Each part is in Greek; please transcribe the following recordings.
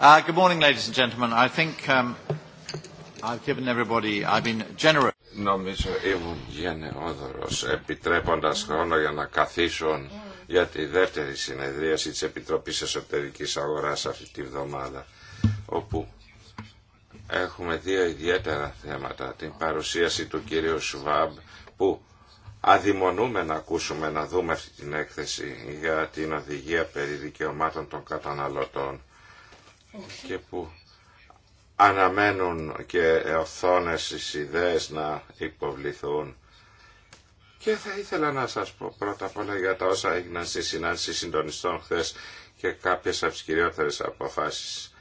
Uh, good morning, ladies Νομίζω ήμουν γενναιόδωρος, επιτρέποντας χρόνο για να καθίσουν για τη δεύτερη συνεδρίαση της Επιτροπής Εσωτερικής Αγοράς αυτή τη βδομάδα, όπου έχουμε δύο ιδιαίτερα θέματα. Την παρουσίαση του κυρίου Σουβάμπ, που αδειμονούμε να ακούσουμε, να δούμε αυτή την έκθεση για την οδηγία περί δικαιωμάτων των καταναλωτών και που αναμένουν και οθόνες τις ιδέες να υποβληθούν. Και θα ήθελα να σας πω πρώτα απ' όλα για τα όσα έγιναν στη συνάντηση συντονιστών χθε και κάποιες αυσκυριότερες αποφάσεις.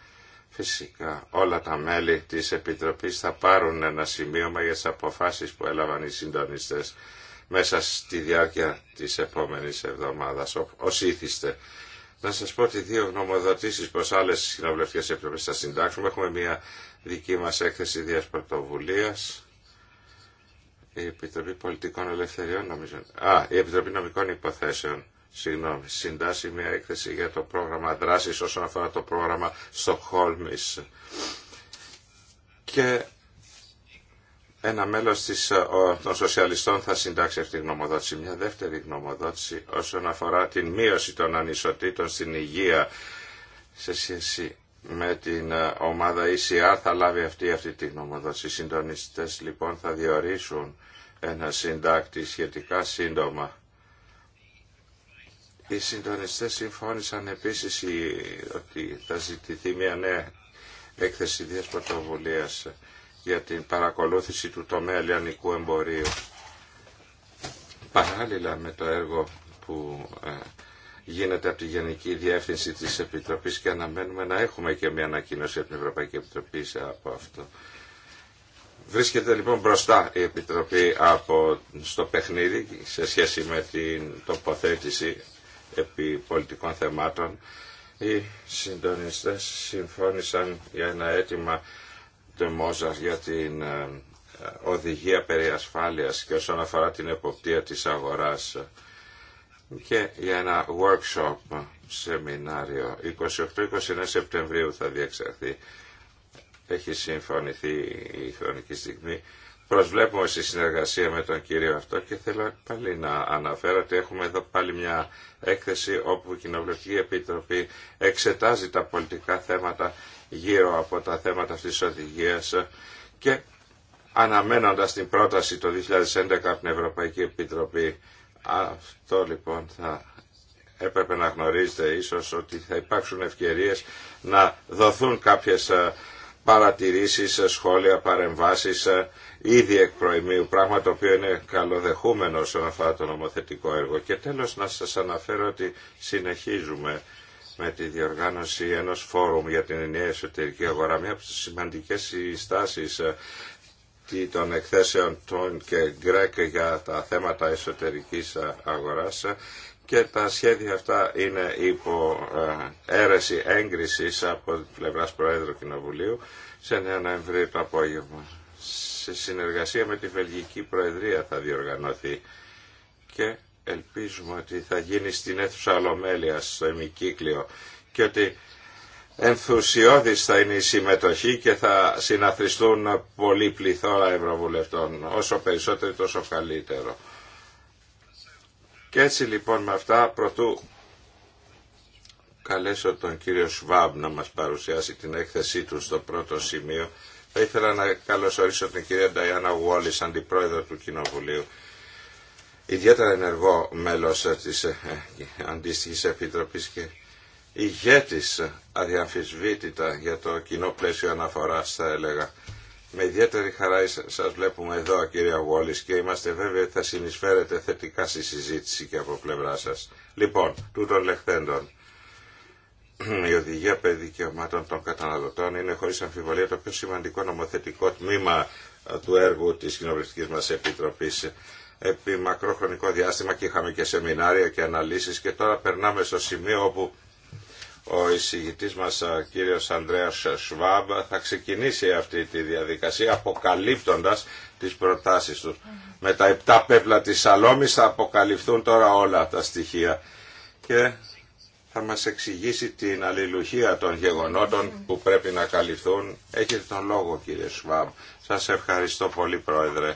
Φυσικά όλα τα μέλη της Επιτροπής θα πάρουν ένα σημείωμα για τις αποφάσεις που έλαβαν οι συντονιστές μέσα στη διάρκεια της επόμενης εβδομάδας, ως ήθιστε. Να σας πω ότι δύο γνωμοδοτήσεις προς άλλες συναυλευτικές επιτροπές θα συντάξουμε. Έχουμε μια δική μας έκθεση διασπορτοβουλίας, Η Επιτροπή Πολιτικών Ελευθεριών, νομίζω. Α, η Επιτροπή Νομικών Υποθέσεων. Συγγνώμη, συντάσσει μια έκθεση για το πρόγραμμα δράσης όσον αφορά το πρόγραμμα Στοχόλμης. Και ένα μέλος της, ε, των σοσιαλιστών θα συντάξει αυτή τη γνωμοδότηση. Μια δεύτερη γνωμοδότηση όσον αφορά την μείωση των ανισοτήτων στην υγεία σε σχέση με την ε, ομάδα ECR θα λάβει αυτή, αυτή τη γνωμοδότηση. Οι συντονιστές λοιπόν θα διορίσουν ένα συντάκτη σχετικά σύντομα. Οι συντονιστές συμφώνησαν επίσης ε, ότι θα ζητηθεί μια νέα έκθεση ιδιαίτερη για την παρακολούθηση του τομέα λιανικού εμπορίου. Παράλληλα με το έργο που ε, γίνεται από τη Γενική Διεύθυνση της Επιτροπής και αναμένουμε να έχουμε και μια ανακοίνωση από την Ευρωπαϊκή Επιτροπή από αυτό. Βρίσκεται λοιπόν μπροστά η Επιτροπή από, στο παιχνίδι σε σχέση με την τοποθέτηση επί πολιτικών θεμάτων. Οι συντονιστές συμφώνησαν για ένα αίτημα Μόζαρ για την ε, οδηγία περί ασφάλειας και όσον αφορά την εποπτεία της αγοράς και για ένα workshop σεμινάριο 28-29 Σεπτεμβρίου θα διεξαχθεί. Έχει συμφωνηθεί η χρονική στιγμή. Προσβλέπουμε στη συνεργασία με τον κύριο αυτό και θέλω πάλι να αναφέρω ότι έχουμε εδώ πάλι μια έκθεση όπου η Κοινοβουλευτική Επιτροπή εξετάζει τα πολιτικά θέματα γύρω από τα θέματα αυτής της οδηγίας και αναμένοντας την πρόταση το 2011 από την Ευρωπαϊκή Επιτροπή. Αυτό λοιπόν θα έπρεπε να γνωρίζετε ίσως ότι θα υπάρξουν ευκαιρίες να δοθούν κάποιες ε, παρατηρήσεις, ε, σχόλια, παρεμβάσεις ε, ήδη εκ προημίου, πράγμα το οποίο είναι καλοδεχούμενο όσον αφορά το νομοθετικό έργο. Και τέλος να σας αναφέρω ότι συνεχίζουμε με τη διοργάνωση ενός φόρουμ για την ενιαία εσωτερική αγορά. Μια από τις σημαντικές συστάσεις ε, των εκθέσεων των και Γκρέκ για τα θέματα εσωτερικής ε, αγοράς ε, και τα σχέδια αυτά είναι υπό αίρεση έγκρισης από πλευράς Προέδρου Κοινοβουλίου σε 9 Νοεμβρίου το απόγευμα. Σε συνεργασία με τη Βελγική Προεδρία θα διοργανωθεί και ελπίζουμε ότι θα γίνει στην αίθουσα Αλομέλειας στο ημικύκλιο και ότι ενθουσιώδης θα είναι η συμμετοχή και θα συναθριστούν πολλοί πληθώρα ευρωβουλευτών. Όσο περισσότερο τόσο καλύτερο. Και έτσι λοιπόν με αυτά πρωτού καλέσω τον κύριο Σβάμπ να μας παρουσιάσει την έκθεσή του στο πρώτο σημείο. Θα ήθελα να καλωσορίσω την κυρία Νταϊάννα Γουόλης, αντιπρόεδρο του Κοινοβουλίου ιδιαίτερα ενεργό μέλος ε, της ε, ε, αντίστοιχης επιτροπής και ηγέτης αδιαμφισβήτητα για το κοινό πλαίσιο αναφοράς θα έλεγα. Με ιδιαίτερη χαρά σας βλέπουμε εδώ κυρία Γουόλης και είμαστε βέβαιοι ότι θα συνεισφέρετε θετικά στη συζήτηση και από πλευρά σας. Λοιπόν, τούτων λεχθέντων. Η οδηγία περί δικαιωμάτων των καταναλωτών είναι χωρίς αμφιβολία το πιο σημαντικό νομοθετικό τμήμα του έργου της Κοινοβουλευτικής μας Επιτροπής επί μακρόχρονικό διάστημα και είχαμε και σεμινάρια και αναλύσεις και τώρα περνάμε στο σημείο όπου ο εισηγητής μας κύριος Ανδρέας Σβάμπ θα ξεκινήσει αυτή τη διαδικασία αποκαλύπτοντας τις προτάσεις του. Με τα επτά πέπλα της Σαλόμης θα αποκαλυφθούν τώρα όλα τα στοιχεία και θα μας εξηγήσει την αλληλουχία των γεγονότων που πρέπει να καλυφθούν. Έχετε τον λόγο κύριε Σβάμπ. Σας ευχαριστώ πολύ πρόεδρε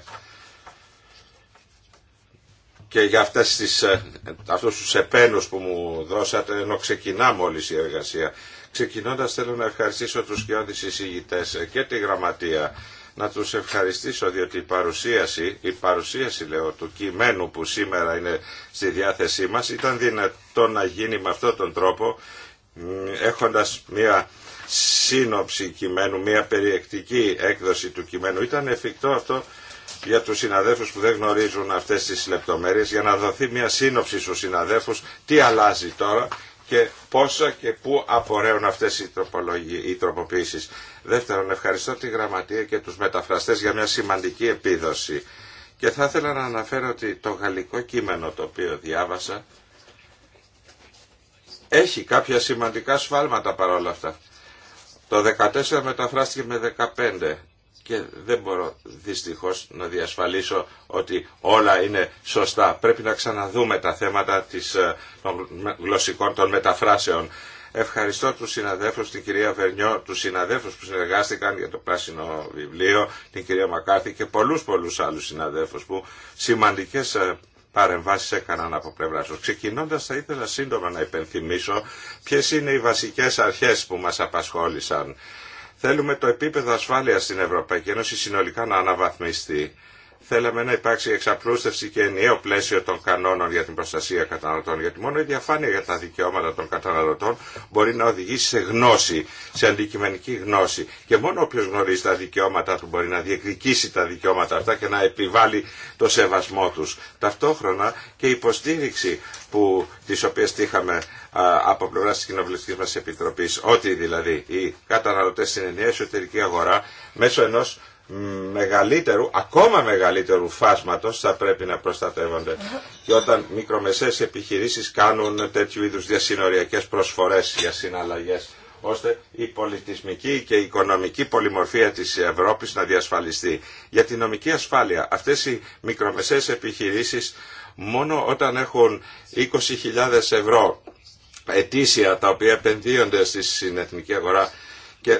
και για αυτές τις, ε, αυτούς τους επένους που μου δώσατε ενώ ξεκινά μόλις η εργασία. Ξεκινώντας θέλω να ευχαριστήσω τους κοιόδης εισηγητές και τη γραμματεία να τους ευχαριστήσω διότι η παρουσίαση, η παρουσίαση λέω του κειμένου που σήμερα είναι στη διάθεσή μας ήταν δυνατό να γίνει με αυτόν τον τρόπο έχοντας μια σύνοψη κειμένου, μια περιεκτική έκδοση του κειμένου. Ήταν εφικτό αυτό για τους συναδέλφους που δεν γνωρίζουν αυτές τις λεπτομέρειες για να δοθεί μια σύνοψη στους συναδέλφους τι αλλάζει τώρα και πόσα και πού απορρέουν αυτές οι, οι τροποποίησεις. Δεύτερον, ευχαριστώ τη Γραμματεία και τους μεταφραστές για μια σημαντική επίδοση. Και θα ήθελα να αναφέρω ότι το γαλλικό κείμενο το οποίο διάβασα έχει κάποια σημαντικά σφάλματα παρόλα αυτά. Το 14 μεταφράστηκε με 15 και δεν μπορώ δυστυχώς να διασφαλίσω ότι όλα είναι σωστά. Πρέπει να ξαναδούμε τα θέματα της, ε, των γλωσσικών των μεταφράσεων. Ευχαριστώ τους συναδέλφους, την κυρία Βερνιό, τους συναδέλφους που συνεργάστηκαν για το πράσινο βιβλίο, την κυρία Μακάρθη και πολλούς πολλούς άλλους συναδέλφους που σημαντικές ε, παρεμβάσεις έκαναν από πλευρά του. Ξεκινώντας θα ήθελα σύντομα να υπενθυμίσω ποιες είναι οι βασικές αρχές που μας απασχόλησαν Θέλουμε το επίπεδο ασφάλειας στην Ευρωπαϊκή Ένωση συνολικά να αναβαθμιστεί θέλαμε να υπάρξει εξαπλούστευση και ενιαίο πλαίσιο των κανόνων για την προστασία καταναλωτών. Γιατί μόνο η διαφάνεια για τα δικαιώματα των καταναλωτών μπορεί να οδηγήσει σε γνώση, σε αντικειμενική γνώση. Και μόνο όποιο γνωρίζει τα δικαιώματα του μπορεί να διεκδικήσει τα δικαιώματα αυτά και να επιβάλλει το σεβασμό του. Ταυτόχρονα και η υποστήριξη που, τις οποίες τύχαμε από πλευρά τη Κοινοβουλευτική μα Επιτροπή, ότι δηλαδή οι καταναλωτέ στην ενιαία εσωτερική αγορά μέσω ενό μεγαλύτερου, ακόμα μεγαλύτερου φάσματος θα πρέπει να προστατεύονται. Και όταν μικρομεσαίες επιχειρήσεις κάνουν τέτοιου είδους διασυνοριακές προσφορές για συναλλαγές, ώστε η πολιτισμική και η οικονομική πολυμορφία της Ευρώπης να διασφαλιστεί. Για την νομική ασφάλεια, αυτές οι μικρομεσαίες επιχειρήσεις μόνο όταν έχουν 20.000 ευρώ ετήσια τα οποία επενδύονται στη συνεθνική αγορά και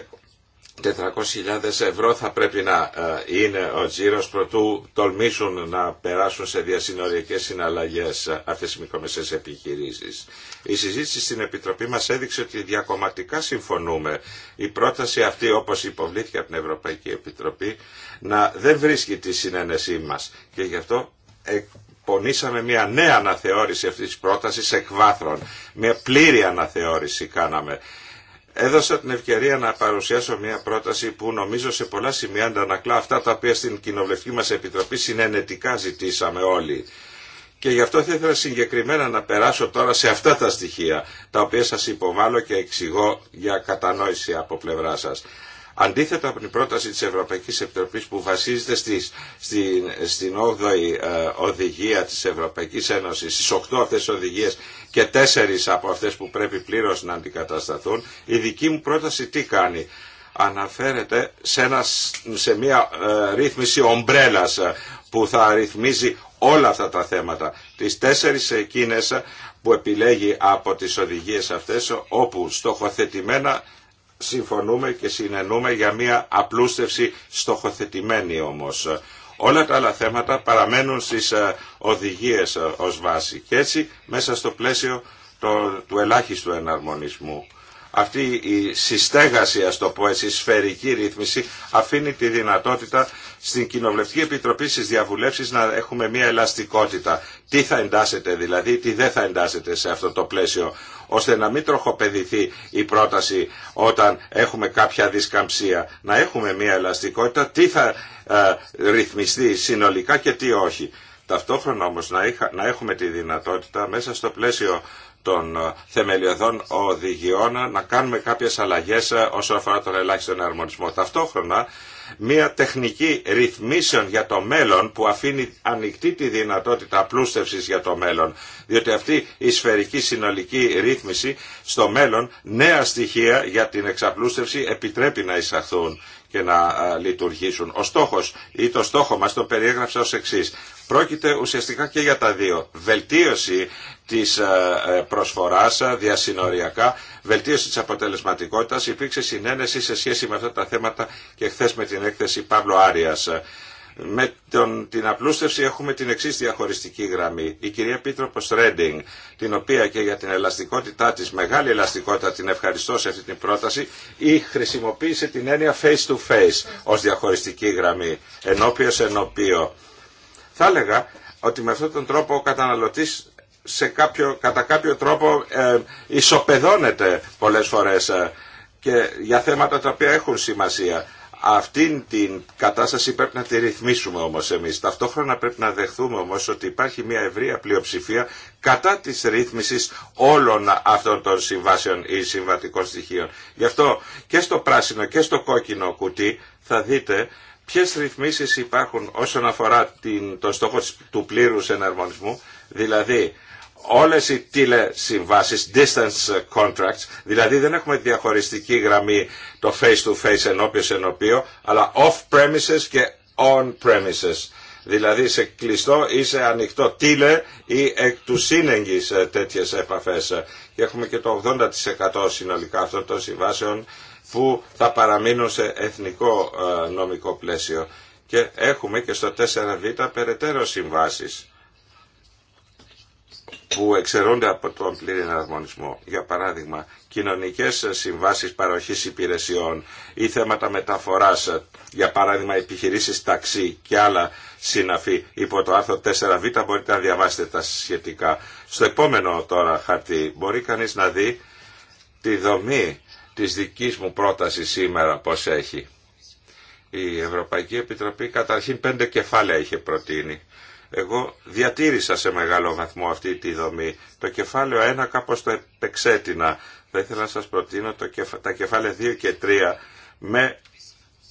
400.000 ευρώ θα πρέπει να ε, είναι ο τζίρος προτού τολμήσουν να περάσουν σε διασυνοριακές συναλλαγές αυτές οι μικρομεσαίες επιχειρήσεις. Η συζήτηση στην Επιτροπή μας έδειξε ότι διακομματικά συμφωνούμε. Η πρόταση αυτή όπως υποβλήθηκε από την Ευρωπαϊκή Επιτροπή να δεν βρίσκει τη συνένεσή μας και γι' αυτό πονήσαμε μια νέα αναθεώρηση αυτής της πρότασης εκ Μια πλήρη αναθεώρηση κάναμε έδωσα την ευκαιρία να παρουσιάσω μια πρόταση που νομίζω σε πολλά σημεία αντανακλά αυτά τα οποία στην κοινοβουλευτική μας επιτροπή συνενετικά ζητήσαμε όλοι. Και γι' αυτό θα ήθελα συγκεκριμένα να περάσω τώρα σε αυτά τα στοιχεία, τα οποία σας υποβάλλω και εξηγώ για κατανόηση από πλευρά σας. Αντίθετα από την πρόταση της Ευρωπαϊκής Επιτροπής που βασίζεται στις, στην, στην 8η ε, οδηγία της Ευρωπαϊκής Ένωσης, στις 8 αυτές οδηγίες και τέσσερις από αυτές που πρέπει πλήρως να αντικατασταθούν, η δική μου πρόταση τι κάνει αναφέρεται σε, μια ε, ρύθμιση ομπρέλας ε, που θα ρυθμίζει όλα αυτά τα θέματα. Τις τέσσερις εκείνες ε, που επιλέγει από τις οδηγίες αυτές όπου στοχοθετημένα συμφωνούμε και συνενούμε για μια απλούστευση στοχοθετημένη όμως Όλα τα άλλα θέματα παραμένουν στις ε, οδηγίες ε, ως βάση και έτσι μέσα στο πλαίσιο του ελάχιστου εναρμονισμού αυτή η συστέγαση, α το πω έτσι, σφαιρική ρύθμιση αφήνει τη δυνατότητα στην Κοινοβουλευτική Επιτροπή στι διαβουλεύσει να έχουμε μια ελαστικότητα. Τι θα εντάσσεται δηλαδή, τι δεν θα εντάσσεται σε αυτό το πλαίσιο, ώστε να μην τροχοπεδηθεί η πρόταση όταν έχουμε κάποια δισκαμψία. Να έχουμε μια ελαστικότητα, τι θα ε, ρυθμιστεί συνολικά και τι όχι. Ταυτόχρονα όμως να, είχα, να έχουμε τη δυνατότητα μέσα στο πλαίσιο των ε, θεμελιωδών οδηγιών να κάνουμε κάποιες αλλαγές ε, όσον αφορά τον ελάχιστο εναρμονισμό. Ταυτόχρονα μια τεχνική ρυθμίσεων για το μέλλον που αφήνει ανοιχτή τη δυνατότητα απλούστευσης για το μέλλον. Διότι αυτή η σφαιρική συνολική ρύθμιση στο μέλλον νέα στοιχεία για την εξαπλούστευση επιτρέπει να εισαχθούν και να ε, λειτουργήσουν. Ο στόχος ή το στόχο μας το περιέγραψα ως εξής. Πρόκειται ουσιαστικά και για τα δύο. Βελτίωση της ε, ε, προσφοράς ε, διασυνοριακά, βελτίωση της αποτελεσματικότητας, υπήρξε συνένεση σε σχέση με αυτά τα θέματα και χθε με την έκθεση Παύλο Άριας. Με τον, την απλούστευση έχουμε την εξή διαχωριστική γραμμή. Η κυρία Πίτροπο Ρέντινγκ, την οποία και για την ελαστικότητά τη, μεγάλη ελαστικότητα, την ευχαριστώ σε αυτή την πρόταση, ή χρησιμοποίησε την έννοια face to face ω διαχωριστική γραμμή, ενώπιο ενωπίο. Θα έλεγα ότι με αυτόν τον τρόπο ο καταναλωτής σε κάποιο, κατά κάποιο τρόπο ε, ισοπεδώνεται πολλές φορές ε, και για θέματα τα οποία έχουν σημασία. Αυτή την κατάσταση πρέπει να τη ρυθμίσουμε όμως εμείς. Ταυτόχρονα πρέπει να δεχθούμε όμως ότι υπάρχει μια ευρεία πλειοψηφία κατά της ρύθμισης όλων αυτών των συμβάσεων ή συμβατικών στοιχείων. Γι' αυτό και στο πράσινο και στο κόκκινο κουτί θα δείτε ποιες ρυθμίσεις υπάρχουν όσον αφορά τον στόχο του πλήρους εναρμονισμού, δηλαδή όλες οι τηλεσυμβάσεις, distance contracts, δηλαδή δεν έχουμε διαχωριστική γραμμή το face-to-face ενώπιος ενώπιο, αλλά off-premises και on-premises. Δηλαδή σε κλειστό ή σε ανοιχτό τηλε ή εκ του σύνεγγυς ε, τέτοιες επαφές. Και έχουμε και το 80% συνολικά αυτών των συμβάσεων που θα παραμείνουν σε εθνικό ε, νομικό πλαίσιο. Και έχουμε και στο 4β περαιτέρω συμβάσεις που εξαιρούνται από τον πλήρη εναρμονισμό. Για παράδειγμα, κοινωνικές συμβάσεις παροχής υπηρεσιών ή θέματα μεταφοράς, για παράδειγμα επιχειρήσεις ταξί και άλλα συναφή υπό το άρθρο 4β μπορείτε να διαβάσετε τα σχετικά. Στο επόμενο τώρα χαρτί μπορεί κανείς να δει τη δομή της δικής μου πρότασης σήμερα πώς έχει. Η Ευρωπαϊκή Επιτροπή καταρχήν πέντε κεφάλαια είχε προτείνει εγώ διατήρησα σε μεγάλο βαθμό αυτή τη δομή. Το κεφάλαιο 1 κάπως το επεξέτεινα. Θα ήθελα να σας προτείνω το, τα κεφάλαια 2 και 3 με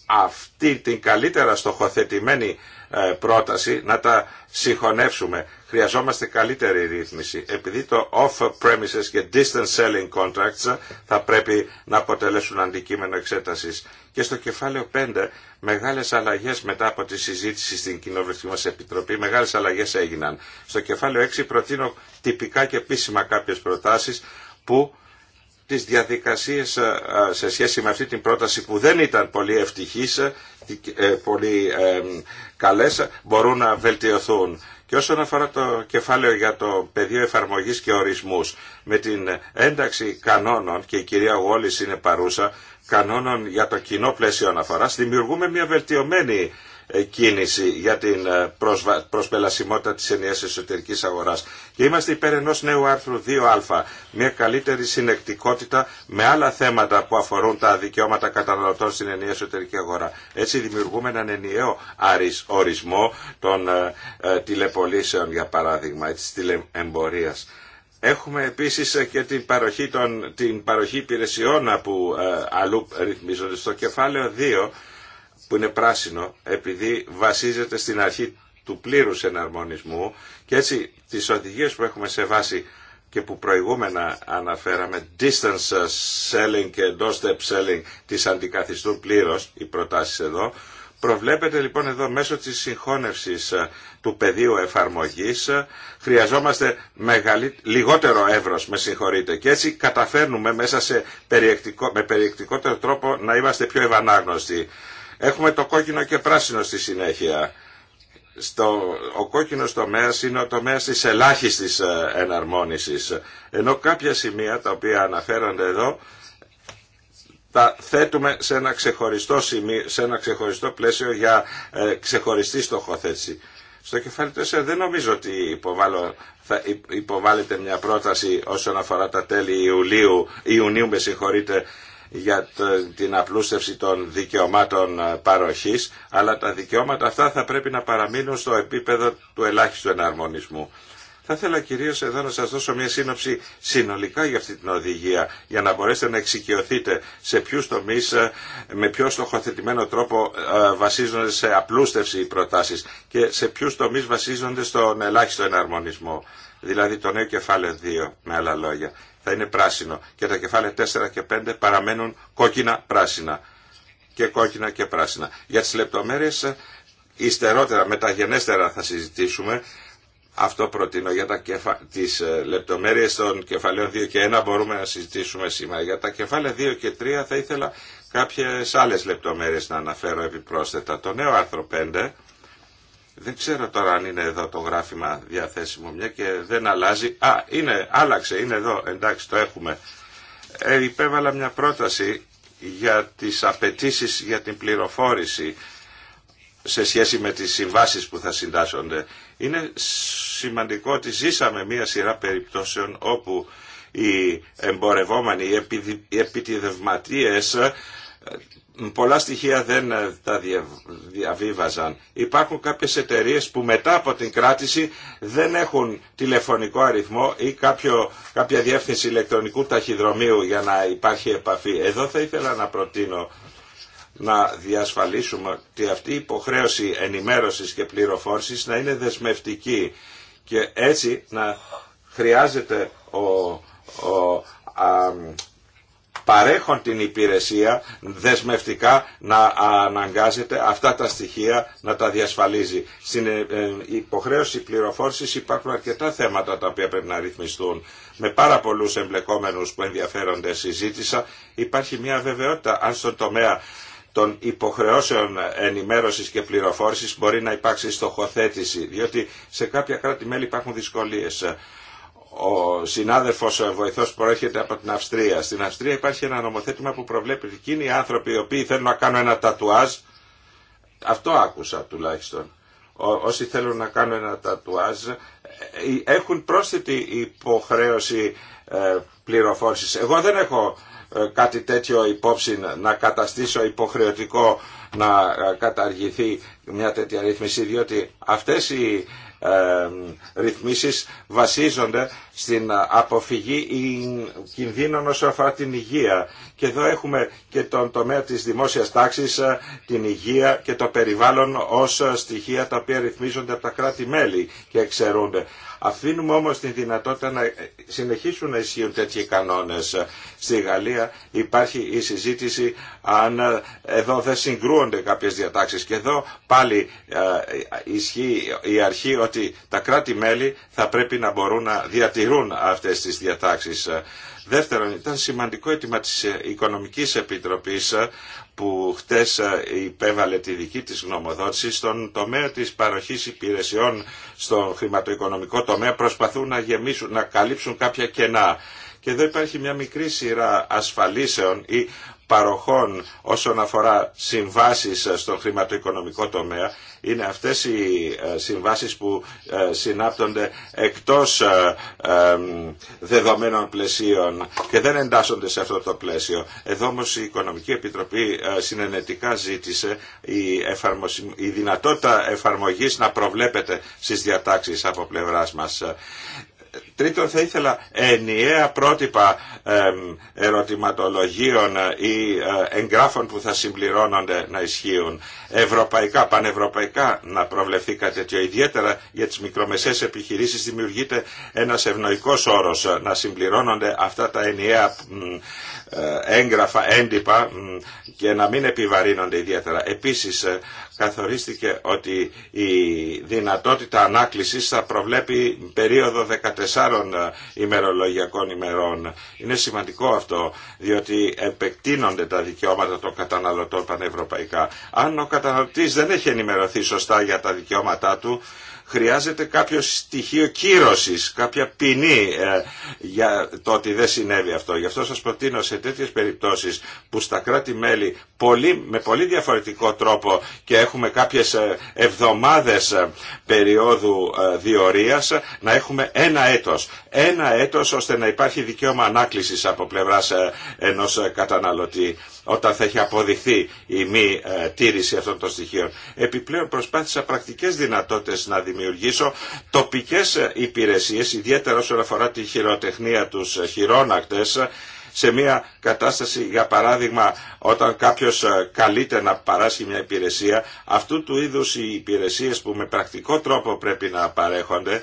αυτή την καλύτερα στοχοθετημένη ε, πρόταση να τα συγχωνεύσουμε. Χρειαζόμαστε καλύτερη ρύθμιση. Επειδή το off-premises και distance selling contracts θα πρέπει να αποτελέσουν αντικείμενο εξέτασης. Και στο κεφάλαιο 5, μεγάλες αλλαγές μετά από τη συζήτηση στην Κοινοβουλευτική μας Επιτροπή, μεγάλες αλλαγές έγιναν. Στο κεφάλαιο 6 προτείνω τυπικά και επίσημα κάποιες προτάσεις που τις διαδικασίες ε, ε, σε σχέση με αυτή την πρόταση που δεν ήταν πολύ ευτυχής, πολύ καλές μπορούν να βελτιωθούν. Και όσον αφορά το κεφάλαιο για το πεδίο εφαρμογής και ορισμούς, με την ένταξη κανόνων, και η κυρία Γόλης είναι παρούσα, κανόνων για το κοινό πλαίσιο αναφοράς, δημιουργούμε μια βελτιωμένη κίνηση για την ε, προσπελασιμότητα της ενιαίας εσωτερικής αγοράς. Και είμαστε υπέρ ενός νέου άρθρου 2α, μια καλύτερη συνεκτικότητα με άλλα θέματα που αφορούν τα δικαιώματα καταναλωτών στην ενιαία εσωτερική αγορά. Έτσι δημιουργούμε έναν ενιαίο ορισμό των ε, ε, τηλεπολίσεων, για παράδειγμα, της τηλεεμπορίας. Έχουμε επίσης και την παροχή, των, την παροχή υπηρεσιών που αλλού ρυθμίζονται στο κεφάλαιο 2 που είναι πράσινο επειδή βασίζεται στην αρχή του πλήρους εναρμονισμού και έτσι τις οδηγίες που έχουμε σε βάση και που προηγούμενα αναφέραμε distance selling και doorstep selling τις αντικαθιστούν πλήρως οι προτάσεις εδώ Προβλέπεται λοιπόν εδώ μέσω της συγχώνευσης ε, του πεδίου εφαρμογής ε, χρειαζόμαστε λιγότερο εύρος, με συγχωρείτε. Και έτσι καταφέρνουμε μέσα σε περιεκτικό, με περιεκτικότερο τρόπο να είμαστε πιο ευανάγνωστοι. Έχουμε το κόκκινο και πράσινο στη συνέχεια. Στο, ο κόκκινος τομέας είναι ο τομέας της ελάχιστης ε, εναρμόνισης. Ενώ κάποια σημεία τα οποία αναφέρονται εδώ τα θέτουμε σε ένα ξεχωριστό, σε ένα ξεχωριστό πλαίσιο για ε, ξεχωριστή στοχοθέτηση. Στο κεφάλι 4 δεν νομίζω ότι υποβάλλω, θα υποβάλλεται μια πρόταση όσον αφορά τα τέλη Ιουλίου, Ιουνίου με συγχωρείτε, για την απλούστευση των δικαιωμάτων ε, παροχής, αλλά τα δικαιώματα αυτά θα πρέπει να παραμείνουν στο επίπεδο του ελάχιστου εναρμονισμού. Θα ήθελα κυρίω εδώ να σα δώσω μια σύνοψη συνολικά για αυτή την οδηγία, για να μπορέσετε να εξοικειωθείτε σε ποιου τομεί, ε, με ποιο στοχοθετημένο τρόπο ε, βασίζονται σε απλούστευση οι προτάσει και σε ποιου τομεί βασίζονται στον ελάχιστο εναρμονισμό. Δηλαδή το νέο κεφάλαιο 2, με άλλα λόγια θα είναι πράσινο και τα κεφάλαια 4 και 5 παραμένουν κόκκινα-πράσινα και κόκκινα και πράσινα. Για τις λεπτομέρειες ιστερότερα, ε, μεταγενέστερα θα συζητήσουμε. Αυτό προτείνω για τα κεφα... τις ε, λεπτομέρειες των κεφαλαίων 2 και 1 μπορούμε να συζητήσουμε σήμερα. Για τα κεφάλαια 2 και 3 θα ήθελα κάποιες άλλες λεπτομέρειες να αναφέρω επιπρόσθετα. Το νέο άρθρο 5 δεν ξέρω τώρα αν είναι εδώ το γράφημα διαθέσιμο μια και δεν αλλάζει. Α, είναι, άλλαξε, είναι εδώ, εντάξει το έχουμε. Ε, υπέβαλα μια πρόταση για τις απαιτήσει για την πληροφόρηση σε σχέση με τις συμβάσεις που θα συντάσσονται. Είναι σημαντικό ότι ζήσαμε μια σειρά περιπτώσεων όπου οι εμπορευόμενοι, οι επιτιδευματίες πολλά στοιχεία δεν ε, τα διαβίβαζαν. Υπάρχουν κάποιες εταιρείες που μετά από την κράτηση δεν έχουν τηλεφωνικό αριθμό ή κάποιο, κάποια διεύθυνση ηλεκτρονικού ταχυδρομείου για να υπάρχει επαφή. Εδώ θα ήθελα να προτείνω να διασφαλίσουμε ότι αυτή η υποχρέωση ενημέρωσης και πληροφόρησης να είναι δεσμευτική και έτσι να χρειάζεται ο, παρέχουν την υπηρεσία δεσμευτικά να αναγκάζεται αυτά τα στοιχεία να τα διασφαλίζει. Στην ε, ε, υποχρέωση πληροφόρησης υπάρχουν αρκετά θέματα τα οποία πρέπει να ρυθμιστούν. Με πάρα πολλούς εμπλεκόμενους που ενδιαφέρονται συζήτησα υπάρχει μια βεβαιότητα αν στον τομέα των υποχρεώσεων ενημέρωσης και πληροφόρησης μπορεί να υπάρξει στοχοθέτηση, διότι σε κάποια κράτη-μέλη υπάρχουν δυσκολίες ο συνάδελφος βοηθός που προέρχεται από την Αυστρία. Στην Αυστρία υπάρχει ένα νομοθέτημα που προβλέπει ότι εκείνοι οι άνθρωποι οι οποίοι θέλουν να κάνουν ένα τατουάζ, αυτό άκουσα τουλάχιστον, όσοι θέλουν να κάνουν ένα τατουάζ, ε, έχουν πρόσθετη υποχρέωση ε, πληροφόρησης. Εγώ δεν έχω ε, κάτι τέτοιο υπόψη να καταστήσω υποχρεωτικό να καταργηθεί μια τέτοια ρύθμιση διότι αυτές οι ε, ρυθμίσεις βασίζονται στην αποφυγή κινδύνων όσο αφορά την υγεία. Και εδώ έχουμε και τον τομέα της δημόσιας τάξης, ε, την υγεία και το περιβάλλον ως στοιχεία τα οποία ρυθμίζονται από τα κράτη-μέλη και εξαιρούνται. Αφήνουμε όμως τη δυνατότητα να συνεχίσουν να ισχύουν τέτοιοι κανόνες. Στη Γαλλία υπάρχει η συζήτηση αν ε, εδώ δεν συγκρούονται κάποιες διατάξεις και εδώ πάλι ε, ισχύει η αρχή ότι τα κράτη-μέλη θα πρέπει να μπορούν να διατηρούν αυτές τις διατάξεις. Δεύτερον, ήταν σημαντικό αίτημα της Οικονομικής Επιτροπής που χτες ε, υπέβαλε τη δική της γνωμοδότηση στον τομέα της παροχής υπηρεσιών στο χρηματοοικονομικό τομέα προσπαθούν να γεμίσουν, να καλύψουν κάποια κενά. Και εδώ υπάρχει μια μικρή σειρά ασφαλίσεων ή παροχών όσον αφορά συμβάσεις ε, στον χρηματοοικονομικό τομέα είναι αυτές οι ε, συμβάσεις που ε, συνάπτονται εκτός δεδομένων πλαισίων και δεν εντάσσονται σε αυτό το πλαίσιο. Εδώ όμως η Οικονομική Επιτροπή συνενετικά ζήτησε η, η δυνατότητα εφαρμογής να προβλέπεται στις διατάξεις από πλευράς μας. Τρίτον, θα ήθελα ενιαία πρότυπα ερωτηματολογίων ή ε, εγγράφων που θα συμπληρώνονται να ισχύουν. Ευρωπαϊκά, πανευρωπαϊκά να προβλεφθεί κάτι τέτοιο. Ιδιαίτερα για τις μικρομεσαίες επιχειρήσεις δημιουργείται ένας ευνοϊκός όρος να συμπληρώνονται αυτά τα ενιαία ε, έγγραφα, έντυπα και να μην επιβαρύνονται ιδιαίτερα. Επίσης ε, καθορίστηκε ότι η δυνατότητα ανάκλησης θα προβλέπει περίοδο 14 ε, ημερολογιακών ημερών. Είναι σημαντικό αυτό, διότι επεκτείνονται τα δικαιώματα των καταναλωτών πανευρωπαϊκά. Αν ο καταναλωτής δεν έχει ενημερωθεί σωστά για τα δικαιώματά του, χρειάζεται κάποιο στοιχείο κύρωσης, κάποια ποινή ε, για το ότι δεν συνέβη αυτό. Γι' αυτό σας προτείνω σε τέτοιες περιπτώσεις που στα κράτη-μέλη με πολύ διαφορετικό τρόπο και έχουμε κάποιες ε, εβδομάδες ε, περίοδου διορίας να έχουμε ένα έτος ένα έτος ώστε να υπάρχει δικαίωμα ανάκλησης από πλευράς ε, ενός ε, καταναλωτή όταν θα έχει αποδειχθεί η μη ε, τήρηση αυτών των στοιχείων. Επιπλέον προσπάθησα πρακτικές δυνατότητες να δημιουργήσω τοπικές υπηρεσίες, ιδιαίτερα όσον αφορά τη χειροτεχνία τους χειρόνακτες, σε μια κατάσταση, για παράδειγμα, όταν κάποιος καλείται να παράσχει μια υπηρεσία, αυτού του είδους οι υπηρεσίες που με πρακτικό τρόπο πρέπει να παρέχονται,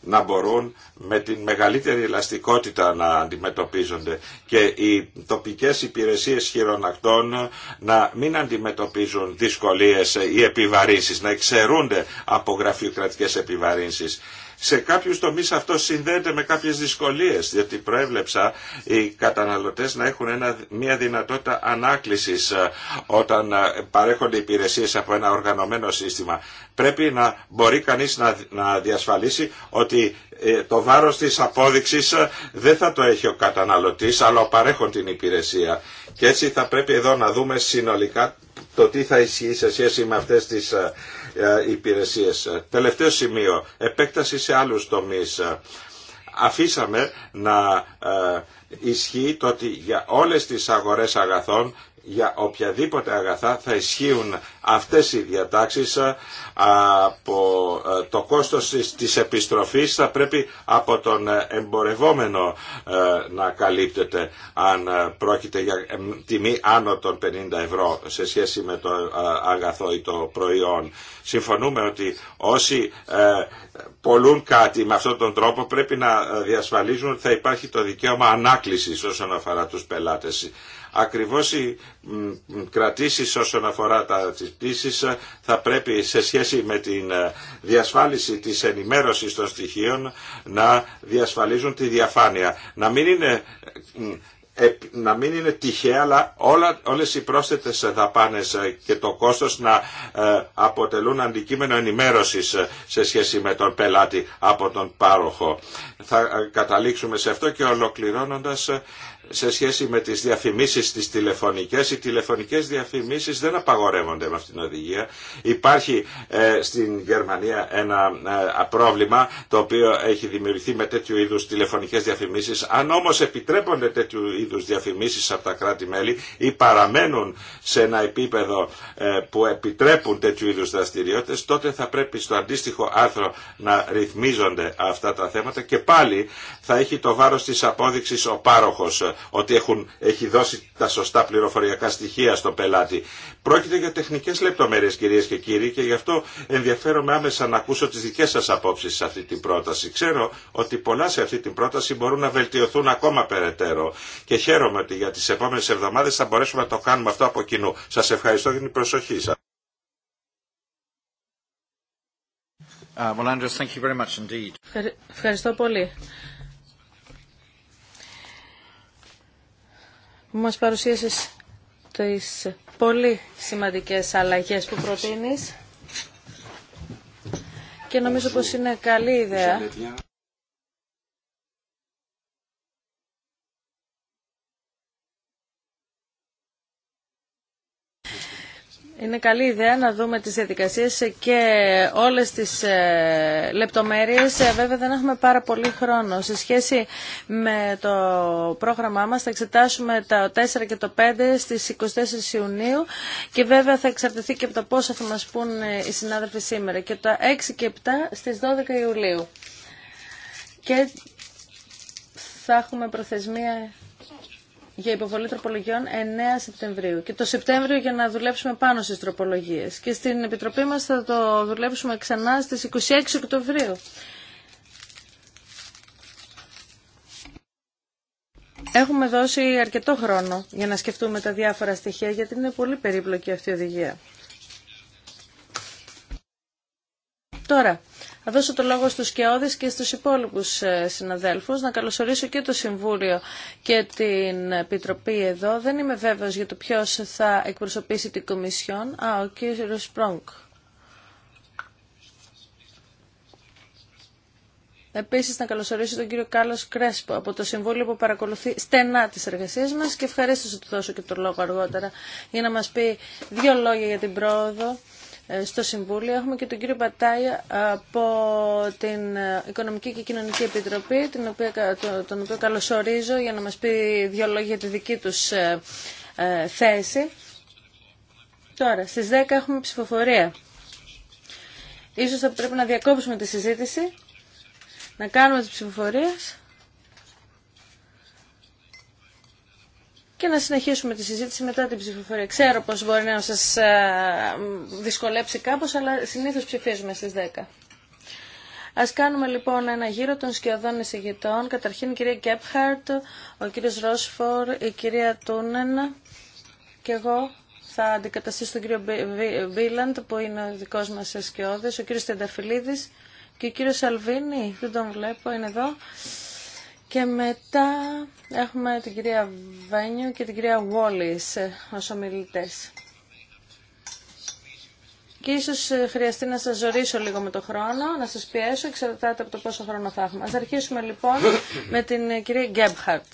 να μπορούν με την μεγαλύτερη ελαστικότητα να αντιμετωπίζονται και οι τοπικές υπηρεσίες χειρονακτών να μην αντιμετωπίζουν δυσκολίες ή επιβαρύνσεις, να εξαιρούνται από γραφειοκρατικές επιβαρύνσεις. Σε κάποιου τομεί αυτό συνδέεται με κάποιε δυσκολίε, διότι προέβλεψα οι καταναλωτέ να έχουν ένα, μια δυνατότητα ανάκληση ε, όταν ε, παρέχονται υπηρεσίε από ένα οργανωμένο σύστημα. Πρέπει να μπορεί κανεί να, να διασφαλίσει ότι ε, το βάρος της απόδειξης δεν θα το έχει ο καταναλωτής, αλλά παρέχον την υπηρεσία. Και έτσι θα πρέπει εδώ να δούμε συνολικά το τι θα ισχύει σε σχέση με αυτές τις ε, υπηρεσίες. Τελευταίο σημείο, επέκταση σε άλλους τομείς. Αφήσαμε να ε, ισχύει το ότι για όλες τις αγορές αγαθών για οποιαδήποτε αγαθά θα ισχύουν αυτές οι διατάξεις ε, από ε, το κόστος της επιστροφής θα πρέπει από τον ε, εμπορευόμενο να καλύπτεται αν πρόκειται για τιμή άνω των 50 ευρώ σε σχέση με το αγαθό ή το προϊόν. Συμφωνούμε ότι όσοι πολλούν κάτι με αυτόν τον τρόπο πρέπει να διασφαλίζουν ότι θα υπάρχει το δικαίωμα ανάκλησης όσον αφορά τους πελάτες. Ακριβώς οι κρατήσεις όσον αφορά τα πτήσεις ε, θα πρέπει σε σχέση με την ε, διασφάλιση της ενημέρωσης των στοιχείων να διασφαλίζουν τη διαφάνεια. Να μην είναι να μην είναι τυχαία, αλλά όλα, όλες οι πρόσθετες δαπάνες ε, και το κόστος να αποτελούν αντικείμενο ενημέρωσης σε σχέση με τον πελάτη από τον πάροχο. Θα καταλήξουμε σε αυτό και ολοκληρώνοντας σε σχέση με τις διαφημίσεις τις τηλεφωνικές. Οι τηλεφωνικές διαφημίσεις δεν απαγορεύονται με αυτήν την οδηγία. Υπάρχει ε, στην Γερμανία ένα ε, πρόβλημα το οποίο έχει δημιουργηθεί με τέτοιου είδους τηλεφωνικές διαφημίσεις. Αν όμως επιτρέπονται τέτοιου είδους διαφημίσεις από τα κράτη-μέλη ή παραμένουν σε ένα επίπεδο ε, που επιτρέπουν τέτοιου είδους δραστηριότητες, τότε θα πρέπει στο αντίστοιχο άρθρο να ρυθμίζονται αυτά τα θέματα και πάλι θα έχει το βάρος της απόδειξης ο πάροχος ότι έχουν, έχει δώσει τα σωστά πληροφοριακά στοιχεία στον πελάτη. Πρόκειται για τεχνικές λεπτομέρειες κυρίες και κύριοι και γι' αυτό ενδιαφέρομαι άμεσα να ακούσω τις δικές σας απόψεις σε αυτή την πρόταση. Ξέρω ότι πολλά σε αυτή την πρόταση μπορούν να βελτιωθούν ακόμα περαιτέρω και χαίρομαι ότι για τις επόμενες εβδομάδες θα μπορέσουμε να το κάνουμε αυτό από κοινού. Σας ευχαριστώ για την προσοχή σας. Uh, well, thank you very much indeed. Ευχαριστώ πολύ. που μας παρουσίασες τις πολύ σημαντικές αλλαγές που προτείνεις και νομίζω πως είναι καλή ιδέα Είναι καλή ιδέα να δούμε τις διαδικασίες και όλες τις ε, λεπτομέρειες. Ε, βέβαια δεν έχουμε πάρα πολύ χρόνο. Σε σχέση με το πρόγραμμά μας θα εξετάσουμε τα 4 και το 5 στις 24 Ιουνίου και βέβαια θα εξαρτηθεί και από το πόσο θα μας πούν ε, οι συνάδελφοι σήμερα και τα 6 και 7 στις 12 Ιουλίου. Και θα έχουμε προθεσμία για υποβολή τροπολογιών 9 Σεπτεμβρίου και το Σεπτέμβριο για να δουλέψουμε πάνω στις τροπολογίες και στην Επιτροπή μας θα το δουλέψουμε ξανά στις 26 Οκτωβρίου. Έχουμε δώσει αρκετό χρόνο για να σκεφτούμε τα διάφορα στοιχεία γιατί είναι πολύ περίπλοκη αυτή η οδηγία. Τώρα, θα δώσω το λόγο στους Κεώδης και στους υπόλοιπους ε, συναδέλφους να καλωσορίσω και το Συμβούλιο και την Επιτροπή εδώ. Δεν είμαι βέβαιος για το ποιος θα εκπροσωπήσει την Κομισιόν. Α, ο κύριος Πρόγκ. Επίσης να καλωσορίσω τον κύριο Κάλλος Κρέσπο από το Συμβούλιο που παρακολουθεί στενά τις εργασίες μας και ευχαρίστω να του δώσω και το λόγο αργότερα για να μας πει δύο λόγια για την πρόοδο ε, στο Συμβούλιο. Έχουμε και τον κύριο Πατάια από την Οικονομική και Κοινωνική Επιτροπή, την οποία, τον οποίο καλωσορίζω για να μας πει δύο λόγια για τη δική τους ε, ε, θέση. Τώρα, στις 10 έχουμε ψηφοφορία. Ίσως θα πρέπει να διακόψουμε τη συζήτηση, να κάνουμε τις ψηφοφορίες. και να συνεχίσουμε τη συζήτηση μετά την ψηφοφορία. Ξέρω πως μπορεί να σας ε, δυσκολέψει κάπως, αλλά συνήθως ψηφίζουμε στις 10. Α κάνουμε λοιπόν ένα γύρο των σκιωδών εισηγητών. Καταρχήν η κυρία Γκέπχαρτ, ο κύριος Ρόσφορ, η κυρία Τούνεν και εγώ θα αντικαταστήσω τον κύριο Μπίλαντ που είναι ο δικό μα σκιώδη, ο κύριο Τενταφυλίδης και ο κύριο Σαλβίνη, δεν τον βλέπω, είναι εδώ. Και μετά έχουμε την κυρία Βένιου και την κυρία Βόλης ε, ως ομιλητές. Και ίσως ε, χρειαστεί να σας ζωρίσω λίγο με το χρόνο, να σας πιέσω, εξαρτάται από το πόσο χρόνο θα έχουμε. Ας αρχίσουμε λοιπόν με την ε, κυρία Γκέμπχαρτ.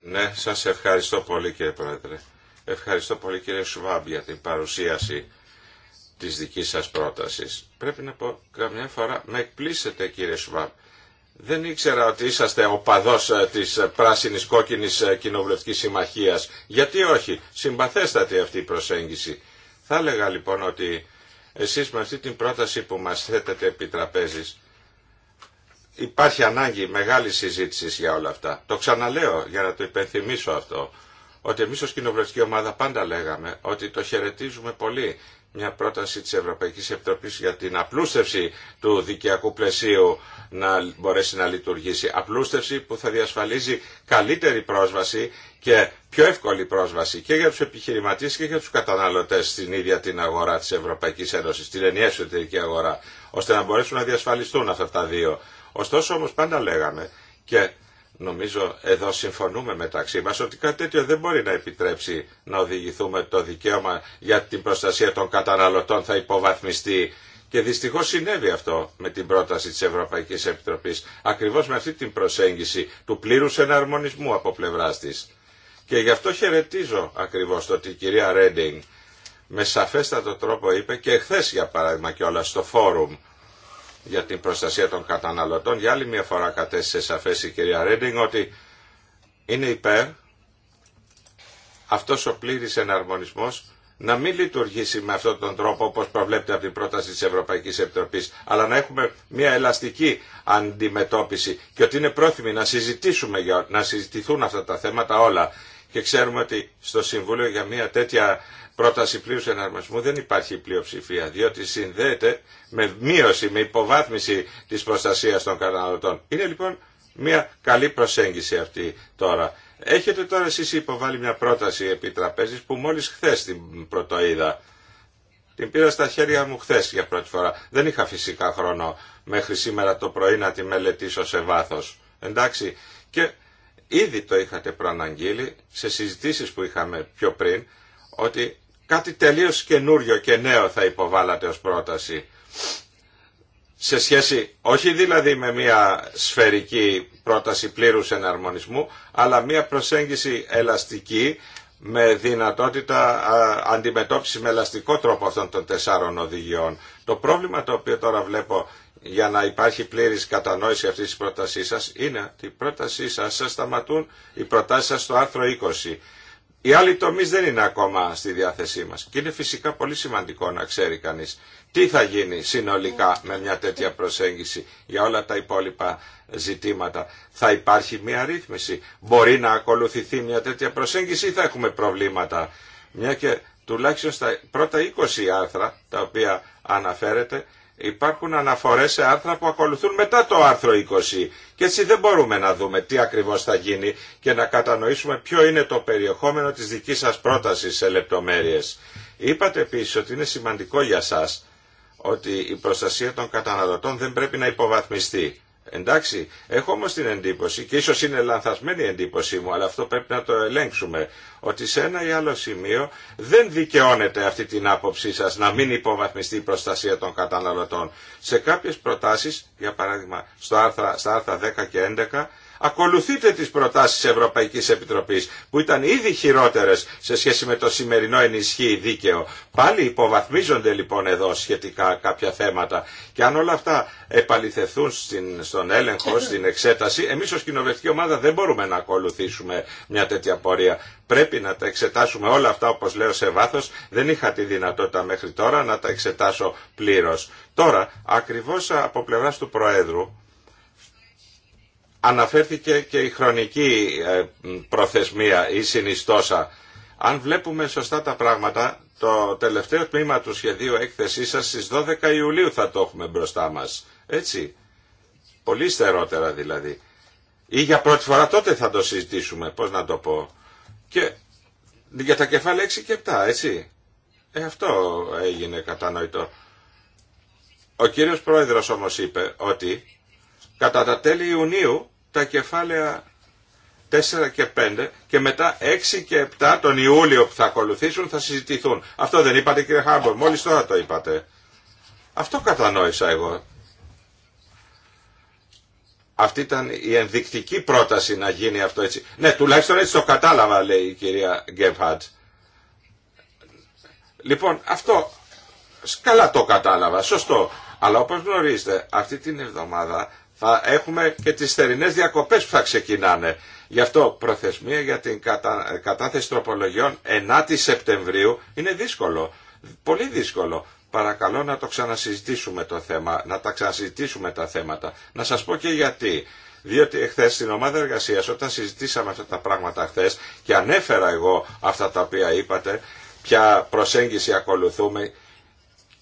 Ναι, σας ευχαριστώ πολύ κύριε Πρόεδρε. Ευχαριστώ πολύ κύριε Σουβάμπ για την παρουσίαση Τη δική σας πρόταση. Πρέπει να πω καμιά φορά με εκπλήσετε κύριε Σουβάμπ. Δεν ήξερα ότι είσαστε παδό ε, της πράσινης κόκκινης ε, κοινοβουλευτική συμμαχία. Γιατί όχι, συμπαθέστατη αυτή η προσέγγιση. Θα έλεγα λοιπόν ότι εσείς με αυτή την πρόταση που μας θέτετε επί τραπέζης, υπάρχει ανάγκη μεγάλη συζήτηση για όλα αυτά. Το ξαναλέω για να το υπενθυμίσω αυτό, ότι εμεί ως κοινοβουλευτική ομάδα πάντα λέγαμε ότι το χαιρετίζουμε πολύ μια πρόταση της Ευρωπαϊκής Επιτροπής για την απλούστευση του δικαιακού πλαισίου να μπορέσει να λειτουργήσει. Απλούστευση που θα διασφαλίζει καλύτερη πρόσβαση και πιο εύκολη πρόσβαση και για τους επιχειρηματίες και για τους καταναλωτές στην ίδια την αγορά της Ευρωπαϊκής Ένωσης, την ενιαία εσωτερική αγορά, ώστε να μπορέσουν να διασφαλιστούν αυτά τα δύο. Ωστόσο όμως πάντα λέγαμε και Νομίζω εδώ συμφωνούμε μεταξύ μας ότι κάτι τέτοιο δεν μπορεί να επιτρέψει να οδηγηθούμε το δικαίωμα για την προστασία των καταναλωτών θα υποβαθμιστεί και δυστυχώς συνέβη αυτό με την πρόταση της Ευρωπαϊκής Επιτροπής, ακριβώς με αυτή την προσέγγιση του πλήρους εναρμονισμού από πλευράς της. Και γι' αυτό χαιρετίζω ακριβώς το ότι η κυρία Ρέντινγκ με σαφέστατο τρόπο είπε και χθε για παράδειγμα και όλα στο φόρουμ για την προστασία των καταναλωτών. Για άλλη μια φορά κατέστησε σαφέ η κυρία Ρέντινγκ ότι είναι υπέρ αυτός ο πλήρη εναρμονισμός να μην λειτουργήσει με αυτόν τον τρόπο όπως προβλέπεται από την πρόταση της Ευρωπαϊκής Επιτροπής, αλλά να έχουμε μια ελαστική αντιμετώπιση και ότι είναι πρόθυμοι να συζητήσουμε, να συζητηθούν αυτά τα θέματα όλα και ξέρουμε ότι στο Συμβούλιο για μια τέτοια πρόταση πλήρους εναρμοσμού δεν υπάρχει πλειοψηφία, διότι συνδέεται με μείωση, με υποβάθμιση της προστασίας των καταναλωτών. Είναι λοιπόν μια καλή προσέγγιση αυτή τώρα. Έχετε τώρα εσείς υποβάλει μια πρόταση επί τραπέζης που μόλις χθε την πρωτοείδα. Την πήρα στα χέρια μου χθε για πρώτη φορά. Δεν είχα φυσικά χρόνο μέχρι σήμερα το πρωί να τη μελετήσω σε βάθος. Εντάξει. Και Ήδη το είχατε προαναγγείλει σε συζητήσεις που είχαμε πιο πριν ότι κάτι τελείως καινούριο και νέο θα υποβάλλατε ως πρόταση σε σχέση όχι δηλαδή με μια σφαιρική πρόταση πλήρους εναρμονισμού αλλά μια προσέγγιση ελαστική με δυνατότητα αντιμετώπιση με ελαστικό τρόπο αυτών των τεσσάρων οδηγιών. Το πρόβλημα το οποίο τώρα βλέπω για να υπάρχει πλήρη κατανόηση αυτή τη πρότασή σα είναι ότι η πρότασή σα σας σταματούν οι προτάσει σα στο άρθρο 20. Οι άλλοι τομεί δεν είναι ακόμα στη διάθεσή μα. και είναι φυσικά πολύ σημαντικό να ξέρει κανείς τι θα γίνει συνολικά με μια τέτοια προσέγγιση για όλα τα υπόλοιπα ζητήματα. Θα υπάρχει μια ρύθμιση. Μπορεί να ακολουθηθεί μια τέτοια προσέγγιση ή θα έχουμε προβλήματα. Μια και τουλάχιστον στα πρώτα 20 άρθρα τα οποία αναφέρεται υπάρχουν αναφορές σε άρθρα που ακολουθούν μετά το άρθρο 20 και έτσι δεν μπορούμε να δούμε τι ακριβώς θα γίνει και να κατανοήσουμε ποιο είναι το περιεχόμενο της δικής σας πρότασης σε λεπτομέρειες. Είπατε επίσης ότι είναι σημαντικό για σας ότι η προστασία των καταναλωτών δεν πρέπει να υποβαθμιστεί. Εντάξει, έχω όμως την εντύπωση και ίσως είναι λανθασμένη η εντύπωσή μου αλλά αυτό πρέπει να το ελέγξουμε ότι σε ένα ή άλλο σημείο δεν δικαιώνεται αυτή την άποψή σας να μην υποβαθμιστεί η προστασία των καταναλωτών. Σε κάποιες προτάσεις, για παράδειγμα στα άρθρα 10 και 11 Ακολουθείτε τις προτάσεις της Ευρωπαϊκής Επιτροπής που ήταν ήδη χειρότερες σε σχέση με το σημερινό ενισχύει δίκαιο. Πάλι υποβαθμίζονται λοιπόν εδώ σχετικά κάποια θέματα και αν όλα αυτά επαληθεθούν στον έλεγχο, στην εξέταση, εμείς ως κοινοβευτική ομάδα δεν μπορούμε να ακολουθήσουμε μια τέτοια πορεία. Πρέπει να τα εξετάσουμε όλα αυτά όπως λέω σε βάθος. Δεν είχα τη δυνατότητα μέχρι τώρα να τα εξετάσω πλήρως. Τώρα, ακριβώς από πλευράς του Προέδρου, Αναφέρθηκε και η χρονική ε, προθεσμία ή συνιστόσα. Αν βλέπουμε σωστά τα πράγματα, το τελευταίο τμήμα του σχεδίου έκθεσής σας στις 12 Ιουλίου θα το έχουμε μπροστά μας. Έτσι. Πολύ στερότερα δηλαδή. Ή για πρώτη φορά τότε θα το συζητήσουμε, πώς να το πω. Και για τα κεφάλαια 6 και 7, έτσι. Ε, αυτό έγινε κατανοητό. Ο κύριος Πρόεδρος όμως είπε ότι κατά τα τέλη Ιουνίου τα κεφάλαια 4 και 5 και μετά 6 και 7 τον Ιούλιο που θα ακολουθήσουν θα συζητηθούν. Αυτό δεν είπατε κύριε Χάμπορ, μόλις τώρα το είπατε. Αυτό κατανόησα εγώ. Αυτή ήταν η ενδεικτική πρόταση να γίνει αυτό έτσι. Ναι, τουλάχιστον έτσι το κατάλαβα λέει η κυρία Γκέμφατ. Λοιπόν, αυτό καλά το κατάλαβα, σωστό. Αλλά όπως γνωρίζετε, αυτή την εβδομάδα θα έχουμε και τις θερινές διακοπές που θα ξεκινάνε. Γι' αυτό προθεσμία για την κατα... κατάθεση τροπολογιών 9η Σεπτεμβρίου είναι δύσκολο. Πολύ δύσκολο. Παρακαλώ να το ξανασυζητήσουμε το θέμα, να τα ξανασυζητήσουμε τα θέματα. Να σας πω και γιατί. Διότι εχθέ στην ομάδα εργασία, όταν συζητήσαμε αυτά τα πράγματα χθε και ανέφερα εγώ αυτά τα οποία είπατε, ποια προσέγγιση ακολουθούμε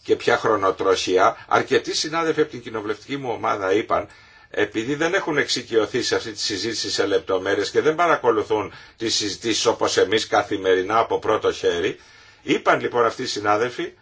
και ποια χρονοτροχία αρκετοί συνάδελφοι από την κοινοβουλευτική μου ομάδα είπαν επειδή δεν έχουν εξοικειωθεί σε αυτή τη συζήτηση σε λεπτομέρειες και δεν παρακολουθούν τις συζητήσεις όπως εμείς καθημερινά από πρώτο χέρι, είπαν λοιπόν αυτοί οι συνάδελφοι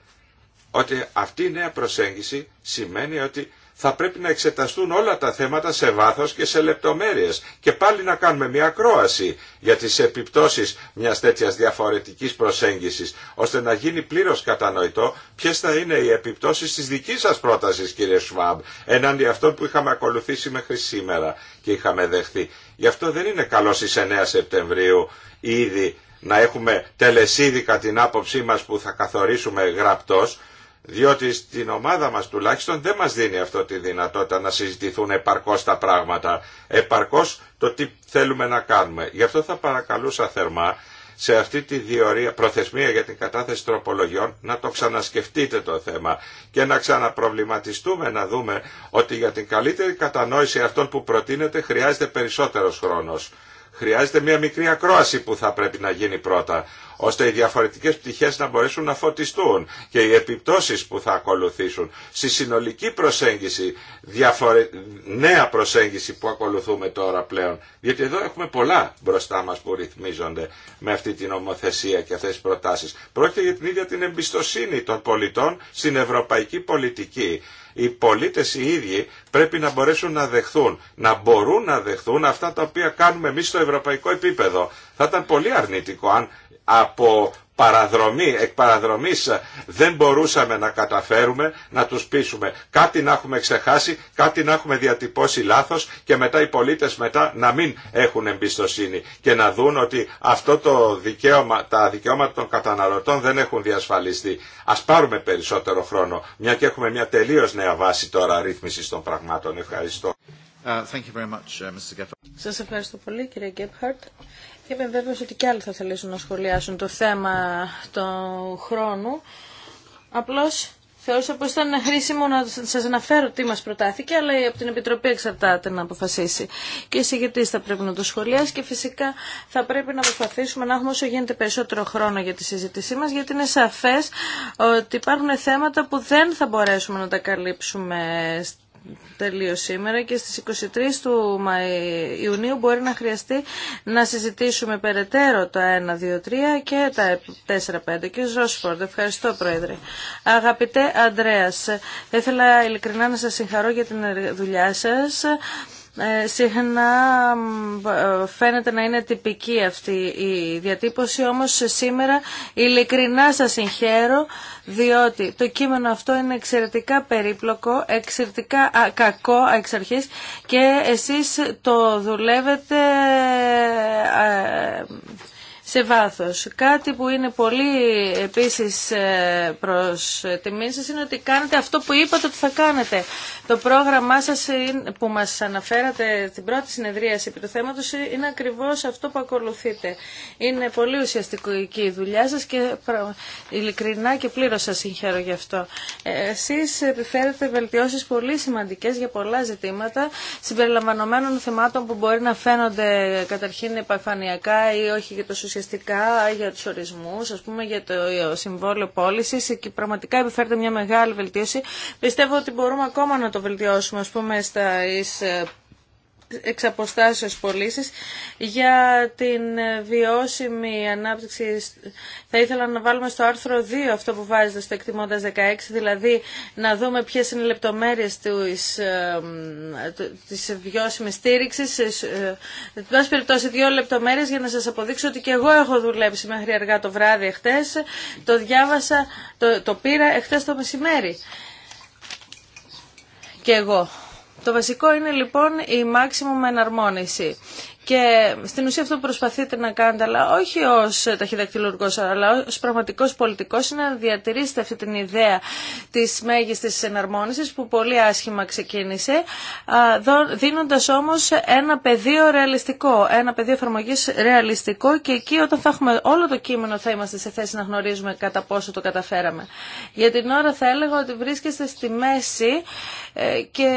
ότι αυτή η νέα προσέγγιση σημαίνει ότι θα πρέπει να εξεταστούν όλα τα θέματα σε βάθος και σε λεπτομέρειες και πάλι να κάνουμε μια ακρόαση για τις επιπτώσεις μιας τέτοιας διαφορετικής προσέγγισης ώστε να γίνει πλήρως κατανοητό ποιες θα είναι οι επιπτώσεις της δικής σας πρότασης κύριε Σουάμπ εναντί αυτών που είχαμε ακολουθήσει μέχρι σήμερα και είχαμε δεχθεί. Γι' αυτό δεν είναι καλό στις 9 Σεπτεμβρίου ήδη να έχουμε τελεσίδικα την άποψή μας που θα καθορίσουμε γραπτός διότι στην ομάδα μας τουλάχιστον δεν μας δίνει αυτό τη δυνατότητα να συζητηθούν επαρκώς τα πράγματα, επαρκώς το τι θέλουμε να κάνουμε. Γι' αυτό θα παρακαλούσα θερμά σε αυτή τη διορία, προθεσμία για την κατάθεση τροπολογιών να το ξανασκεφτείτε το θέμα και να ξαναπροβληματιστούμε να δούμε ότι για την καλύτερη κατανόηση αυτών που προτείνεται χρειάζεται περισσότερος χρόνος χρειάζεται μια μικρή ακρόαση που θα πρέπει να γίνει πρώτα, ώστε οι διαφορετικές πτυχές να μπορέσουν να φωτιστούν και οι επιπτώσεις που θα ακολουθήσουν. Στη συνολική προσέγγιση, νέα προσέγγιση που ακολουθούμε τώρα πλέον, γιατί εδώ έχουμε πολλά μπροστά μας που ρυθμίζονται με αυτή την ομοθεσία και αυτές τις προτάσεις. Πρόκειται για την ίδια την εμπιστοσύνη των πολιτών στην ευρωπαϊκή πολιτική οι πολίτες οι ίδιοι πρέπει να μπορέσουν να δεχθούν, να μπορούν να δεχθούν αυτά τα οποία κάνουμε εμείς στο ευρωπαϊκό επίπεδο. Θα ήταν πολύ αρνητικό αν από παραδρομή, εκ παραδρομής ε, δεν μπορούσαμε να καταφέρουμε να τους πείσουμε. Κάτι να έχουμε ξεχάσει, κάτι να έχουμε διατυπώσει λάθος και μετά οι πολίτες μετά να μην έχουν εμπιστοσύνη και να δουν ότι αυτό το δικαίωμα, τα δικαιώματα των καταναλωτών δεν έχουν διασφαλιστεί. Ας πάρουμε περισσότερο χρόνο, μια και έχουμε μια τελείως νέα βάση τώρα ρύθμισης των πραγμάτων. Ευχαριστώ. Uh, thank you very much, uh, Σας ευχαριστώ πολύ κύριε Γκέπχαρτ. Είμαι βέβαιος ότι και άλλοι θα θελήσουν να σχολιάσουν το θέμα του χρόνου. Απλώς θεώρησα πως ήταν χρήσιμο να σας αναφέρω τι μας προτάθηκε, αλλά από την Επιτροπή εξαρτάται να αποφασίσει. Και οι θα πρέπει να το σχολιάσει και φυσικά θα πρέπει να προσπαθήσουμε να έχουμε όσο γίνεται περισσότερο χρόνο για τη συζήτησή μας, γιατί είναι σαφές ότι υπάρχουν θέματα που δεν θα μπορέσουμε να τα καλύψουμε Τελείω σήμερα και στι 23 του Ιουνίου μπορεί να χρειαστεί να συζητήσουμε περαιτέρω τα 1, 2, 3 και τα 4, 5. Και Ζώσφορντ, ευχαριστώ Πρόεδρε. Αγαπητέ Αντρέα, ήθελα ειλικρινά να σα συγχαρώ για την δουλειά σα. Ε, συχνά ε, φαίνεται να είναι τυπική αυτή η διατύπωση, όμως σήμερα ειλικρινά σας συγχαίρω, διότι το κείμενο αυτό είναι εξαιρετικά περίπλοκο, εξαιρετικά κακό εξ αρχής και εσείς το δουλεύετε ε, σε βάθος. Κάτι που είναι πολύ επίσης ε, προς τιμή σας είναι ότι κάνετε αυτό που είπατε ότι θα κάνετε. Το πρόγραμμά σας που μας αναφέρατε την πρώτη συνεδρίαση επί του θέματος είναι ακριβώς αυτό που ακολουθείτε. Είναι πολύ ουσιαστική η δουλειά σας και ειλικρινά και πλήρως σας συγχαίρω γι' αυτό. Ε, εσείς επιφέρετε βελτιώσεις πολύ σημαντικές για πολλά ζητήματα συμπεριλαμβανομένων θεμάτων που μπορεί να φαίνονται καταρχήν επαφανειακά ή όχι για το ουσιαστικά για τους ορισμούς, ας πούμε για το συμβόλαιο πώληση και πραγματικά επιφέρεται μια μεγάλη βελτίωση. Πιστεύω ότι μπορούμε ακόμα να το βελτιώσουμε, ας πούμε, στα ε, εξ αποστάσεως πωλήσει για την βιώσιμη ανάπτυξη. Θα ήθελα να βάλουμε στο άρθρο 2 αυτό που βάζετε στο εκτιμώντας 16, δηλαδή να δούμε ποιες είναι οι λεπτομέρειες της, της βιώσιμης στήριξης. Εν πάση περιπτώσει δύο λεπτομέρειες για να σας αποδείξω ότι και εγώ έχω δουλέψει μέχρι αργά το βράδυ εχθές, το διάβασα, το, το πήρα εχθές το μεσημέρι. Και εγώ. Το βασικό είναι λοιπόν η maximum εναρμόνιση. Και στην ουσία αυτό που προσπαθείτε να κάνετε, αλλά όχι ω ταχυδακτηλουργό, αλλά ω πραγματικό πολιτικό, είναι να διατηρήσετε αυτή την ιδέα τη μέγιστη εναρμόνιση που πολύ άσχημα ξεκίνησε, δίνοντα όμω ένα πεδίο ρεαλιστικό, ένα πεδίο εφαρμογή ρεαλιστικό και εκεί όταν θα έχουμε όλο το κείμενο θα είμαστε σε θέση να γνωρίζουμε κατά πόσο το καταφέραμε. Για την ώρα θα έλεγα ότι βρίσκεστε στη μέση ε, και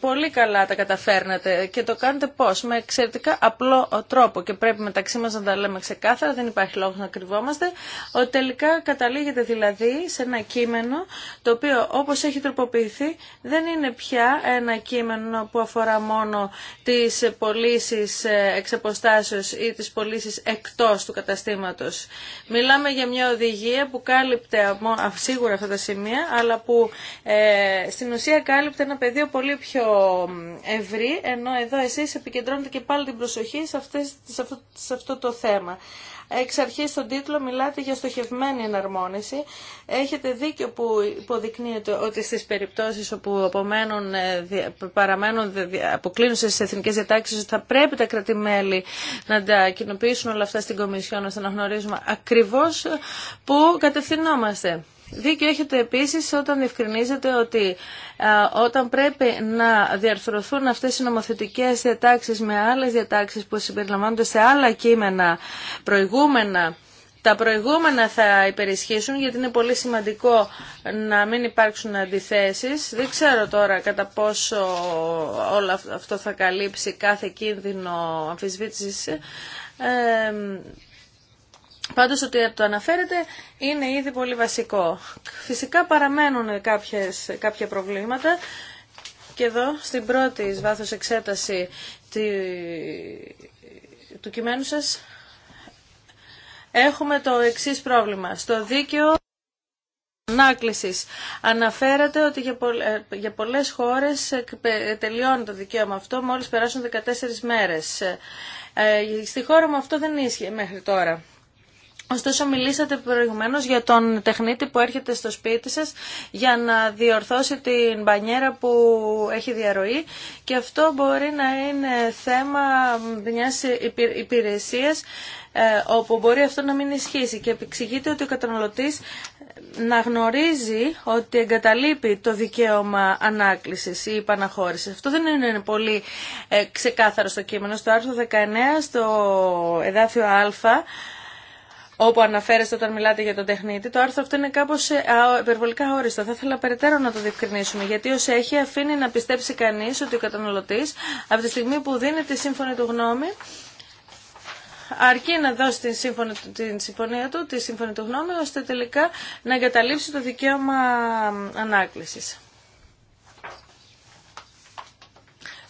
πολύ καλά τα καταφέρνετε και το κάνετε πώς, με εξαιρετικά απλό τρόπο και πρέπει μεταξύ μας να τα λέμε ξεκάθαρα, δεν υπάρχει λόγος να κρυβόμαστε, ότι τελικά καταλήγεται δηλαδή σε ένα κείμενο το οποίο όπως έχει τροποποιηθεί δεν είναι πια ένα κείμενο που αφορά μόνο τις πωλήσει ε, εξ ή τις πωλήσει εκτός του καταστήματος. Μιλάμε για μια οδηγία που κάλυπτε σίγουρα αυτά τα σημεία, αλλά που ε, στην ουσία κάλυπτε ένα πεδίο πολύ πιο ευρύ, ενώ εδώ εσείς επικεντρώνετε και πάλι την προσοχή σε, αυτές, σε, αυτό, σε αυτό το θέμα. Εξ αρχής στον τίτλο μιλάτε για στοχευμένη εναρμόνιση. Έχετε δίκιο που υποδεικνύεται ότι στις περιπτώσεις όπου απομένουν, ε, παραμένουν, αποκλίνουν στις εθνικές διατάξεις θα πρέπει τα κρατημέλη να τα κοινοποιήσουν όλα αυτά στην Κομισιόν ώστε να γνωρίζουμε ακριβώς ε, που κατευθυνόμαστε. Δίκιο έχετε επίσης όταν διευκρινίζετε ότι όταν πρέπει να διαρθρωθούν αυτές οι νομοθετικές διατάξεις με άλλες διατάξεις που συμπεριλαμβάνονται σε άλλα κείμενα προηγούμενα, τα προηγούμενα θα υπερισχύσουν γιατί είναι πολύ σημαντικό να μην υπάρξουν αντιθέσεις. Δεν ξέρω τώρα κατά πόσο όλο αυτό θα καλύψει κάθε κίνδυνο αμφισβήτησης. Πάντω ότι το αναφέρετε είναι ήδη πολύ βασικό. Φυσικά παραμένουν κάποια προβλήματα και εδώ στην πρώτη βάθος εξέταση τη, του κειμένου σας έχουμε το εξής πρόβλημα. Στο δίκαιο ανάκλησης αναφέρεται ότι για ε, πολλές χώρες τελειώνει το δικαίωμα αυτό μόλις περάσουν 14 μέρες. Ε, ε, στη χώρα μου αυτό δεν ίσχυε μέχρι τώρα. Ωστόσο μιλήσατε προηγουμένως για τον τεχνίτη που έρχεται στο σπίτι σας για να διορθώσει την μπανιέρα που έχει διαρροή και αυτό μπορεί να είναι θέμα μιας υπηρεσίας ε, όπου μπορεί αυτό να μην ισχύσει και επεξηγείται ότι ο καταναλωτής ε, να γνωρίζει ότι εγκαταλείπει το δικαίωμα ανάκλησης ή υπαναχώρησης. Αυτό δεν είναι πολύ ε, ξεκάθαρο στο κείμενο. Στο άρθρο 19, στο εδάφιο Α, όπου αναφέρεστε όταν μιλάτε για τον τεχνίτη. Το άρθρο αυτό είναι κάπω ε, υπερβολικά όριστο. Θα ήθελα περαιτέρω να το διευκρινίσουμε. Γιατί ω έχει αφήνει να πιστέψει κανεί ότι ο καταναλωτή από τη στιγμή που δίνει τη σύμφωνη του γνώμη αρκεί να δώσει τη σύμφωνη, συμφωνία του, τη σύμφωνη του γνώμη, ώστε τελικά να εγκαταλείψει το δικαίωμα ανάκλησης.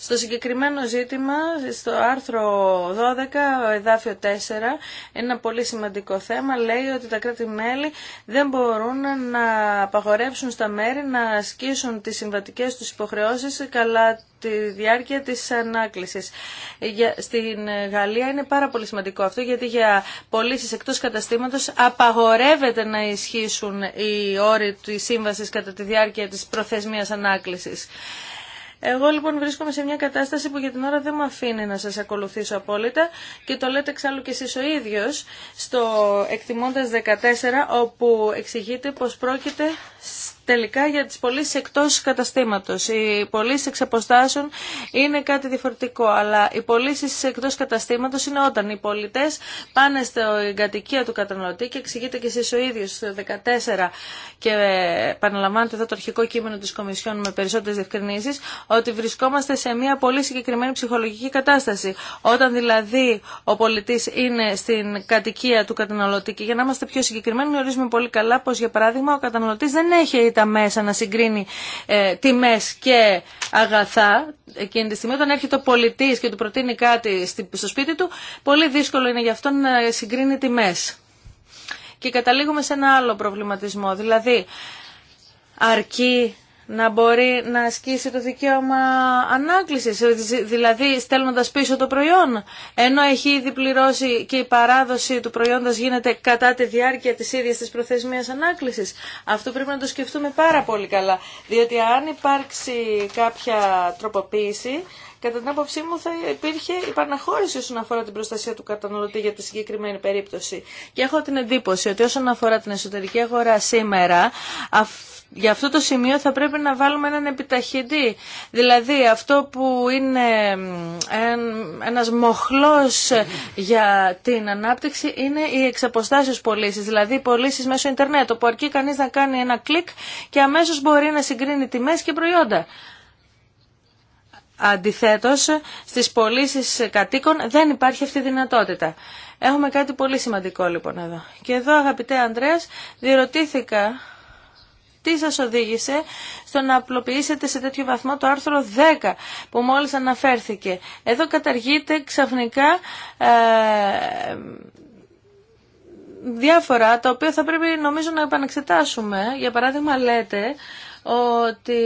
Στο συγκεκριμένο ζήτημα, στο άρθρο 12, εδάφιο 4, ένα πολύ σημαντικό θέμα, λέει ότι τα κράτη-μέλη δεν μπορούν να απαγορεύσουν στα μέρη να ασκήσουν τις συμβατικές τους υποχρεώσεις καλά τη διάρκεια της ανάκλησης. Στην Γαλλία είναι πάρα πολύ σημαντικό αυτό γιατί για πωλήσει εκτός καταστήματος απαγορεύεται να ισχύσουν οι όροι της σύμβασης κατά τη διάρκεια της προθεσμίας ανάκλησης. Εγώ λοιπόν βρίσκομαι σε μια κατάσταση που για την ώρα δεν με αφήνει να σας ακολουθήσω απόλυτα και το λέτε εξάλλου και εσείς ο ίδιος στο εκτιμώντας 14 όπου εξηγείτε πως πρόκειται τελικά για τις πωλήσει εκτός καταστήματος. Οι πωλήσει εξ αποστάσεων είναι κάτι διαφορετικό, αλλά οι πωλήσει εκτός καταστήματος είναι όταν οι πολιτές πάνε στην κατοικία του καταναλωτή και εξηγείται και εσείς ο ίδιος στο 14 και επαναλαμβάνετε εδώ το αρχικό κείμενο της Κομισιόν με περισσότερες διευκρινήσεις ότι βρισκόμαστε σε μια πολύ συγκεκριμένη ψυχολογική κατάσταση. Όταν δηλαδή ο πολιτής είναι στην κατοικία του καταναλωτή και για να είμαστε πιο συγκεκριμένοι γνωρίζουμε πολύ καλά πως για παράδειγμα ο καταναλωτής δεν έχει τα μέσα να συγκρίνει ε, τιμές και αγαθά εκείνη τη στιγμή. Όταν έρχεται ο πολιτής και του προτείνει κάτι στο σπίτι του, πολύ δύσκολο είναι για αυτόν να συγκρίνει τιμές. Και καταλήγουμε σε ένα άλλο προβληματισμό, δηλαδή αρκεί να μπορεί να ασκήσει το δικαίωμα ανάκληση, δηλαδή στέλνοντας πίσω το προϊόν, ενώ έχει ήδη πληρώσει και η παράδοση του προϊόντος γίνεται κατά τη διάρκεια τη ίδια της προθεσμίας ανάκλησης. Αυτό πρέπει να το σκεφτούμε πάρα πολύ καλά, διότι αν υπάρξει κάποια τροποποίηση, Κατά την άποψή μου θα υπήρχε υπαναχώρηση όσον αφορά την προστασία του καταναλωτή για τη συγκεκριμένη περίπτωση. Και έχω την εντύπωση ότι όσον αφορά την εσωτερική αγορά σήμερα, για αυτό το σημείο θα πρέπει να βάλουμε έναν επιταχυντή. Δηλαδή αυτό που είναι ένας μοχλός για την ανάπτυξη είναι οι εξαποστάσεις πωλήσει, δηλαδή οι πωλήσει μέσω ίντερνετ, όπου αρκεί κανείς να κάνει ένα κλικ και αμέσως μπορεί να συγκρίνει τιμές και προϊόντα. Αντιθέτως, στις πωλήσει κατοίκων δεν υπάρχει αυτή η δυνατότητα. Έχουμε κάτι πολύ σημαντικό λοιπόν εδώ. Και εδώ αγαπητέ Ανδρέας, διερωτήθηκα τι σας οδήγησε στο να απλοποιήσετε σε τέτοιο βαθμό το άρθρο 10 που μόλις αναφέρθηκε. Εδώ καταργείται ξαφνικά ε, διάφορα τα οποία θα πρέπει νομίζω να επαναξετάσουμε. Για παράδειγμα λέτε ότι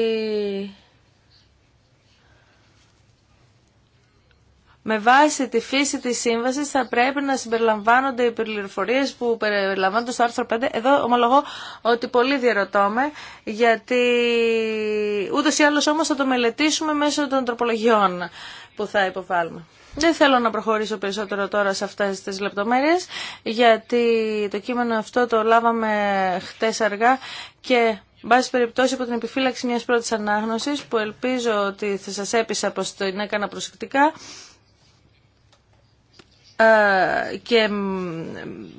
με βάση τη φύση της σύμβασης θα πρέπει να συμπεριλαμβάνονται οι πληροφορίες που περιλαμβάνονται στο άρθρο 5. Εδώ ομολογώ ότι πολύ διαρωτώμε, γιατί ούτως ή άλλως όμως θα το μελετήσουμε μέσω των τροπολογιών που θα υποβάλουμε. Δεν θέλω να προχωρήσω περισσότερο τώρα σε αυτές τις λεπτομέρειες, γιατί το κείμενο αυτό το λάβαμε χτες αργά και Εν πάση περιπτώσει, από την επιφύλαξη μια πρώτη ανάγνωση που ελπίζω ότι θα σα έπεισα πω το έκανα προσεκτικά, ε, και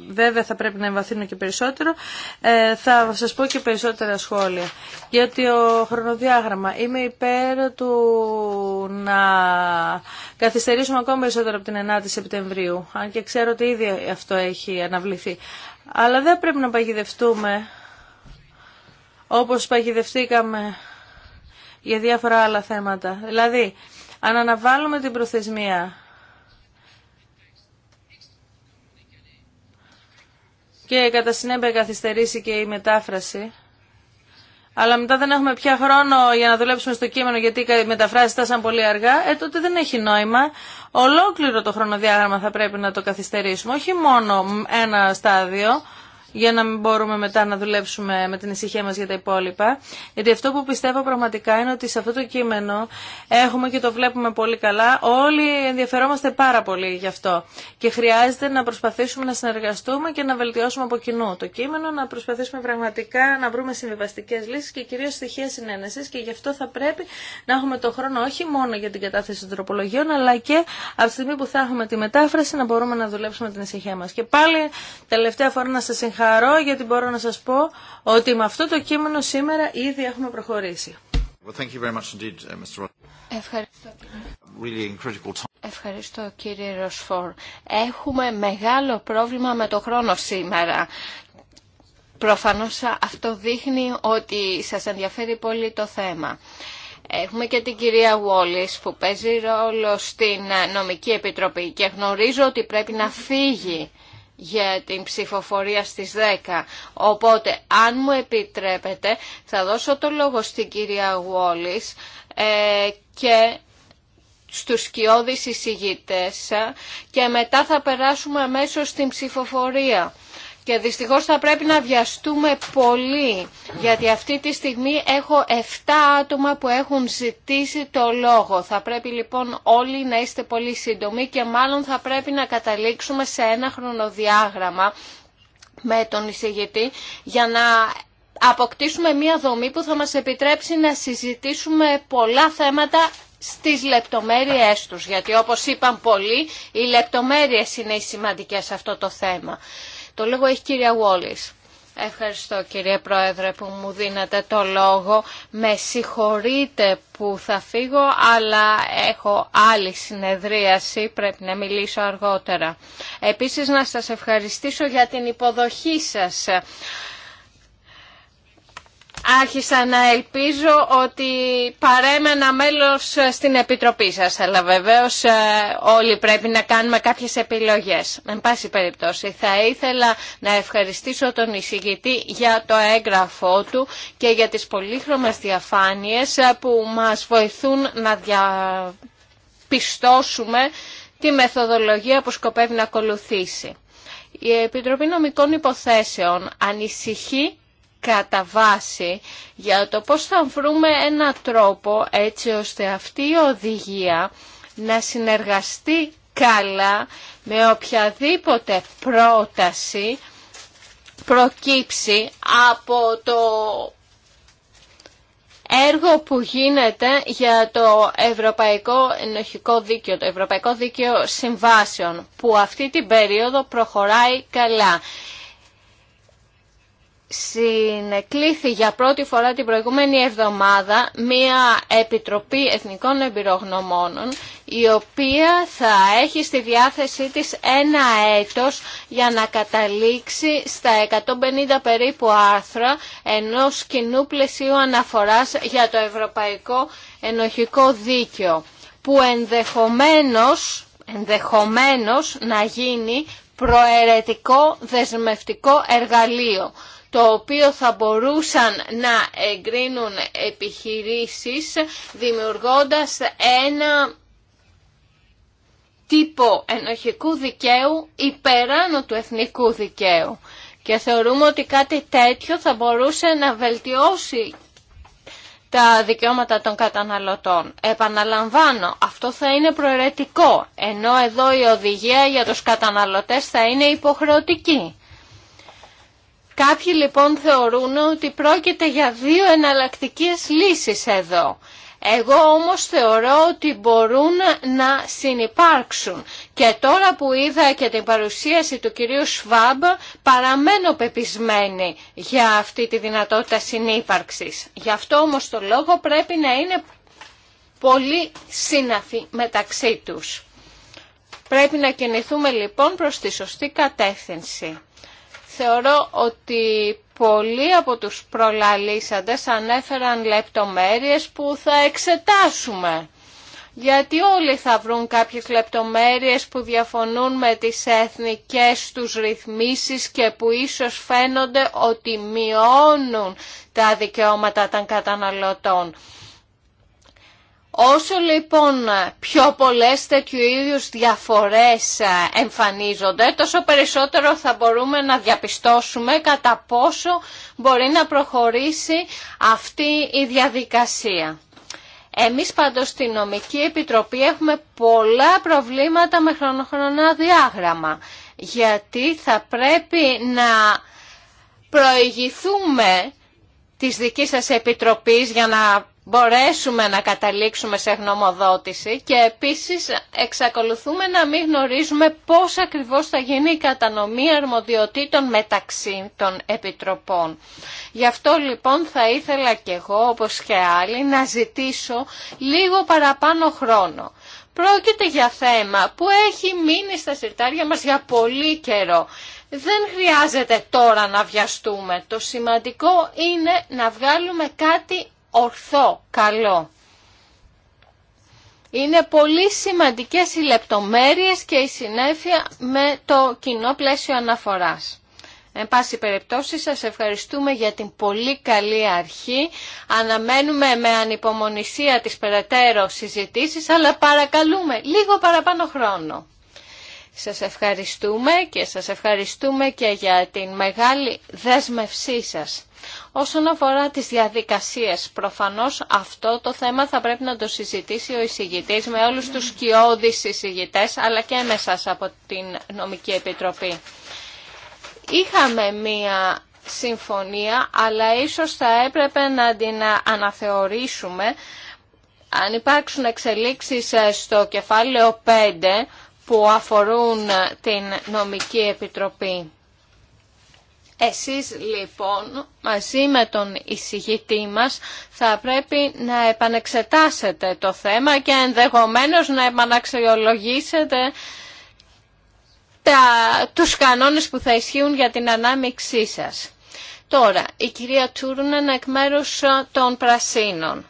βέβαια θα πρέπει να εμβαθύνω και περισσότερο. Ε, θα σας πω και περισσότερα σχόλια. Γιατί ο χρονοδιάγραμμα είμαι υπέρ του να καθυστερήσουμε ακόμα περισσότερο από την 9η Σεπτεμβρίου. Αν και ξέρω ότι ήδη αυτό έχει αναβληθεί. Αλλά δεν πρέπει να παγιδευτούμε όπως παγιδευτήκαμε για διάφορα άλλα θέματα. Δηλαδή, αν αναβάλουμε την προθεσμία και κατά συνέπεια καθυστερήσει και η μετάφραση. Αλλά μετά δεν έχουμε πια χρόνο για να δουλέψουμε στο κείμενο γιατί οι μεταφράσεις στάσαν πολύ αργά. Ε, τότε δεν έχει νόημα. Ολόκληρο το χρονοδιάγραμμα θα πρέπει να το καθυστερήσουμε. Όχι μόνο ένα στάδιο για να μην μπορούμε μετά να δουλέψουμε με την ησυχία μας για τα υπόλοιπα. Γιατί αυτό που πιστεύω πραγματικά είναι ότι σε αυτό το κείμενο έχουμε και το βλέπουμε πολύ καλά, όλοι ενδιαφερόμαστε πάρα πολύ γι' αυτό και χρειάζεται να προσπαθήσουμε να συνεργαστούμε και να βελτιώσουμε από κοινού το κείμενο, να προσπαθήσουμε πραγματικά να βρούμε συμβιβαστικέ λύσει και κυρίω στοιχεία συνένεση. και γι' αυτό θα πρέπει να έχουμε το χρόνο όχι μόνο για την κατάθεση των τροπολογιών αλλά και από τη στιγμή που θα έχουμε τη μετάφραση να μπορούμε να δουλέψουμε την ησυχία μα. Και πάλι τελευταία φορά να σα συγχαρώ χαρώ γιατί μπορώ να σας πω ότι με αυτό το κείμενο σήμερα ήδη έχουμε προχωρήσει. Uh, Ευχαριστώ κύριε. Ευχαριστώ κύριε Ροσφόρ. Έχουμε μεγάλο πρόβλημα με το χρόνο σήμερα. Προφανώς αυτό δείχνει ότι σας ενδιαφέρει πολύ το θέμα. Έχουμε και την κυρία Βόλης που παίζει ρόλο στην νομική επιτροπή και γνωρίζω ότι πρέπει να φύγει για την ψηφοφορία στις 10. Οπότε, αν μου επιτρέπετε, θα δώσω το λόγο στην κυρία Γουόλης ε, και στους σκιώδεις εισηγητές ε, και μετά θα περάσουμε αμέσως στην ψηφοφορία. Και δυστυχώς θα πρέπει να βιαστούμε πολύ, γιατί αυτή τη στιγμή έχω 7 άτομα που έχουν ζητήσει το λόγο. Θα πρέπει λοιπόν όλοι να είστε πολύ σύντομοι και μάλλον θα πρέπει να καταλήξουμε σε ένα χρονοδιάγραμμα με τον εισηγητή για να αποκτήσουμε μία δομή που θα μας επιτρέψει να συζητήσουμε πολλά θέματα στις λεπτομέρειές τους. Γιατί όπως είπαν πολλοί, οι λεπτομέρειες είναι οι σημαντικές σε αυτό το θέμα. Το λόγο έχει κυρία Βόλης. Ευχαριστώ κύριε Πρόεδρε που μου δίνετε το λόγο. Με συγχωρείτε που θα φύγω, αλλά έχω άλλη συνεδρίαση, πρέπει να μιλήσω αργότερα. Επίσης να σας ευχαριστήσω για την υποδοχή σας άρχισα να ελπίζω ότι παρέμενα μέλος στην Επιτροπή σας, αλλά βεβαίως ε, όλοι πρέπει να κάνουμε κάποιες επιλογές. Εν πάση περιπτώσει, θα ήθελα να ευχαριστήσω τον εισηγητή για το έγγραφό του και για τις πολύχρωμες διαφάνειες ε, που μας βοηθούν να διαπιστώσουμε τη μεθοδολογία που σκοπεύει να ακολουθήσει. Η Επιτροπή Νομικών Υποθέσεων ανησυχεί κατά βάση για το πώς θα βρούμε ένα τρόπο έτσι ώστε αυτή η οδηγία να συνεργαστεί καλά με οποιαδήποτε πρόταση προκύψει από το έργο που γίνεται για το Ευρωπαϊκό Ενοχικό Δίκαιο, το Ευρωπαϊκό Δίκαιο Συμβάσεων, που αυτή την περίοδο προχωράει καλά συνεκλήθη για πρώτη φορά την προηγούμενη εβδομάδα μία Επιτροπή Εθνικών Εμπειρογνωμόνων η οποία θα έχει στη διάθεσή της ένα έτος για να καταλήξει στα 150 περίπου άρθρα ενός κοινού πλαισίου αναφοράς για το Ευρωπαϊκό Ενοχικό Δίκαιο που ενδεχομένως, ενδεχομένως να γίνει προαιρετικό δεσμευτικό εργαλείο το οποίο θα μπορούσαν να εγκρίνουν επιχειρήσεις δημιουργώντας ένα τύπο ενοχικού δικαίου υπεράνω του εθνικού δικαίου. Και θεωρούμε ότι κάτι τέτοιο θα μπορούσε να βελτιώσει τα δικαιώματα των καταναλωτών. Επαναλαμβάνω, αυτό θα είναι προαιρετικό, ενώ εδώ η οδηγία για τους καταναλωτές θα είναι υποχρεωτική. Κάποιοι λοιπόν θεωρούν ότι πρόκειται για δύο εναλλακτικές λύσεις εδώ. Εγώ όμως θεωρώ ότι μπορούν να συνεπάρξουν. Και τώρα που είδα και την παρουσίαση του κυρίου Σβάμπ, παραμένω πεπισμένη για αυτή τη δυνατότητα συνύπαρξης. Γι' αυτό όμως το λόγο πρέπει να είναι πολύ σύναφη μεταξύ τους. Πρέπει να κινηθούμε λοιπόν προς τη σωστή κατεύθυνση. Θεωρώ ότι πολλοί από τους προλαλήσαντες ανέφεραν λεπτομέρειες που θα εξετάσουμε. Γιατί όλοι θα βρουν κάποιες λεπτομέρειες που διαφωνούν με τις εθνικές τους ρυθμίσεις και που ίσως φαίνονται ότι μειώνουν τα δικαιώματα των καταναλωτών. Όσο λοιπόν πιο πολλές τέτοιου είδου διαφορές ε, εμφανίζονται, τόσο περισσότερο θα μπορούμε να διαπιστώσουμε κατά πόσο μπορεί να προχωρήσει αυτή η διαδικασία. Εμείς πάντως στη Νομική Επιτροπή έχουμε πολλά προβλήματα με χρονοχρονά διάγραμμα, γιατί θα πρέπει να προηγηθούμε της δικής σας επιτροπής για να μπορέσουμε να καταλήξουμε σε γνωμοδότηση και επίσης εξακολουθούμε να μην γνωρίζουμε πώς ακριβώς θα γίνει η κατανομή αρμοδιοτήτων μεταξύ των επιτροπών. Γι' αυτό λοιπόν θα ήθελα και εγώ όπως και άλλοι να ζητήσω λίγο παραπάνω χρόνο. Πρόκειται για θέμα που έχει μείνει στα συρτάρια μας για πολύ καιρό. Δεν χρειάζεται τώρα να βιαστούμε. Το σημαντικό είναι να βγάλουμε κάτι ορθό, καλό. Είναι πολύ σημαντικές οι λεπτομέρειες και η συνέφεια με το κοινό πλαίσιο αναφοράς. Εν πάση περιπτώσει σας ευχαριστούμε για την πολύ καλή αρχή. Αναμένουμε με ανυπομονησία τις περαιτέρω συζητήσεις, αλλά παρακαλούμε λίγο παραπάνω χρόνο. Σας ευχαριστούμε και σας ευχαριστούμε και για την μεγάλη δέσμευσή σας. Όσον αφορά τις διαδικασίες, προφανώς αυτό το θέμα θα πρέπει να το συζητήσει ο εισηγητής με όλους τους σκιώδεις εισηγητές, αλλά και μέσα από την Νομική Επιτροπή. Είχαμε μία συμφωνία, αλλά ίσως θα έπρεπε να την αναθεωρήσουμε αν υπάρξουν εξελίξεις ε, στο κεφάλαιο 5, που αφορούν ε, την νομική επιτροπή. Εσείς λοιπόν μαζί με τον εισηγητή μας θα πρέπει να επανεξετάσετε το θέμα και ενδεχομένως να επαναξιολογήσετε τα, τους κανόνες που θα ισχύουν για την ανάμειξή σας. Τώρα, η κυρία Τσούρνεν εκ μέρους ε, των Πρασίνων.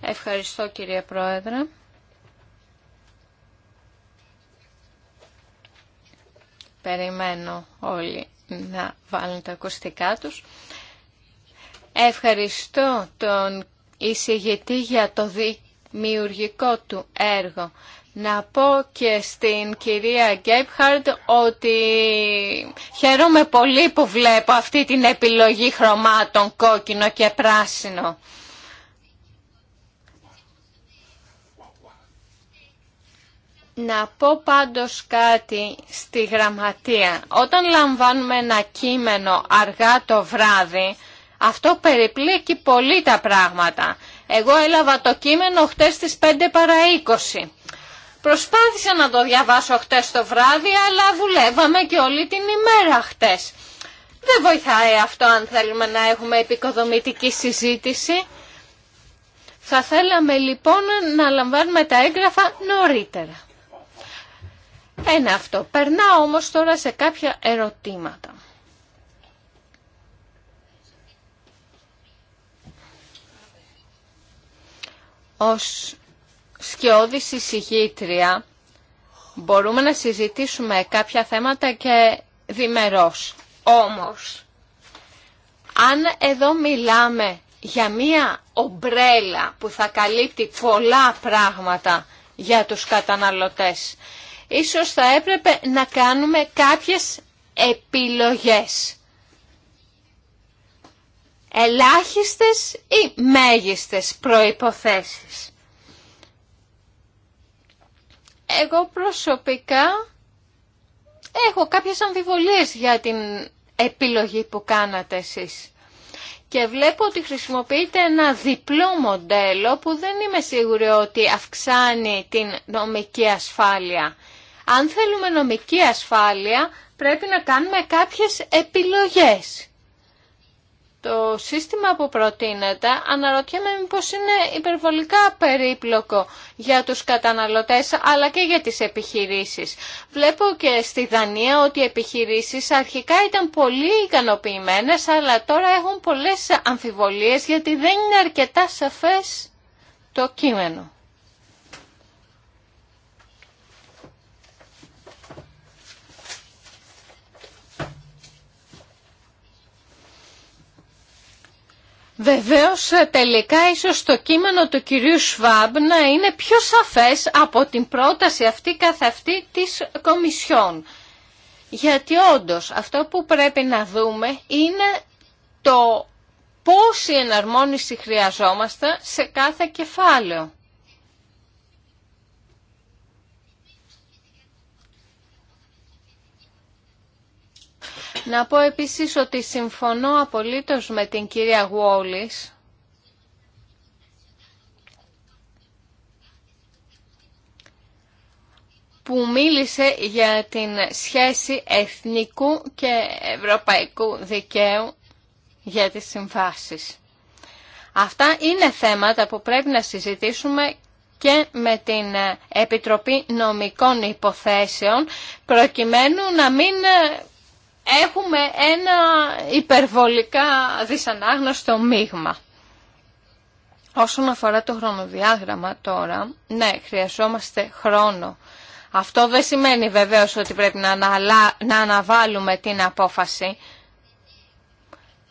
Ευχαριστώ κύριε Πρόεδρε. Περιμένω όλοι να βάλουν τα ακουστικά τους. Ευχαριστώ τον εισηγητή για το δημιουργικό του έργο. Να πω και στην κυρία Γκέμπχαρντ ότι χαίρομαι πολύ που βλέπω αυτή την επιλογή χρωμάτων κόκκινο και πράσινο. Να πω πάντως κάτι στη γραμματεία. Όταν λαμβάνουμε ένα κείμενο αργά το βράδυ, αυτό περιπλέκει πολύ τα πράγματα. Εγώ έλαβα το κείμενο χτες στις 5 παρα 20. Προσπάθησα να το διαβάσω χτες το βράδυ, αλλά δουλεύαμε και όλη την ημέρα χτες. Δεν βοηθάει αυτό αν θέλουμε να έχουμε επικοδομητική συζήτηση. Θα θέλαμε λοιπόν να λαμβάνουμε τα έγγραφα νωρίτερα. Ένα αυτό. Περνάω όμως τώρα σε κάποια ερωτήματα. Ως σκιώδη συζητήτρια μπορούμε να συζητήσουμε κάποια θέματα και διμερός. Όμως, αν εδώ μιλάμε για μία ομπρέλα που θα καλύπτει πολλά πράγματα για τους καταναλωτές ίσως θα έπρεπε να κάνουμε κάποιες επιλογές. Ελάχιστες ή μέγιστες προϋποθέσεις. Εγώ προσωπικά έχω κάποιες αμφιβολίες για την επιλογή που κάνατε εσείς. Και βλέπω ότι χρησιμοποιείτε ένα διπλό μοντέλο που δεν είμαι σίγουρη ότι αυξάνει την νομική ασφάλεια. Αν θέλουμε νομική ασφάλεια, πρέπει να κάνουμε κάποιες επιλογές. Το σύστημα που προτείνεται αναρωτιέμαι μήπως είναι υπερβολικά περίπλοκο για τους καταναλωτές αλλά και για τις επιχειρήσεις. Βλέπω και στη Δανία ότι οι επιχειρήσεις αρχικά ήταν πολύ ικανοποιημένε, αλλά τώρα έχουν πολλές αμφιβολίες γιατί δεν είναι αρκετά σαφές το κείμενο. Βεβαίως ε, τελικά ίσως το κείμενο του κυρίου Σβάμπ να είναι πιο σαφές από την πρόταση αυτή καθ' αυτή της Κομισιόν. Γιατί όντως αυτό που πρέπει να δούμε είναι το πόση εναρμόνιση χρειαζόμαστε σε κάθε κεφάλαιο. Να πω επίσης ότι συμφωνώ απολύτως με την κυρία Γουόλης που μίλησε για την σχέση εθνικού και ευρωπαϊκού δικαίου για τις συμβάσεις. Αυτά είναι θέματα που πρέπει να συζητήσουμε και με την Επιτροπή Νομικών Υποθέσεων προκειμένου να μην έχουμε ένα υπερβολικά δυσανάγνωστο μείγμα. Όσον αφορά το χρονοδιάγραμμα τώρα, ναι, χρειαζόμαστε χρόνο. Αυτό δεν σημαίνει βεβαίως ότι πρέπει να, να αναβάλουμε την απόφαση.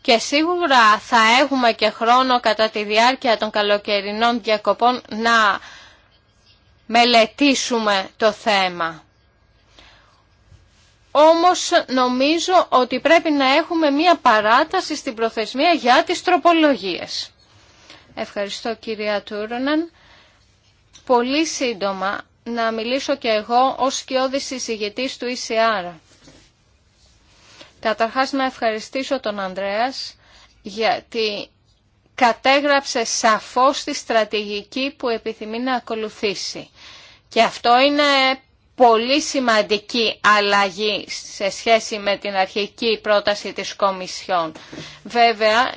Και σίγουρα θα έχουμε και χρόνο κατά τη διάρκεια των καλοκαιρινών διακοπών να μελετήσουμε το θέμα. Όμως νομίζω ότι πρέπει να έχουμε μία παράταση στην προθεσμία για τις τροπολογίες. Ευχαριστώ κυρία Τούρναν. Πολύ σύντομα να μιλήσω και εγώ ως σκιώδης συζητήτη του ECR. Καταρχάς να ευχαριστήσω τον Ανδρέας γιατί κατέγραψε σαφώς τη στρατηγική που επιθυμεί να ακολουθήσει. Και αυτό είναι πολύ σημαντική αλλαγή σε σχέση με την αρχική πρόταση της Κομισιόν. Βέβαια,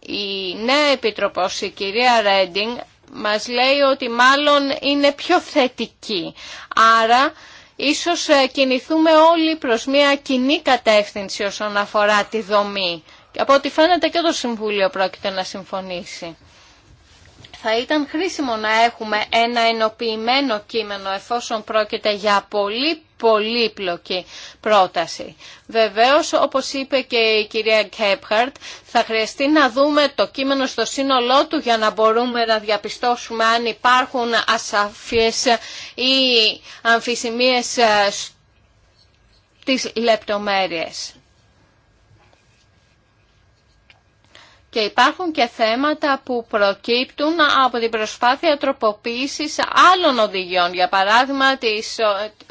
η νέα Επιτροπός, η κυρία Ρέντινγκ, μας λέει ότι μάλλον είναι πιο θετική. Άρα, ίσως ε, κινηθούμε όλοι προς μια κοινή κατεύθυνση όσον αφορά τη δομή. Και από ό,τι φαίνεται και το Συμβούλιο πρόκειται να συμφωνήσει. Θα ήταν χρήσιμο να έχουμε ένα ενοποιημένο κείμενο εφόσον πρόκειται για πολύ πολύπλοκη πρόταση. Βεβαίως, όπως είπε και η κυρία Κέπχαρτ, θα χρειαστεί να δούμε το κείμενο στο σύνολό του για να μπορούμε να διαπιστώσουμε αν υπάρχουν ασαφίες ή αμφισημίες ε, τις λεπτομέρειες. και υπάρχουν και θέματα που προκύπτουν από την προσπάθεια τροποποίησης άλλων οδηγιών, για παράδειγμα της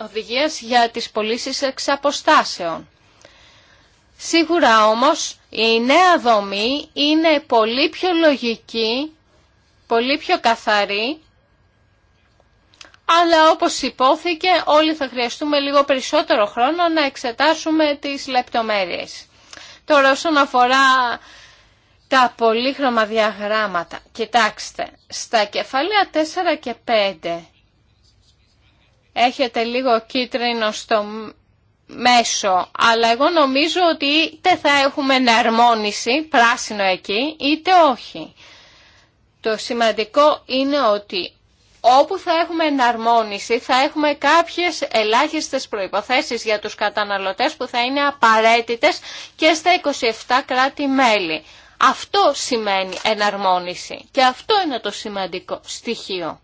οδηγίας για τις πωλήσει εξ αποστάσεων. Σίγουρα όμως η νέα δομή είναι πολύ πιο λογική, πολύ πιο καθαρή, αλλά όπως υπόθηκε όλοι θα χρειαστούμε λίγο περισσότερο χρόνο να εξετάσουμε τις λεπτομέρειες. Τώρα όσον αφορά τα πολύχρωμα διαγράμματα. Κοιτάξτε, στα κεφάλαια 4 και 5 έχετε λίγο κίτρινο στο μέσο, αλλά εγώ νομίζω ότι είτε θα έχουμε εναρμόνιση, πράσινο εκεί, είτε όχι. Το σημαντικό είναι ότι όπου θα έχουμε εναρμόνιση θα έχουμε κάποιες ελάχιστες προϋποθέσεις για τους καταναλωτές που θα είναι απαραίτητες και στα 27 κράτη-μέλη. Αυτό σημαίνει εναρμόνιση και αυτό είναι το σημαντικό στοιχείο.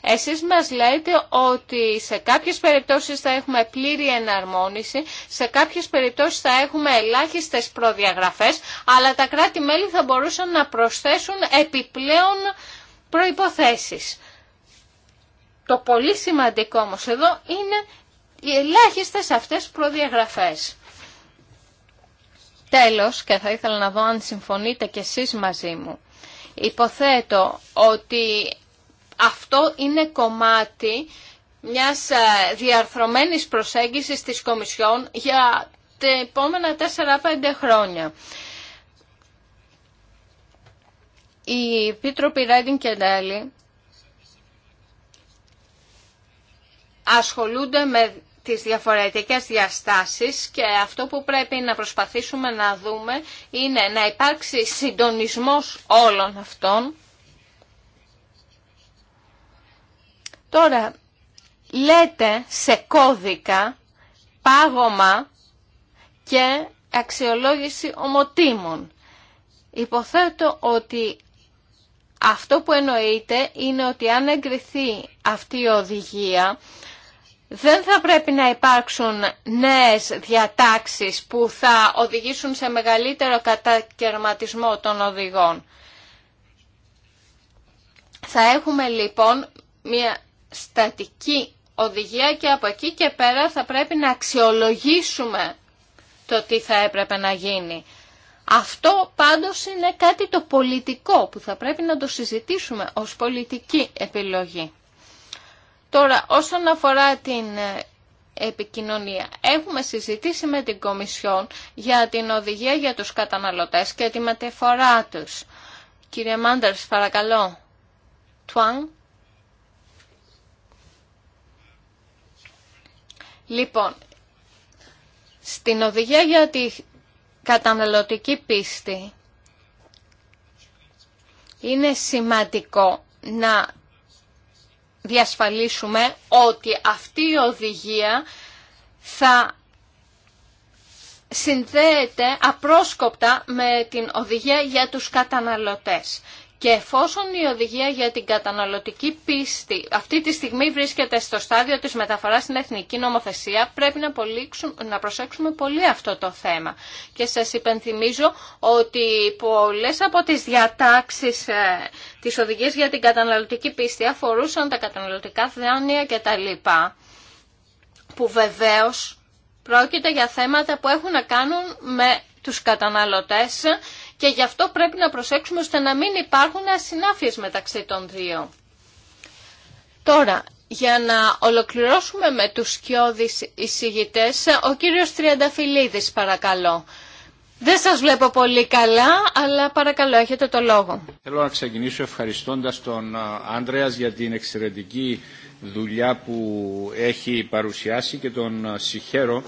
Εσείς μας λέτε ότι σε κάποιες περιπτώσεις θα έχουμε πλήρη εναρμόνιση, σε κάποιες περιπτώσεις θα έχουμε ελάχιστες προδιαγραφές, αλλά τα κράτη-μέλη θα μπορούσαν να προσθέσουν επιπλέον προϋποθέσεις. Το πολύ σημαντικό όμως εδώ είναι οι ελάχιστες αυτές προδιαγραφές. Τέλος, και θα ήθελα να δω αν συμφωνείτε κι εσείς μαζί μου, υποθέτω ότι αυτό είναι κομμάτι μιας ε, διαρθρωμένης προσέγγισης της Κομισιόν για τα επόμενα 4-5 χρόνια. Οι πίτροποι Ρέντιν και Ντέλη ασχολούνται με τις διαφορετικές διαστάσεις και αυτό που πρέπει να προσπαθήσουμε να δούμε είναι να υπάρξει συντονισμός όλων αυτών. Τώρα, λέτε σε κώδικα πάγωμα και αξιολόγηση ομοτήμων. Υποθέτω ότι αυτό που εννοείται είναι ότι αν εγκριθεί αυτή η οδηγία, δεν θα πρέπει να υπάρξουν νέες διατάξεις που θα οδηγήσουν σε μεγαλύτερο κατακαιρματισμό των οδηγών. Θα έχουμε λοιπόν μια στατική οδηγία και από εκεί και πέρα θα πρέπει να αξιολογήσουμε το τι θα έπρεπε να γίνει. Αυτό πάντως είναι κάτι το πολιτικό που θα πρέπει να το συζητήσουμε ως πολιτική επιλογή. Τώρα, όσον αφορά την ε, επικοινωνία. Έχουμε συζητήσει με την Κομισιόν για την οδηγία για τους καταναλωτές και τη μεταφορά τους. Κύριε Μάντερς, παρακαλώ. Τουάν. Λοιπόν, στην οδηγία για τη καταναλωτική πίστη είναι σημαντικό να διασφαλίσουμε ότι αυτή η οδηγία θα συνδέεται απρόσκοπτα με την οδηγία για τους καταναλωτές. Και εφόσον η οδηγία για την καταναλωτική πίστη αυτή τη στιγμή βρίσκεται στο στάδιο της μεταφοράς στην εθνική νομοθεσία, πρέπει να, να προσέξουμε πολύ αυτό το θέμα. Και σας υπενθυμίζω ότι πολλές από τις διατάξεις ε, της οδηγίας για την καταναλωτική πίστη αφορούσαν τα καταναλωτικά δάνεια κτλ. Που βεβαίως πρόκειται για θέματα που έχουν να κάνουν με τους καταναλωτές και γι' αυτό πρέπει να προσέξουμε ώστε να μην υπάρχουν ασυνάφειες μεταξύ των δύο. Τώρα, για να ολοκληρώσουμε με τους σκιώδεις εισηγητές, ο κύριος Τριανταφυλλίδης παρακαλώ. Δεν σας βλέπω πολύ καλά, αλλά παρακαλώ έχετε το λόγο. Θέλω να ξεκινήσω ευχαριστώντας τον Άντρεας για την εξαιρετική δουλειά που έχει παρουσιάσει και τον συγχαίρω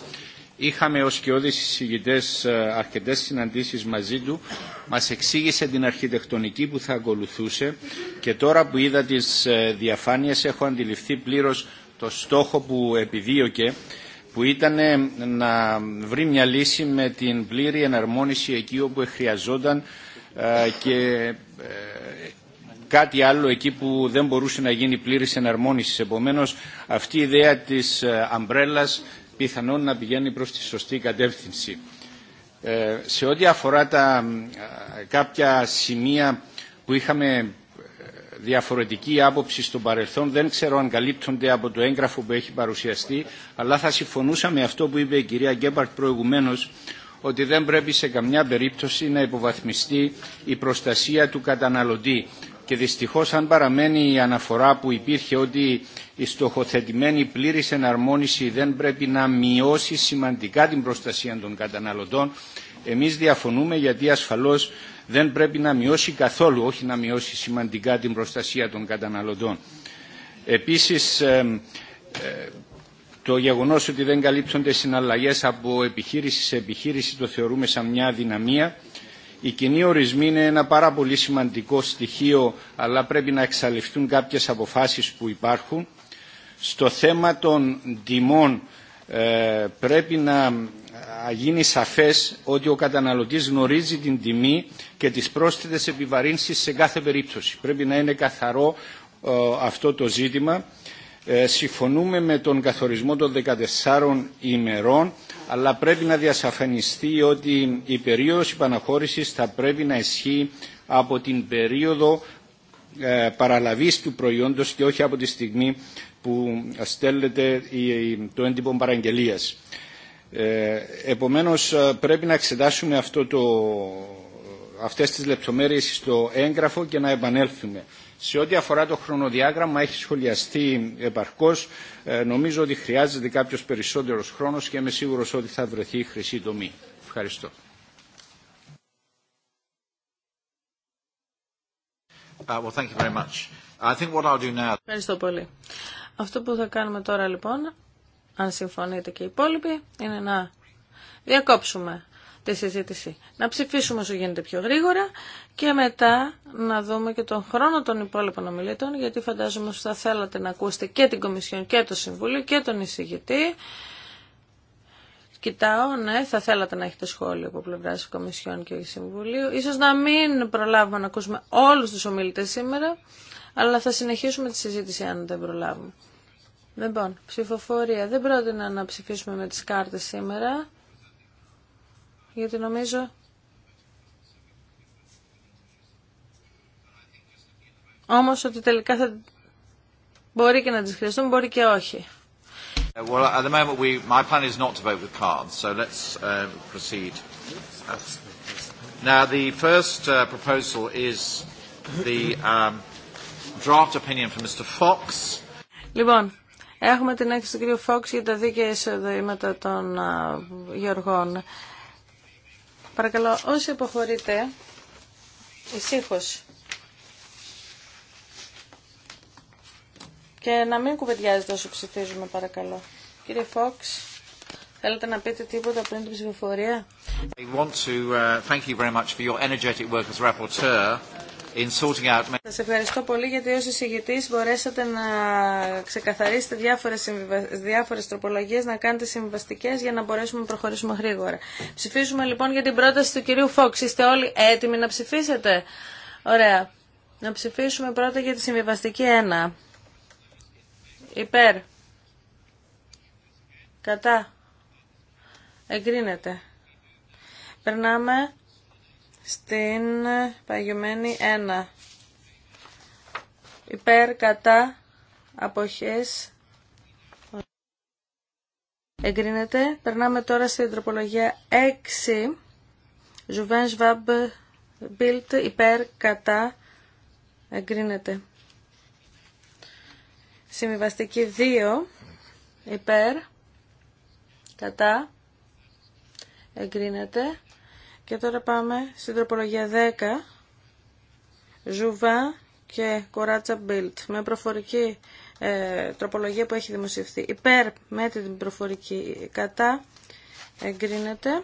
Είχαμε ως κοιόδης συζητητές ε, αρκετές συναντήσεις μαζί του. Μας εξήγησε την αρχιτεκτονική που θα ακολουθούσε και τώρα που είδα τις ε, διαφάνειες έχω αντιληφθεί πλήρως το στόχο που επιδίωκε που ήταν να βρει μια λύση με την πλήρη εναρμόνιση εκεί όπου χρειαζόταν ε, και κάτι άλλο εκεί που δεν μπορούσε να γίνει πλήρης εναρμόνισης. Επομένως, αυτή η ιδέα της αμπρέλας πιθανόν να πηγαίνει προς τη σωστή κατεύθυνση. Ε, σε ό,τι αφορά τα, κάποια σημεία που είχαμε ε, διαφορετική άποψη στο παρελθόν, δεν ξέρω αν καλύπτονται από το έγγραφο που έχει παρουσιαστεί, αλλά θα συμφωνούσα με αυτό που είπε η κυρία Γκέμπαρτ προηγουμένως, ότι δεν πρέπει σε καμιά περίπτωση να υποβαθμιστεί η προστασία του καταναλωτή και δυστυχώς αν παραμένει η αναφορά που υπήρχε ότι η στοχοθετημένη πλήρης εναρμόνιση δεν πρέπει να μειώσει σημαντικά την προστασία των καταναλωτών, εμείς διαφωνούμε γιατί ασφαλώς δεν πρέπει να μειώσει καθόλου, όχι να μειώσει σημαντικά την προστασία των καταναλωτών. Επίσης, ε, ε, το γεγονός ότι δεν καλύπτονται συναλλαγές από επιχείρηση σε επιχείρηση το θεωρούμε σαν μια δυναμία. Οι κοινοί ορισμοί είναι ένα πάρα πολύ σημαντικό στοιχείο, αλλά πρέπει να εξαλειφθούν κάποιες αποφάσεις που υπάρχουν. Στο θέμα των τιμών ε, πρέπει να γίνει σαφές ότι ο καταναλωτής γνωρίζει την τιμή και τις πρόσθετες επιβαρύνσεις σε κάθε περίπτωση. Πρέπει να είναι καθαρό ε, αυτό το ζήτημα ε, συμφωνούμε με τον καθορισμό των 14 ημερών, αλλά πρέπει να διασαφανιστεί ότι η περίοδος υπαναχώρησης θα πρέπει να ισχύει από την περίοδο ε, παραλαβής του προϊόντος και όχι από τη στιγμή που στέλνεται το έντυπο παραγγελίας. Ε, επομένως πρέπει να εξετάσουμε αυτό το, αυτές τις λεπτομέρειες στο έγγραφο και να επανέλθουμε. Σε ό,τι αφορά το χρονοδιάγραμμα έχει σχολιαστεί επαρκώς. Ε, νομίζω ότι χρειάζεται κάποιο περισσότερο χρόνος και είμαι σίγουρος ότι θα βρεθεί η χρυσή τομή. Ευχαριστώ. Ευχαριστώ πολύ. Αυτό που θα κάνουμε τώρα λοιπόν, αν συμφωνείτε και οι υπόλοιποι, είναι να διακόψουμε τη συζήτηση. Να ψηφίσουμε όσο γίνεται πιο γρήγορα και μετά να δούμε και τον χρόνο των υπόλοιπων ομιλητών, γιατί φαντάζομαι ότι θα θέλατε να ακούσετε και την Κομισιόν και το Συμβούλιο και τον εισηγητή. Κοιτάω, ναι, θα θέλατε να έχετε σχόλιο από πλευρά τη Κομισιόν και Συμβουλίου. Ίσως να μην προλάβουμε να ακούσουμε όλους τους ομιλητές σήμερα, αλλά θα συνεχίσουμε τη συζήτηση αν δεν προλάβουμε. Λοιπόν, ψηφοφορία. Δεν πρότεινα να ψηφίσουμε με τις κάρτες σήμερα γιατί νομίζω όμως ότι τελικά θα μπορεί και να τις χρειαστούμε, μπορεί και όχι. Well, at the moment, we, my plan is not to vote with cards, so let's uh, proceed. Now, the first uh, proposal is the um, draft opinion from Mr. Fox. Λοιπόν, έχουμε την έκθεση του κ. Fox για τα δίκαια εισοδήματα των uh, γεωργών. Παρακαλώ, όσοι αποχωρείτε, ησύχως. Και να μην κουβεντιάζετε όσο ψηφίζουμε, παρακαλώ. Κύριε Φόξ, θέλετε να πείτε τίποτα πριν την ψηφοφορία. I want to, uh, thank you very much for your energetic work as in Σας ευχαριστώ πολύ γιατί ως εισηγητής μπορέσατε να ξεκαθαρίσετε διάφορες, συμβιβα... διάφορες τροπολογίες, να κάνετε συμβαστικέ για να μπορέσουμε να προχωρήσουμε γρήγορα. Ψηφίζουμε λοιπόν για την πρόταση του κυρίου Φόξ. Είστε όλοι έτοιμοι να ψηφίσετε. Ωραία. Να ψηφίσουμε πρώτα για τη συμβιβαστική 1. Υπέρ. Κατά. Εγκρίνεται. Περνάμε στην παγιωμένη 1. Υπέρ, κατά, αποχές, εγκρίνεται. Περνάμε τώρα στην τροπολογία 6. Ζουβέν Σβάμπ Μπίλτ, υπέρ, κατά, εγκρίνεται. Συμβιβαστική 2, υπέρ, κατά, εγκρίνεται. Και τώρα πάμε στην τροπολογία 10. Ζουβά και Κοράτσα Μπίλτ. Με προφορική ε, τροπολογία που έχει δημοσιευθεί. Υπέρ με την προφορική κατά εγκρίνεται.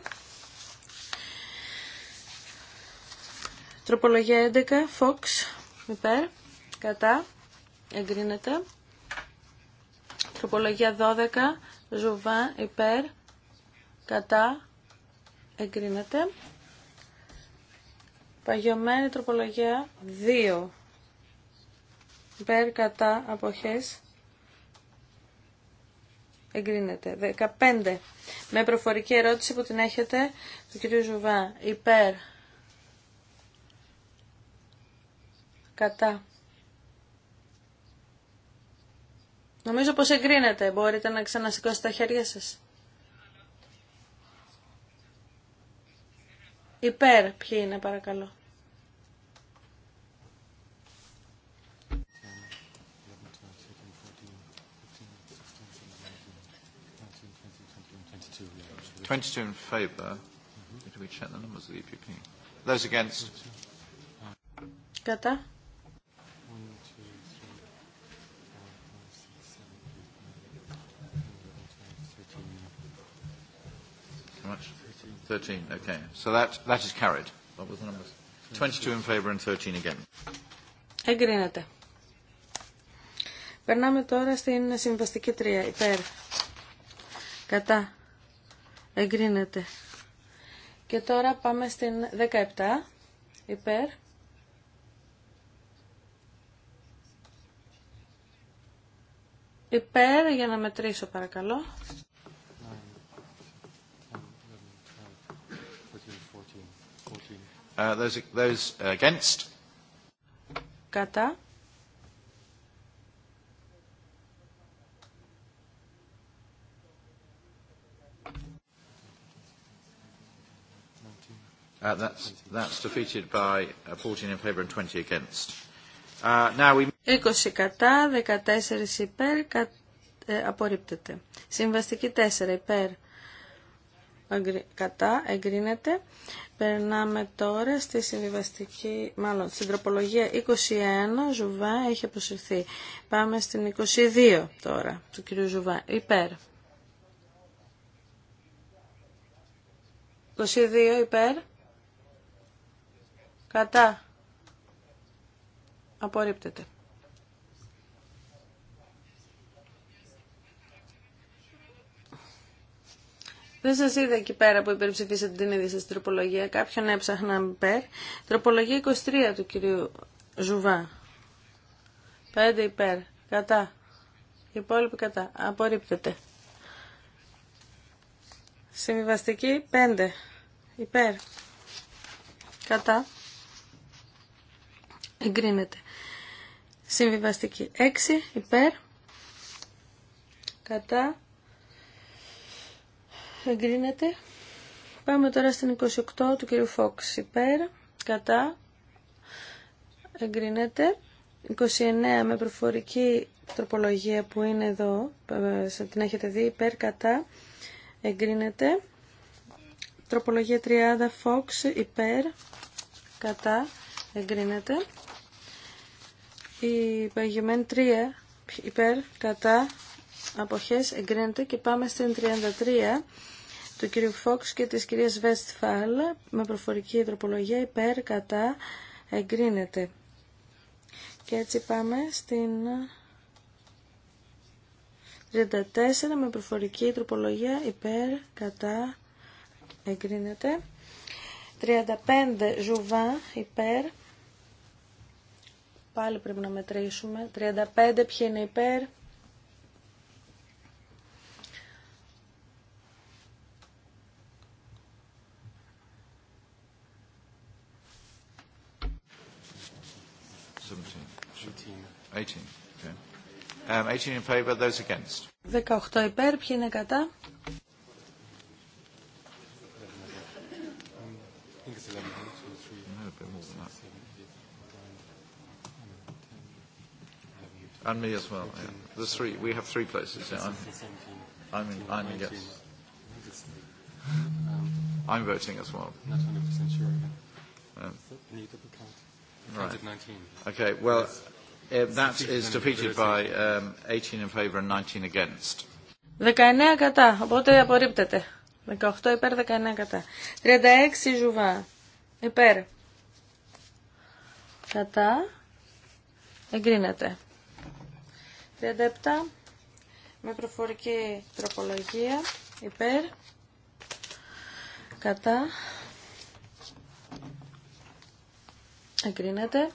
Τροπολογία 11. Φόξ. Υπέρ. Κατά. Εγκρίνεται. Τροπολογία 12. Ζουβά. Υπέρ. Κατά. Εγκρίνεται. Παγιωμένη τροπολογία 2. Υπέρ κατά αποχές εγκρίνεται. 15. Με προφορική ερώτηση που την έχετε του κυρίου Ζουβά. Υπέρ κατά. Νομίζω πως εγκρίνεται. Μπορείτε να ξανασηκώσετε τα χέρια σας. Υπέρ, ποιοι είναι, παρακαλώ. Twenty-two in favour. Mm-hmm. Can we check the numbers of the EPP? Those against. Kata. How much? 13, okay. So that, that is carried. What was the number? 22 in favor and 13 again. Εγκρίνεται. Περνάμε τώρα στην συμβαστική τρία. Υπέρ. Κατά. Εγκρίνεται. Και τώρα πάμε στην 17. Υπέρ. Υπέρ για να μετρήσω παρακαλώ. Those, those against. Κατά. Uh, that's, that's defeated by 14 in favor and 20 against. Uh, now we... 20 κατά, 14 υπέρ, κα... ε, απορρίπτεται. Συμβαστική 4 υπέρ, κατά, εγκρίνεται. Περνάμε τώρα στη συμβιβαστική, μάλλον στην τροπολογία 21, Ζουβά έχει αποσυρθεί. Πάμε στην 22 τώρα, του κυρίου Ζουβά, υπέρ. 22 υπέρ, κατά, απορρίπτεται. Δεν σα είδα εκεί πέρα που υπερψηφίσατε την ίδια σας τροπολογία. Κάποιον έψαχνα υπέρ. Τροπολογία 23 του κυρίου Ζουβά. 5 υπέρ. Κατά. Οι υπόλοιποι κατά. Απορρίπτεται. Συμβιβαστική 5. Υπέρ. Κατά. Εγκρίνεται. Συμβιβαστική 6. Υπέρ. Κατά εγκρίνεται. Πάμε τώρα στην 28 του κύριου Φόξ. Υπέρ, κατά, εγκρίνεται. 29 με προφορική τροπολογία που είναι εδώ, ε, την έχετε δει, υπέρ, κατά, εγκρίνεται. Τροπολογία 30, φόξ υπέρ, κατά, εγκρίνεται. Η παγιωμένη 3, υπέρ, κατά, αποχές, εγκρίνεται. Και πάμε στην 33, του κύριου Φόξ και της κυρίας Βέστφαλ με προφορική τροπολογία υπέρ κατά εγκρίνεται. Και έτσι πάμε στην 34 με προφορική τροπολογία υπέρ κατά εγκρίνεται. 35 Ζουβά υπέρ. Πάλι πρέπει να μετρήσουμε. 35 ποιοι είναι υπέρ. Um, 18 in favor, those against. 18 υπέρ, ποιοι είναι κατά. And me as well. Yeah. The three. We have three places. Yeah. I'm, I'm in. I'm in. Yes. I'm voting as well. Not 100% sure. Yeah. Um, right. Okay. Well, 19 uh, um, against. 19 κατά, οπότε απορρίπτεται. 18 υπέρ, 19 κατά. 36 Ζουβά. Υπέρ. Κατά. Εγκρίνεται. 37 με προφορική τροπολογία. Υπέρ. Κατά. Εγκρίνεται.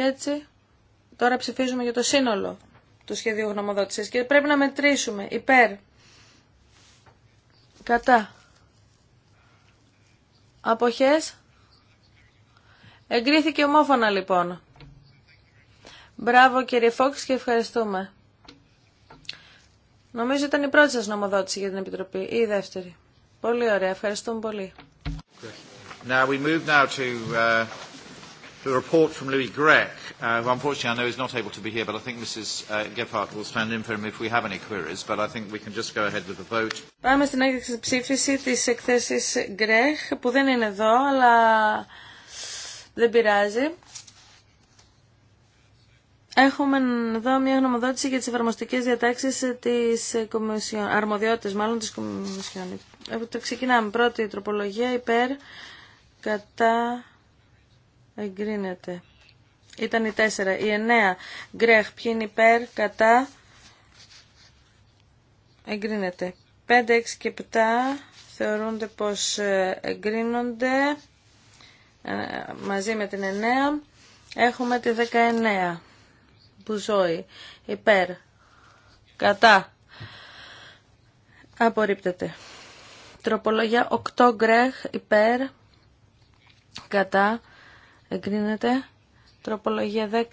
Και έτσι τώρα ψηφίζουμε για το σύνολο του σχεδίου γνωμοδότησης και πρέπει να μετρήσουμε υπέρ, κατά, αποχές. Εγκρίθηκε ομόφωνα λοιπόν. Μπράβο κύριε Φόξ και ευχαριστούμε. Νομίζω ήταν η πρώτη σας νομοδότηση για την Επιτροπή ή η δεύτερη. Πολύ ωραία. Ευχαριστούμε πολύ. Uh, the report from Louis Grech, uh, who unfortunately I know is not able to be here, but I think Mrs. Uh, Gephardt will stand in for him if we have any queries, but I think we can just go ahead with the vote. Πάμε στην έκθεση ψήφιση της εκθέσης Grech, που δεν είναι εδώ, αλλά δεν πειράζει. Έχουμε εδώ μια γνωμοδότηση για τις εφαρμοστικές διατάξεις της Κομισιόν, αρμοδιότητες μάλλον της Κομισιόν. Ε, το ξεκινάμε. Πρώτη τροπολογία υπέρ κατά εγκρίνεται. Ήταν η 4. Η 9. Γκρέχ. Ποιοι είναι υπέρ, κατά. Εγκρίνεται. 5, 6 και 7 θεωρούνται πως ε, εγκρίνονται ε, μαζί με την 9. Έχουμε τη 19. Μπουζόη. Υπέρ. Κατά. Απορρίπτεται. Τροπολογία 8 γκρέχ υπέρ κατά εγκρίνεται. Τροπολογία 10,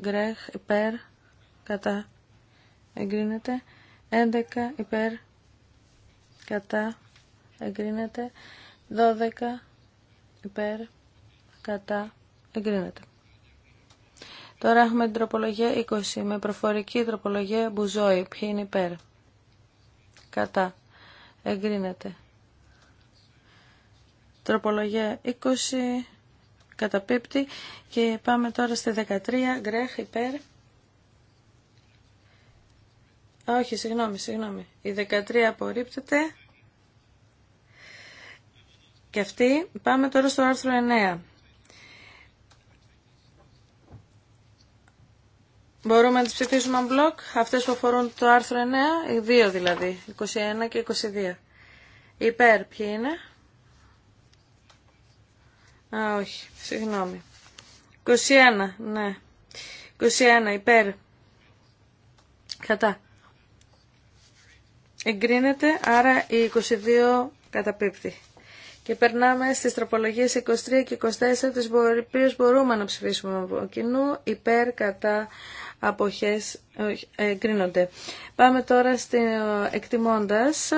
γκρέχ, υπέρ, κατά, εγκρίνεται. 11, υπέρ, κατά, εγκρίνεται. 12, υπέρ, κατά, εγκρίνεται. Τώρα έχουμε την τροπολογία 20 με προφορική τροπολογία μπουζόη. Ποιοι είναι υπέρ. Κατά. Εγκρίνεται. Τροπολογία 20 καταπίπτει και πάμε τώρα στη 13 γκρέχ υπέρ. όχι, συγγνώμη, συγγνώμη. Η 13 απορρίπτεται. Και αυτή πάμε τώρα στο άρθρο 9. Μπορούμε να τις ψηφίσουμε on block, αυτές που αφορούν το άρθρο 9, οι δύο δηλαδή, 21 και 22. Υπέρ ποιοι είναι. Α, όχι. Συγγνώμη. 21, ναι. 21, υπέρ. Κατά. Εγκρίνεται, άρα η 22 καταπίπτει. Και περνάμε στις τροπολογίες 23 και 24, τις οποίες μπορούμε να ψηφίσουμε από κοινού, υπέρ, κατά, αποχές, εγκρίνονται. Πάμε τώρα στην ε, εκτιμώντας.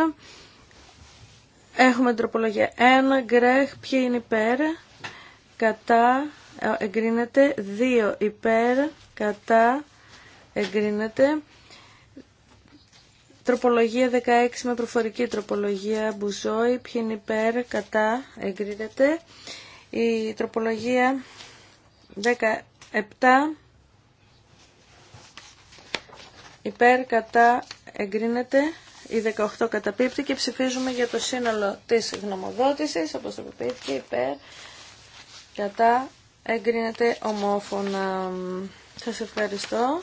Έχουμε τροπολογία 1, γκρέχ, ποιοι είναι υπέρ, κατά ε, εγκρίνεται 2 υπέρ κατά εγκρίνεται τροπολογία 16 με προφορική τροπολογία μπουζόη ποιοι είναι υπέρ κατά εγκρίνεται η τροπολογία 17 υπέρ κατά εγκρίνεται η 18 καταπίπτει και ψηφίζουμε για το σύνολο της γνωμοδότησης όπως το υπέρ Κατά εγκρίνεται ομόφωνα. Σας ευχαριστώ.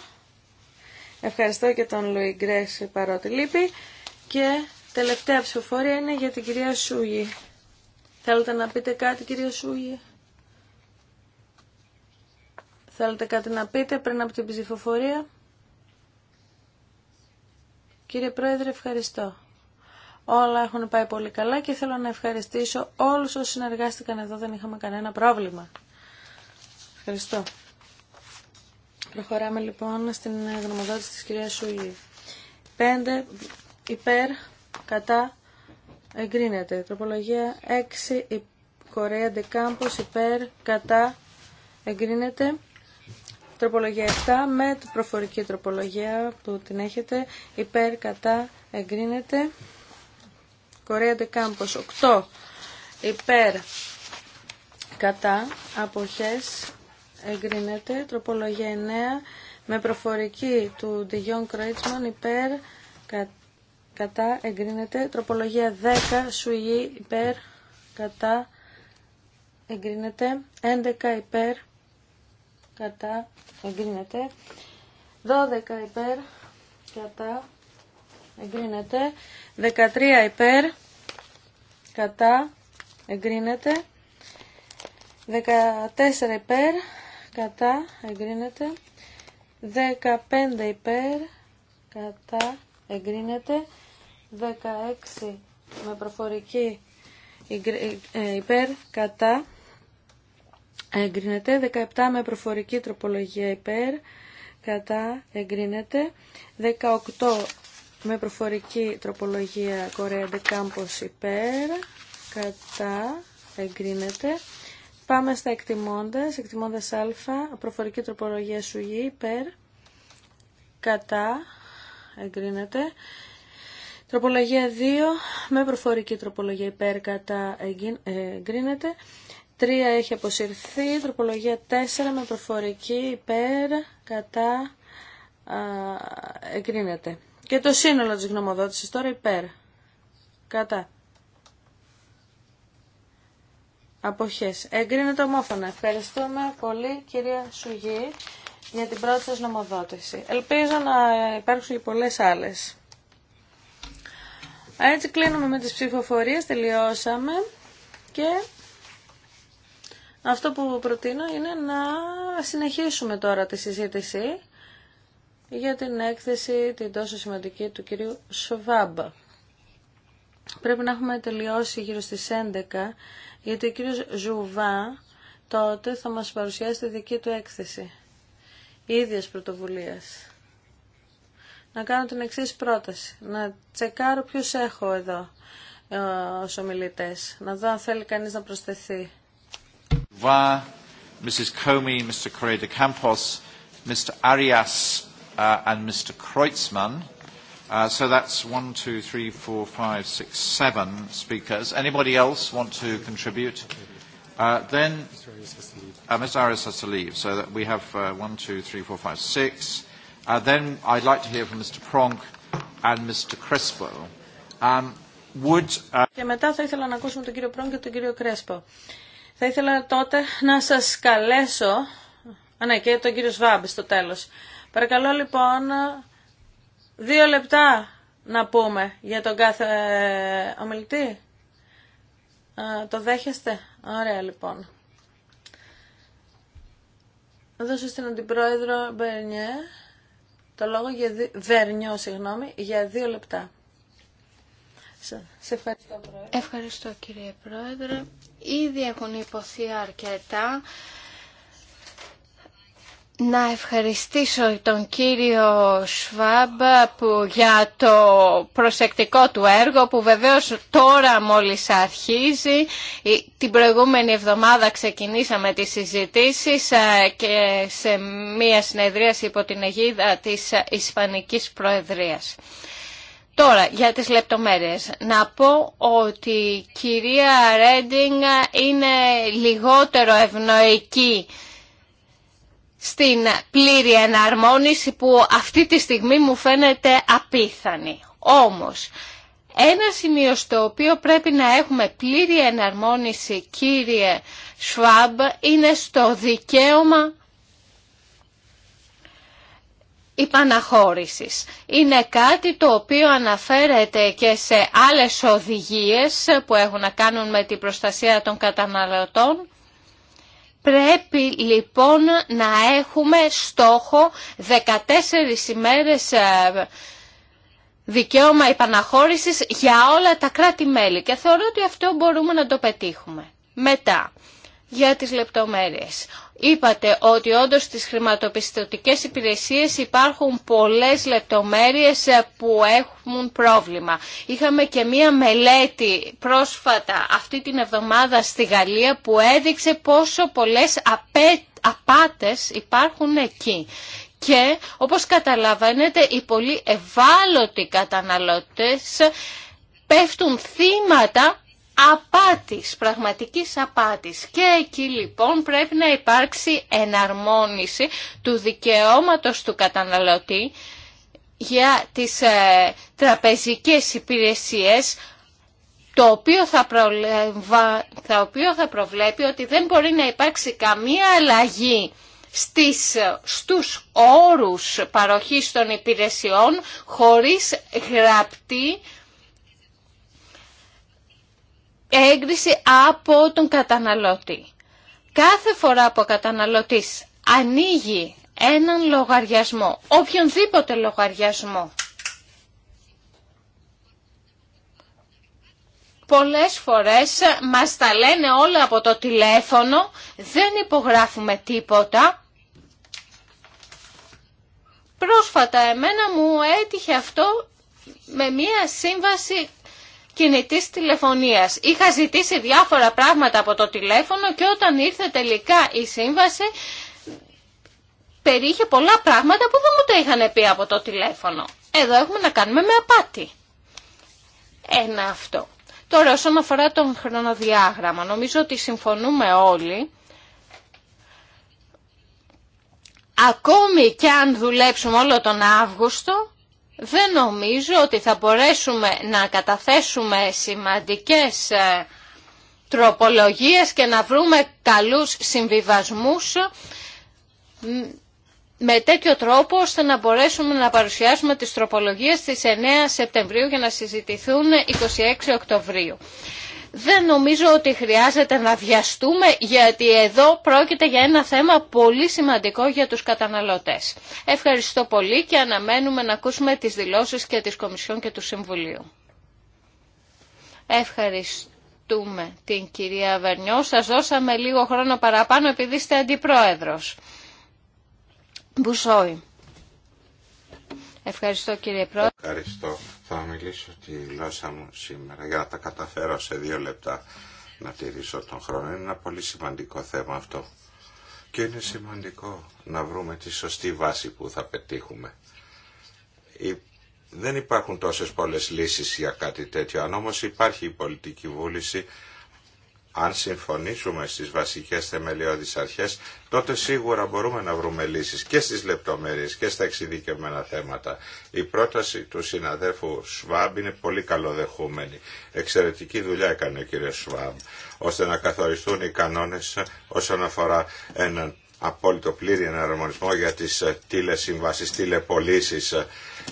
Ευχαριστώ και τον Λουί Γκρέσ παρότι λείπει. Και τελευταία ψηφοφορία είναι για την κυρία Σούγη. Θέλετε να πείτε κάτι κυρία Σούγη. Θέλετε κάτι να πείτε πριν από την ψηφοφορία. Κύριε Πρόεδρε, ευχαριστώ. Όλα έχουν πάει πολύ καλά και θέλω να ευχαριστήσω όλους όσοι συνεργάστηκαν εδώ, δεν είχαμε κανένα πρόβλημα. Ευχαριστώ. Προχωράμε λοιπόν στην γνωμοδότηση της κυρίας Σούλη. 5 υπέρ, κατά, εγκρίνεται. Τροπολογία 6 η Κορέα Ντεκάμπος υπέρ, κατά, εγκρίνεται. Τροπολογία 7 με προφορική τροπολογία που την έχετε υπέρ, κατά, εγκρίνεται. Κορέα Campos. 8 υπέρ κατά αποχές εγκρίνεται τροπολογία 9 με προφορική του Ντιγιόν Kreutzmann υπέρ κατά εγκρίνεται τροπολογία 10 σουγή υπέρ κατά εγκρίνεται 11 υπέρ κατά εγκρίνεται 12 υπέρ κατά εγκρίνεται 13 υπέρ κατά εγκρίνεται 14 υπέρ κατά εγκρίνεται 15 υπέρ κατά εγκρίνεται 16 με προφορική ε, ε, υπέρ κατά εγκρίνεται 17 με προφορική τροπολογία υπέρ κατά εγκρίνεται 18 με προφορική τροπολογία Κορέα Campos υπέρ, κατά, εγκρίνεται. Πάμε στα εκτιμώντας, εκτιμώντας α, προφορική τροπολογία σουγή υπέρ, κατά, εγκρίνεται. Τροπολογία 2, με προφορική τροπολογία υπέρ, κατά, ε, εγκρίνεται. 3 έχει αποσυρθεί, τροπολογία 4 με προφορική υπέρ, κατά, εγκρίνεται. Και το σύνολο της γνωμοδότησης τώρα υπέρ. Κατά. Αποχές. Εγκρίνεται ομόφωνα. Ευχαριστούμε πολύ κυρία Σουγή για την πρώτη σας νομοδότηση. Ελπίζω να υπάρξουν και πολλές άλλες. Έτσι κλείνουμε με τις ψηφοφορίες, τελειώσαμε και αυτό που προτείνω είναι να συνεχίσουμε τώρα τη συζήτηση για την έκθεση την τόσο σημαντική του κυρίου Σοβάμπα. Πρέπει να έχουμε τελειώσει γύρω στις 11, γιατί ο κύριος Ζουβά τότε θα μας παρουσιάσει τη δική του έκθεση, ίδιας πρωτοβουλίας. Να κάνω την εξής πρόταση, να τσεκάρω ποιους έχω εδώ ε, ως ομιλητές, να δω αν θέλει κανείς να προσθεθεί. Mrs. Mr. Correa uh, and Mr. Kreutzmann. Uh, So that's one, two, three, four, five, six, seven speakers. Anybody else want to contribute? Uh, Then uh, Ms. Aris has to leave, so that we have uh, one, two, three, four, five, six. Uh, Then I'd like to hear from Mr. Pronk and Mr. Crespo. Um, Would... uh... Και μετά θα ήθελα να ακούσουμε τον κύριο Πρόν και τον κύριο Κρέσπο. Θα ήθελα τότε να σας καλέσω, α, ναι, και τον κύριο Σβάμπ στο τέλος, Παρακαλώ λοιπόν δύο λεπτά να πούμε για τον κάθε ε, ομιλητή. το δέχεστε. Ωραία λοιπόν. Να δώσω στην Αντιπρόεδρο Μπερνιέ το λόγο για, δι... Βερνιό, για δύο λεπτά. Σε ευχαριστώ, Ευχαριστώ, κύριε Πρόεδρε. Ήδη έχουν υποθεί αρκετά να ευχαριστήσω τον κύριο Σβάμπ που για το προσεκτικό του έργο που βεβαίως τώρα μόλις αρχίζει. Την προηγούμενη εβδομάδα ξεκινήσαμε τις συζητήσεις ε, και σε μία συνεδρίαση υπό την αιγίδα της Ισπανικής Προεδρίας. Τώρα, για τις λεπτομέρειες. Να πω ότι η κυρία Ρέντινγκ είναι λιγότερο ευνοϊκή στην πλήρη εναρμόνιση που αυτή τη στιγμή μου φαίνεται απίθανη. Όμως, ένα σημείο στο οποίο πρέπει να έχουμε πλήρη εναρμόνιση, κύριε Σφάμπ, είναι στο δικαίωμα υπαναχώρησης. Είναι κάτι το οποίο αναφέρεται και σε άλλες οδηγίες που έχουν να κάνουν με την προστασία των καταναλωτών Πρέπει λοιπόν να έχουμε στόχο 14 ημέρες ε, δικαίωμα υπαναχώρησης για όλα τα κράτη-μέλη και θεωρώ ότι αυτό μπορούμε να το πετύχουμε. Μετά, για τις λεπτομέρειες. Είπατε ότι όντως στις χρηματοπιστωτικές υπηρεσίες υπάρχουν πολλές λεπτομέρειες ε, που έχουν πρόβλημα. Είχαμε και μία μελέτη πρόσφατα αυτή την εβδομάδα στη Γαλλία που έδειξε πόσο πολλές απέ... απάτες υπάρχουν εκεί. Και όπως καταλαβαίνετε οι πολύ ευάλωτοι καταναλωτές πέφτουν θύματα απάτης, πραγματικής απάτης. Και εκεί λοιπόν πρέπει να υπάρξει εναρμόνιση του δικαιώματος του καταναλωτή για τις ε, τραπεζικές υπηρεσίες το οποίο θα, θα προβλέπει ότι δεν μπορεί να υπάρξει καμία αλλαγή στις, στους όρους παροχής των υπηρεσιών χωρίς γραπτή έγκριση από τον καταναλώτη. Κάθε φορά που ο καταναλωτής ανοίγει έναν λογαριασμό, οποιονδήποτε λογαριασμό, πολλές φορές μας τα λένε όλα από το τηλέφωνο, δεν υπογράφουμε τίποτα. Πρόσφατα εμένα μου έτυχε αυτό με μία σύμβαση κινητής τηλεφωνίας. Είχα ζητήσει διάφορα πράγματα από το τηλέφωνο και όταν ήρθε τελικά η σύμβαση περίχε πολλά πράγματα που δεν μου τα είχαν πει από το τηλέφωνο. Εδώ έχουμε να κάνουμε με απάτη. Ένα αυτό. Τώρα όσον αφορά τον χρονοδιάγραμμα, νομίζω ότι συμφωνούμε όλοι. Ακόμη και αν δουλέψουμε όλο τον Αύγουστο, δεν νομίζω ότι θα μπορέσουμε να καταθέσουμε σημαντικές ε, τροπολογίες και να βρούμε καλούς συμβιβασμούς με τέτοιο τρόπο ώστε να μπορέσουμε να παρουσιάσουμε τις τροπολογίες της 9 Σεπτεμβρίου για να συζητηθούν 26 Οκτωβρίου. Δεν νομίζω ότι χρειάζεται να βιαστούμε γιατί εδώ πρόκειται για ένα θέμα πολύ σημαντικό για τους καταναλωτές. Ευχαριστώ πολύ και αναμένουμε να ακούσουμε τις δηλώσεις και της Κομισιόν και του Συμβουλίου. Ευχαριστούμε την κυρία Βερνιό. Σας δώσαμε λίγο χρόνο παραπάνω επειδή είστε αντιπρόεδρος. Μπουσόη. Ευχαριστώ κύριε Πρόεδρε. Θα μιλήσω τη γλώσσα μου σήμερα για να τα καταφέρω σε δύο λεπτά να τηρήσω τον χρόνο. Είναι ένα πολύ σημαντικό θέμα αυτό. Και είναι σημαντικό να βρούμε τη σωστή βάση που θα πετύχουμε. Δεν υπάρχουν τόσες πολλές λύσεις για κάτι τέτοιο. Αν όμως υπάρχει η πολιτική βούληση αν συμφωνήσουμε στις βασικές θεμελιώδεις αρχές, τότε σίγουρα μπορούμε να βρούμε λύσεις και στις λεπτομέρειες και στα εξειδικευμένα θέματα. Η πρόταση του συναδέφου Σβάμπ είναι πολύ καλοδεχούμενη. Εξαιρετική δουλειά έκανε ο κύριος Σβάμπ, ώστε να καθοριστούν οι κανόνες όσον αφορά έναν απόλυτο πλήρη εναρμονισμό για τις τηλεσυμβάσεις, τηλεπολίσεις,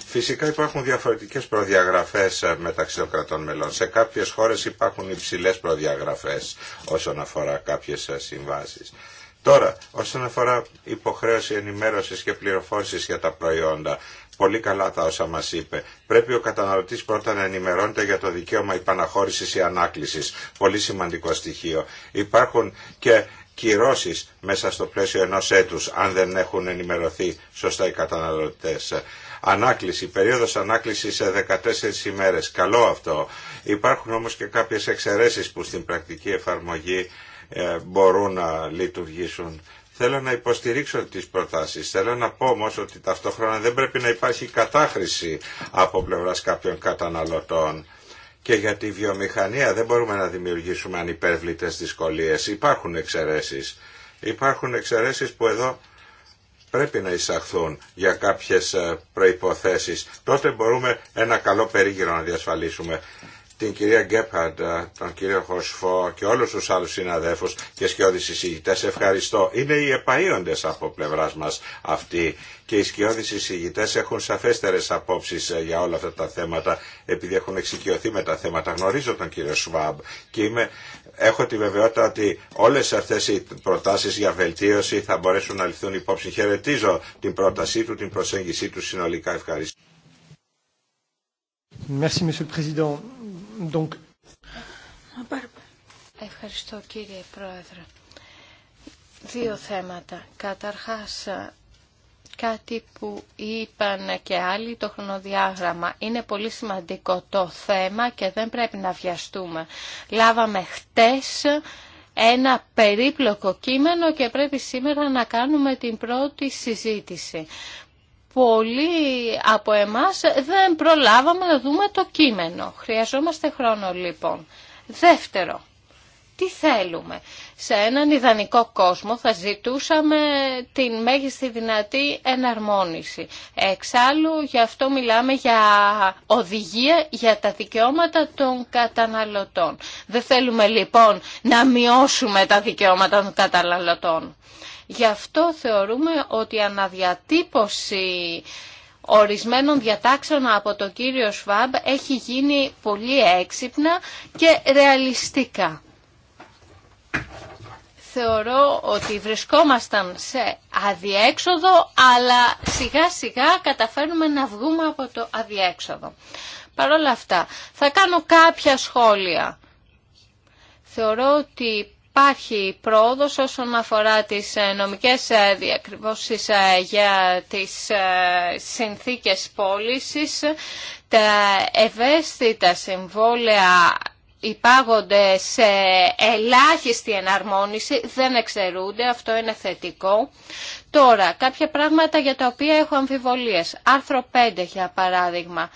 Φυσικά υπάρχουν διαφορετικές προδιαγραφές ε, μεταξύ των κρατών μελών. Σε κάποιες χώρες υπάρχουν υψηλές προδιαγραφές όσον αφορά κάποιες ε, συμβάσεις. Τώρα, όσον αφορά υποχρέωση ενημέρωσης και πληροφόρησης για τα προϊόντα, πολύ καλά τα όσα μας είπε. Πρέπει ο καταναλωτής πρώτα να ενημερώνεται για το δικαίωμα υπαναχώρησης ή ανάκλησης. Πολύ σημαντικό στοιχείο. Υπάρχουν και κυρώσεις μέσα στο πλαίσιο ενός έτους, αν δεν έχουν ενημερωθεί σωστά οι καταναλωτές ανάκληση, περίοδος ανάκλησης σε 14 ημέρες. Καλό αυτό. Υπάρχουν όμως και κάποιες εξαιρέσεις που στην πρακτική εφαρμογή ε, μπορούν να λειτουργήσουν. Θέλω να υποστηρίξω τις προτάσεις. Θέλω να πω όμως ότι ταυτόχρονα δεν πρέπει να υπάρχει κατάχρηση από πλευράς κάποιων καταναλωτών. Και για τη βιομηχανία δεν μπορούμε να δημιουργήσουμε ανυπέρβλητες δυσκολίες. Υπάρχουν εξαιρέσεις. Υπάρχουν εξαιρέσεις που εδώ πρέπει να εισαχθούν για κάποιες ε, προϋποθέσεις. Τότε μπορούμε ένα καλό περίγυρο να διασφαλίσουμε. Την κυρία Γκέπαρντ, ε, τον κύριο Χωσφό και όλους τους άλλους συναδέφους και σκιώδεις εισηγητές ευχαριστώ. Είναι οι επαΐοντες από πλευράς μας αυτοί και οι σκιώδεις εισηγητές έχουν σαφέστερες απόψεις ε, για όλα αυτά τα θέματα επειδή έχουν εξοικειωθεί με τα θέματα. Γνωρίζω τον κύριο Σουάμπ και είμαι έχω τη βεβαιότητα ότι όλες αυτέ οι προτάσεις για βελτίωση θα μπορέσουν να ληφθούν υπόψη. Χαιρετίζω την πρότασή του, την προσέγγιση του συνολικά. Ευχαριστώ. Merci, Monsieur le Président. Donc... Ευχαριστώ κύριε Πρόεδρε. Δύο θέματα. Καταρχάς, κάτι που είπαν και άλλοι, το χρονοδιάγραμμα. Είναι πολύ σημαντικό το θέμα και δεν πρέπει να βιαστούμε. Λάβαμε χτες ένα περίπλοκο κείμενο και πρέπει σήμερα να κάνουμε την πρώτη συζήτηση. Πολλοί από εμάς δεν προλάβαμε να δούμε το κείμενο. Χρειαζόμαστε χρόνο λοιπόν. Δεύτερο, τι θέλουμε. Σε έναν ιδανικό κόσμο θα ζητούσαμε την μέγιστη δυνατή εναρμόνιση. Εξάλλου, γι' αυτό μιλάμε για οδηγία για τα δικαιώματα των καταναλωτών. Δεν θέλουμε λοιπόν να μειώσουμε τα δικαιώματα των καταναλωτών. Γι' αυτό θεωρούμε ότι η αναδιατύπωση ορισμένων διατάξεων από τον κύριο Σφάμπ έχει γίνει πολύ έξυπνα και ρεαλιστικά θεωρώ ότι βρισκόμασταν σε αδιέξοδο, αλλά σιγά σιγά καταφέρνουμε να βγούμε από το αδιέξοδο. Παρ' όλα αυτά, θα κάνω κάποια σχόλια. Θεωρώ ότι υπάρχει πρόοδος όσον αφορά τις ε, νομικές ε, διακριβώσεις ε, για τις συνθήκες πώλησης, τα ευαίσθητα συμβόλαια υπάγονται σε ελάχιστη εναρμόνιση, δεν εξαιρούνται, αυτό είναι θετικό. Τώρα, κάποια πράγματα για τα οποία έχω αμφιβολίες. Άρθρο 5 για παράδειγμα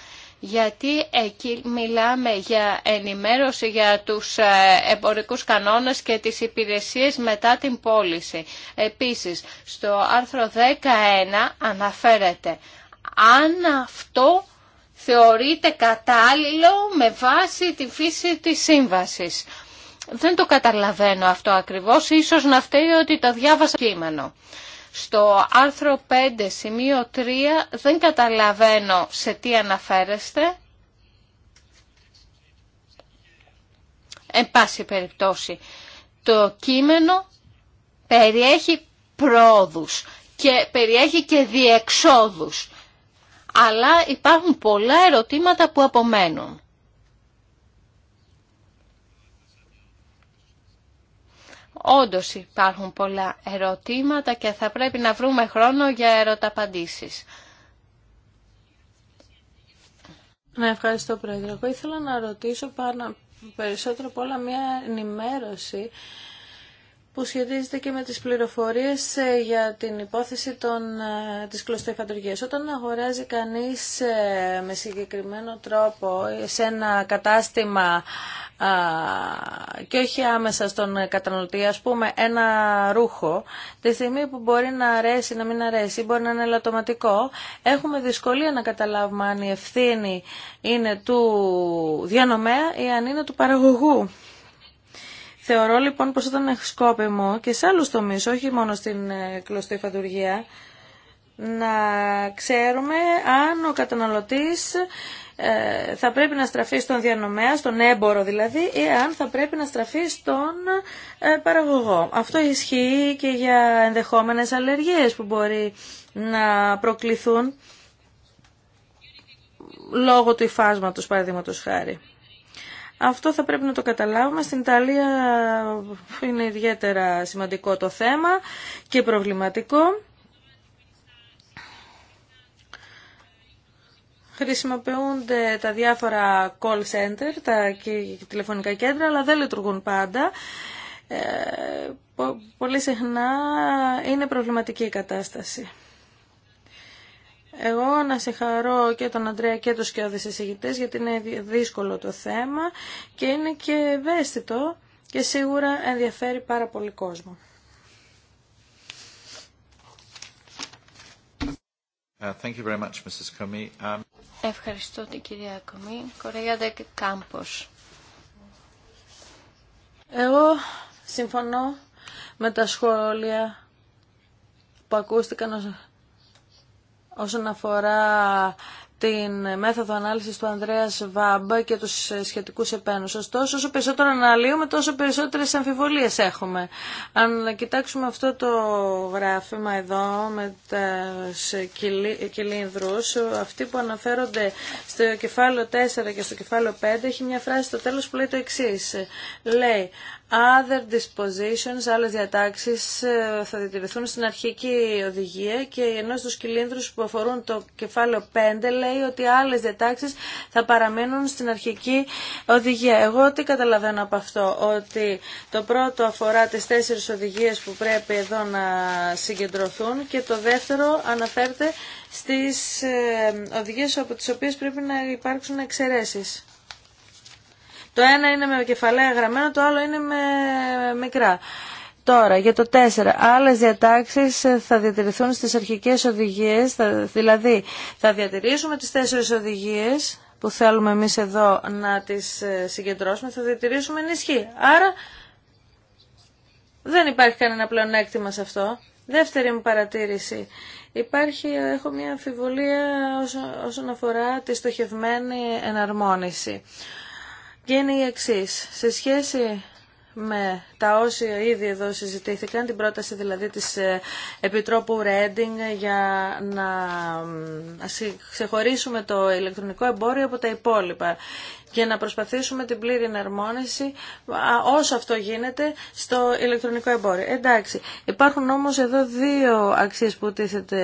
γιατί εκεί μιλάμε για ενημέρωση για τους ε, εμπορικούς κανόνες και τις υπηρεσίες μετά την πώληση. Επίσης, στο άρθρο 11 αναφέρεται αν αυτό θεωρείται κατάλληλο με βάση τη φύση της σύμβασης. Δεν το καταλαβαίνω αυτό ακριβώς, ίσως να φταίει ότι το διάβασα κείμενο. Στο άρθρο 5 σημείο 3 δεν καταλαβαίνω σε τι αναφέρεστε. Εν πάση περιπτώσει, το κείμενο περιέχει πρόοδους και περιέχει και διεξόδους αλλά υπάρχουν πολλά ερωτήματα που απομένουν. Όντως υπάρχουν πολλά ερωτήματα και θα πρέπει να βρούμε χρόνο για ερωταπαντήσεις. Ναι, ευχαριστώ Πρόεδρε. Εγώ ήθελα να ρωτήσω πάνω, περισσότερο από όλα μια ενημέρωση που σχετίζεται και με τις πληροφορίες ε, για την υπόθεση των, ε, της κλωστοϊφαντουργίας. Όταν αγοράζει κανείς ε, με συγκεκριμένο τρόπο σε ένα κατάστημα και όχι άμεσα στον καταναλωτή, ας πούμε ένα ρούχο, τη στιγμή που μπορεί να αρέσει, να μην αρέσει, μπορεί να είναι ελαττωματικό, έχουμε δυσκολία να καταλάβουμε αν η ευθύνη είναι του διανομέα ή αν είναι του παραγωγού. Θεωρώ λοιπόν πως ήταν σκόπιμο και σε άλλους τομείς, όχι μόνο στην ε, κλωστή να ξέρουμε αν ο καταναλωτής ε, θα πρέπει να στραφεί στον διανομέα, στον έμπορο δηλαδή, ή αν θα πρέπει να στραφεί στον ε, παραγωγό. Αυτό ισχύει και για ενδεχόμενες αλλεργίες που μπορεί να προκληθούν λόγω του υφάσματος, παραδείγματος χάρη. Αυτό θα πρέπει να το καταλάβουμε. Στην Ιταλία είναι ιδιαίτερα σημαντικό το θέμα και προβληματικό. Χρησιμοποιούνται τα διάφορα call center, τα τηλεφωνικά κέντρα, αλλά δεν λειτουργούν πάντα. Ε, πολύ συχνά είναι προβληματική η κατάσταση. Εγώ να χαρώ και τον Αντρέα και τους σκιώδες εισηγητές γιατί είναι δύσκολο το θέμα και είναι και ευαίσθητο και σίγουρα ενδιαφέρει πάρα πολύ κόσμο. Uh, um, Ευχαριστώ την κυρία Κομή. Κορέγιαντε Κάμπος. Εγώ συμφωνώ με τα σχόλια που ακούστηκαν όσον αφορά την μέθοδο ανάλυσης του Ανδρέα Βάμπα και τους σχετικούς επένου, Ωστόσο, όσο περισσότερο αναλύουμε, τόσο περισσότερες αμφιβολίες έχουμε. Αν κοιτάξουμε αυτό το γράφημα εδώ με τα κυλίνδρους, αυτοί που αναφέρονται στο κεφάλαιο 4 και στο κεφάλαιο 5, έχει μια φράση στο τέλος που λέει το εξή. Λέει, Other dispositions, άλλες διατάξεις ε, θα διατηρηθούν στην αρχική οδηγία και ενώ στους κυλίνδρους που αφορούν το κεφάλαιο 5 λέει ότι άλλες διατάξεις θα παραμένουν στην αρχική οδηγία. Εγώ τι καταλαβαίνω από αυτό, ότι το πρώτο αφορά τις τέσσερις οδηγίες που πρέπει εδώ να συγκεντρωθούν και το δεύτερο αναφέρεται στις ε, οδηγίες από τις οποίες πρέπει να υπάρξουν εξαιρέσεις. Το ένα είναι με κεφαλαία γραμμένα, το άλλο είναι με μικρά. Τώρα, για το 4. Άλλες διατάξεις θα διατηρηθούν στις αρχικές οδηγίες, δηλαδή θα διατηρήσουμε τις τέσσερις οδηγίες που θέλουμε εμείς εδώ να τις ε, συγκεντρώσουμε, θα διατηρήσουμε ενισχύ. Άρα δεν υπάρχει κανένα πλεονέκτημα σε αυτό. Δεύτερη μου παρατήρηση. Υπάρχει, έχω μια αμφιβολία όσον αφορά τη στοχευμένη εναρμόνιση και είναι η εξή. Σε σχέση με τα όσοι ήδη εδώ συζητήθηκαν, την πρόταση δηλαδή της ε, Επιτρόπου Ρέντινγκ για να ξεχωρίσουμε το ηλεκτρονικό εμπόριο από τα υπόλοιπα για να προσπαθήσουμε την πλήρη εναρμόνιση όσο αυτό γίνεται στο ηλεκτρονικό εμπόριο. Εντάξει, υπάρχουν όμως εδώ δύο αξίες που τίθεται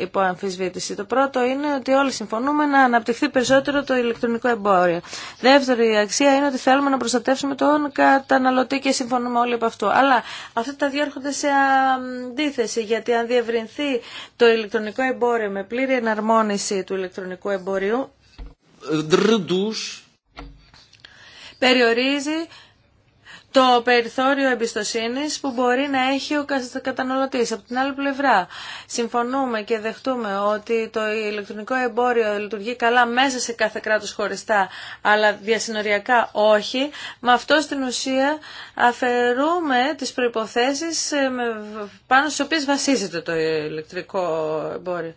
υπό αμφισβήτηση. Το πρώτο είναι ότι όλοι συμφωνούμε να αναπτυχθεί περισσότερο το ηλεκτρονικό εμπόριο. Δεύτερη αξία είναι ότι θέλουμε να προστατεύσουμε τον καταναλωτή και συμφωνούμε όλοι από αυτό. Αλλά αυτά τα διέρχονται σε αντίθεση γιατί αν διευρυνθεί το ηλεκτρονικό εμπόριο με πλήρη εναρμόνιση του ηλεκτρονικού εμπορίου περιορίζει το περιθώριο εμπιστοσύνης που μπορεί να έχει ο καταναλωτής. Από την άλλη πλευρά, συμφωνούμε και δεχτούμε ότι το ηλεκτρονικό εμπόριο λειτουργεί καλά μέσα σε κάθε κράτος χωριστά, αλλά διασυνοριακά όχι. Με αυτό στην ουσία αφαιρούμε τις προϋποθέσεις ε, πάνω στις οποίες βασίζεται το ηλεκτρικό εμπόριο.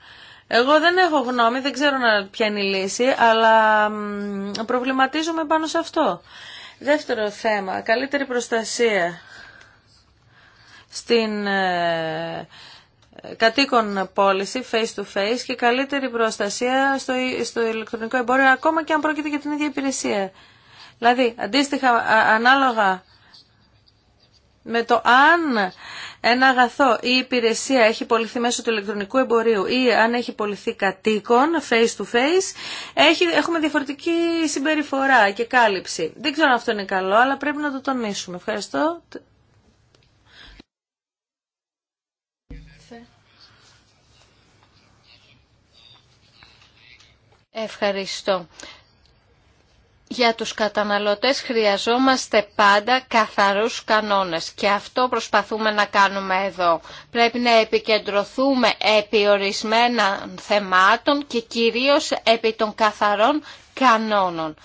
Εγώ δεν έχω γνώμη, δεν ξέρω ποια είναι η λύση, αλλά προβληματίζομαι πάνω σε αυτό. Δεύτερο θέμα, καλύτερη προστασία στην ε, κατοίκων πώληση face to face και καλύτερη προστασία στο, στο ηλεκτρονικό εμπόριο ακόμα και αν πρόκειται για την ίδια υπηρεσία. Δηλαδή, αντίστοιχα, ανάλογα με το αν ένα αγαθό ή υπηρεσία έχει πολιθεί μέσω του ηλεκτρονικού εμπορίου ή αν έχει πολιθεί πωληθεί face to face, έχει, έχουμε διαφορετική συμπεριφορά και κάλυψη. Δεν ξέρω αν αυτό είναι καλό, αλλά πρέπει να το τονίσουμε. Ευχαριστώ. Ευχαριστώ για τους καταναλωτές χρειαζόμαστε πάντα καθαρούς κανόνες και αυτό προσπαθούμε να κάνουμε εδώ. Πρέπει να επικεντρωθούμε επί ορισμένων θεμάτων και κυρίως επί των καθαρών κανόνων.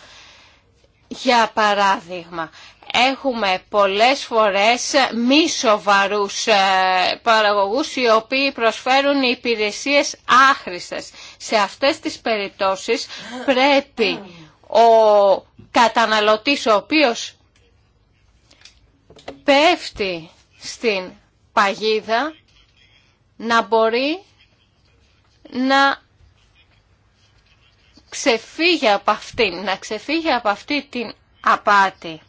Για παράδειγμα, έχουμε πολλές φορές μη σοβαρούς ε, παραγωγούς οι οποίοι προσφέρουν υπηρεσίες άχρηστες. Σε αυτές τις περιπτώσεις πρέπει ο καταναλωτής ο οποίος πέφτει στην παγίδα να μπορεί να ξεφύγει από αυτήν, να ξεφύγει από αυτή την απάτη.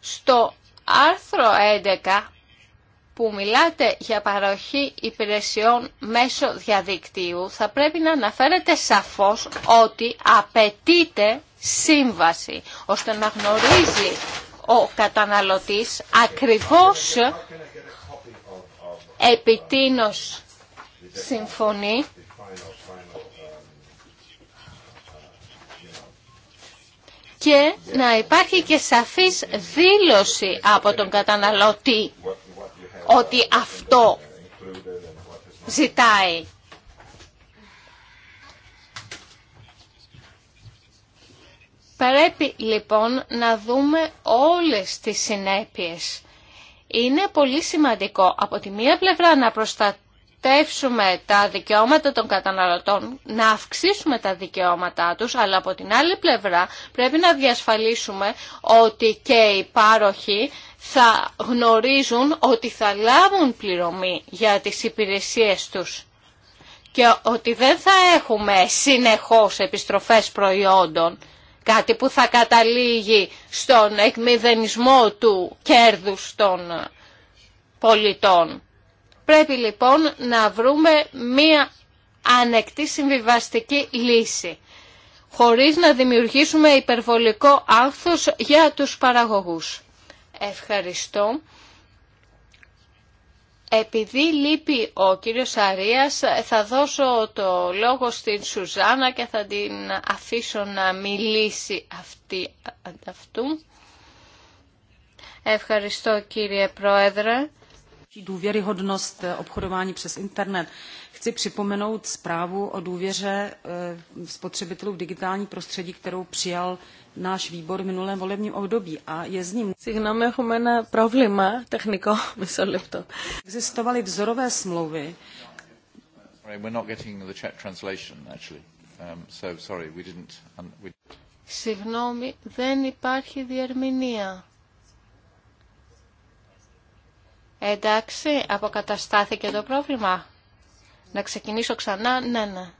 Στο άρθρο 11 που μιλάτε για παροχή υπηρεσιών μέσω διαδικτύου θα πρέπει να αναφέρετε σαφώς ότι απαιτείται σύμβαση ώστε να γνωρίζει ο καταναλωτής ακριβώς επιτίνος συμφωνή και να υπάρχει και σαφής δήλωση από τον καταναλωτή ότι αυτό ζητάει. Πρέπει λοιπόν να δούμε όλες τις συνέπειες. Είναι πολύ σημαντικό από τη μία πλευρά να προστατεύουμε προστατεύσουμε τα δικαιώματα των καταναλωτών, να αυξήσουμε τα δικαιώματά τους, αλλά από την άλλη πλευρά πρέπει να διασφαλίσουμε ότι και οι πάροχοι θα γνωρίζουν ότι θα λάβουν πληρωμή για τις υπηρεσίες τους και ότι δεν θα έχουμε συνεχώς επιστροφές προϊόντων, κάτι που θα καταλήγει στον εκμηδενισμό του κέρδους των πολιτών. Πρέπει λοιπόν να βρούμε μία ανεκτή συμβιβαστική λύση, χωρίς να δημιουργήσουμε υπερβολικό άγχος για τους παραγωγούς. Ευχαριστώ. Επειδή λείπει ο κύριος Αρίας, θα δώσω το λόγο στην Σουζάνα και θα την αφήσω να μιλήσει αυτή ανταυτού. Ευχαριστώ κύριε Πρόεδρε důvěryhodnost obchodování přes internet. Chci připomenout zprávu o důvěře spotřebitelů v digitální prostředí, kterou přijal náš výbor v minulém volebním období a je z ním... Συγγνώμη, Existovaly vzorové smlouvy. Συγγνώμη, Εντάξει, αποκαταστάθηκε το πρόβλημα. Να ξεκινήσω ξανά, ναι, ναι.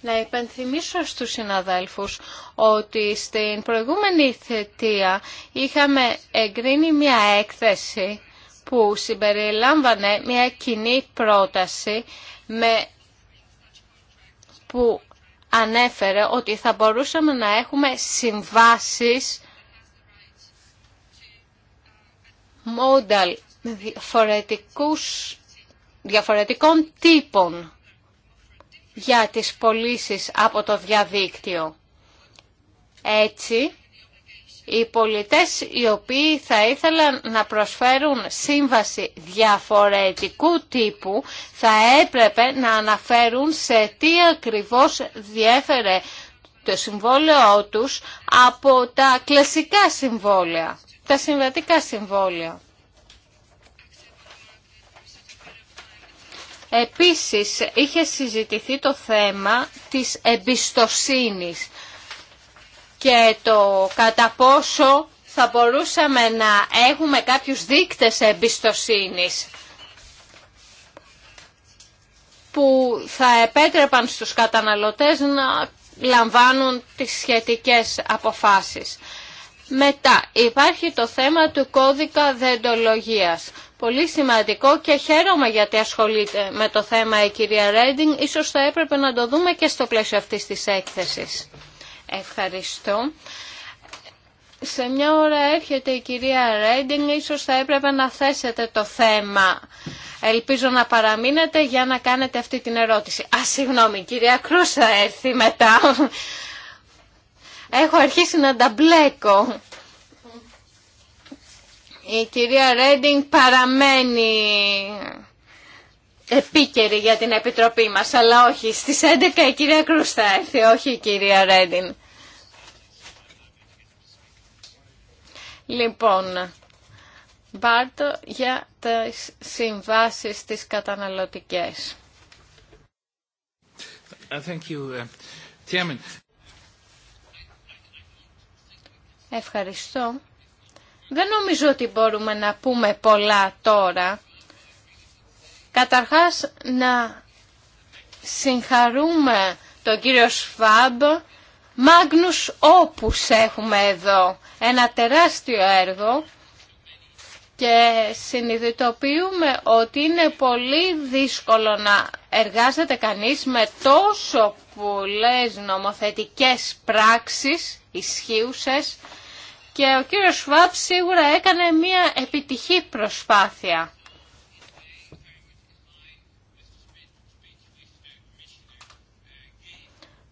Να υπενθυμίσω στους συναδέλφους ότι στην προηγούμενη θετία είχαμε εγκρίνει μια έκθεση που συμπεριλάμβανε μια κοινή πρόταση με που ανέφερε ότι θα μπορούσαμε να έχουμε συμβάσεις modal διαφορετικών τύπων για τις πωλήσει από το διαδίκτυο. Έτσι, οι πολιτές οι οποίοι θα ήθελαν να προσφέρουν σύμβαση διαφορετικού τύπου θα έπρεπε να αναφέρουν σε τι ακριβώς διέφερε το συμβόλαιό τους από τα κλασικά συμβόλαια τα συμβατικά συμβόλαια. Επίσης, είχε συζητηθεί το θέμα της εμπιστοσύνης και το κατά πόσο θα μπορούσαμε να έχουμε κάποιους δείκτες εμπιστοσύνης που θα επέτρεπαν στους καταναλωτές να λαμβάνουν τις σχετικές αποφάσεις. Μετά υπάρχει το θέμα του κώδικα δεντολογίας. Πολύ σημαντικό και χαίρομαι γιατί ασχολείται με το θέμα η κυρία Ρέντινγκ. Ίσως θα έπρεπε να το δούμε και στο πλαίσιο αυτής της έκθεσης. Ευχαριστώ. Σε μια ώρα έρχεται η κυρία Ρέντινγκ, ίσως θα έπρεπε να θέσετε το θέμα. Ελπίζω να παραμείνετε για να κάνετε αυτή την ερώτηση. Α, συγγνώμη, κυρία Κρούσα έρθει μετά. Έχω αρχίσει να τα μπλέκω. Η κυρία Ρέντινγκ παραμένει επίκαιρη για την Επιτροπή μας, αλλά όχι. Στις 11 η κυρία Κρούς θα έρθει, όχι η κυρία Ρέντιν. Λοιπόν, Μπάρτο για τις συμβάσεις τις καταναλωτικές. Thank you, uh, Chairman. Ευχαριστώ. Δεν νομίζω ότι μπορούμε να πούμε πολλά τώρα. Καταρχάς να συγχαρούμε τον κύριο Σφάμπ. Μάγνους Όπους έχουμε εδώ. Ένα τεράστιο έργο και συνειδητοποιούμε ότι είναι πολύ δύσκολο να εργάζεται κανείς με τόσο πολλές νομοθετικές πράξεις ισχύουσες και ο κύριος Σβάπ σίγουρα έκανε μια επιτυχή προσπάθεια.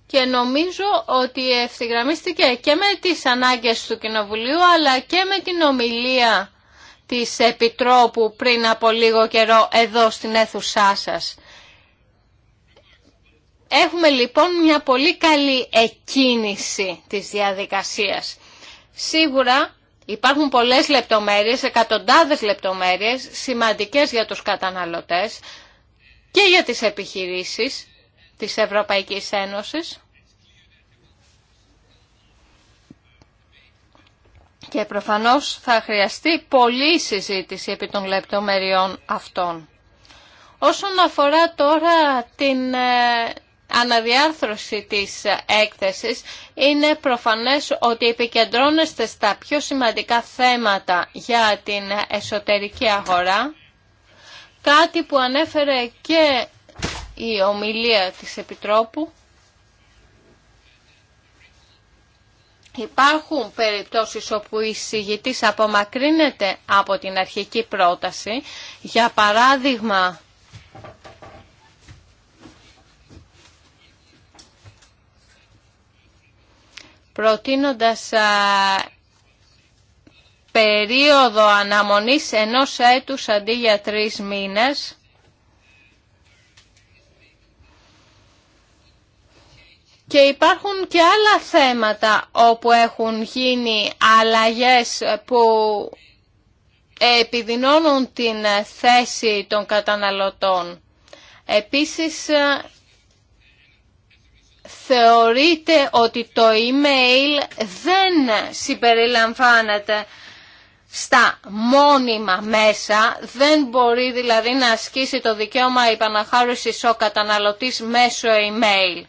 Και νομίζω ότι ευθυγραμμίστηκε και με τις ανάγκες του Κοινοβουλίου αλλά και με την ομιλία της Επιτρόπου πριν από λίγο καιρό εδώ στην αίθουσά σας. Έχουμε λοιπόν μια πολύ καλή εκκίνηση της διαδικασίας. Σίγουρα υπάρχουν πολλές λεπτομέρειες, εκατοντάδες λεπτομέρειες, σημαντικές για τους καταναλωτές και για τις επιχειρήσεις της Ευρωπαϊκής Ένωσης. Και προφανώς θα χρειαστεί πολλή συζήτηση επί των λεπτομεριών αυτών. Όσον αφορά τώρα την ε, αναδιάρθρωση της έκθεσης είναι προφανές ότι επικεντρώνεστε στα πιο σημαντικά θέματα για την εσωτερική αγορά, κάτι που ανέφερε και η ομιλία της Επιτρόπου. Υπάρχουν περιπτώσεις όπου η συγητής απομακρύνεται από την αρχική πρόταση. Για παράδειγμα, προτείνοντας περίοδο αναμονής ενός έτους αντί για τρεις μήνες. Και υπάρχουν και άλλα θέματα όπου έχουν γίνει αλλαγές που επιδεινώνουν την θέση των καταναλωτών. Επίσης Θεωρείτε ότι το email δεν συμπεριλαμβάνεται στα μόνιμα μέσα, δεν μπορεί δηλαδή να ασκήσει το δικαίωμα υπαναχάρησης ο καταναλωτής μέσω email.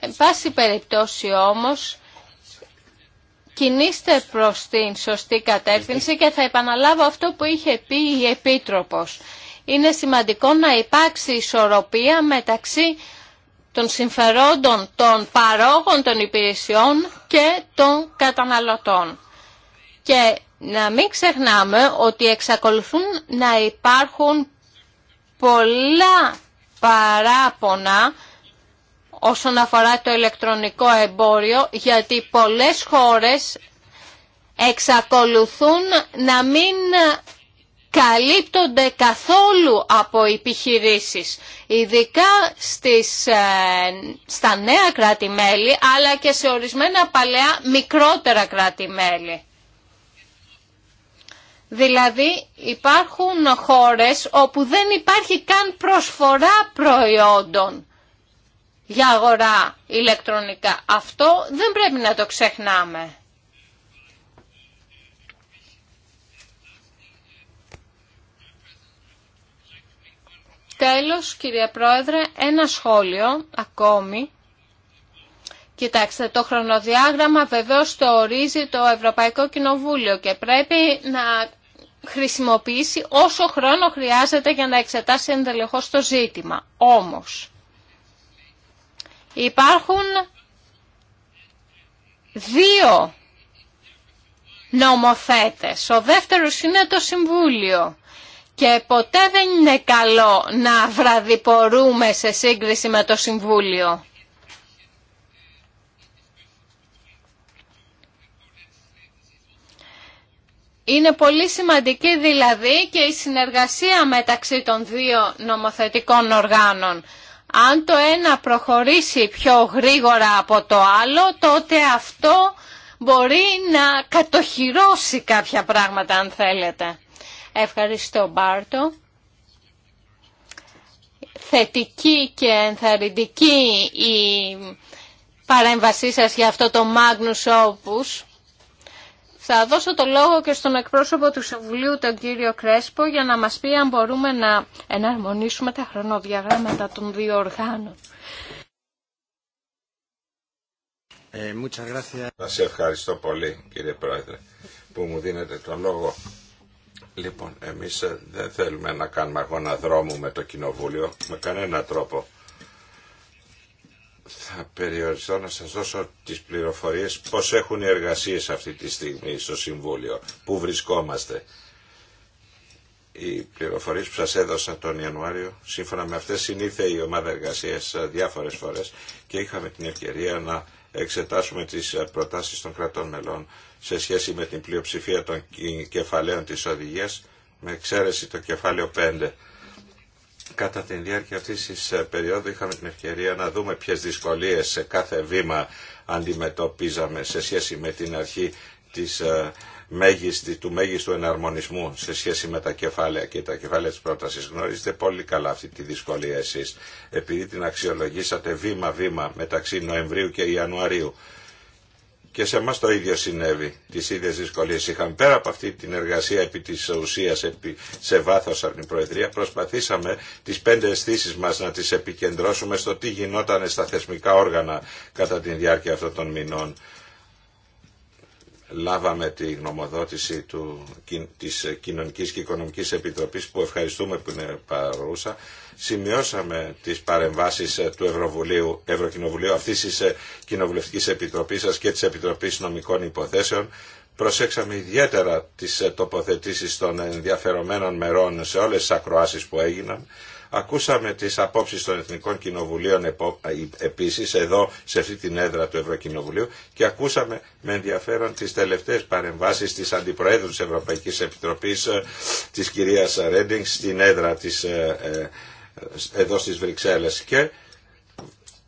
Εν πάση περιπτώσει όμως, κινήστε προς την σωστή κατεύθυνση και θα επαναλάβω αυτό που είχε πει η Επίτροπος είναι σημαντικό να υπάρξει ισορροπία μεταξύ των συμφερόντων των παρόχων των υπηρεσιών και των καταναλωτών. Και να μην ξεχνάμε ότι εξακολουθούν να υπάρχουν πολλά παράπονα όσον αφορά το ηλεκτρονικό εμπόριο, γιατί πολλές χώρες εξακολουθούν να μην καλύπτονται καθόλου από επιχειρήσεις, ειδικά στις, ε, στα νέα κράτη-μέλη, αλλά και σε ορισμένα παλαιά μικρότερα κράτη-μέλη. Δηλαδή υπάρχουν χώρες όπου δεν υπάρχει καν προσφορά προϊόντων για αγορά ηλεκτρονικά. Αυτό δεν πρέπει να το ξεχνάμε. Τέλος, κύριε Πρόεδρε, ένα σχόλιο ακόμη. Κοιτάξτε, το χρονοδιάγραμμα βεβαίως το ορίζει το Ευρωπαϊκό Κοινοβούλιο και πρέπει να χρησιμοποιήσει όσο χρόνο χρειάζεται για να εξετάσει εντελεχώς το ζήτημα. Όμως, υπάρχουν δύο νομοθέτες. Ο δεύτερος είναι το Συμβούλιο. Και ποτέ δεν είναι καλό να βραδιπορούμε σε σύγκριση με το Συμβούλιο. Είναι πολύ σημαντική δηλαδή και η συνεργασία μεταξύ των δύο νομοθετικών οργάνων. Αν το ένα προχωρήσει πιο γρήγορα από το άλλο, τότε αυτό μπορεί να κατοχυρώσει κάποια πράγματα αν θέλετε. Ευχαριστώ Μπάρτο. Θετική και ενθαρρυντική η παρέμβασή σας για αυτό το Magnus Opus. Θα δώσω το λόγο και στον εκπρόσωπο του Συμβουλίου, τον κύριο Κρέσπο, για να μας πει αν μπορούμε να εναρμονίσουμε τα χρονοδιαγράμματα των δύο οργάνων. Ε, ευχαριστώ πολύ, κύριε Πρόεδρε, που μου δίνετε το λόγο. Λοιπόν, εμείς ε, δεν θέλουμε να κάνουμε αγώνα δρόμου με το Κοινοβούλιο, με κανένα τρόπο. Θα περιοριστώ να σας δώσω τις πληροφορίες πώς έχουν οι εργασίες αυτή τη στιγμή στο Συμβούλιο, πού βρισκόμαστε. Οι πληροφορίες που σας έδωσα τον Ιανουάριο, σύμφωνα με αυτές συνήθε η ομάδα εργασίας ε, διάφορες φορές και είχαμε την ευκαιρία να εξετάσουμε τις ε, προτάσεις των κρατών μελών σε σχέση με την πλειοψηφία των κεφαλαίων της οδηγίας, με εξαίρεση το κεφάλαιο 5. Κατά την διάρκεια αυτής της ε, περίοδου είχαμε την ευκαιρία να δούμε ποιες δυσκολίες σε κάθε βήμα αντιμετωπίζαμε σε σχέση με την αρχή της ε, μέγιστη, του μέγιστου εναρμονισμού σε σχέση με τα κεφάλαια και τα κεφάλαια της πρότασης. Γνωρίζετε πολύ καλά αυτή τη δυσκολία εσείς, επειδή την αξιολογήσατε βήμα-βήμα μεταξύ Νοεμβρίου και Ιανουαρίου. Και σε εμά το ίδιο συνέβη. Τι ίδιε δυσκολίε είχαμε. Πέρα από αυτή την εργασία επί τη ουσία, σε βάθο από την Προεδρία, προσπαθήσαμε τι πέντε αισθήσει μα να τι επικεντρώσουμε στο τι γινόταν στα θεσμικά όργανα κατά τη διάρκεια αυτών των μηνών λάβαμε τη γνωμοδότηση του, της Κοινωνικής και Οικονομικής Επιτροπής που ευχαριστούμε που είναι παρούσα. Σημειώσαμε τις παρεμβάσεις ε, του Ευρωβουλίου, Ευρωκοινοβουλίου αυτής της ε, Κοινοβουλευτικής Επιτροπής σας και της Επιτροπής Νομικών Υποθέσεων. Προσέξαμε ιδιαίτερα τις ε, τοποθετήσεις των ενδιαφερομένων μερών σε όλες τις ακροάσεις που έγιναν Ακούσαμε τις απόψει των Εθνικών Κοινοβουλίων επίσης εδώ σε αυτή την έδρα του Ευρωκοινοβουλίου και ακούσαμε με ενδιαφέρον τις τελευταίες παρεμβάσεις τη Αντιπροέδρου τη Ευρωπαϊκής Επιτροπής ε, της κυρίας Ρέντινγκ στην έδρα της ε, ε, εδώ στις Βρυξέλλες και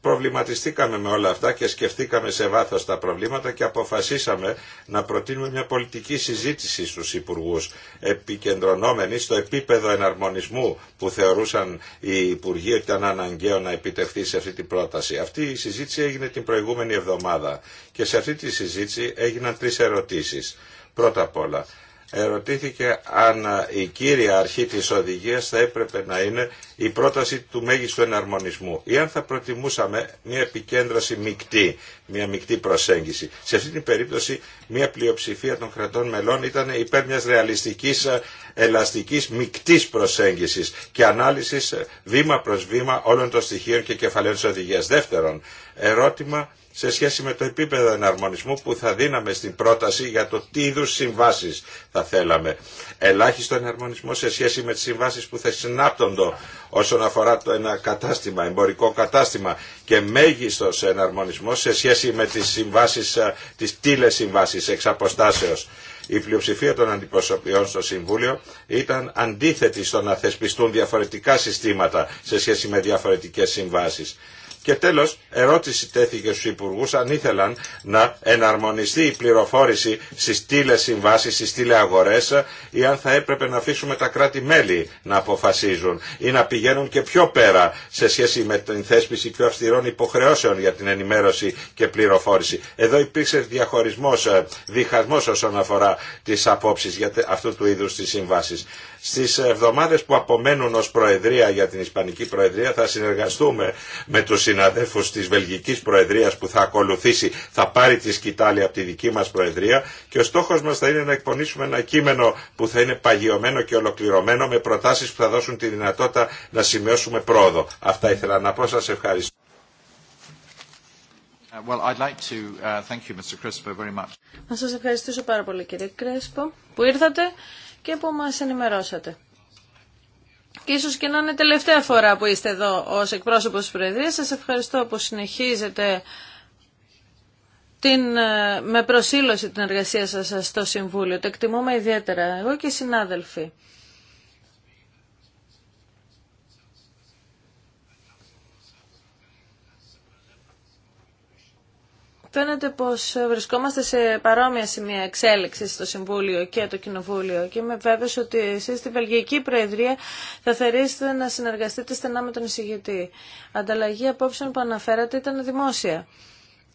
προβληματιστήκαμε με όλα αυτά και σκεφτήκαμε σε βάθος τα προβλήματα και αποφασίσαμε να προτείνουμε μια πολιτική συζήτηση στους Υπουργούς επικεντρωνόμενοι στο επίπεδο εναρμονισμού που θεωρούσαν οι Υπουργοί ότι ήταν αναγκαίο να επιτευχθεί σε αυτή την πρόταση. Αυτή η συζήτηση έγινε την προηγούμενη εβδομάδα και σε αυτή τη συζήτηση έγιναν τρεις ερωτήσεις. Πρώτα απ' όλα, Ερωτήθηκε αν ε, η κύρια αρχή της οδηγίας θα έπρεπε να είναι η πρόταση του μέγιστου εναρμονισμού ή αν θα προτιμούσαμε μια επικέντρωση μεικτή, μια μεικτή προσέγγιση. Σε αυτή την περίπτωση μια πλειοψηφία των κρατών μελών ήταν υπέρ μιας ρεαλιστικής, ε, ελαστικής, μεικτής προσέγγισης και ανάλυσης ε, βήμα προς βήμα όλων των στοιχείων και κεφαλαίων της οδηγίας. Δεύτερον, ερώτημα σε σχέση με το επίπεδο εναρμονισμού που θα δίναμε στην πρόταση για το τι είδου συμβάσει θα θέλαμε. Ελάχιστο εναρμονισμό σε σχέση με τι συμβάσει που θα συνάπτονται όσον αφορά το ένα κατάστημα, εμπορικό κατάστημα και μέγιστο εναρμονισμό σε σχέση με τι συμβάσει, ε, τι εξ αποστάσεω. Η πλειοψηφία των αντιπροσωπιών στο Συμβούλιο ήταν αντίθετη στο να θεσπιστούν διαφορετικά συστήματα σε σχέση με διαφορετικές συμβάσεις. Και τέλος, ερώτηση τέθηκε στους υπουργού, αν ήθελαν να εναρμονιστεί η πληροφόρηση στις τήλες συμβάσεις, στις τήλες αγορές ή αν θα έπρεπε να αφήσουμε τα κράτη-μέλη να αποφασίζουν ή να πηγαίνουν και πιο πέρα σε σχέση με την θέσπιση πιο αυστηρών υποχρεώσεων για την ενημέρωση και πληροφόρηση. Εδώ υπήρξε διαχωρισμό ε, διχασμός όσον αφορά τι απόψει για αυτού του είδου τι συμβάσει. Στις εβδομάδες που απομένουν ως Προεδρία για την Ισπανική Προεδρία θα συνεργαστούμε με τους συναδέλφους της Βελγικής Προεδρίας που θα ακολουθήσει, θα πάρει τη σκητάλη από τη δική μας Προεδρία και ο στόχος μας θα είναι να εκπονήσουμε ένα κείμενο που θα είναι παγιωμένο και ολοκληρωμένο με προτάσεις που θα δώσουν τη δυνατότητα να σημειώσουμε πρόοδο. Αυτά ήθελα να πω. Σας ευχαριστώ. Uh, well, I'd like to uh, thank you, Mr. Crespo, very much. Να σας ευχαριστήσω πάρα πολύ κύριε Κρέσπο που ήρθατε και που μας ενημερώσατε. Και ίσως και να είναι τελευταία φορά που είστε εδώ ως εκπρόσωπος της Προεδρίας. Σας ευχαριστώ που συνεχίζετε την, ε, με προσήλωση την εργασία σας στο Συμβούλιο. Το εκτιμούμε ιδιαίτερα εγώ και οι συνάδελφοι. φαίνεται πως βρισκόμαστε σε παρόμοια σημεία εξέλιξη στο Συμβούλιο και το Κοινοβούλιο και είμαι βέβαιος ότι εσείς στη Βελγική Προεδρία θα θερήσετε να συνεργαστείτε στενά με τον εισηγητή. Ανταλλαγή απόψεων που αναφέρατε ήταν δημόσια.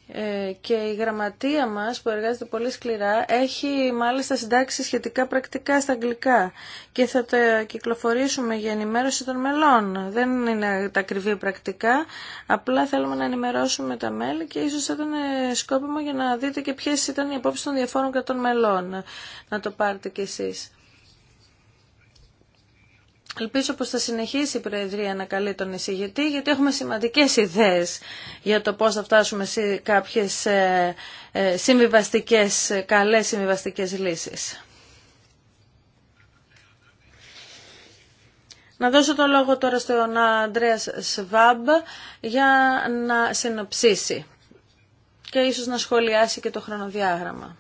Ε, και η γραμματεία μας που εργάζεται πολύ σκληρά έχει μάλιστα συντάξει σχετικά πρακτικά στα αγγλικά και θα τα κυκλοφορήσουμε για ενημέρωση των μελών. Δεν είναι τα ακριβή πρακτικά, απλά θέλουμε να ενημερώσουμε τα μέλη και ίσως θα ήταν ε, σκόπιμο για να δείτε και ποιες ήταν οι απόψεις των διαφόρων κατών μελών. Να το πάρετε κι εσείς. Ελπίζω πως θα συνεχίσει η Προεδρία να καλεί τον εισηγητή, γιατί έχουμε σημαντικές ιδέες για το πώς θα φτάσουμε σε κάποιες ε, ε, συμβιβαστικές, καλές συμβιβαστικές λύσεις. Να δώσω το λόγο τώρα στον Αντρέα Σβάμπ για να συνοψίσει και ίσως να σχολιάσει και το χρονοδιάγραμμα.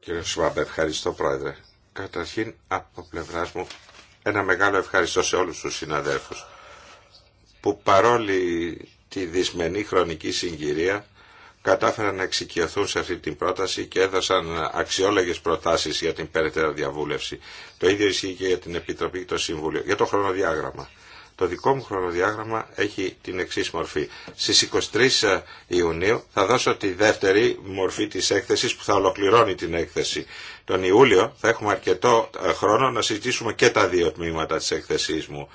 Κύριε Σβάμπ, ευχαριστώ πρόεδρε. Καταρχήν από πλευρά μου ένα μεγάλο ευχαριστώ σε όλους τους συναδέλφους που παρόλη τη δυσμενή χρονική συγκυρία κατάφεραν να εξοικειωθούν σε αυτή την πρόταση και έδωσαν αξιόλογες προτάσεις για την περαιτέρω διαβούλευση. Το ίδιο ισχύει και για την Επιτροπή και το Συμβούλιο. Για το χρονοδιάγραμμα. Το δικό μου χρονοδιάγραμμα έχει την εξή μορφή. Στις 23 ε, Ιουνίου θα δώσω τη δεύτερη μορφή της έκθεσης που θα ολοκληρώνει την έκθεση. Τον Ιούλιο θα έχουμε αρκετό ε, χρόνο να συζητήσουμε και τα δύο τμήματα τη έκθεσής μου.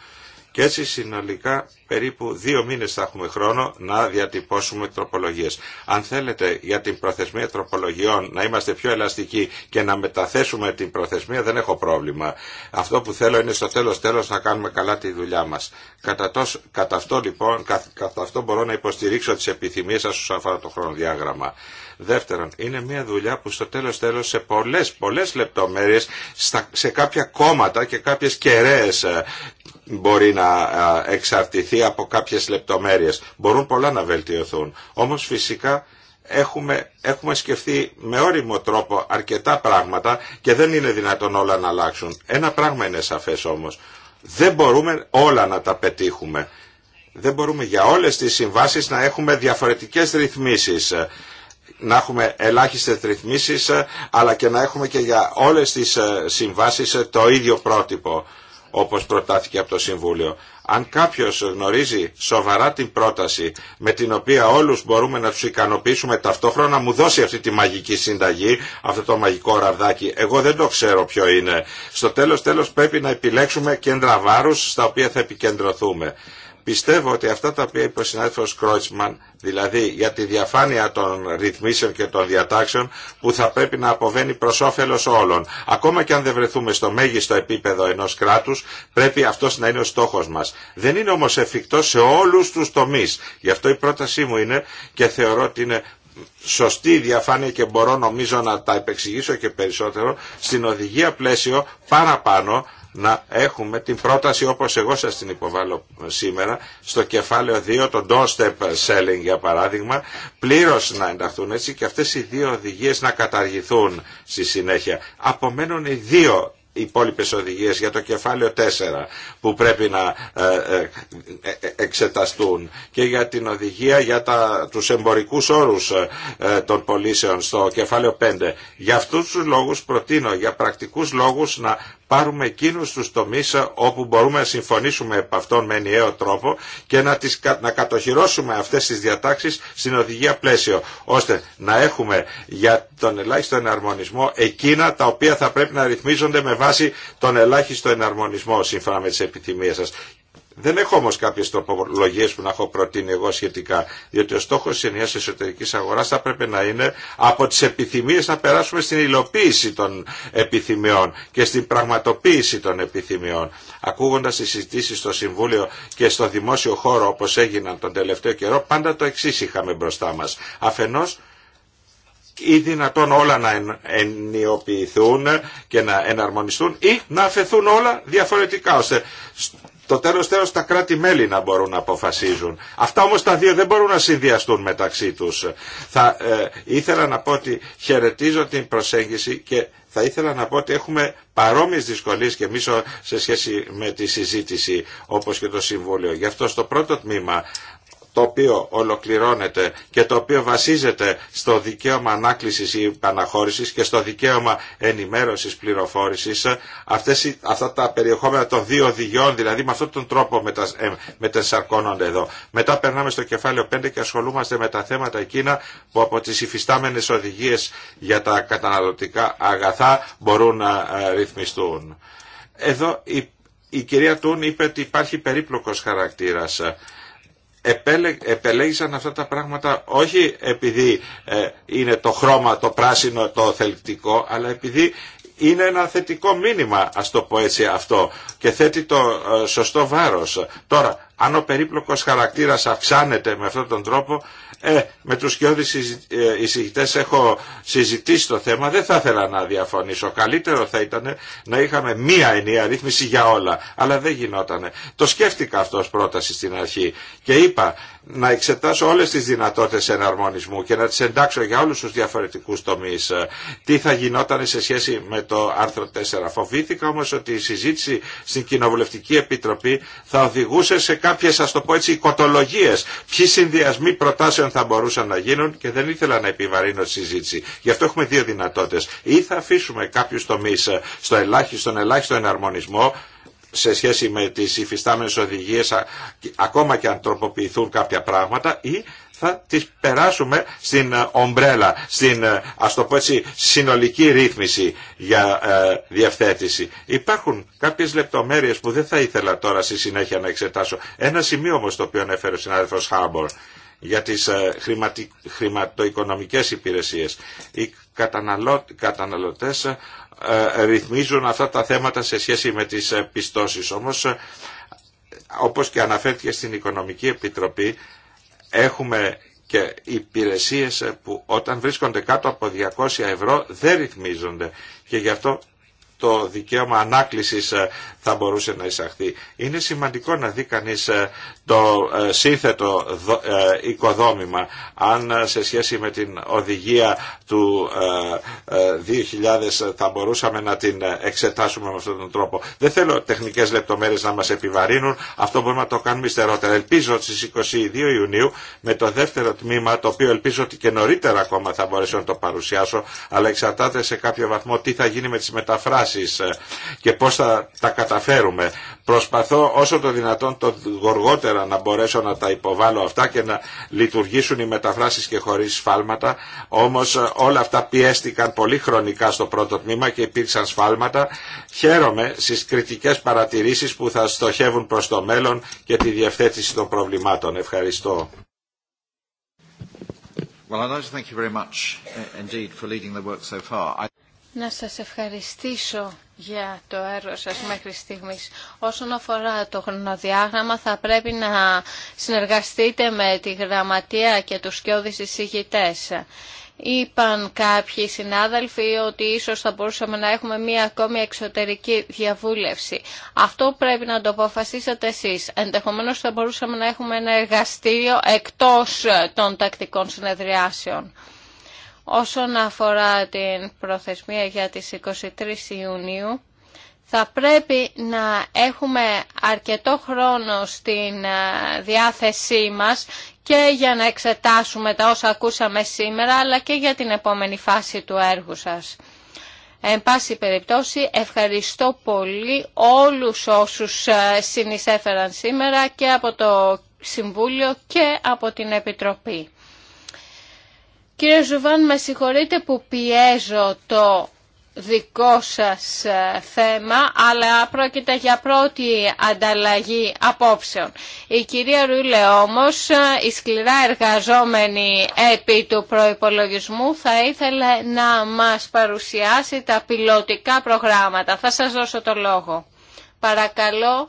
Και έτσι συνολικά περίπου δύο μήνες θα έχουμε χρόνο να διατυπώσουμε τροπολογίες. Αν θέλετε για την προθεσμία τροπολογιών να είμαστε πιο ελαστικοί και να μεταθέσουμε την προθεσμία δεν έχω πρόβλημα. Αυτό που θέλω είναι στο τέλος τέλος να κάνουμε καλά τη δουλειά μας. Κατά, κατά αυτό λοιπόν, αυτό μπορώ να υποστηρίξω τις επιθυμίες σας όσον αφορά το χρονοδιάγραμμα. Δεύτερον, είναι μια δουλειά που στο τέλος τέλος σε πολλές, πολλές λεπτομέρειες, σε κάποια κόμματα και κάποιες κεραίες ε, μπορεί να ε, εξαρτηθεί από κάποιες λεπτομέρειες. Μπορούν πολλά να βελτιωθούν. Όμως φυσικά έχουμε, έχουμε σκεφτεί με όριμο τρόπο αρκετά πράγματα και δεν είναι δυνατόν όλα να αλλάξουν. Ένα πράγμα είναι σαφές όμως. Δεν μπορούμε όλα να τα πετύχουμε. Δεν μπορούμε για όλες τις συμβάσεις να έχουμε διαφορετικές ρυθμίσεις να έχουμε ελάχιστες ρυθμίσεις ε, αλλά και να έχουμε και για όλες τις ε, συμβάσεις ε, το ίδιο πρότυπο όπως προτάθηκε από το Συμβούλιο. Αν κάποιος γνωρίζει σοβαρά την πρόταση με την οποία όλους μπορούμε να τους ικανοποιήσουμε ταυτόχρονα μου δώσει αυτή τη μαγική συνταγή, αυτό το μαγικό ραβδάκι. Εγώ δεν το ξέρω ποιο είναι. Στο τέλος τέλος πρέπει να επιλέξουμε κέντρα βάρους στα οποία θα επικεντρωθούμε πιστεύω ότι αυτά τα οποία είπε ο συνάδελφο Κρότσμαν, δηλαδή για τη διαφάνεια των ρυθμίσεων και των διατάξεων που θα πρέπει να αποβαίνει προ όφελο όλων. Ακόμα και αν δεν βρεθούμε στο μέγιστο επίπεδο ενό κράτου, πρέπει αυτό να είναι ο στόχο μα. Δεν είναι όμω εφικτό σε όλου του τομεί. Γι' αυτό η πρότασή μου είναι και θεωρώ ότι είναι σωστή η διαφάνεια και μπορώ νομίζω να τα επεξηγήσω και περισσότερο στην οδηγία πλαίσιο παραπάνω να έχουμε την πρόταση όπως εγώ σας την υποβάλλω σήμερα στο κεφάλαιο 2 το doorstep selling για παράδειγμα πλήρως να ενταχθούν έτσι και αυτές οι δύο οδηγίες να καταργηθούν στη συνέχεια. Απομένουν οι δύο υπόλοιπε οδηγίες για το κεφάλαιο 4 που πρέπει να ε, ε, ε, εξεταστούν και για την οδηγία για τα, τους εμπορικούς όρους των πωλήσεων στο κεφάλαιο 5. Για αυτούς τους λόγους προτείνω για πρακτικούς λόγους να πάρουμε εκείνους τους τομείς ε, όπου μπορούμε να συμφωνήσουμε επ' αυτόν με ενιαίο τρόπο και να, τις, να κατοχυρώσουμε αυτές τις διατάξεις στην οδηγία πλαίσιο, ώστε να έχουμε για τον ελάχιστο εναρμονισμό εκείνα τα οποία θα πρέπει να ρυθμίζονται με βάση τον ελάχιστο εναρμονισμό σύμφωνα με τις επιθυμίες σας. Δεν έχω όμω κάποιε τροπολογίε που να έχω προτείνει εγώ σχετικά. Διότι ο στόχο τη ενιαία εσωτερική αγορά θα πρέπει να είναι από τι επιθυμίε να περάσουμε στην υλοποίηση των επιθυμιών και στην πραγματοποίηση των επιθυμιών. Ακούγοντα τι συζητήσει στο Συμβούλιο και στο δημόσιο χώρο όπω έγιναν τον τελευταίο καιρό, πάντα το εξή είχαμε μπροστά μα. Αφενό, ή δυνατόν όλα να ενιοποιηθούν και να εναρμονιστούν ή να αφαιθούν όλα διαφορετικά ώστε το τέλος τέλος τα κράτη-μέλη να μπορούν να αποφασίζουν. Αυτά όμως τα δύο δεν μπορούν να συνδυαστούν μεταξύ τους. Θα ε, ήθελα να πω ότι χαιρετίζω την προσέγγιση και θα ήθελα να πω ότι έχουμε παρόμοιες δυσκολίες και εμείς σε σχέση με τη συζήτηση όπως και το Συμβούλιο. Γι' αυτό στο πρώτο τμήμα το οποίο ολοκληρώνεται και το οποίο βασίζεται στο δικαίωμα ανάκλησης ή επαναχώρησης και στο δικαίωμα ενημέρωσης πληροφόρησης αυτά τα περιεχόμενα των δύο οδηγιών δηλαδή με αυτόν τον τρόπο μετα, ε, εδώ. Μετά περνάμε στο κεφάλαιο 5 και ασχολούμαστε με τα θέματα εκείνα που από τις υφιστάμενες οδηγίες για τα καταναλωτικά αγαθά μπορούν να ε, ρυθμιστούν. Εδώ η, η κυρία Τούν είπε ότι υπάρχει περίπλοκος χαρακτήρας επελέγησαν αυτά τα πράγματα όχι επειδή ε, είναι το χρώμα το πράσινο το θελκτικό αλλά επειδή είναι ένα θετικό μήνυμα ας το πω έτσι αυτό και θέτει το ε, σωστό βάρος. Τώρα αν ο περίπλοκος χαρακτήρας αυξάνεται με αυτόν τον τρόπο ε, με τους σκιώδεις ε, εισηγητές έχω συζητήσει το θέμα, δεν θα ήθελα να διαφωνήσω. Καλύτερο θα ήταν να είχαμε μία ενιαία ρύθμιση για όλα, αλλά δεν γινότανε. Το σκέφτηκα αυτό πρόταση στην αρχή και είπα να εξετάσω όλες τις δυνατότητες εναρμονισμού και να τις εντάξω για όλους τους διαφορετικούς τομείς. Ε, τι θα γινόταν σε σχέση με το άρθρο 4. Φοβήθηκα όμως ότι η συζήτηση στην Κοινοβουλευτική Επιτροπή θα οδηγούσε σε κάποιες ας το πω έτσι οικοτολογίες. Ποιοι συνδυασμοί προτάσεων θα μπορούσαν να γίνουν και δεν ήθελα να επιβαρύνω τη συζήτηση. Γι' αυτό έχουμε δύο δυνατότητες. Ή θα αφήσουμε κάποιους τομείς ε, στο ελάχιστο, στον ελάχιστο εναρμονισμό σε σχέση με τις υφιστάμενες οδηγίες ακόμα και αν τροποποιηθούν κάποια πράγματα ή θα τις περάσουμε στην ε, ομπρέλα, στην ε, ας το πω έτσι συνολική ρύθμιση για ε, διευθέτηση. Υπάρχουν κάποιες λεπτομέρειες που δεν θα ήθελα τώρα στη συνέχεια να εξετάσω. Ένα σημείο όμως το οποίο ανέφερε ο συνάδελφος Χάμπορ για τις ε, χρηματοοικονομικές υπηρεσίες. Οι καταναλωτές ε, ρυθμίζουν αυτά τα θέματα σε σχέση με τις ε, πιστώσεις. Όμως, ε, όπως και αναφέρθηκε στην Οικονομική Επιτροπή, έχουμε και υπηρεσίες που όταν βρίσκονται κάτω από 200 ευρώ δεν ρυθμίζονται και γι' αυτό το δικαίωμα ανάκλησης ε, θα μπορούσε να εισαχθεί. Είναι σημαντικό να δει κανεί ε, το ε, σύνθετο οικοδόμημα αν σε σχέση με την οδηγία του 2000 θα μπορούσαμε να την εξετάσουμε με αυτόν τον τρόπο. Δεν θέλω τεχνικές λεπτομέρειες να μας επιβαρύνουν, αυτό μπορούμε να το κάνουμε υστερότερα. Ελπίζω ότι στις 22 Ιουνίου με το δεύτερο τμήμα, το οποίο ελπίζω ότι και νωρίτερα ακόμα θα μπορέσω να το παρουσιάσω, αλλά εξαρτάται σε κάποιο βαθμό τι θα γίνει με τις μεταφράσεις ε, και πώς θα τα καταφέρουμε. Προσπαθώ όσο το δυνατόν το γοργότερα να μπορέσω να τα υποβάλω αυτά και να λειτουργήσουν οι μεταφράσεις και χωρίς σφάλματα. Όμως ε, όλα αυτά πιέστηκαν πολύ χρονικά στο πρώτο τμήμα και υπήρξαν σφάλματα. Χαίρομαι στις κριτικές παρατηρήσεις που θα στοχεύουν προς το μέλλον και τη διευθέτηση των προβλημάτων. Ευχαριστώ. Να σας ευχαριστήσω για το έργο σας μέχρι στιγμής. Όσον αφορά το χρονοδιάγραμμα θα πρέπει να συνεργαστείτε με τη γραμματεία και τους σκιώδεις εισηγητές. Είπαν κάποιοι συνάδελφοι ότι ίσως θα μπορούσαμε να έχουμε μία ακόμη εξωτερική διαβούλευση. Αυτό πρέπει να το αποφασίσετε εσείς. Ενδεχομένως θα μπορούσαμε να έχουμε ένα εργαστήριο εκτός των τακτικών συνεδριάσεων. Όσον αφορά την προθεσμία για τις 23 Ιουνίου, θα πρέπει να έχουμε αρκετό χρόνο στην ε, διάθεσή μας και για να εξετάσουμε τα όσα ακούσαμε σήμερα, αλλά και για την επόμενη φάση του έργου σας. Εν πάση περιπτώσει, ευχαριστώ πολύ όλους όσους ε, συνεισέφεραν σήμερα και από το Συμβούλιο και από την Επιτροπή. Κύριε Ζουβάν, με συγχωρείτε που πιέζω το δικό σας ε, θέμα, αλλά πρόκειται για πρώτη ανταλλαγή απόψεων. Η κυρία Ρούλε όμως, ε, η σκληρά εργαζόμενη επί του προϋπολογισμού, θα ήθελε να μας παρουσιάσει τα πιλωτικά προγράμματα. Θα σας δώσω το λόγο. Παρακαλώ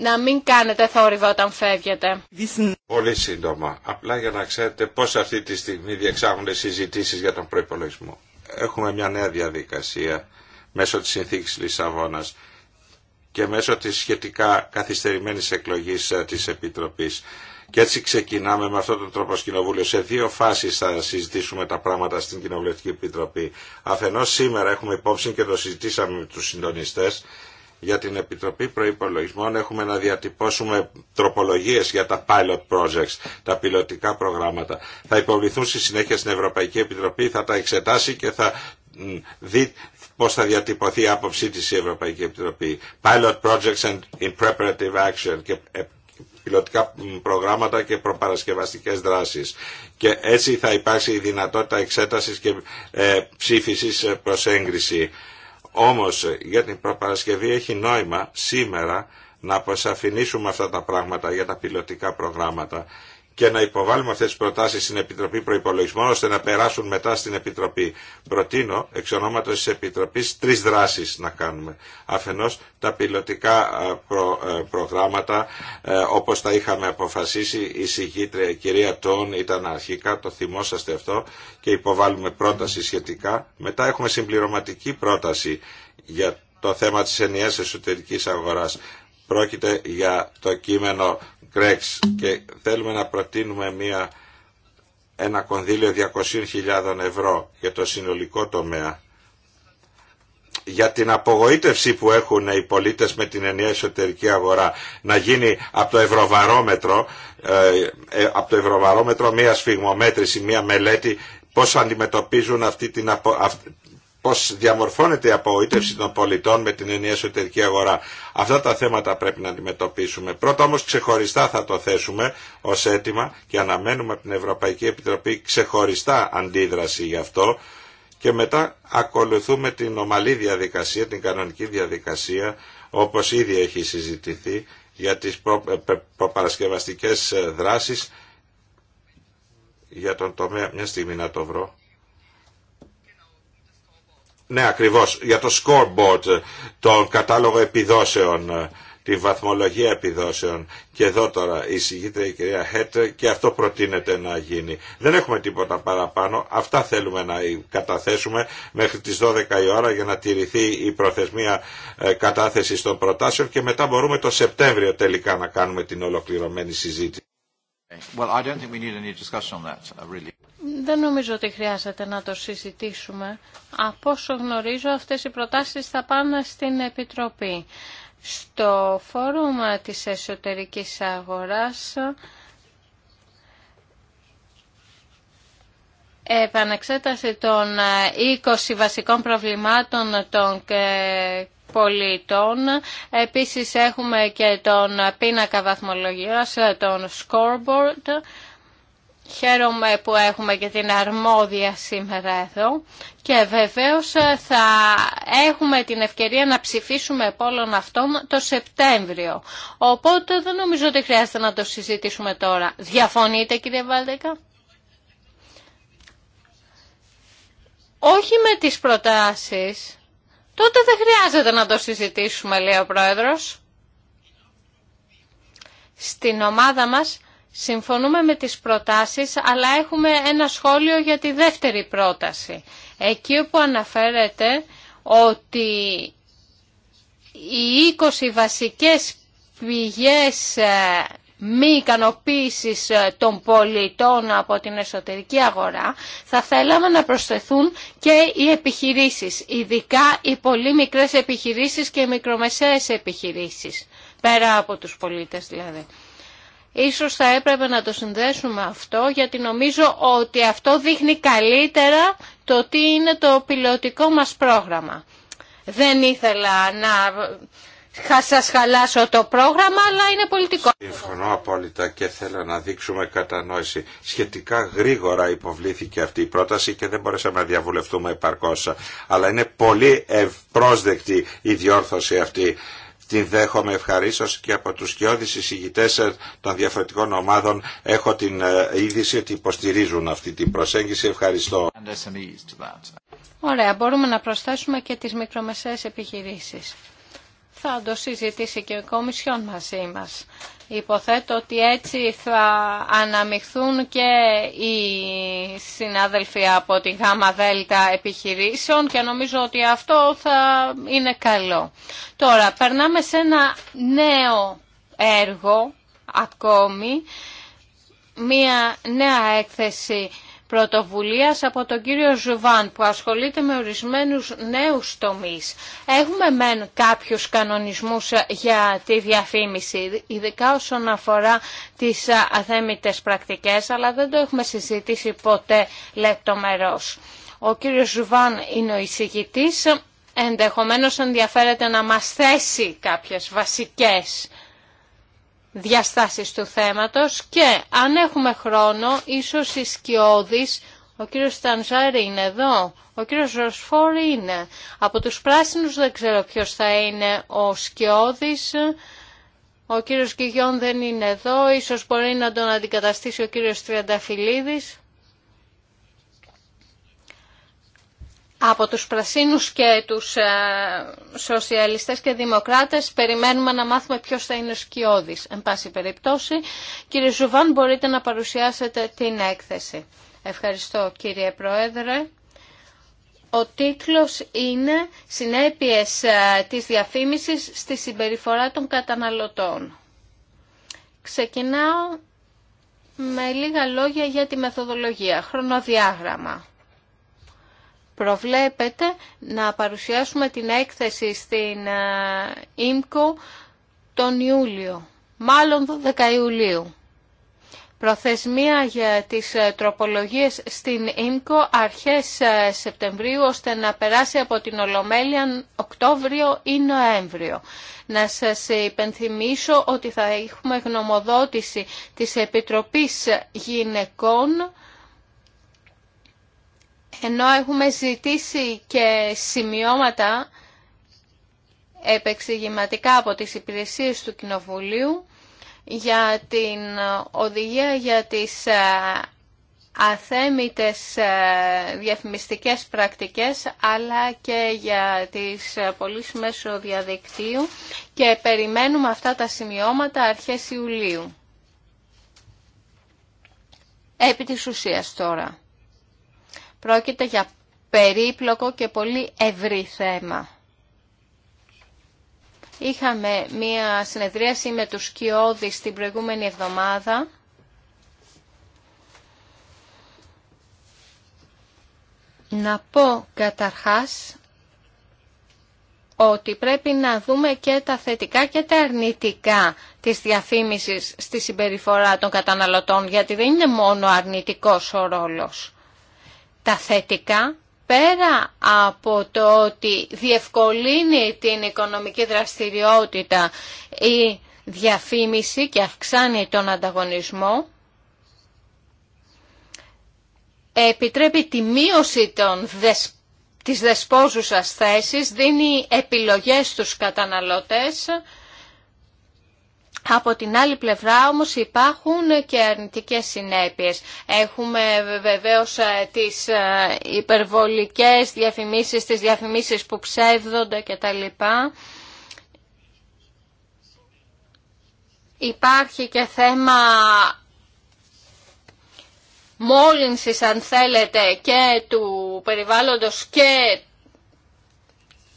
να μην κάνετε θόρυβο όταν φεύγετε. Πολύ σύντομα, απλά για να ξέρετε πώς αυτή τη στιγμή διεξάγονται συζητήσεις για τον προϋπολογισμό. Έχουμε μια νέα διαδικασία μέσω της συνθήκης Λισαβόνας και μέσω της σχετικά καθυστερημένης εκλογής ε, της Επιτροπής. Και έτσι ξεκινάμε με αυτόν τον τρόπο κοινοβούλιο. Σε δύο φάσεις θα συζητήσουμε τα πράγματα στην Κοινοβουλευτική Επιτροπή. Αφενός σήμερα έχουμε υπόψη και το συζητήσαμε με τους συντονιστέ για την Επιτροπή Προϋπολογισμών έχουμε να διατυπώσουμε τροπολογίες για τα pilot projects, τα πιλωτικά προγράμματα. Θα υποβληθούν στη συνέχεια στην Ευρωπαϊκή Επιτροπή, θα τα εξετάσει και θα δει πώς θα διατυπωθεί η άποψή της η Ευρωπαϊκή Επιτροπή. Pilot projects and in preparative action και ε, πιλωτικά προγράμματα και προπαρασκευαστικές δράσεις. Και έτσι θα υπάρξει η δυνατότητα εξέτασης και ε, ψήφισης ε, προς έγκριση. Όμως για την προπαρασκευή έχει νόημα σήμερα να αποσαφηνίσουμε αυτά τα πράγματα για τα πιλωτικά προγράμματα και να υποβάλουμε αυτές τι προτάσεις στην Επιτροπή Προπολογισμών ώστε να περάσουν μετά στην Επιτροπή. Προτείνω εξ ονόματο της Επιτροπής τρεις δράσεις να κάνουμε. Αφενός τα πιλωτικά ε, προγράμματα όπω ε, όπως τα είχαμε αποφασίσει η η κυρία Τόν ήταν αρχικά, το θυμόσαστε αυτό και υποβάλλουμε πρόταση σχετικά. Μετά έχουμε συμπληρωματική πρόταση για το θέμα της ενιαίας εσωτερικής αγοράς. Πρόκειται για το κείμενο Κρέξ και θέλουμε να προτείνουμε μια, ένα κονδύλιο 200.000 ευρώ για το συνολικό τομέα. Για την απογοήτευση που έχουν οι πολίτες με την ενιαία εσωτερική αγορά να γίνει από το ευρωβαρόμετρο, ε, ε, από το ευρωβαρόμετρο μια σφιγμομέτρηση, μια μελέτη πώς αντιμετωπίζουν αυτή την, απο, Πώ διαμορφώνεται η απογοήτευση των πολιτών με την ενιαία εσωτερική αγορά. Αυτά τα θέματα πρέπει να αντιμετωπίσουμε. Πρώτα όμως ξεχωριστά θα το θέσουμε ως αίτημα και αναμένουμε από την Ευρωπαϊκή Επιτροπή ξεχωριστά αντίδραση γι' αυτό και μετά ακολουθούμε την ομαλή διαδικασία, την κανονική διαδικασία όπως ήδη έχει συζητηθεί για τις προ... Ε, προπαρασκευαστικές ε, δράσεις για τον τομέα, μια στιγμή να το βρω, ναι ακριβώς, για το scoreboard, τον κατάλογο επιδόσεων, τη βαθμολογία επιδόσεων. Και εδώ τώρα η η κυρία Χέτ και αυτό προτείνεται να γίνει. Δεν έχουμε τίποτα παραπάνω. Αυτά θέλουμε να καταθέσουμε μέχρι τις 12 η ώρα για να τηρηθεί η προθεσμία ε, κατάθεσης των προτάσεων και μετά μπορούμε το Σεπτέμβριο τελικά να κάνουμε την ολοκληρωμένη συζήτηση. Well, I don't think we need any discussion on that, uh, really. Δεν νομίζω ότι χρειάζεται να το συζητήσουμε. Από όσο γνωρίζω αυτές οι προτάσεις θα πάνε στην Επιτροπή. Στο φόρουμ της εσωτερικής αγοράς επανεξέταση των 20 βασικών προβλημάτων των πολιτών. Επίσης έχουμε και τον πίνακα βαθμολογίας, τον scoreboard. Χαίρομαι που έχουμε και την αρμόδια σήμερα εδώ και βεβαίως ε, θα έχουμε την ευκαιρία να ψηφίσουμε από όλων αυτών το Σεπτέμβριο. Οπότε δεν νομίζω ότι χρειάζεται να το συζητήσουμε τώρα. Διαφωνείτε κύριε Βάλτεκα? Όχι με τις προτάσεις. Τότε δεν χρειάζεται να το συζητήσουμε λέει ο Πρόεδρος. Στην ομάδα μας Συμφωνούμε με τις προτάσεις, αλλά έχουμε ένα σχόλιο για τη δεύτερη πρόταση. Εκεί που αναφέρεται ότι οι 20 βασικές πηγές ε, μη ικανοποίηση ε, των πολιτών από την εσωτερική αγορά, θα θέλαμε να προσθεθούν και οι επιχειρήσεις, ειδικά οι πολύ μικρές επιχειρήσεις και οι μικρομεσαίες επιχειρήσεις, πέρα από τους πολίτες δηλαδή. Ίσως θα έπρεπε να το συνδέσουμε αυτό γιατί νομίζω ότι αυτό δείχνει καλύτερα το τι είναι το πιλωτικό μας πρόγραμμα. Δεν ήθελα να σας χαλάσω το πρόγραμμα αλλά είναι πολιτικό. Συμφωνώ απόλυτα και θέλω να δείξουμε κατανόηση. Σχετικά γρήγορα υποβλήθηκε αυτή η πρόταση και δεν μπορέσαμε να διαβουλευτούμε επαρκώς. Αλλά είναι πολύ ευπρόσδεκτη η διόρθωση αυτή την δέχομαι ευχαρίστω και από τους κοιόδης εισηγητές των διαφορετικών ομάδων έχω την ε, είδηση ότι υποστηρίζουν αυτή την προσέγγιση. Ευχαριστώ. Ωραία, μπορούμε να προσθέσουμε και τις μικρομεσαίες επιχειρήσεις θα το συζητήσει και η Κομισιόν μαζί μας. Υποθέτω ότι έτσι θα αναμειχθούν και οι συνάδελφοι από τη ΓΑΜΑ ΔΕΛΤΑ επιχειρήσεων και νομίζω ότι αυτό θα είναι καλό. Τώρα, περνάμε σε ένα νέο έργο ακόμη, μία νέα έκθεση πρωτοβουλίας από τον κύριο Ζουβάν που ασχολείται με ορισμένους νέους τομείς. Έχουμε μεν κάποιους κανονισμούς για τη διαφήμιση, ειδικά όσον αφορά τις αθέμητες πρακτικές, αλλά δεν το έχουμε συζητήσει ποτέ λεπτομερώς. Ο κύριος Ζουβάν είναι ο εισηγητής, ενδεχομένως ενδιαφέρεται να μας θέσει κάποιες βασικές διαστάσεις του θέματος και αν έχουμε χρόνο, ίσως οι σκιώδεις, ο κύριος Στανζάρη είναι εδώ, ο κύριος Ροσφόρ είναι. Από τους πράσινους δεν ξέρω ποιος θα είναι ο σκιώδης, ο κύριος Κιγιόν δεν είναι εδώ, ίσως μπορεί να τον αντικαταστήσει ο κύριος Τριανταφυλλίδης. Από τους πρασίνους και τους ε, σοσιαλιστές και δημοκράτες περιμένουμε να μάθουμε ποιος θα είναι ο σκιώδης. Εν πάση περιπτώσει, κύριε Ζουβάν, μπορείτε να παρουσιάσετε την έκθεση. Ευχαριστώ κύριε Πρόεδρε. Ο τίτλος είναι «Συνέπειες ε, της διαφήμισης στη συμπεριφορά των καταναλωτών». Ξεκινάω με λίγα λόγια για τη μεθοδολογία, χρονοδιάγραμμα προβλέπεται να παρουσιάσουμε την έκθεση στην ε, ΙΜΚΟ τον Ιούλιο, μάλλον 12 Ιουλίου. Προθεσμία για τις ε, τροπολογίες στην ΙΜΚΟ αρχές ε, Σεπτεμβρίου, ώστε να περάσει από την Ολομέλεια Οκτώβριο ή Νοέμβριο. Να σας υπενθυμίσω ότι θα έχουμε γνωμοδότηση της Επιτροπής Γυναικών ενώ έχουμε ζητήσει και σημειώματα επεξηγηματικά από τις υπηρεσίες του Κοινοβουλίου για την οδηγία για τις ε, αθέμητες ε, διαφημιστικές πρακτικές αλλά και για τις ε, πολύ μέσω διαδικτύου και περιμένουμε αυτά τα σημειώματα αρχές Ιουλίου. Επί της ουσίας τώρα. Πρόκειται για περίπλοκο και πολύ ευρύ θέμα. Είχαμε μία συνεδρίαση με τους Κιώδης την προηγούμενη εβδομάδα. Να πω καταρχάς ότι πρέπει να δούμε και τα θετικά και τα αρνητικά της διαφήμισης στη συμπεριφορά των καταναλωτών, γιατί δεν είναι μόνο αρνητικός ο ρόλος τα θετικά πέρα από το ότι διευκολύνει την οικονομική δραστηριότητα η διαφήμιση και αυξάνει τον ανταγωνισμό, επιτρέπει τη μείωση των δεσπόζουσα της δεσπόζουσας δίνει επιλογές στους καταναλωτές από την άλλη πλευρά όμως υπάρχουν και αρνητικές συνέπειες. Έχουμε βεβαίως ε, τις ε, υπερβολικές διαφημίσεις, τις διαφημίσεις που ψεύδονται κτλ. Υπάρχει και θέμα μόλυνσης αν θέλετε και του περιβάλλοντος και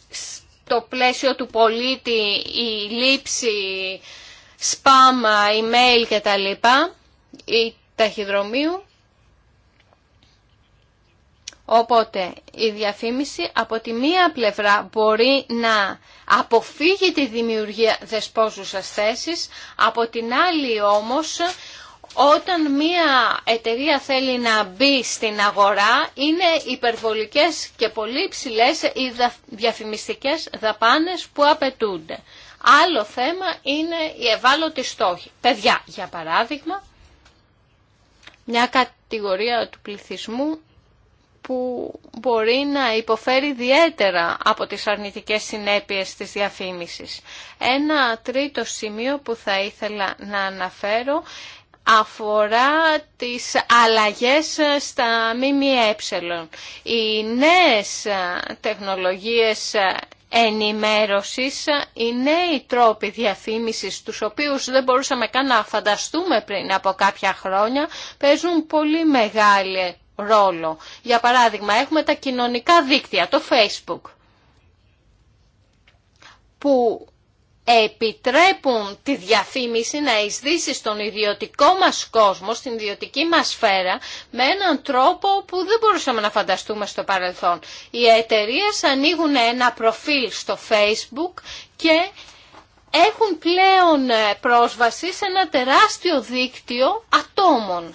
στο πλαίσιο του πολίτη η λήψη spam, email λοιπά, η διαφήμιση από τη μία πλευρά μπορεί να αποφύγει τη δημιουργία δεσπόζουσας θέσης, από την άλλη όμως όταν μία εταιρεία θέλει να μπει στην αγορά είναι υπερβολικές και πολύ ψηλές οι διαφημιστικές δαπάνες που απαιτούνται. Άλλο θέμα είναι οι ευάλωτοι στόχοι. Παιδιά, για παράδειγμα, μια κατηγορία του πληθυσμού που μπορεί να υποφέρει ιδιαίτερα από τις αρνητικές συνέπειες της διαφήμισης. Ένα τρίτο σημείο που θα ήθελα να αναφέρω αφορά τις αλλαγές στα ΜΜΕ. Οι νέες τεχνολογίες ενημέρωσης, οι νέοι τρόποι διαφήμισης, τους οποίους δεν μπορούσαμε καν να φανταστούμε πριν από κάποια χρόνια, παίζουν πολύ μεγάλη ρόλο. Για παράδειγμα, έχουμε τα κοινωνικά δίκτυα, το Facebook, που επιτρέπουν τη διαφήμιση να εισδύσει στον ιδιωτικό μας κόσμο, στην ιδιωτική μας σφαίρα, με έναν τρόπο που δεν μπορούσαμε να φανταστούμε στο παρελθόν. Οι εταιρείε ανοίγουν ένα προφίλ στο Facebook και έχουν πλέον ε, πρόσβαση σε ένα τεράστιο δίκτυο ατόμων.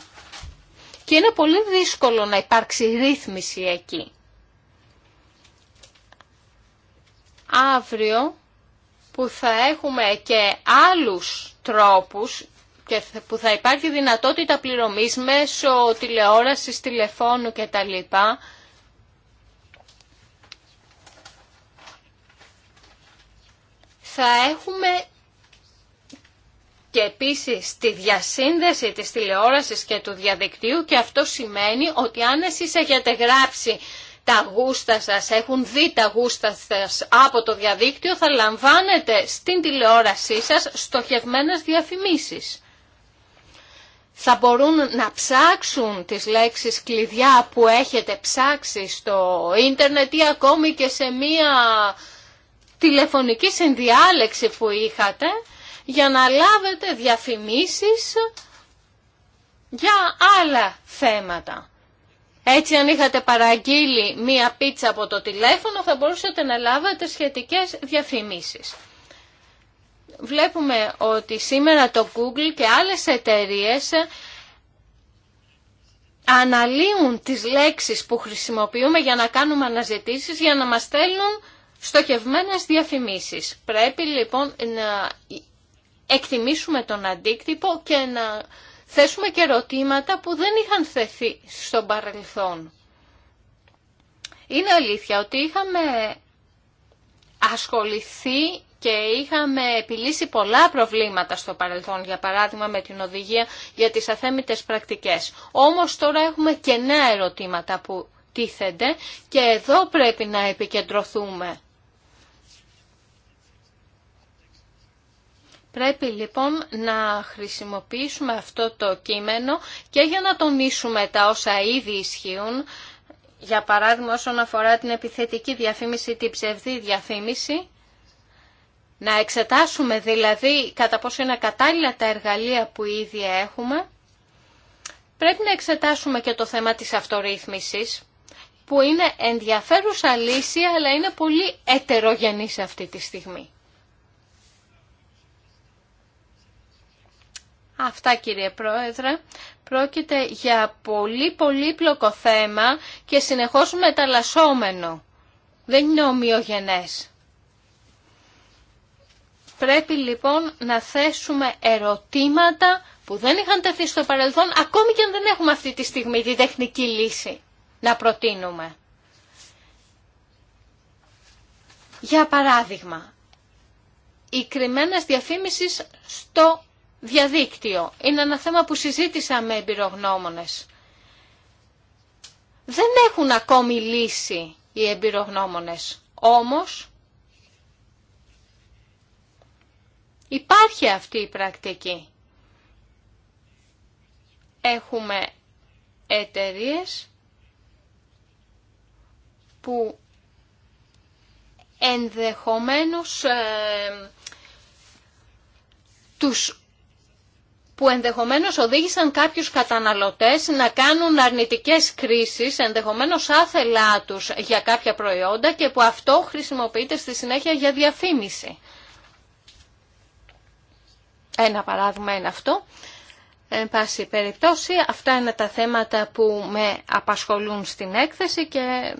Και είναι πολύ δύσκολο να υπάρξει ρύθμιση εκεί. Αύριο που θα έχουμε και άλλους τρόπους και που θα υπάρχει δυνατότητα πληρωμής μέσω τηλεόρασης, τηλεφώνου κτλ. Θα έχουμε και επίσης τη διασύνδεση της τηλεόρασης και του διαδικτύου και αυτό σημαίνει ότι αν εσείς έχετε γράψει τα γούστα σας, έχουν δει τα γούστα σας από το διαδίκτυο, θα λαμβάνετε στην τηλεόρασή σας στοχευμένες διαφημίσεις. Θα μπορούν να ψάξουν τις λέξεις κλειδιά που έχετε ψάξει στο ίντερνετ ή ακόμη και σε μία τηλεφωνική συνδιάλεξη που είχατε για να λάβετε διαφημίσεις για άλλα θέματα. Έτσι αν είχατε παραγγείλει μία πίτσα από το τηλέφωνο θα μπορούσατε να λάβετε σχετικές διαφημίσεις. Βλέπουμε ότι σήμερα το Google και άλλες εταιρείες αναλύουν τις λέξεις που χρησιμοποιούμε για να κάνουμε αναζητήσεις, για να μας στέλνουν στοχευμένες διαφημίσεις. Πρέπει λοιπόν να εκτιμήσουμε τον αντίκτυπο και να θέσουμε και ερωτήματα που δεν είχαν θεθεί στο παρελθόν. Είναι αλήθεια ότι είχαμε ασχοληθεί και είχαμε επιλύσει πολλά προβλήματα στο παρελθόν, για παράδειγμα με την οδηγία για τις αθέμητες πρακτικές. Όμως τώρα έχουμε και νέα ερωτήματα που τίθενται και εδώ πρέπει να επικεντρωθούμε. Πρέπει λοιπόν να χρησιμοποιήσουμε αυτό το κείμενο και για να τονίσουμε τα όσα ήδη ισχύουν, για παράδειγμα όσον αφορά την επιθετική διαφήμιση, την ψευδή διαφήμιση, να εξετάσουμε δηλαδή κατά πόσο είναι κατάλληλα τα εργαλεία που ήδη έχουμε, πρέπει να εξετάσουμε και το θέμα της αυτορύθμισης, που είναι ενδιαφέρουσα λύση, αλλά είναι πολύ ετερογενής αυτή τη στιγμή. Αυτά κύριε Πρόεδρε. Πρόκειται για πολύ πολύπλοκο θέμα και συνεχώς μεταλλασσόμενο. Δεν είναι ομοιογενές. Πρέπει λοιπόν να θέσουμε ερωτήματα που δεν είχαν τεθεί στο παρελθόν, ακόμη και αν δεν έχουμε αυτή τη στιγμή τη τεχνική λύση να προτείνουμε. Για παράδειγμα, οι κρυμμένες διαφήμισης στο διαδίκτυο. Είναι ένα θέμα που συζήτησα με Δεν έχουν ακόμη λύση οι εμπειρογνώμονες. Όμως υπάρχει αυτή η πρακτική. Έχουμε εταιρείες που ενδεχομένως ε, τους που ενδεχομένως οδήγησαν κάποιους καταναλωτές να κάνουν αρνητικές κρίσεις, ενδεχομένως άθελά τους για κάποια προϊόντα και που αυτό χρησιμοποιείται στη συνέχεια για διαφήμιση. Ένα παράδειγμα είναι αυτό. Εν πάση περιπτώσει, αυτά είναι τα θέματα που με απασχολούν στην έκθεση και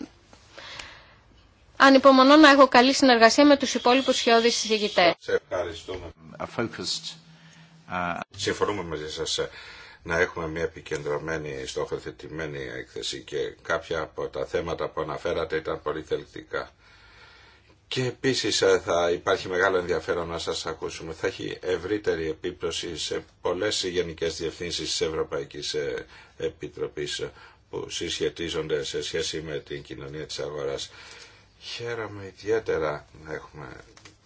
ανυπομονώ να έχω καλή συνεργασία με τους υπόλοιπους χειώδεις συζητητές. Συμφωνούμε μαζί σα ε, να έχουμε μια επικεντρωμένη, στόχοθετημένη έκθεση και κάποια από τα θέματα που αναφέρατε ήταν πολύ θελκτικά. Και επίσης ε, θα υπάρχει μεγάλο ενδιαφέρον να σας ακούσουμε. Θα έχει ευρύτερη επίπτωση σε πολλές γενικέ διευθύνσει τη Ευρωπαϊκή ε, Επιτροπής που συσχετίζονται σε σχέση με την κοινωνία της αγοράς. Χαίρομαι ιδιαίτερα να έχουμε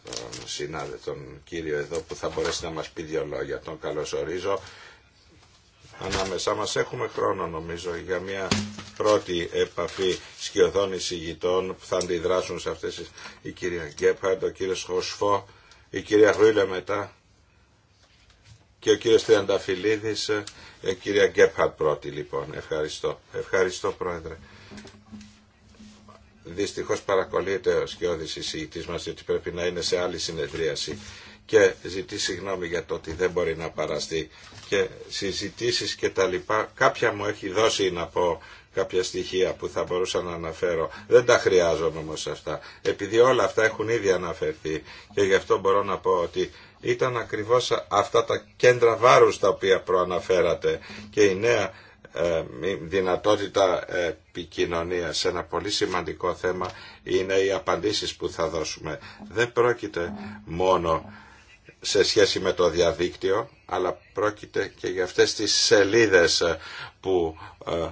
τον τον κύριο εδώ που θα μπορέσει να μας πει δύο λόγια. Τον καλωσορίζω. Ανάμεσά μας έχουμε χρόνο νομίζω για μια πρώτη επαφή σκιωδών εισηγητών που θα αντιδράσουν σε αυτές η κυρία Γκέπαρντ, ο κύριος Χοσφό, η κυρία Ρούιλε μετά και ο κύριος Τριανταφυλλίδης, η ε, κυρία Γκέπαρντ πρώτη λοιπόν. Ευχαριστώ. Ευχαριστώ πρόεδρε δυστυχώς παρακολείται ο σκιώδης εισηγητής μας ότι πρέπει να είναι σε άλλη συνεδρίαση και ζητεί συγγνώμη για το ότι δεν μπορεί να παραστεί και συζητήσεις και τα λοιπά κάποια μου έχει δώσει να πω κάποια στοιχεία που θα μπορούσα να αναφέρω. Δεν τα χρειάζομαι όμως αυτά, επειδή όλα αυτά έχουν ήδη αναφερθεί και γι' αυτό μπορώ να πω ότι ήταν ακριβώς αυτά τα κέντρα βάρους τα οποία προαναφέρατε και η νέα ε, δυνατότητα επικοινωνία. Ένα πολύ σημαντικό θέμα είναι οι απαντήσεις που θα δώσουμε. Δεν πρόκειται μόνο σε σχέση με το διαδίκτυο, αλλά πρόκειται και για αυτές τις σελίδες που ε,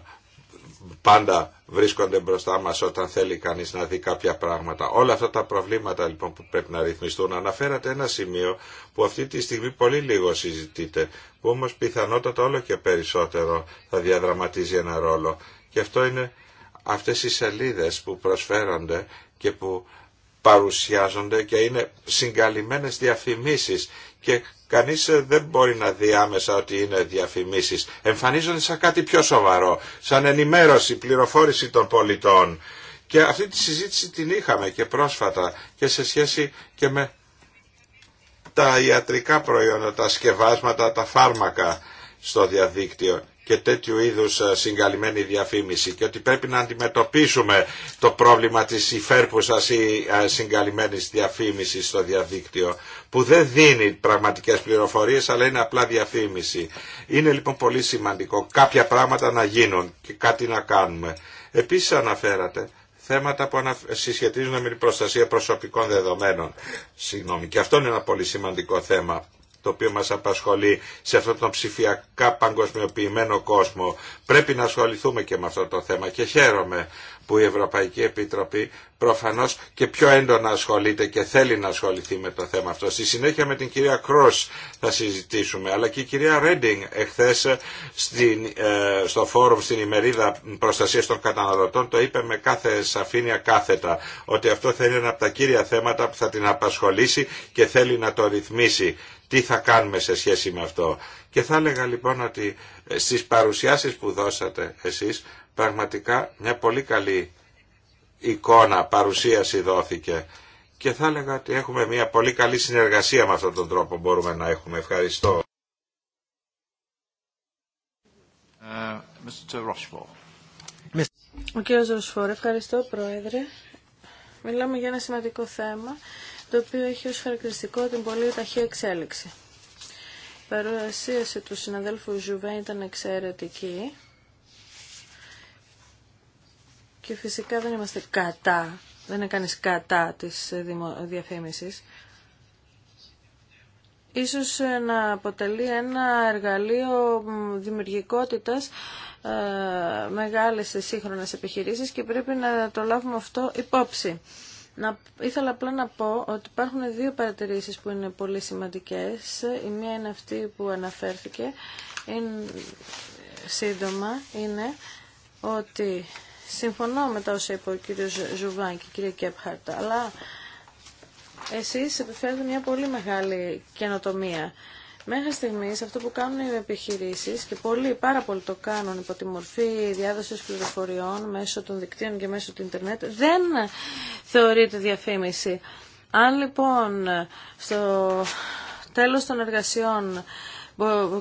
πάντα βρίσκονται μπροστά μας όταν θέλει κανείς να δει κάποια πράγματα. Όλα αυτά τα προβλήματα λοιπόν που πρέπει να ρυθμιστούν. Αναφέρατε ένα σημείο που αυτή τη στιγμή πολύ λίγο συζητείται, που όμως πιθανότατα όλο και περισσότερο θα διαδραματίζει ένα ρόλο. Και αυτό είναι αυτές οι σελίδες που προσφέρονται και που παρουσιάζονται και είναι συγκαλυμμένες διαφημίσεις και κανείς δεν μπορεί να δει άμεσα ότι είναι διαφημίσεις. Εμφανίζονται σαν κάτι πιο σοβαρό, σαν ενημέρωση, πληροφόρηση των πολιτών. Και αυτή τη συζήτηση την είχαμε και πρόσφατα και σε σχέση και με τα ιατρικά προϊόντα, τα σκευάσματα, τα φάρμακα στο διαδίκτυο και τέτοιου είδους ε, συγκαλυμμένη διαφήμιση και ότι πρέπει να αντιμετωπίσουμε το πρόβλημα της υφέρπουσας ή ε, συγκαλυμμένης διαφήμισης στο διαδίκτυο που δεν δίνει πραγματικές πληροφορίες αλλά είναι απλά διαφήμιση. Είναι λοιπόν πολύ σημαντικό κάποια πράγματα να γίνουν και κάτι να κάνουμε. Επίσης αναφέρατε θέματα που συσχετίζουν με την προστασία προσωπικών δεδομένων. Συγγνώμη. Και αυτό είναι ένα πολύ σημαντικό θέμα το οποίο μας απασχολεί σε αυτόν τον ψηφιακά παγκοσμιοποιημένο κόσμο. Πρέπει να ασχοληθούμε και με αυτό το θέμα και χαίρομαι που η Ευρωπαϊκή Επιτροπή προφανώς και πιο έντονα ασχολείται και θέλει να ασχοληθεί με το θέμα αυτό. Στη συνέχεια με την κυρία Κρός θα συζητήσουμε, αλλά και η κυρία Ρέντινγκ εχθές στην, ε, στο φόρουμ στην ημερίδα προστασίας των καταναλωτών το είπε με κάθε σαφήνεια κάθετα, ότι αυτό θα είναι ένα από τα κύρια θέματα που θα την απασχολήσει και θέλει να το ρυθμίσει τι θα κάνουμε σε σχέση με αυτό. Και θα έλεγα λοιπόν ότι ε, στις παρουσιάσεις που δώσατε εσείς πραγματικά μια πολύ καλή εικόνα, παρουσίαση δόθηκε. Και θα έλεγα ότι έχουμε μια πολύ καλή συνεργασία με αυτόν τον τρόπο μπορούμε να έχουμε. Ευχαριστώ. Uh, ε, Mr. Ο κύριος Ροσφόρ, ευχαριστώ Πρόεδρε. Μιλάμε για ένα σημαντικό θέμα το οποίο έχει ως χαρακτηριστικό την πολύ ταχύ εξέλιξη. Η παρουσίαση του συναδέλφου Ζουβέ ήταν εξαιρετική και φυσικά δεν είμαστε κατά, δεν είναι κανείς κατά της διαφήμισης. Ίσως ε, να αποτελεί ένα εργαλείο δημιουργικότητας ε, μεγάλες σύγχρονες επιχειρήσεις και πρέπει να το λάβουμε αυτό υπόψη. Να, ήθελα απλά να πω ότι υπάρχουν δύο παρατηρήσεις που είναι πολύ σημαντικές. Η μία είναι αυτή που αναφέρθηκε. Είναι, σύντομα είναι ότι συμφωνώ με τα όσα είπε ο κύριος Ζουβάν και η κυρία Κέπχαρτ, αλλά εσείς επιφέρετε μια πολύ μεγάλη καινοτομία Μέχρι στιγμή αυτό που κάνουν οι επιχειρήσεις και πολλοί πάρα πολύ το κάνουν υπό τη μορφή διάδοση πληροφοριών μέσω των δικτύων και μέσω του Ιντερνετ δεν θεωρείται διαφήμιση. Αν λοιπόν στο τέλος των εργασιών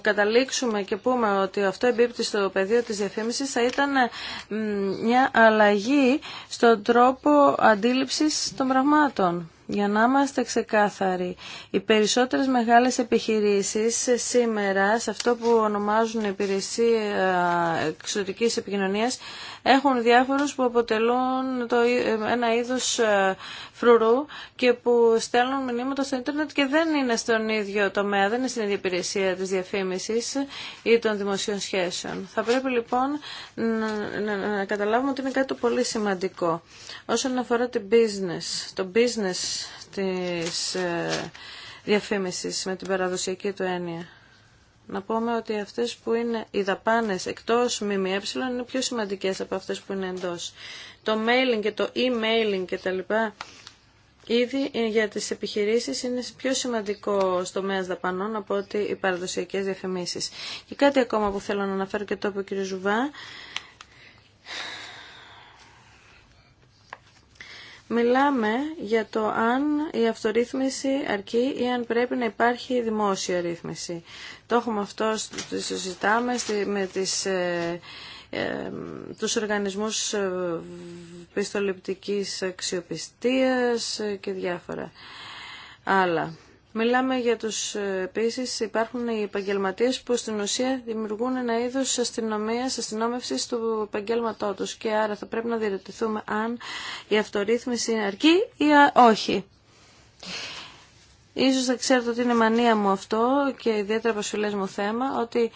καταλήξουμε και πούμε ότι αυτό εμπίπτει στο πεδίο της διαφήμισης θα ήταν μια αλλαγή στον τρόπο αντίληψης των πραγμάτων. Για να είμαστε ξεκάθαροι, οι περισσότερες μεγάλες επιχειρήσεις σήμερα σε αυτό που ονομάζουν υπηρεσία εξωτικής επικοινωνίας έχουν διάφορους που αποτελούν το, ένα είδος ε, φρουρού και που στέλνουν μηνύματα στο ίντερνετ και δεν είναι στον ίδιο τομέα, δεν είναι στην ίδια υπηρεσία της διαφήμισης ή των δημοσίων σχέσεων. Θα πρέπει λοιπόν να, να καταλάβουμε ότι είναι κάτι πολύ σημαντικό. Όσον αφορά το business, το business της ε, διαφήμισης με την παραδοσιακή του έννοια. Να πούμε ότι αυτές που είναι οι δαπάνες εκτός ΜΜΕ είναι πιο σημαντικές από αυτές που είναι εντός. Το mailing και το e-mailing και τα λοιπά ήδη ε, για τις επιχειρήσεις είναι πιο σημαντικό στο μέσο δαπανών από ότι οι παραδοσιακές διαφημίσεις. Και κάτι ακόμα που θέλω να αναφέρω και το είπε ο κ. Ζουβά Μιλάμε για το αν η αυτορύθμιση αρκεί ή αν πρέπει να υπάρχει δημόσια ρύθμιση. Το έχουμε αυτό, το συζητάμε με τις, ε, ε, τους οργανισμούς ε, πιστοληπτικής αξιοπιστίας ε, και διάφορα άλλα. Μιλάμε για τους ε, επίση υπάρχουν οι επαγγελματίες που στην ουσία δημιουργούν ένα είδος αστυνομίας, αστυνόμευσης του επαγγέλματό τους και άρα θα πρέπει να διερωτηθούμε αν η αυτορύθμιση αρκή ή όχι. Ίσως θα ξέρετε ότι είναι μανία μου αυτό και ιδιαίτερα προσφυλές μου θέμα, ότι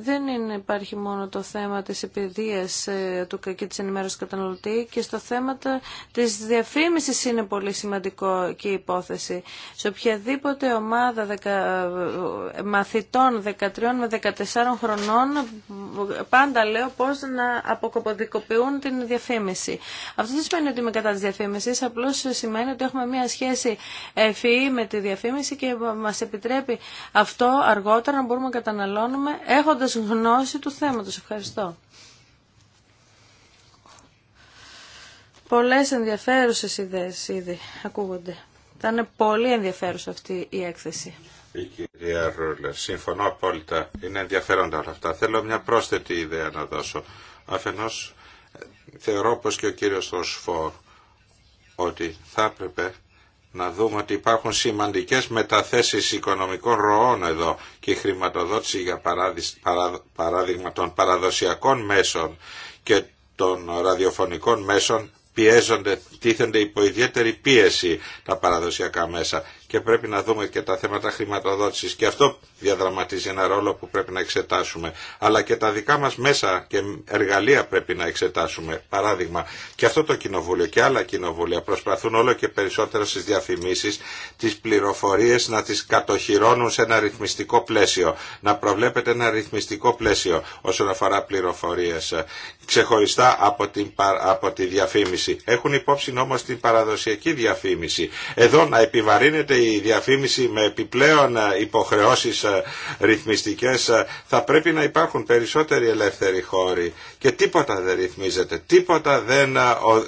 δεν είναι, υπάρχει μόνο το θέμα της επαιδείας ε, του και της ενημέρωσης καταναλωτή και στο θέμα της διαφήμισης είναι πολύ σημαντικό και η υπόθεση. Σε οποιαδήποτε ομάδα ε, μαθητών 13 με 14 χρονών πάντα λέω πώς να αποκοποδικοποιούν την διαφήμιση. Αυτό δεν σημαίνει ότι είμαι κατά της διαφήμισης, απλώς σημαίνει ότι έχουμε μια σχέση ευφυή με τη διαφήμιση και μας επιτρέπει αυτό αργότερα να μπορούμε να καταναλώνουμε έχοντας έχοντας γνώση του θέματος. Ευχαριστώ. Πολλές ενδιαφέρουσες ιδέες ήδη ακούγονται. Θα είναι πολύ ενδιαφέρουσα αυτή η έκθεση. Η κυρία Ρούλε, συμφωνώ απόλυτα. Είναι ενδιαφέροντα όλα αυτά. Θέλω μια πρόσθετη ιδέα να δώσω. Αφενός θεωρώ πως και ο κύριος Ροσφόρ ότι θα έπρεπε να δούμε ότι υπάρχουν σημαντικές μεταθέσεις οικονομικών ροών εδώ και η χρηματοδότηση για παράδειγμα των παραδοσιακών μέσων και των ραδιοφωνικών μέσων πιέζονται, τίθενται υπό ιδιαίτερη πίεση τα παραδοσιακά μέσα και πρέπει να δούμε και τα θέματα χρηματοδότησης και αυτό διαδραματίζει ένα ρόλο που πρέπει να εξετάσουμε αλλά και τα δικά μας μέσα και εργαλεία πρέπει να εξετάσουμε παράδειγμα και αυτό το κοινοβούλιο και άλλα κοινοβούλια προσπαθούν όλο και περισσότερο στις διαφημίσεις τις πληροφορίες να τις κατοχυρώνουν σε ένα ρυθμιστικό πλαίσιο να προβλέπεται ένα ρυθμιστικό πλαίσιο όσον αφορά πληροφορίες ξεχωριστά από, την, από τη διαφήμιση. Έχουν υπόψη όμως την παραδοσιακή διαφήμιση. Εδώ να επιβαρύνεται η διαφήμιση με επιπλέον ε, υποχρεώσεις ε, ρυθμιστικές ε, θα πρέπει να υπάρχουν περισσότεροι ελεύθεροι χώροι και τίποτα δεν ρυθμίζεται, τίποτα δεν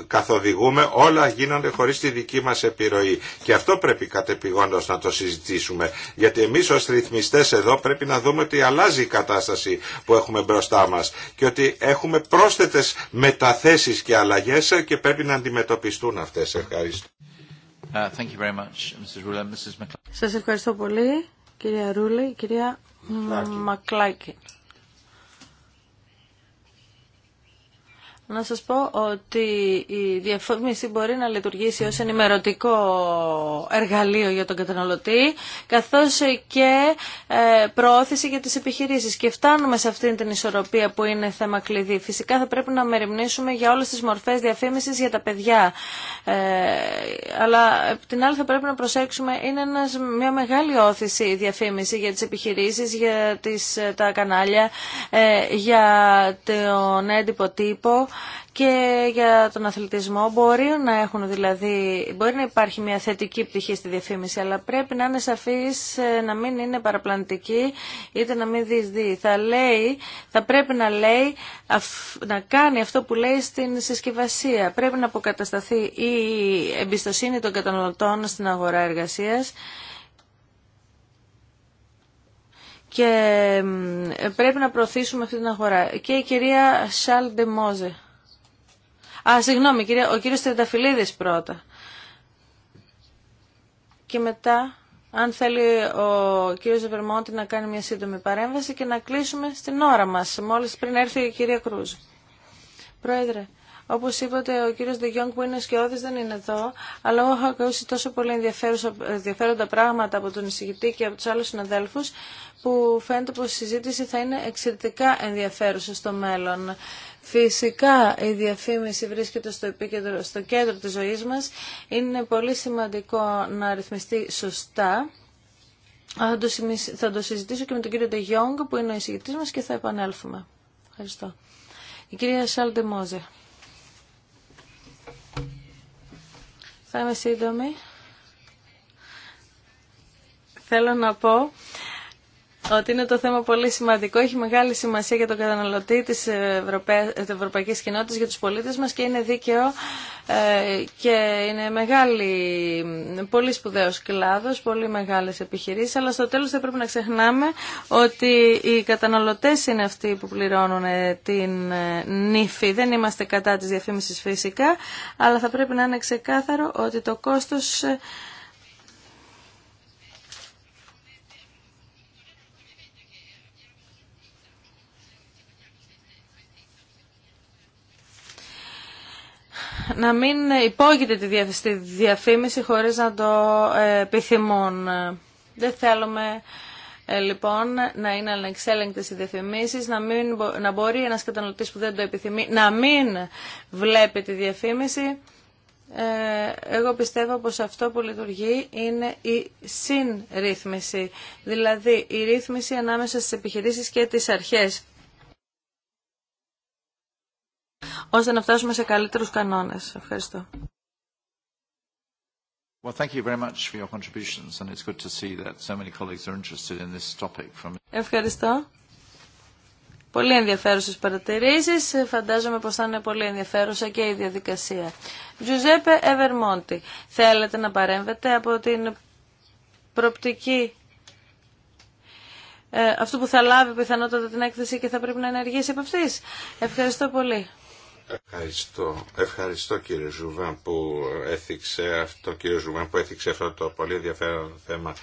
καθοδηγούμε, όλα γίνονται χωρίς τη δική μας επιρροή. Και αυτό πρέπει κατεπηγόντως να το συζητήσουμε, γιατί εμείς ως ρυθμιστές εδώ πρέπει να δούμε ότι αλλάζει η κατάσταση που έχουμε μπροστά μας και ότι έχουμε πρόσθετες μεταθέσεις και αλλαγές και πρέπει να αντιμετωπιστούν αυτές. Ευχαριστώ. Uh, thank Σας ευχαριστώ πολύ, κυρία Ρούλη, κυρία Μακλάκη. να σας πω ότι η διαφήμιση μπορεί να λειτουργήσει ως ενημερωτικό εργαλείο για τον καταναλωτή, καθώς και ε, προώθηση για τις επιχειρήσεις. Και φτάνουμε σε αυτήν την ισορροπία που είναι θέμα κλειδί. Φυσικά θα πρέπει να μεριμνήσουμε για όλες τις μορφές διαφήμισης για τα παιδιά. Ε, αλλά την άλλη θα πρέπει να προσέξουμε, είναι μια μεγάλη όθηση η διαφήμιση για τις επιχειρήσεις, για τις, ε, τα κανάλια, για τον έντυπο τύπο και για τον αθλητισμό μπορεί να έχουν δηλαδή, μπορεί να υπάρχει μια θετική πτυχή στη διαφήμιση, αλλά πρέπει να είναι σαφή ε, να μην είναι παραπλανητική, είτε να μην δει. Θα λέει, θα πρέπει να λέει, να κάνει αυτό που λέει στην συσκευασία. Πρέπει να αποκατασταθεί η εμπιστοσύνη των καταναλωτών στην αγορά εργασία. και ε, πρέπει να προωθήσουμε αυτή την αγορά. Και η κυρία Σαλ Ντεμόζε. Α, συγγνώμη, ο κύριος Τρενταφυλλίδης πρώτα. Και μετά, αν θέλει ο κύριος Βερμόντι να κάνει μια σύντομη παρέμβαση και να κλείσουμε στην ώρα μας, μόλις πριν έρθει η κυρία Κρούζ. Πρόεδρε. όπως είπατε, ο κύριο Ντεγιόνγκ που είναι σκιώδης, δεν είναι εδώ, αλλά έχω ακούσει τόσο πολύ ενδιαφέροντα πράγματα από τον εισηγητή και από τους άλλους συναδέλφου, που φαίνεται πως η συζήτηση θα είναι εξαιρετικά ενδιαφέρουσα στο μέλλον. Φυσικά η διαφήμιση βρίσκεται στο, επίκεντρο, στο κέντρο της ζωής μας. Είναι πολύ σημαντικό να ρυθμιστεί σωστά. Θα το συζητήσω και με τον κύριο Ντεγιόγκ που είναι ο εισηγητής μας και θα επανέλθουμε. Ευχαριστώ. Η κυρία Σάλτε Μόζε. Θα είμαι σύντομη. Θέλω να πω ότι είναι το θέμα πολύ σημαντικό. Έχει μεγάλη σημασία για τον καταναλωτή τη Ευρωπαϊκή Κοινότητα Ευρωπαϊκής Κοινότητας, για τους πολίτες μας και είναι δίκαιο ε, και είναι μεγάλη, πολύ σπουδαίος κλάδος, πολύ μεγάλε επιχειρήσει, αλλά στο τέλος δεν πρέπει να ξεχνάμε ότι οι καταναλωτές είναι αυτοί που πληρώνουν ε, την ε, νύφη. Δεν είμαστε κατά τη διαφήμιση φυσικά, αλλά θα πρέπει να είναι ξεκάθαρο ότι το κόστος ε, να μην υπόγειται τη διαφήμιση χωρίς να το ε, επιθυμούν. Δεν θέλουμε ε, λοιπόν να είναι ανεξέλεγκτες οι διαφημίσεις, να, μην, να μπορεί ένας καταναλωτής που δεν το επιθυμεί να μην βλέπει τη διαφήμιση. Ε, εγώ πιστεύω πως αυτό που λειτουργεί είναι η συνρύθμιση, δηλαδή η ρύθμιση ανάμεσα στις επιχειρήσεις και τις αρχές ώστε να φτάσουμε σε καλύτερους κανόνες. Ευχαριστώ. Ευχαριστώ. Πολύ ενδιαφέρουσες παρατηρήσεις. Φαντάζομαι πως θα είναι πολύ ενδιαφέρουσα και η διαδικασία. Τζουζέπε Εβερμόντι, θέλετε να παρέμβετε από την προπτική ε, αυτού που θα λάβει πιθανότατα την έκθεση και θα πρέπει να ενεργήσει από αυτής. Ευχαριστώ πολύ. Ευχαριστώ. Ευχαριστώ κύριε Ζουβάν που έθιξε αυτό, κύριε Ζουβάν που έθιξε αυτό το πολύ ενδιαφέρον θέμα.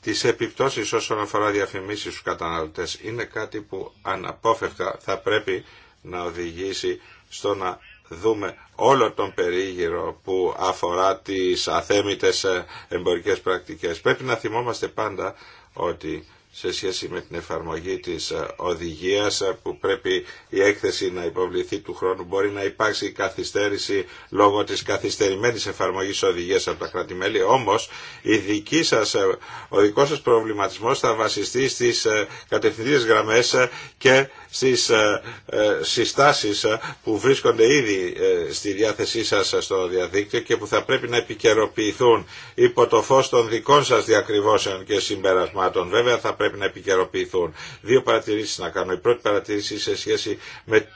Τι επιπτώσει όσον αφορά διαφημίσει στου καταναλωτές είναι κάτι που αναπόφευκτα θα πρέπει να οδηγήσει στο να δούμε όλο τον περίγυρο που αφορά τις αθέμητες εμπορικές πρακτικές. Πρέπει να θυμόμαστε πάντα ότι σε σχέση με την εφαρμογή της ε, οδηγίας ε, που πρέπει η έκθεση να υποβληθεί του χρόνου. Μπορεί να υπάρξει καθυστέρηση λόγω της καθυστερημένης εφαρμογής οδηγίας από τα κρατη Όμως η δική σας, ε, ο δικός σας προβληματισμός θα βασιστεί στις κατευθυντήριες γραμμές και στις ε, ε, συστάσεις ε, που βρίσκονται ήδη στη διάθεσή σας στο διαδίκτυο και που θα πρέπει να επικαιροποιηθούν υπό το φως των δικών σας διακριβώσεων και συμπερασμάτων. Βέβαια θα πρέπει να επικαιροποιηθούν. Δύο παρατηρήσεις να κάνω. Η πρώτη παρατηρήση σε σχέση με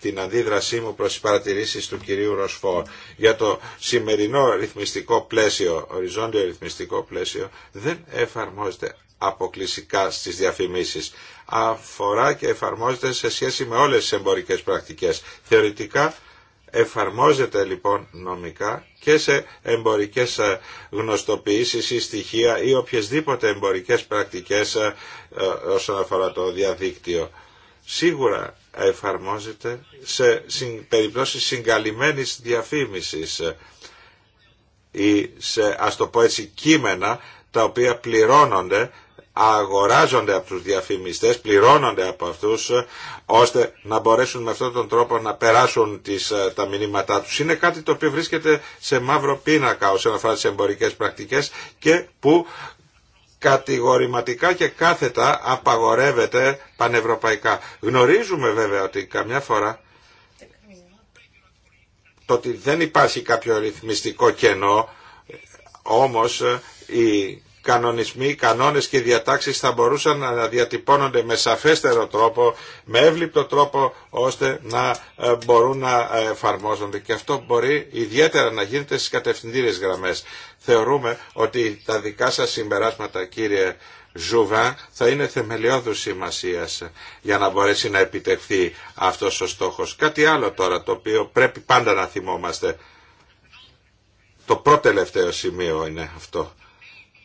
την αντίδρασή μου προς τις παρατηρήσεις του κυρίου Ροσφόρ για το σημερινό ρυθμιστικό πλαίσιο, οριζόντιο ρυθμιστικό πλαίσιο, δεν εφαρμόζεται αποκλειστικά στις διαφημίσεις. Αφορά και εφαρμόζεται σε σχέση με όλες τις εμπορικές πρακτικές. Θεωρητικά εφαρμόζεται λοιπόν νομικά και σε εμπορικές ε, γνωστοποιήσεις ή στοιχεία ή οποιασδήποτε εμπορικές πρακτικές ε, ε, όσον αφορά το διαδίκτυο. Σίγουρα εφαρμόζεται σε περιπτώσεις συγκαλυμμένης διαφήμισης ή σε ας το πω έτσι κείμενα τα οποία πληρώνονται αγοράζονται από τους διαφημιστές, πληρώνονται από αυτούς ώστε να μπορέσουν με αυτόν τον τρόπο να περάσουν τις, ε, τα μηνύματά τους. Είναι κάτι το οποίο βρίσκεται σε μαύρο πίνακα όσον αφορά τις εμπορικές πρακτικές και που κατηγορηματικά και κάθετα απαγορεύεται πανευρωπαϊκά. Γνωρίζουμε βέβαια ότι καμιά φορά το ότι δεν υπάρχει κάποιο ρυθμιστικό κενό, όμως ε, η κανονισμοί, κανόνες και διατάξεις θα μπορούσαν να διατυπώνονται με σαφέστερο τρόπο, με εύληπτο τρόπο, ώστε να ε, μπορούν να ε, εφαρμόζονται. Και αυτό μπορεί ιδιαίτερα να γίνεται στις κατευθυντήριες γραμμές. Θεωρούμε ότι τα δικά σας συμπεράσματα, κύριε Ζουβά θα είναι θεμελιώδους σημασία για να μπορέσει να επιτευχθεί αυτός ο στόχος. Κάτι άλλο τώρα το οποίο πρέπει πάντα να θυμόμαστε. Το πρώτο τελευταίο σημείο είναι αυτό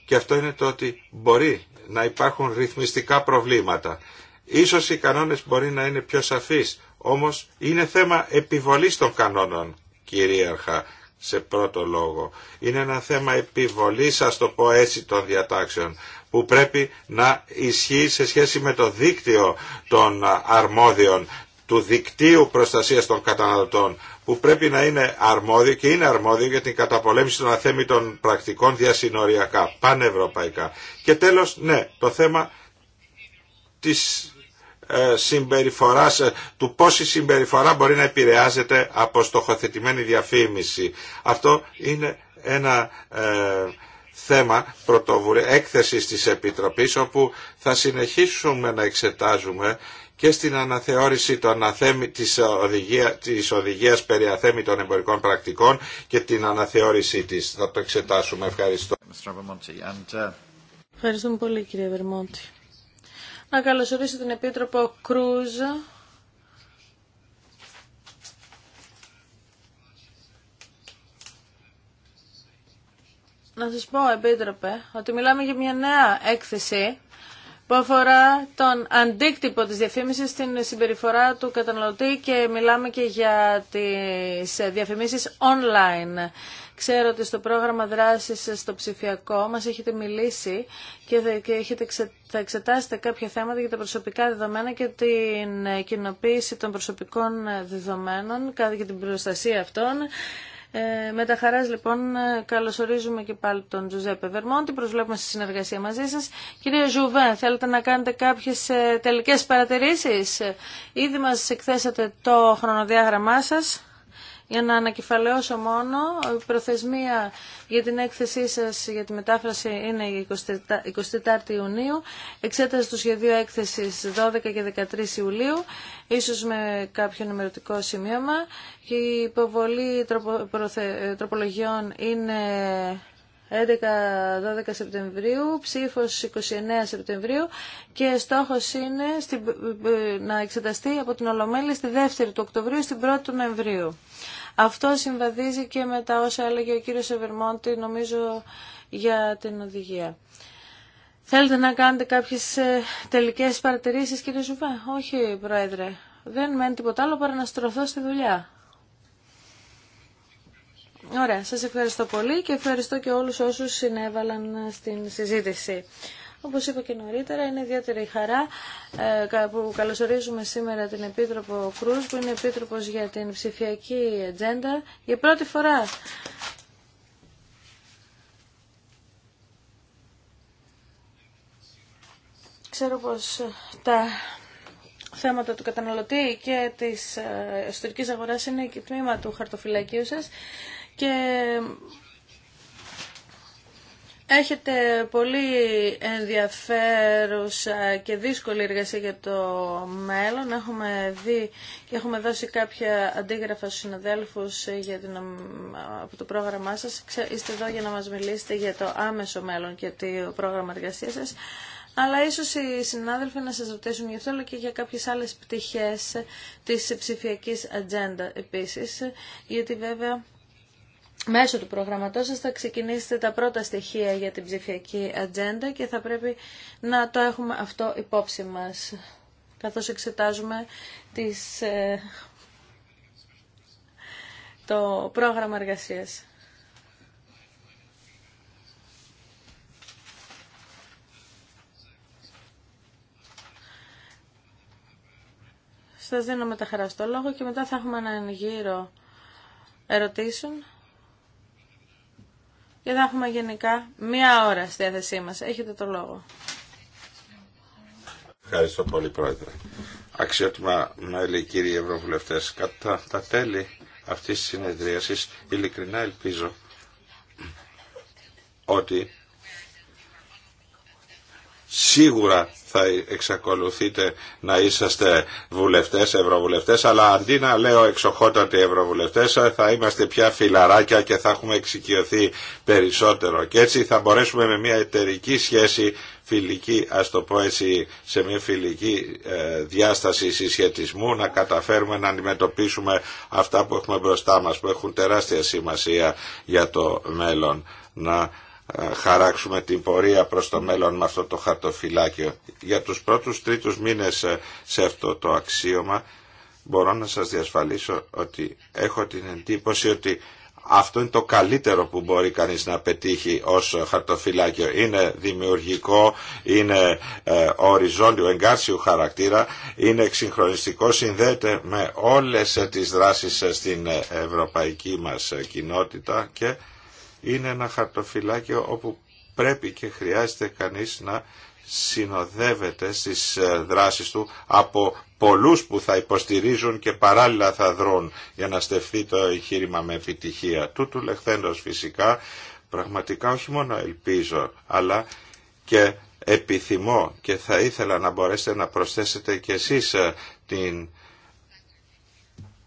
και αυτό είναι το ότι μπορεί να υπάρχουν ρυθμιστικά προβλήματα. Ίσως οι κανόνες μπορεί να είναι πιο σαφείς, όμως είναι θέμα επιβολής των κανόνων κυρίαρχα σε πρώτο λόγο. Είναι ένα θέμα επιβολής, ας το πω έτσι, των διατάξεων που πρέπει να ισχύει σε σχέση με το δίκτυο των αρμόδιων του δικτύου προστασίας των καταναλωτών που πρέπει να είναι αρμόδιο και είναι αρμόδιο για την καταπολέμηση των αθέμητων πρακτικών διασυνοριακά, πανευρωπαϊκά. Και τέλος, ναι, το θέμα της ε, συμπεριφοράς, ε, του πώς η συμπεριφορά μπορεί να επηρεάζεται από στοχοθετημένη διαφήμιση. Αυτό είναι ένα ε, θέμα πρωτοβουλία, έκθεσης της Επιτροπής όπου θα συνεχίσουμε να εξετάζουμε και στην αναθεώρηση των αθέμι, της, οδηγία, της οδηγίας περί αθέμητων εμπορικών πρακτικών και την αναθεώρησή της. Θα το εξετάσουμε. Ευχαριστώ. Uh, Ευχαριστούμε πολύ κύριε Βερμόντι. Να καλωσορίσω την Επίτροπο Κρούζ. Να σας πω, Επίτροπε, ότι μιλάμε για μια νέα έκθεση που αφορά τον αντίκτυπο της διαφήμισης στην συμπεριφορά του καταναλωτή και μιλάμε και για τις διαφημίσεις online. Ξέρω ότι στο πρόγραμμα δράσης στο ψηφιακό μας έχετε μιλήσει και θα εξετάσετε κάποια θέματα για τα προσωπικά δεδομένα και την κοινοποίηση των προσωπικών δεδομένων για την προστασία αυτών. Ε, με τα χαράς λοιπόν καλωσορίζουμε και πάλι τον Τζουζέπε Βερμόντι, προσβλέπουμε στη συνεργασία μαζί σας. Κύριε Ζουβέ, θέλετε να κάνετε κάποιες ε, τελικές παρατηρήσεις. Ήδη μας εκθέσατε το χρονοδιάγραμμά σας. Για να ανακεφαλαιώσω μόνο, η προθεσμία για την έκθεσή σας για τη μετάφραση είναι η 24η Ιουνίου, εξέταση του σχεδίου έκθεσης 12 και 13 Ιουλίου, ίσως με κάποιο ενημερωτικό σημείωμα. Η υποβολή τροπολογιών είναι 11-12 Σεπτεμβρίου, ψήφος 29 Σεπτεμβρίου και στόχος είναι να εξεταστεί από την Ολομέλη στη 2η του Οκτωβρίου στην 1η του Νοεμβρίου. Αυτό συμβαδίζει και με τα όσα έλεγε ο κύριος Εβερμόντι νομίζω για την οδηγία. Θέλετε να κάνετε κάποιες ε, τελικές παρατηρήσεις κύριε Ζουβά. Όχι πρόεδρε, δεν μένει τίποτα άλλο παρά να στρωθώ στη δουλειά. Ωραία, σας ευχαριστώ πολύ και ευχαριστώ και όλους όσους συνέβαλαν στην συζήτηση. Όπως είπα και νωρίτερα, είναι ιδιαίτερη χαρά ε, που καλωσορίζουμε σήμερα την Επίτροπο Κρούς, που είναι Επίτροπος για την ψηφιακή ατζέντα για πρώτη φορά. Ξέρω πως ε, τα θέματα του καταναλωτή και της ε, εσωτερικής αγοράς είναι και τμήμα του χαρτοφυλακίου σας και Έχετε πολύ ενδιαφέρουσα και δύσκολη εργασία για το μέλλον. Έχουμε δει και έχουμε δώσει κάποια αντίγραφα στους συναδέλφους ε, για την, ε, από το πρόγραμμά σας. Είστε εδώ για να μας μιλήσετε για το άμεσο μέλλον και το πρόγραμμα εργασίας σας. Αλλά ίσως οι συνάδελφοι να σας ρωτήσουν γι' αυτό αλλά και για κάποιες άλλες πτυχές της ψηφιακής ατζέντα επίσης. Ε, γιατί βέβαια Μέσω του προγραμματός σας θα ξεκινήσετε τα πρώτα στοιχεία για την ψηφιακή ατζέντα και θα πρέπει να το έχουμε αυτό υπόψη μας, καθώς εξετάζουμε τις, ε, το πρόγραμμα εργασίας. Σας δίνω με τα χαρά στο λόγο και μετά θα έχουμε έναν γύρο ερωτήσεων και θα έχουμε γενικά μία ώρα στη διάθεσή μας. Έχετε το λόγο. Ευχαριστώ πολύ Πρόεδρε. Αξιότιμα μέλη κύριοι Ευρωβουλευτές, κατά τα τέλη αυτής της συνεδρίασης ειλικρινά ελπίζω ότι σίγουρα θα εξακολουθείτε να είσαστε βουλευτές, ευρωβουλευτές, αλλά αντί να λέω εξοχότατοι ευρωβουλευτές, θα είμαστε πια φιλαράκια και θα έχουμε εξοικειωθεί περισσότερο. Και έτσι θα μπορέσουμε με μια εταιρική σχέση φιλική, ας το πω έτσι, σε μια φιλική ε, διάσταση συσχετισμού να καταφέρουμε να αντιμετωπίσουμε αυτά που έχουμε μπροστά μας, που έχουν τεράστια σημασία για το μέλλον. Να χαράξουμε την πορεία προς το μέλλον με αυτό το χαρτοφυλάκιο. Για τους πρώτους τρίτους μήνες ε, σε αυτό το αξίωμα μπορώ να σας διασφαλίσω ότι έχω την εντύπωση ότι αυτό είναι το καλύτερο που μπορεί κανείς να πετύχει ως χαρτοφυλάκιο. Είναι δημιουργικό, είναι ε, οριζόντιο, εγκάρσιου χαρακτήρα, είναι εξυγχρονιστικό, συνδέεται με όλες τις δράσεις ε, στην ευρωπαϊκή μας κοινότητα και είναι ένα χαρτοφυλάκιο όπου πρέπει και χρειάζεται κανείς να συνοδεύεται στις ε, δράσεις του από πολλούς που θα υποστηρίζουν και παράλληλα θα δρουν για να στεφθεί το εγχείρημα με επιτυχία. Τούτου λεχθέντος φυσικά πραγματικά όχι μόνο ελπίζω αλλά και επιθυμώ και θα ήθελα να μπορέσετε να προσθέσετε και εσείς ε, την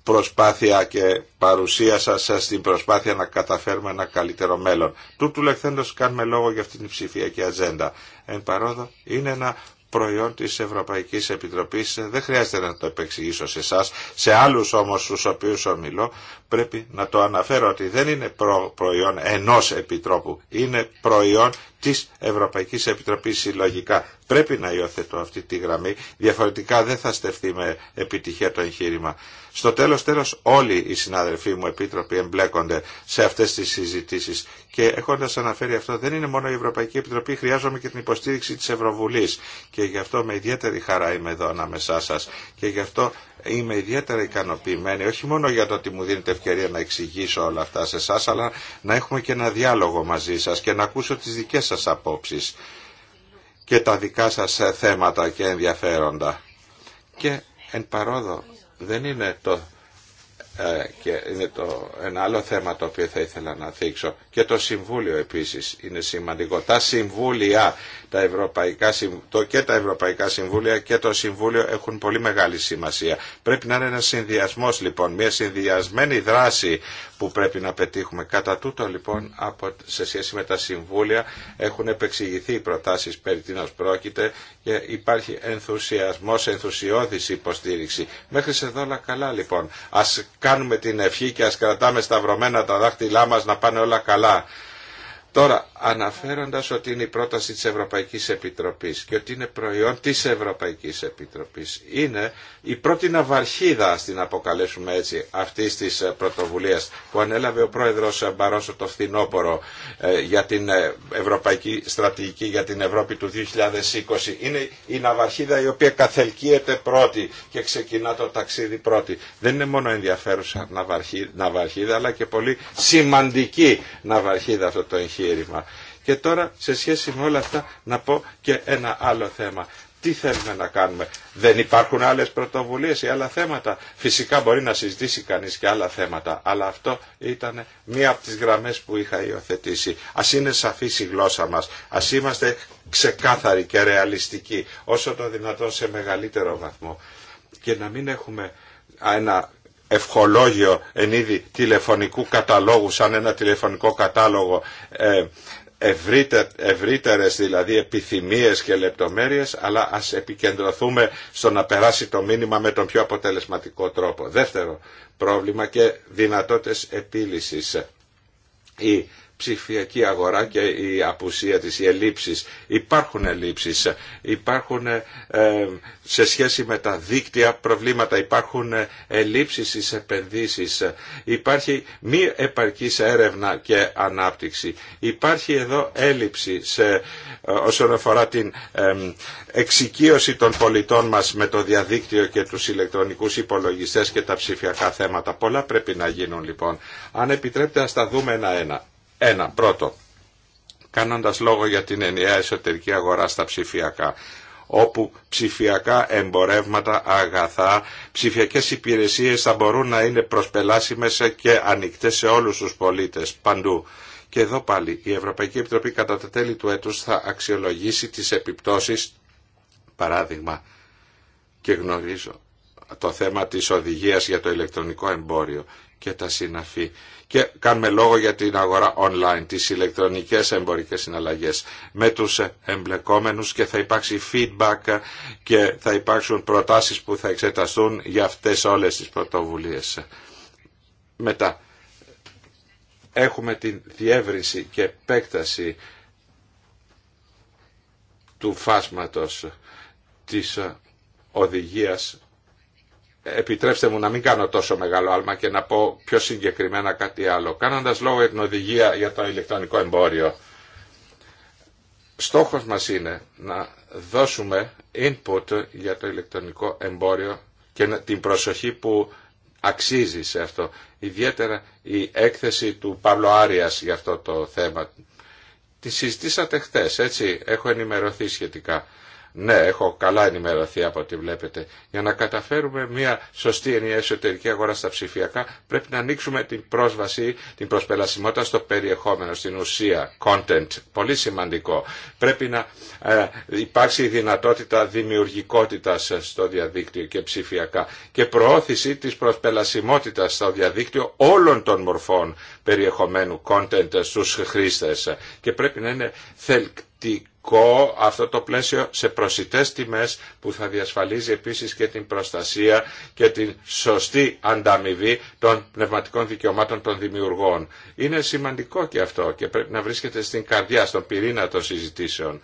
προσπάθεια και παρουσία σα στην προσπάθεια να καταφέρουμε ένα καλύτερο μέλλον. Τούτου λεχθέντος κάνουμε λόγο για αυτήν την ψηφιακή ατζέντα. Εν παρόδο είναι ένα προϊόν της Ευρωπαϊκής Επιτροπής, δεν χρειάζεται να το επεξηγήσω σε εσά, σε άλλους όμως στους οποίους ομιλώ, πρέπει να το αναφέρω ότι δεν είναι προϊόν ενός επιτρόπου, είναι προϊόν της Ευρωπαϊκή Επιτροπής συλλογικά. Πρέπει να υιοθετώ αυτή τη γραμμή, διαφορετικά δεν θα στεφθεί με επιτυχία το εγχείρημα. Στο τέλος τέλος όλοι οι συναδελφοί μου επίτροποι εμπλέκονται σε αυτές τις συζητήσεις και έχοντας αναφέρει αυτό δεν είναι μόνο η Ευρωπαϊκή Επιτροπή, χρειάζομαι και την υποστήριξη της Ευρωβουλής και γι' αυτό με ιδιαίτερη χαρά είμαι εδώ ανάμεσά σας και γι' αυτό είμαι ιδιαίτερα ικανοποιημένη, όχι μόνο για το ότι μου δίνετε ευκαιρία να εξηγήσω όλα αυτά σε εσά, αλλά να έχουμε και ένα διάλογο μαζί σας και να ακούσω τις δικές σας απόψεις και τα δικά σας θέματα και ενδιαφέροντα. Και εν παρόδο δεν είναι το ε, και είναι το, ένα άλλο θέμα το οποίο θα ήθελα να θίξω και το Συμβούλιο επίσης είναι σημαντικό τα Συμβούλια τα Ευρωπαϊκά, το και τα Ευρωπαϊκά Συμβούλια και το Συμβούλιο έχουν πολύ μεγάλη σημασία. Πρέπει να είναι ένας συνδυασμός λοιπόν, μια συνδυασμένη δράση που πρέπει να πετύχουμε. Κατά τούτο λοιπόν από, σε σχέση με τα Συμβούλια έχουν επεξηγηθεί οι προτάσεις περί τίνος πρόκειται και υπάρχει ενθουσιασμός, ενθουσιώδης υποστήριξη. Μέχρι σε εδώ όλα καλά λοιπόν. Ας κάνουμε την ευχή και ας κρατάμε σταυρωμένα τα δάχτυλά μας να πάνε όλα καλά. Τώρα, αναφέροντας ότι είναι η πρόταση της Ευρωπαϊκής Επιτροπής και ότι είναι προϊόν της Ευρωπαϊκής Επιτροπής, είναι η πρώτη ναυαρχίδα, στην την αποκαλέσουμε έτσι, αυτή της ε, πρωτοβουλίας που ανέλαβε ο πρόεδρος ε, Μπαρόσο το φθινόπωρο ε, για την Ευρωπαϊκή Στρατηγική για την Ευρώπη του 2020. Είναι η ναυαρχίδα η οποία καθελκύεται πρώτη και ξεκινά το ταξίδι πρώτη. Δεν είναι μόνο ενδιαφέρουσα ναυαρχίδα, αλλά και πολύ σημαντική ναυαρχίδα αυτό το εγχείρημα και τώρα σε σχέση με όλα αυτά να πω και ένα άλλο θέμα. Τι θέλουμε να κάνουμε. Δεν υπάρχουν άλλες πρωτοβουλίες ή άλλα θέματα. Φυσικά μπορεί να συζητήσει κανείς και άλλα θέματα. Αλλά αυτό ήταν μία από τις γραμμές που είχα υιοθετήσει. Ας είναι σαφής η γλώσσα μας. Ας είμαστε ξεκάθαροι και ρεαλιστικοί. Όσο το δυνατόν σε μεγαλύτερο βαθμό. Και να μην έχουμε ένα ευχολόγιο εν είδη τηλεφωνικού καταλόγου, σαν ένα τηλεφωνικό κατάλογο ε, ευρύτε, ευρύτερες δηλαδή επιθυμίες και λεπτομέρειες, αλλά ας επικεντρωθούμε στο να περάσει το μήνυμα με τον πιο αποτελεσματικό τρόπο. Δεύτερο πρόβλημα και δυνατότητες επίλυσης ψηφιακή αγορά και η απουσία της, οι ελλείψεις. Υπάρχουν ελλείψεις, υπάρχουν ε, σε σχέση με τα δίκτυα προβλήματα, υπάρχουν ε, ελλείψεις στις επενδύσεις, υπάρχει μη επαρκής έρευνα και ανάπτυξη. Υπάρχει εδώ έλλειψη σε, ε, όσον αφορά την εξοικείωση των πολιτών μας με το διαδίκτυο και τους ηλεκτρονικούς υπολογιστές και τα ψηφιακά θέματα. Πολλά πρέπει να γίνουν λοιπόν. Αν επιτρέπετε ας τα δούμε ένα-ένα. Ένα, πρώτο, κάνοντας λόγο για την ενιαία εσωτερική αγορά στα ψηφιακά όπου ψηφιακά εμπορεύματα, αγαθά, ψηφιακές υπηρεσίες θα μπορούν να είναι προσπελάσιμες και ανοιχτές σε όλους τους πολίτες, παντού. Και εδώ πάλι η Ευρωπαϊκή Επιτροπή κατά τα τέλη του έτους θα αξιολογήσει τις επιπτώσεις, παράδειγμα, και γνωρίζω το θέμα της οδηγίας για το ηλεκτρονικό εμπόριο και τα συναφή. Και κάνουμε λόγο για την αγορά online, τις ηλεκτρονικές εμπορικές συναλλαγές με τους εμπλεκόμενους και θα υπάρξει feedback και θα υπάρξουν προτάσεις που θα εξεταστούν για αυτές όλες τις πρωτοβουλίες. Μετά, έχουμε την διεύρυνση και επέκταση του φάσματος της οδηγίας επιτρέψτε μου να μην κάνω τόσο μεγάλο άλμα και να πω πιο συγκεκριμένα κάτι άλλο. Κάνοντας λόγο για την οδηγία για το ηλεκτρονικό εμπόριο, στόχος μας είναι να δώσουμε input για το ηλεκτρονικό εμπόριο και την προσοχή που αξίζει σε αυτό. Ιδιαίτερα η έκθεση του Παύλο Άριας για αυτό το θέμα. Τη συζητήσατε χθε, έτσι, έχω ενημερωθεί σχετικά. Ναι, έχω καλά ενημερωθεί από ό,τι βλέπετε. Για να καταφέρουμε μια σωστή ενιαία εσωτερική αγορά στα ψηφιακά, πρέπει να ανοίξουμε την πρόσβαση, την προσπελασιμότητα στο περιεχόμενο, στην ουσία, content. Πολύ σημαντικό. Πρέπει να ε, υπάρξει η δυνατότητα δημιουργικότητας στο διαδίκτυο και ψηφιακά και προώθηση της προσπελασιμότητα στο διαδίκτυο όλων των μορφών περιεχομένου content στου χρήστε. και πρέπει να είναι θελκτική κο αυτό το πλαίσιο σε προσιτές τιμές που θα διασφαλίζει επίσης και την προστασία και την σωστή ανταμοιβή των πνευματικών δικαιωμάτων των δημιουργών. Είναι σημαντικό και αυτό και πρέπει να βρίσκεται στην καρδιά, στον πυρήνα των συζητήσεων.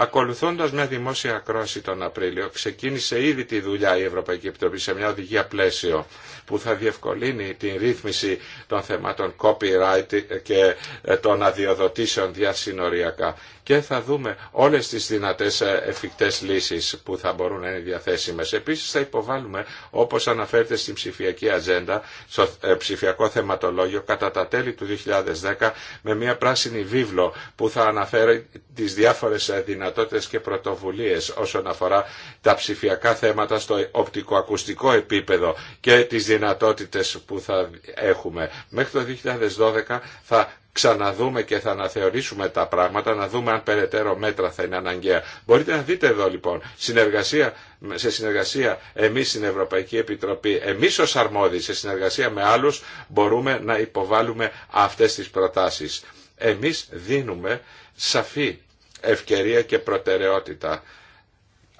Ακολουθώντας μια δημόσια ακρόαση τον Απρίλιο, ξεκίνησε ήδη τη δουλειά η Ευρωπαϊκή Επιτροπή σε μια οδηγία πλαίσιο που θα διευκολύνει την ρύθμιση των θεμάτων copyright και ε, των αδειοδοτήσεων διασυνοριακά. Και θα δούμε όλες τις δυνατές ε, εφικτές λύσεις που θα μπορούν να είναι διαθέσιμες. Επίσης θα υποβάλουμε, όπως αναφέρεται στην ψηφιακή ατζέντα, στο ε, ψηφιακό θεματολόγιο, κατά τα τέλη του 2010, με μια πράσινη βίβλο που θα αναφέρει τις διάφορε δυνατότητε δυνατότητες και πρωτοβουλίες όσον αφορά τα ψηφιακά θέματα στο οπτικοακουστικό επίπεδο και τις δυνατότητες που θα έχουμε. Μέχρι το 2012 θα ξαναδούμε και θα αναθεωρήσουμε τα πράγματα, να δούμε αν περαιτέρω μέτρα θα είναι αναγκαία. Μπορείτε να δείτε εδώ λοιπόν, συνεργασία, σε συνεργασία εμείς στην Ευρωπαϊκή Επιτροπή, εμείς ως αρμόδιοι, σε συνεργασία με άλλους, μπορούμε να υποβάλουμε αυτές τις προτάσεις. Εμείς δίνουμε σαφή ευκαιρία και προτεραιότητα.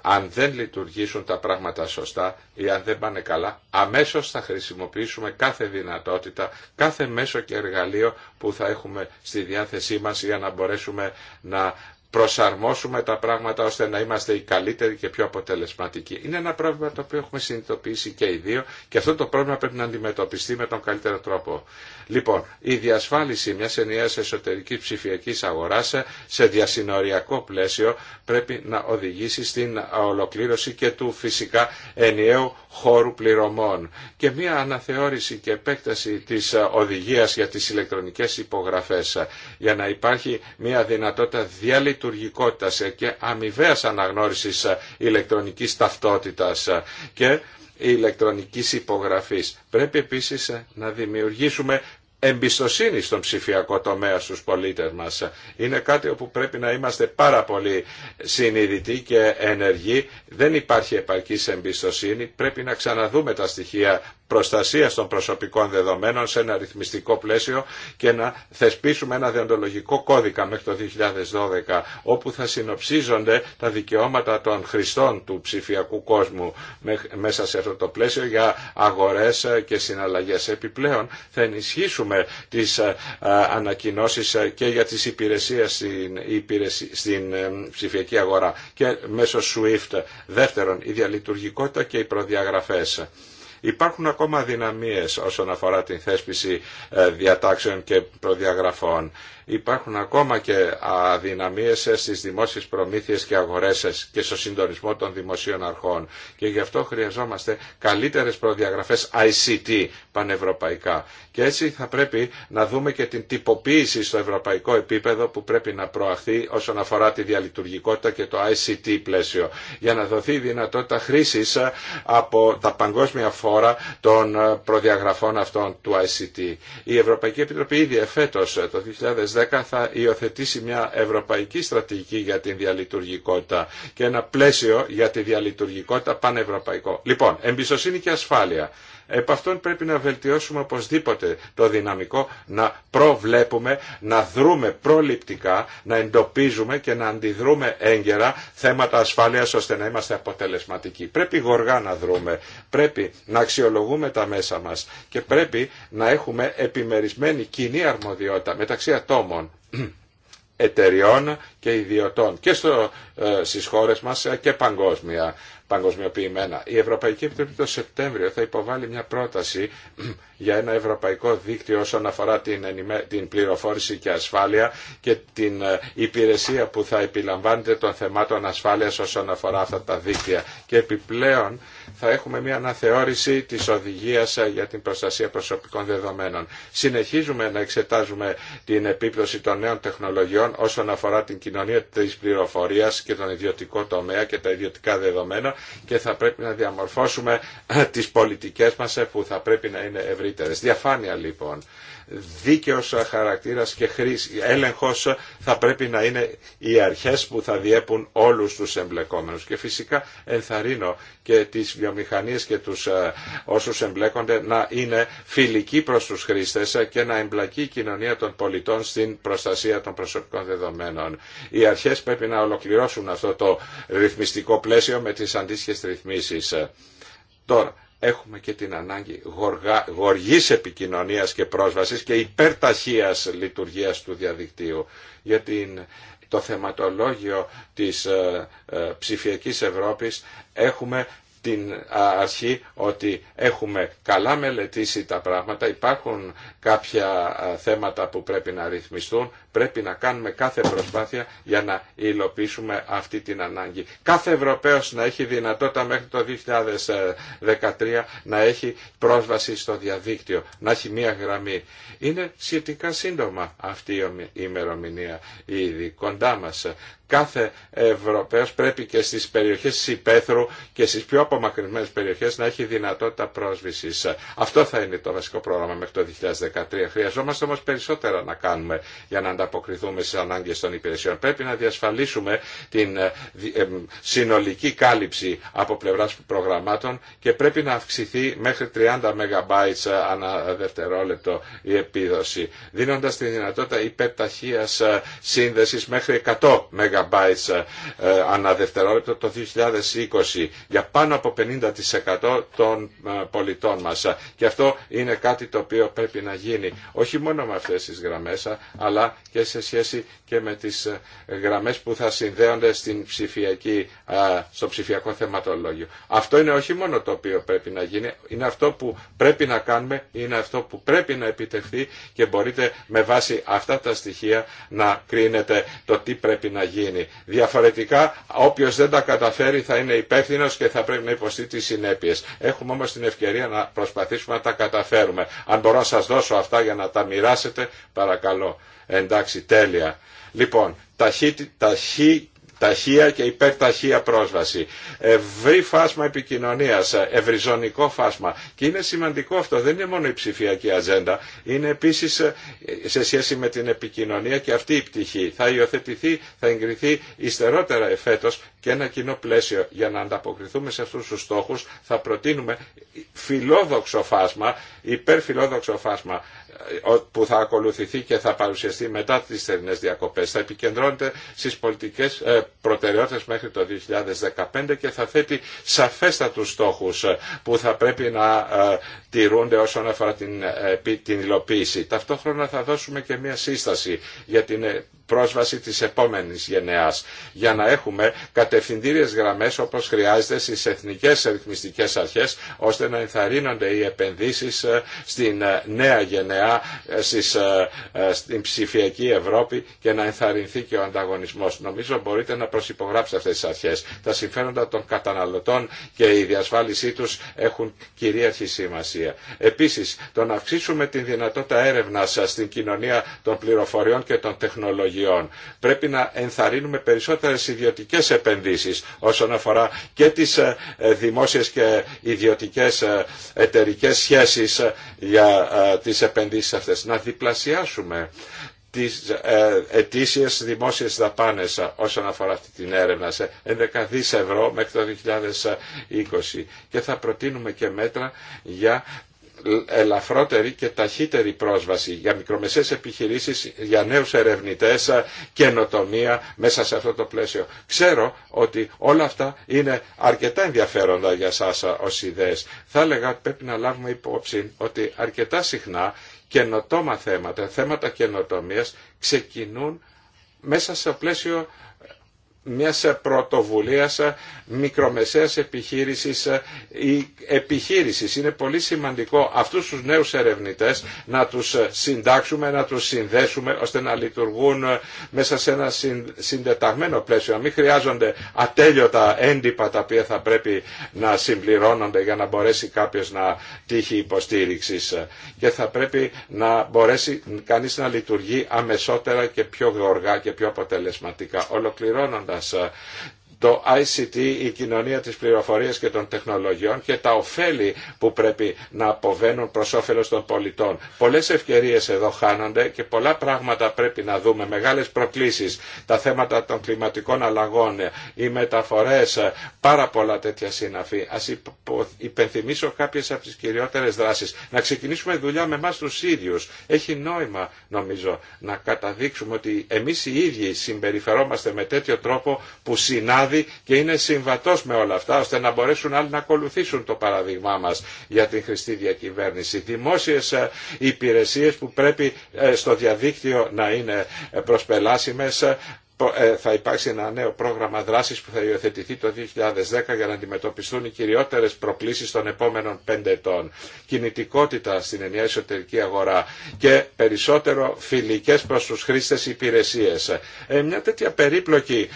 Αν δεν λειτουργήσουν τα πράγματα σωστά ή αν δεν πάνε καλά, αμέσως θα χρησιμοποιήσουμε κάθε δυνατότητα, κάθε μέσο και εργαλείο που θα έχουμε στη διάθεσή μας για να μπορέσουμε να προσαρμόσουμε τα πράγματα ώστε να είμαστε οι καλύτεροι και πιο αποτελεσματικοί. Είναι ένα πρόβλημα το οποίο έχουμε συνειδητοποιήσει και οι δύο και αυτό το πρόβλημα πρέπει να αντιμετωπιστεί με τον καλύτερο τρόπο. Λοιπόν, η διασφάλιση μιας ενιαίας εσωτερικής ψηφιακής αγοράς σε διασυνοριακό πλαίσιο πρέπει να οδηγήσει στην ολοκλήρωση και του φυσικά ενιαίου χώρου πληρωμών. Και μια αναθεώρηση και επέκταση της οδηγίας για τις ηλεκτρονικές υπογραφές για να υπάρχει μια δυνατότητα διαλυτικής λειτουργικότητας και αμοιβαίας αναγνώρισης ηλεκτρονικής ταυτότητας και ηλεκτρονικής υπογραφής. Πρέπει επίσης να δημιουργήσουμε εμπιστοσύνη στον ψηφιακό τομέα στους πολίτες μας. Είναι κάτι όπου πρέπει να είμαστε πάρα πολύ συνειδητοί και ενεργοί. Δεν υπάρχει επαρκής εμπιστοσύνη. Πρέπει να ξαναδούμε τα στοιχεία Προστασία των προσωπικών δεδομένων σε ένα ρυθμιστικό πλαίσιο και να θεσπίσουμε ένα διοντολογικό κώδικα μέχρι το 2012 όπου θα συνοψίζονται τα δικαιώματα των χρηστών του ψηφιακού κόσμου μέσα σε αυτό το πλαίσιο για αγορές και συναλλαγές. Επιπλέον θα ενισχύσουμε τις ε, ε, ανακοινώσεις και για τις υπηρεσίες στην, στην ε, ψηφιακή αγορά και μέσω SWIFT. Δεύτερον, η διαλειτουργικότητα και οι προδιαγραφές. Υπάρχουν ακόμα δυναμίες όσον αφορά την θέσπιση ε, διατάξεων και προδιαγραφών υπάρχουν ακόμα και αδυναμίες στις δημόσιες προμήθειες και αγορές και στο συντονισμό των δημοσίων αρχών. Και γι' αυτό χρειαζόμαστε καλύτερες προδιαγραφές ICT πανευρωπαϊκά. Και έτσι θα πρέπει να δούμε και την τυποποίηση στο ευρωπαϊκό επίπεδο που πρέπει να προαχθεί όσον αφορά τη διαλειτουργικότητα και το ICT πλαίσιο για να δοθεί η δυνατότητα χρήσης από τα παγκόσμια φόρα των προδιαγραφών αυτών του ICT. Η Ευρωπαϊκή Επιτροπή ήδη το 2010 θα υιοθετήσει μια ευρωπαϊκή στρατηγική για την διαλειτουργικότητα και ένα πλαίσιο για τη διαλειτουργικότητα πανευρωπαϊκό. Λοιπόν, εμπιστοσύνη και ασφάλεια. Επ' αυτόν πρέπει να βελτιώσουμε οπωσδήποτε το δυναμικό να προβλέπουμε, να δρούμε προληπτικά, να εντοπίζουμε και να αντιδρούμε έγκαιρα θέματα ασφάλειας ώστε να είμαστε αποτελεσματικοί. Πρέπει γοργά να δρούμε, πρέπει να αξιολογούμε τα μέσα μας και πρέπει να έχουμε επιμερισμένη κοινή αρμοδιότητα μεταξύ ατόμων εταιριών και ιδιωτών και στο, ε, στις χώρες μας ε, και παγκόσμια, παγκοσμιοποιημένα. Η Ευρωπαϊκή Επιτροπή το Σεπτέμβριο θα υποβάλει μια πρόταση για ένα ευρωπαϊκό δίκτυο όσον αφορά την, την πληροφόρηση και ασφάλεια και την ε, υπηρεσία που θα επιλαμβάνεται των θεμάτων ασφάλειας όσον αφορά αυτά τα δίκτυα. Και επιπλέον θα έχουμε μια αναθεώρηση της οδηγίας ε, για την προστασία προσωπικών δεδομένων. Συνεχίζουμε να εξετάζουμε την επίπτωση των νέων τεχνολογιών όσον αφορά την κοινωνία της πληροφορίας και τον ιδιωτικό τομέα και τα ιδιωτικά δεδομένα και θα πρέπει να διαμορφώσουμε ε, τις πολιτικές μας ε, που θα πρέπει να είναι ευρύτερες. Διαφάνεια λοιπόν δίκαιος χαρακτήρας και χρήση, έλεγχος θα πρέπει να είναι οι αρχές που θα διέπουν όλους τους εμπλεκόμενους. Και φυσικά ενθαρρύνω και τις βιομηχανίες και τους ε, όσους εμπλέκονται να είναι φιλικοί προς τους χρήστες και να εμπλακεί η κοινωνία των πολιτών στην προστασία των προσωπικών δεδομένων. Οι αρχές πρέπει να ολοκληρώσουν αυτό το ρυθμιστικό πλαίσιο με τις αντίστοιχε ρυθμίσεις. Τώρα, έχουμε και την ανάγκη γοργά, γοργής επικοινωνίας και πρόσβασης και υπερταχείας λειτουργίας του διαδικτύου για την, το θεματολόγιο της ε, ε, ψηφιακής Ευρώπης έχουμε την αρχή ότι έχουμε καλά μελετήσει τα πράγματα, υπάρχουν κάποια θέματα που πρέπει να ρυθμιστούν, πρέπει να κάνουμε κάθε προσπάθεια για να υλοποιήσουμε αυτή την ανάγκη. Κάθε Ευρωπαίος να έχει δυνατότητα μέχρι το 2013 να έχει πρόσβαση στο διαδίκτυο, να έχει μία γραμμή. Είναι σχετικά σύντομα αυτή η ημερομηνία ήδη κοντά μας. Κάθε Ευρωπαίος πρέπει και στις περιοχές της Υπέθρου και στις πιο απομακρυσμένες περιοχές να έχει δυνατότητα πρόσβησης. Αυτό θα είναι το βασικό πρόγραμμα μέχρι το 2013. Χρειαζόμαστε όμως περισσότερα να κάνουμε για να ανταποκριθούμε ανταποκριθούμε στις ανάγκες των υπηρεσιών. Πρέπει να διασφαλίσουμε την ε, ε, συνολική κάλυψη από πλευράς προγραμμάτων και πρέπει να αυξηθεί μέχρι 30 MB ε, ανά δευτερόλεπτο η επίδοση, δίνοντας τη δυνατότητα υπερταχείας σύνδεσης μέχρι 100 MB ανά δευτερόλεπτο το 2020 για πάνω από 50% των πολιτών μας. Και αυτό είναι κάτι το οποίο πρέπει να γίνει όχι μόνο με αυτές τις γραμμές αλλά και σε σχέση και με τις ε, γραμμές που θα συνδέονται στην ψηφιακή, στο ψηφιακό θεματολόγιο. Αυτό είναι όχι μόνο το οποίο πρέπει να γίνει, είναι αυτό που πρέπει να κάνουμε, είναι αυτό που πρέπει να επιτευχθεί και μπορείτε με βάση αυτά τα στοιχεία να κρίνετε το τι πρέπει να γίνει. Διαφορετικά, όποιος δεν τα καταφέρει θα είναι υπεύθυνο και θα πρέπει να υποστεί τις συνέπειες. Έχουμε όμως την ευκαιρία να προσπαθήσουμε να τα καταφέρουμε. Αν μπορώ να σας δώσω αυτά για να τα μοιράσετε, παρακαλώ. Εντάξει, τέλεια. Λοιπόν, ταχύ, ταχεία και υπερταχεία πρόσβαση. Ευρύ φάσμα επικοινωνία, ευρυζωνικό φάσμα. Και είναι σημαντικό αυτό, δεν είναι μόνο η ψηφιακή ατζέντα, είναι επίση ε, σε σχέση με την επικοινωνία και αυτή η πτυχή. Θα υιοθετηθεί, θα εγκριθεί υστερότερα εφέτο και ένα κοινό πλαίσιο για να ανταποκριθούμε σε αυτού του στόχου. Θα προτείνουμε φιλόδοξο φάσμα, υπερφιλόδοξο φάσμα που θα ακολουθηθεί και θα παρουσιαστεί μετά τις θερινές διακοπές. Θα επικεντρώνεται στις πολιτικές ε, προτεραιότητες μέχρι το 2015 και θα θέτει σαφέστατους στόχους ε, που θα πρέπει να ε, τηρούνται όσον αφορά την, την υλοποίηση. Ταυτόχρονα θα δώσουμε και μια σύσταση για την πρόσβαση της επόμενης γενεάς για να έχουμε κατευθυντήριες γραμμές όπως χρειάζεται στις εθνικές ρυθμιστικές αρχές ώστε να ενθαρρύνονται οι επενδύσεις στην νέα γενεά ε, ε, ε, στην ψηφιακή Ευρώπη και να ενθαρρυνθεί και ο ανταγωνισμός. Νομίζω μπορείτε να προσυπογράψετε αυτές τις αρχές. Τα συμφέροντα των καταναλωτών και η διασφάλισή τους έχουν κυρίαρχη σημασία. Επίσης, το να αυξήσουμε την δυνατότητα έρευνας στην κοινωνία των πληροφοριών και των τεχνολογιών. Πρέπει να ενθαρρύνουμε περισσότερες ιδιωτικές επενδύσεις όσον αφορά και τις δημόσιες και ιδιωτικές εταιρικές σχέσεις για τις επενδύσει να διπλασιάσουμε τις ε, ετήσιες δημόσιες δαπάνες όσον αφορά αυτή την έρευνα σε 11 ευρώ μέχρι το 2020 και θα προτείνουμε και μέτρα για ελαφρότερη και ταχύτερη πρόσβαση για μικρομεσαίες επιχειρήσεις, για νέους ερευνητές, καινοτομία μέσα σε αυτό το πλαίσιο. Ξέρω ότι όλα αυτά είναι αρκετά ενδιαφέροντα για σας ως ιδέες. Θα έλεγα ότι πρέπει να λάβουμε υπόψη ότι αρκετά συχνά καινοτόμα θέματα, θέματα καινοτομίας ξεκινούν μέσα στο πλαίσιο μιας πρωτοβουλίας μικρομεσαίας επιχείρησης ή επιχείρησης. Είναι πολύ σημαντικό αυτούς τους νέους ερευνητές να τους συντάξουμε, να τους συνδέσουμε ώστε να λειτουργούν μέσα σε ένα συντεταγμένο πλαίσιο. Να μην χρειάζονται ατέλειωτα έντυπα τα οποία θα πρέπει να συμπληρώνονται για να μπορέσει κάποιος να τύχει υποστήριξης και θα πρέπει να μπορέσει κανείς να λειτουργεί αμεσότερα και πιο γοργά και πιο αποτελεσματικά. Ολοκληρώνονται δίνοντας το ICT, η κοινωνία της πληροφορίας και των τεχνολογιών και τα ωφέλη που πρέπει να αποβαίνουν προς όφελος των πολιτών. Πολλές ευκαιρίες εδώ χάνονται και πολλά πράγματα πρέπει να δούμε, μεγάλες προκλήσεις, τα θέματα των κλιματικών αλλαγών, οι μεταφορές, πάρα πολλά τέτοια συναφή. Ας υπενθυμίσω κάποιες από τις κυριότερες δράσεις. Να ξεκινήσουμε δουλειά με εμάς τους ίδιους. Έχει νόημα νομίζω να καταδείξουμε ότι εμείς οι ίδιοι συμπεριφερόμαστε με τέτοιο τρόπο που συνάδει Δηλαδή και είναι συμβατός με όλα αυτά ώστε να μπορέσουν άλλοι να ακολουθήσουν το παραδείγμά μας για την χρηστή διακυβέρνηση. Δημόσιες ε, υπηρεσίες που πρέπει ε, στο διαδίκτυο να είναι ε, προσπελάσιμες ε, θα υπάρξει ένα νέο πρόγραμμα δράσης που θα υιοθετηθεί το 2010 για να αντιμετωπιστούν οι κυριότερες προκλήσεις των επόμενων πέντε ετών. Κινητικότητα στην ενιαία εσωτερική αγορά και περισσότερο φιλικές προς τους χρήστες υπηρεσίες. Ε, μια τέτοια περίπλοκη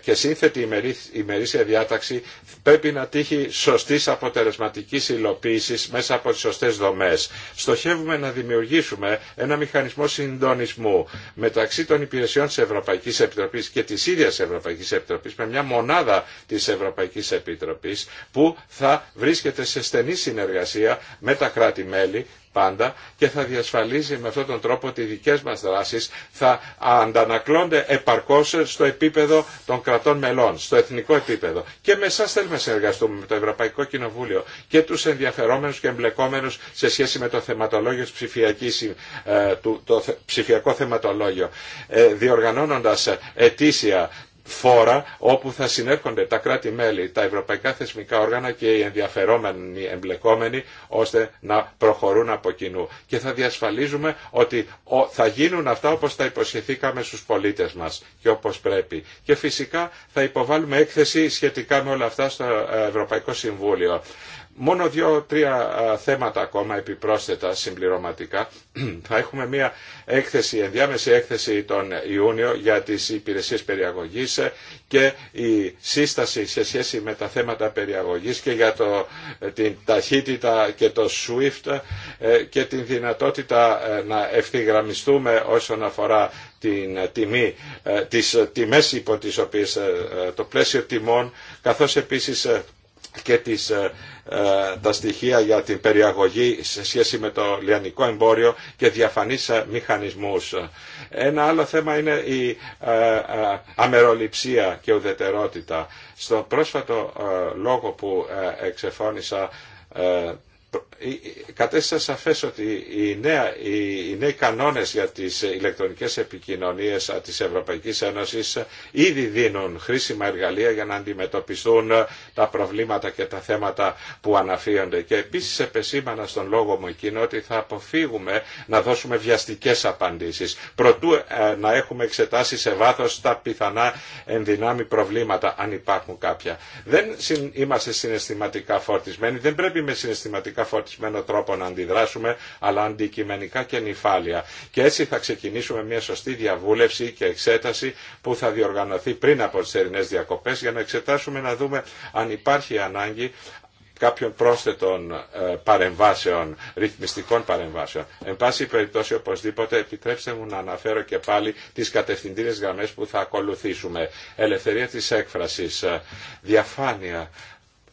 και σύνθετη ημερήσια διάταξη πρέπει να τύχει σωστής αποτελεσματικής υλοποίησης μέσα από τις σωστές δομές. Στοχεύουμε να δημιουργήσουμε ένα μηχανισμό συντονισμού μεταξύ των υπηρεσιών της Ευρωπαϊκής Επιτροπής και τη ίδια ευρωπαϊκή Επιτροπής με μια μονάδα της Ευρωπαϊκής Επιτροπής που θα βρίσκεται σε στενή συνεργασία με τα κράτη-μέλη πάντα και θα διασφαλίζει με αυτόν τον τρόπο ότι οι δικές μας δράσεις θα αντανακλώνται επαρκώς στο επίπεδο των κρατών μελών, στο εθνικό επίπεδο. Και με εσάς θέλουμε να συνεργαστούμε με το Ευρωπαϊκό Κοινοβούλιο και τους ενδιαφερόμενους και εμπλεκόμενους σε σχέση με το θεματολόγιο ε, το ψηφιακό θεματολόγιο, ε, διοργανώνοντας ε, ετήσια φόρα όπου θα συνέρχονται τα κράτη-μέλη, τα ευρωπαϊκά θεσμικά όργανα και οι ενδιαφερόμενοι εμπλεκόμενοι ώστε να προχωρούν από κοινού. Και θα διασφαλίζουμε ότι θα γίνουν αυτά όπως τα υποσχεθήκαμε στους πολίτες μας και όπως πρέπει. Και φυσικά θα υποβάλουμε έκθεση σχετικά με όλα αυτά στο ε, Ευρωπαϊκό Συμβούλιο. Μόνο δύο-τρία θέματα ακόμα επιπρόσθετα συμπληρωματικά. Θα έχουμε μια έκθεση, ενδιάμεση έκθεση τον Ιούνιο για τις υπηρεσίες περιαγωγής ε, και η σύσταση σε σχέση με τα θέματα περιαγωγής και για ε, την ταχύτητα και το SWIFT ε, και την δυνατότητα να ευθυγραμμιστούμε όσον αφορά την τιμή, τις τιμές υπό τις οποίες το πλαίσιο τιμών καθώς επίσης και ε, ε, τα στοιχεία για την περιαγωγή σε σχέση με το λιανικό εμπόριο και διαφανείς ε, μηχανισμούς. Ένα άλλο θέμα είναι η αμεροληψία και ουδετερότητα. Στο πρόσφατο λόγο που εξεφώνησα κατέστησα σαφές ότι οι, νέοι κανόνες για τις ηλεκτρονικές επικοινωνίες της Ευρωπαϊκής Ένωσης ήδη δίνουν χρήσιμα εργαλεία για να αντιμετωπιστούν τα προβλήματα και τα θέματα που αναφύονται. Και επίσης επεσήμανα στον λόγο μου εκείνο ότι θα αποφύγουμε να δώσουμε βιαστικές απαντήσεις. Προτού ε, να έχουμε εξετάσει σε βάθος τα πιθανά ενδυνάμει προβλήματα, αν υπάρχουν κάποια. Δεν είμαστε συναισθηματικά φορτισμένοι, δεν πρέπει με συναισθηματικά φορτισμένο τρόπο να αντιδράσουμε, αλλά αντικειμενικά και νυφάλια. Και έτσι θα ξεκινήσουμε μια σωστή διαβούλευση και εξέταση που θα διοργανωθεί πριν από τις ερηνές διακοπές για να εξετάσουμε να δούμε αν υπάρχει ανάγκη κάποιων πρόσθετων ε, παρεμβάσεων, ρυθμιστικών παρεμβάσεων. Εν πάση περιπτώσει, οπωσδήποτε, επιτρέψτε μου να αναφέρω και πάλι τις κατευθυντήριες γραμμές που θα ακολουθήσουμε. Ελευθερία της έκφρασης, ε, διαφάνεια,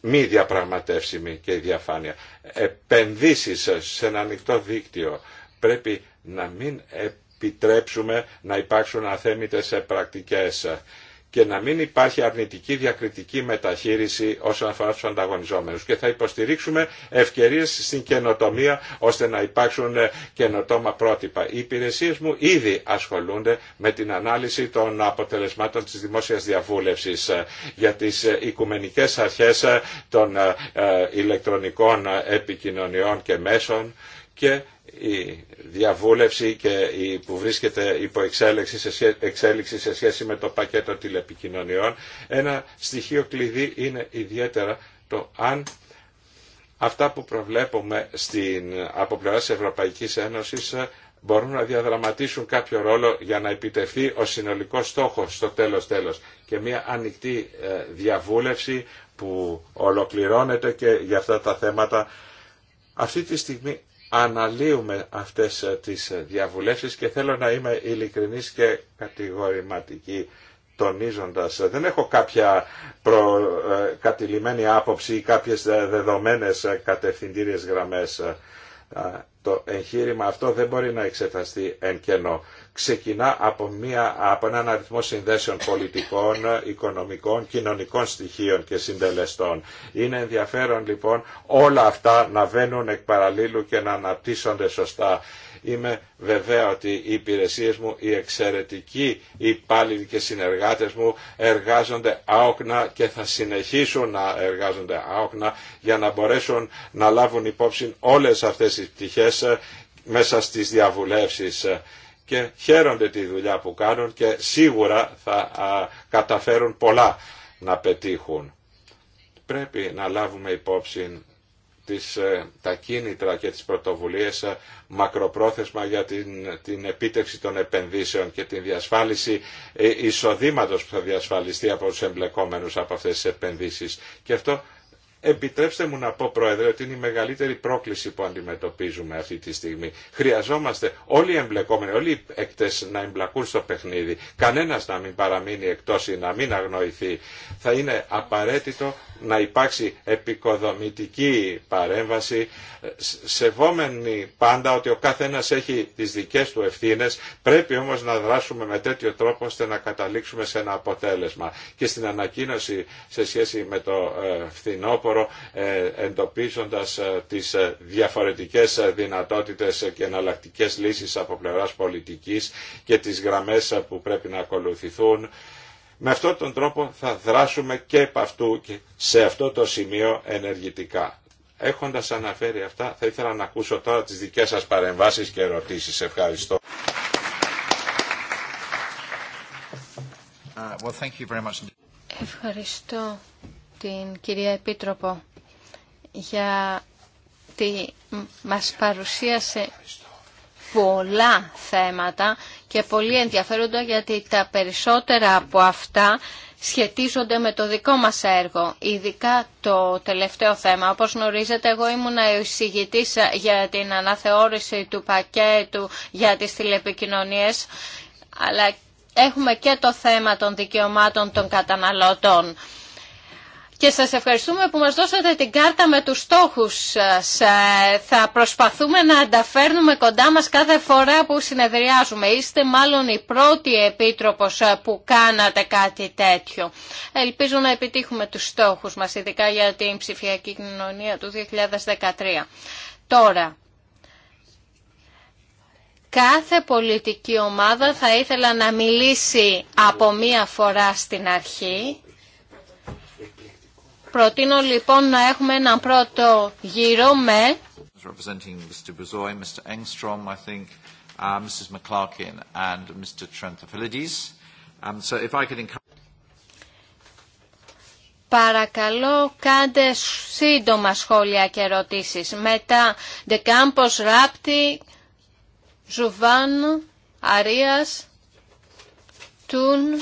μη διαπραγματεύσιμη και η διαφάνεια. Επενδύσεις σε ένα ανοιχτό δίκτυο πρέπει να μην επιτρέψουμε να υπάρξουν αθέμητες πρακτικές και να μην υπάρχει αρνητική διακριτική μεταχείριση όσον αφορά τους ανταγωνιζόμενους. Και θα υποστηρίξουμε ευκαιρίες στην καινοτομία ώστε να υπάρξουν ε, καινοτόμα πρότυπα. Οι υπηρεσίες μου ήδη ασχολούνται με την ανάλυση των αποτελεσμάτων της δημόσιας διαβούλευσης ε, για τις ε, οικουμενικές αρχές των ηλεκτρονικών επικοινωνιών και μέσων και η διαβούλευση και που βρίσκεται υπό εξέλιξη σε, σχέση, με το πακέτο τηλεπικοινωνιών. Ένα στοιχείο κλειδί είναι ιδιαίτερα το αν αυτά που προβλέπουμε στην, από πλευράς Ευρωπαϊκής Ένωσης ε, μπορούν να διαδραματίσουν κάποιο ρόλο για να επιτευχθεί ο συνολικός στόχος στο τέλος τέλος και μια ανοιχτή ε, διαβούλευση που ολοκληρώνεται και για αυτά τα θέματα αυτή τη στιγμή αναλύουμε αυτές ε, τις ε, διαβουλεύσεις και θέλω να είμαι ειλικρινής και κατηγορηματική τονίζοντας. Ε, δεν έχω κάποια προ, κατηλημένη άποψη ή κάποιες δεδομένες κατευθυντήριες γραμμές το εγχείρημα αυτό δεν μπορεί να εξεταστεί εν κενό. Ξεκινά από, μια, από έναν αριθμό συνδέσεων πολιτικών, οικονομικών, κοινωνικών στοιχείων και συντελεστών. Είναι ενδιαφέρον λοιπόν όλα αυτά να βαίνουν εκ παραλίλου και να αναπτύσσονται σωστά. Είμαι βεβαία ότι οι υπηρεσίες μου, οι εξαιρετικοί υπάλληλοι και συνεργάτες μου εργάζονται άοκνα και θα συνεχίσουν να εργάζονται άοκνα για να μπορέσουν να λάβουν υπόψη όλες αυτές τις πτυχές ε, μέσα στις διαβουλεύσεις ε, και χαίρονται τη δουλειά που κάνουν και σίγουρα θα καταφέρουν πολλά να πετύχουν. Πρέπει να λάβουμε υπόψη ε, τα κίνητρα και τις πρωτοβουλίες ε, μακροπρόθεσμα για την, την επίτευξη των επενδύσεων και την διασφάλιση ε, εισοδήματος που θα διασφαλιστεί από τους εμπλεκόμενους από αυτές τις επενδύσεις. Και αυτό Επιτρέψτε μου να πω, Πρόεδρε, ότι είναι η μεγαλύτερη πρόκληση που αντιμετωπίζουμε αυτή τη στιγμή. Χρειαζόμαστε όλοι οι εμπλεκόμενοι, όλοι οι εκτε να εμπλακούν στο παιχνίδι. Κανένας να μην παραμείνει εκτός ή να μην αγνοηθεί. Θα είναι απαραίτητο να υπάρξει επικοδομητική παρέμβαση, σεβόμενη πάντα ότι ο καθένας έχει τις δικές του ευθύνες, πρέπει όμως να δράσουμε με τέτοιο τρόπο ώστε να καταλήξουμε σε ένα αποτέλεσμα. Και στην ανακοίνωση σε σχέση με το ε, φθινόπωρο, Εντοπίζοντα εντοπίζοντας ε, τις ε, διαφορετικές ε, δυνατότητες και εναλλακτικέ λύσεις από πλευράς πολιτικής και τις γραμμές που πρέπει να ακολουθηθούν. Με αυτόν τον τρόπο θα δράσουμε και επ' και σε αυτό το σημείο ενεργητικά. Έχοντας αναφέρει αυτά, θα ήθελα να ακούσω τώρα τις δικές σας παρεμβάσεις και ερωτήσεις. Ευχαριστώ uh, την κυρία Επίτροπο για τη μας παρουσίασε πολλά θέματα και πολύ ενδιαφέροντα γιατί τα περισσότερα από αυτά σχετίζονται με το δικό μας έργο, ειδικά το τελευταίο θέμα. Όπως γνωρίζετε, εγώ ήμουν εισηγητής για την αναθεώρηση του πακέτου για τις τηλεπικοινωνίες, αλλά έχουμε και το θέμα των δικαιωμάτων των καταναλωτών και σας ευχαριστούμε που μας δώσατε την κάρτα με τους στόχους σας. Ε, θα προσπαθούμε να ανταφέρνουμε κοντά μας κάθε φορά που συνεδριάζουμε. Είστε μάλλον η πρώτη επίτροπος ε, που κάνατε κάτι τέτοιο. Ελπίζω να επιτύχουμε τους στόχους μας, ειδικά για την ψηφιακή κοινωνία του 2013. Τώρα, κάθε πολιτική ομάδα θα ήθελα να μιλήσει από μία φορά στην αρχή Προτείνω λοιπόν να έχουμε έναν πρώτο γύρο με... Παρακαλώ κάντε σύντομα σχόλια και ερωτήσεις. Μετά, De Ράπτη, Ζουβάν, Αρίας, Τούν,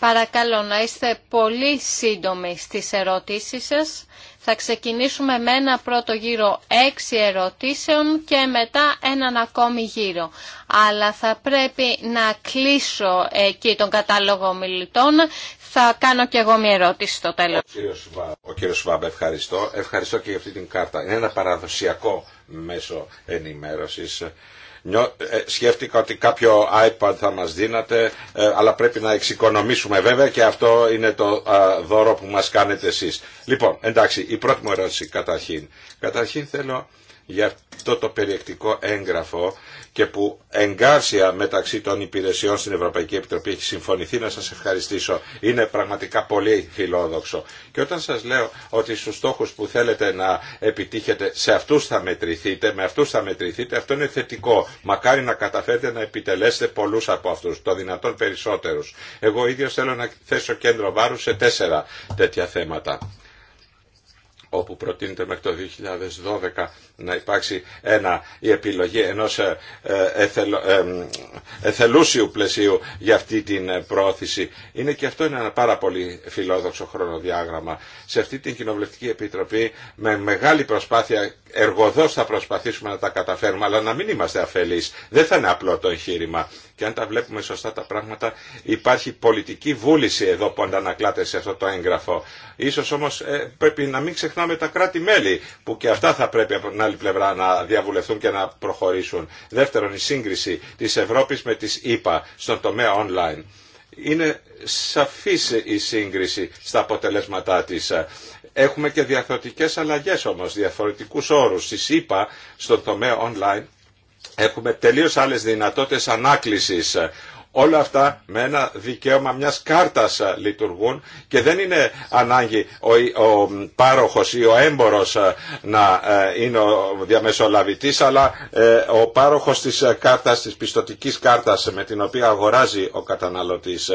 Παρακαλώ να είστε πολύ σύντομοι στις ερωτήσεις σας. Θα ξεκινήσουμε με ένα πρώτο γύρο έξι ερωτήσεων και μετά έναν ακόμη γύρο. Αλλά θα πρέπει να κλείσω εκεί τον κατάλογο μιλητών. Θα κάνω και εγώ μια ερώτηση στο τέλος. Ο κύριος Σουβάμπ, ευχαριστώ. Ευχαριστώ και για αυτή την κάρτα. Είναι ένα παραδοσιακό μέσο ενημέρωσης ε, σκέφτηκα ότι κάποιο iPad θα μας δίνατε, ε, αλλά πρέπει να εξοικονομήσουμε βέβαια και αυτό είναι το δώρο που μας κάνετε εσείς. Λοιπόν, εντάξει, η πρώτη μου ερώτηση καταρχήν. Καταρχήν θέλω για αυτό το περιεκτικό έγγραφο και που εγκάρσια μεταξύ των υπηρεσιών στην Ευρωπαϊκή Επιτροπή έχει συμφωνηθεί να σας ευχαριστήσω. Είναι πραγματικά πολύ φιλόδοξο. Και όταν σας λέω ότι στους στόχους που θέλετε να επιτύχετε σε αυτούς θα μετρηθείτε, με αυτούς θα μετρηθείτε, αυτό είναι θετικό. Μακάρι να καταφέρετε να επιτελέσετε πολλούς από αυτούς, το δυνατόν περισσότερους. Εγώ ίδιο θέλω να θέσω κέντρο βάρους σε τέσσερα τέτοια θέματα όπου προτείνεται μέχρι το 2012 να υπάρξει ένα, η επιλογή ενός ε, ε, ε, εθελούσιου πλαισίου για αυτή την πρόθεση. Είναι και αυτό ένα πάρα πολύ φιλόδοξο χρονοδιάγραμμα. Σε αυτή την Κοινοβουλευτική Επιτροπή με μεγάλη προσπάθεια εργοδός θα προσπαθήσουμε να τα καταφέρουμε αλλά να μην είμαστε αφελείς. Δεν θα είναι απλό το εγχείρημα. Και αν τα βλέπουμε σωστά τα πράγματα υπάρχει πολιτική βούληση εδώ που αντανακλάται σε αυτό το έγγραφο. Ίσως όμως πρέπει να μην ξεχνάμε τα κράτη-μέλη που και αυτά θα πρέπει να άλλη πλευρά να διαβουλευτούν και να προχωρήσουν. Δεύτερον, η σύγκριση της Ευρώπης με της ΗΠΑ στον τομέα online. Είναι σαφής η σύγκριση στα αποτελέσματά της. Έχουμε και διαφορετικέ αλλαγές όμως, διαφορετικούς όρους. Στις ΗΠΑ στον τομέα online έχουμε τελείως άλλες δυνατότητες ανάκλησης Όλα αυτά με ένα δικαίωμα μιας κάρτας λειτουργούν και δεν είναι ανάγκη ο, ο πάροχος ή ο έμπορος να ε, είναι ο διαμεσολαβητής αλλά ε, ο πάροχος της ε, κάρτας, της πιστοτικής κάρτας με την οποία αγοράζει ο καταναλωτής.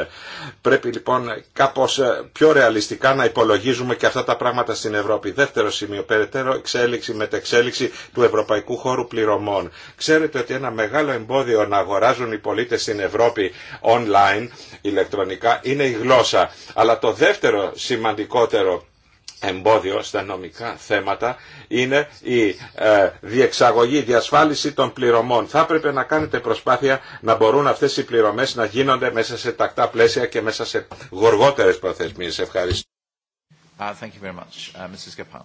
Πρέπει λοιπόν κάπως πιο ρεαλιστικά να υπολογίζουμε και αυτά τα πράγματα στην Ευρώπη. Δεύτερο σημείο, περαιτέρω εξέλιξη μετεξέλιξη του ευρωπαϊκού χώρου πληρωμών. Ξέρετε ότι ένα μεγάλο εμπόδιο να αγοράζουν οι πολίτες στην Ευρώπη online ηλεκτρονικά είναι η γλώσσα. Αλλά το δεύτερο σημαντικότερο εμπόδιο στα νομικά θέματα είναι η ε, διεξαγωγή, η διασφάλιση των πληρωμών. Θα έπρεπε να κάνετε προσπάθεια να μπορούν αυτές οι πληρωμές να γίνονται μέσα σε τακτά πλαίσια και μέσα σε γοργότερες προθεσμίες. Ευχαριστώ. Uh, thank you very uh,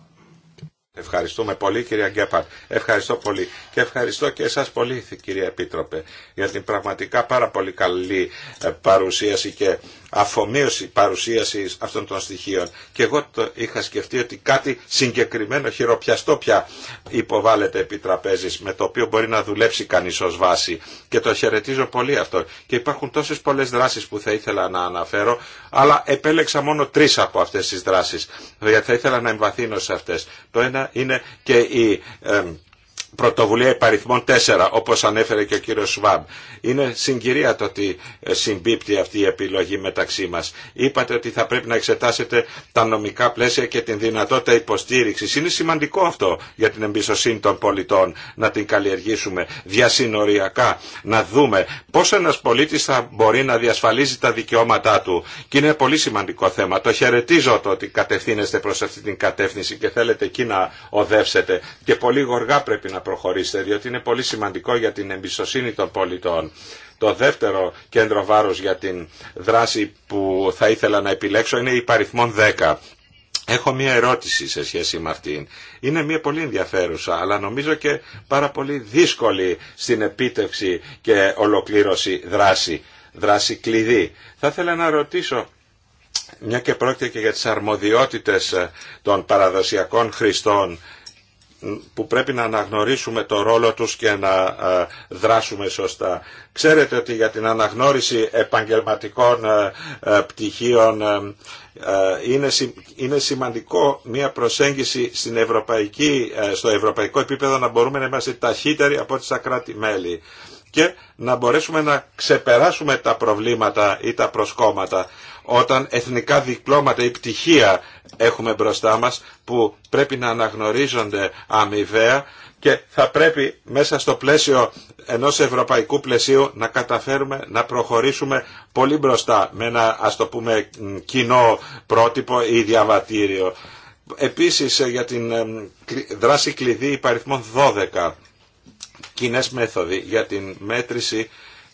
Ευχαριστούμε πολύ κυρία Γκέπαρ, Ευχαριστώ πολύ. Και ευχαριστώ και εσάς πολύ κυρία Επίτροπε για την πραγματικά πάρα πολύ καλή ε, παρουσίαση και αφομοίωση παρουσίαση αυτών των στοιχείων. Και εγώ το είχα σκεφτεί ότι κάτι συγκεκριμένο χειροπιαστό πια υποβάλλεται επί τραπέζης με το οποίο μπορεί να δουλέψει κανείς ως βάση. Και το χαιρετίζω πολύ αυτό. Και υπάρχουν τόσες πολλές δράσεις που θα ήθελα να αναφέρω, αλλά επέλεξα μόνο τρεις από αυτές τις δράσεις. θα ήθελα να εμβαθύνω σε αυτές. Το ένα είναι και η πρωτοβουλία υπαριθμών 4, όπως ανέφερε και ο κύριος Σβάμπ. Είναι συγκυρία το ότι ε, συμπίπτει αυτή η επιλογή μεταξύ μας. Είπατε ότι θα πρέπει να εξετάσετε τα νομικά πλαίσια και την δυνατότητα υποστήριξης. Είναι σημαντικό αυτό για την εμπιστοσύνη των πολιτών να την καλλιεργήσουμε διασυνοριακά, να δούμε πώς ένας πολίτης θα μπορεί να διασφαλίζει τα δικαιώματά του. Και είναι πολύ σημαντικό θέμα. Το χαιρετίζω το ότι κατευθύνεστε προς αυτή την κατεύθυνση και θέλετε εκεί να οδεύσετε. Και πολύ γοργά πρέπει να προχωρήσετε, διότι είναι πολύ σημαντικό για την εμπιστοσύνη των πολιτών. Το δεύτερο κέντρο βάρους για την δράση που θα ήθελα να επιλέξω είναι η παριθμόν 10. Έχω μία ερώτηση σε σχέση με αυτήν. Είναι μία πολύ ενδιαφέρουσα, αλλά νομίζω και πάρα πολύ δύσκολη στην επίτευξη και ολοκλήρωση δράση, δράση κλειδί. Θα ήθελα να ρωτήσω μια και πρόκειται και για τις αρμοδιότητες των παραδοσιακών χρηστών που πρέπει να αναγνωρίσουμε το ρόλο τους και να ε, δράσουμε σωστά. Ξέρετε ότι για την αναγνώριση επαγγελματικών ε, ε, πτυχίων είναι σημαντικό μια προσέγγιση στην ευρωπαϊκή, στο ευρωπαϊκό επίπεδο να μπορούμε να είμαστε ταχύτεροι από τις κράτη-μέλη και να μπορέσουμε να ξεπεράσουμε τα προβλήματα ή τα προσκόμματα όταν εθνικά διπλώματα ή πτυχία έχουμε μπροστά μας που πρέπει να αναγνωρίζονται αμοιβαία και θα πρέπει μέσα στο πλαίσιο ενός ευρωπαϊκού πλαισίου να καταφέρουμε να προχωρήσουμε πολύ μπροστά με ένα ας το πούμε κοινό πρότυπο ή διαβατήριο. Επίσης για την δράση κλειδί υπαριθμών 12 κοινέ μέθοδοι για την μέτρηση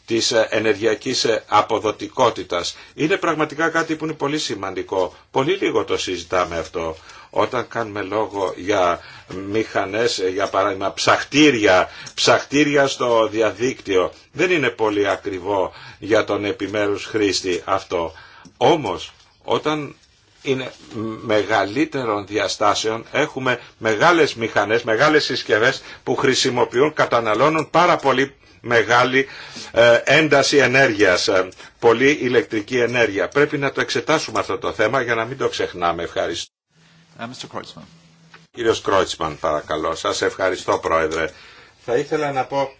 της ε, ενεργειακής ε, αποδοτικότητας. Είναι πραγματικά κάτι που είναι πολύ σημαντικό. Πολύ λίγο το συζητάμε αυτό. Όταν κάνουμε λόγο για μηχανές, ε, για παράδειγμα ψαχτήρια, ψαχτήρια στο διαδίκτυο, δεν είναι πολύ ακριβό για τον επιμέρους χρήστη αυτό. Όμως, όταν είναι μεγαλύτερων διαστάσεων. Έχουμε μεγάλες μηχανές, μεγάλες συσκευές που χρησιμοποιούν, καταναλώνουν πάρα πολύ μεγάλη ε, ένταση ενέργειας, ε, πολύ ηλεκτρική ενέργεια. Πρέπει να το εξετάσουμε αυτό το θέμα για να μην το ξεχνάμε. Ευχαριστώ. Ε, Κύριος Κρότσμαν, παρακαλώ. Σας ευχαριστώ, Πρόεδρε. Θα ήθελα να πω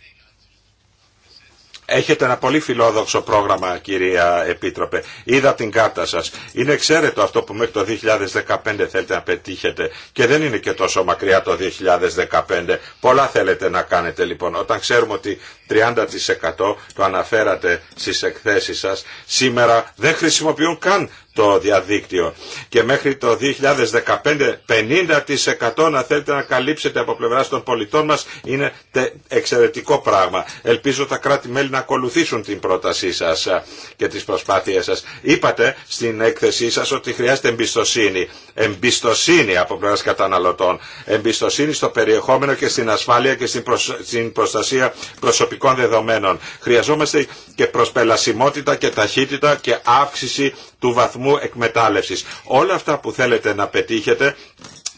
Έχετε ένα πολύ φιλόδοξο πρόγραμμα, κυρία Επίτροπε. Είδα την κάρτα σας. Είναι εξαίρετο αυτό που μέχρι το 2015 θέλετε να πετύχετε και δεν είναι και τόσο μακριά το 2015. Πολλά θέλετε να κάνετε λοιπόν. Όταν ξέρουμε ότι 30% το αναφέρατε στις εκθέσεις σας, σήμερα δεν χρησιμοποιούν καν το διαδίκτυο. Και μέχρι το 2015 50% να θέλετε να καλύψετε από πλευρά των πολιτών μας είναι εξαιρετικό πράγμα. Ελπίζω τα κράτη-μέλη να ακολουθήσουν την πρότασή σας και τις προσπάθειές σας. Είπατε στην έκθεσή σας ότι χρειάζεται εμπιστοσύνη. Εμπιστοσύνη από πλευράς καταναλωτών. Εμπιστοσύνη στο περιεχόμενο και στην ασφάλεια και στην προστασία προσωπικών δεδομένων. Χρειαζόμαστε και προσπελασιμότητα και ταχύτητα και αύξηση του βαθμού βαθμού εκμετάλλευσης. Όλα αυτά που θέλετε να πετύχετε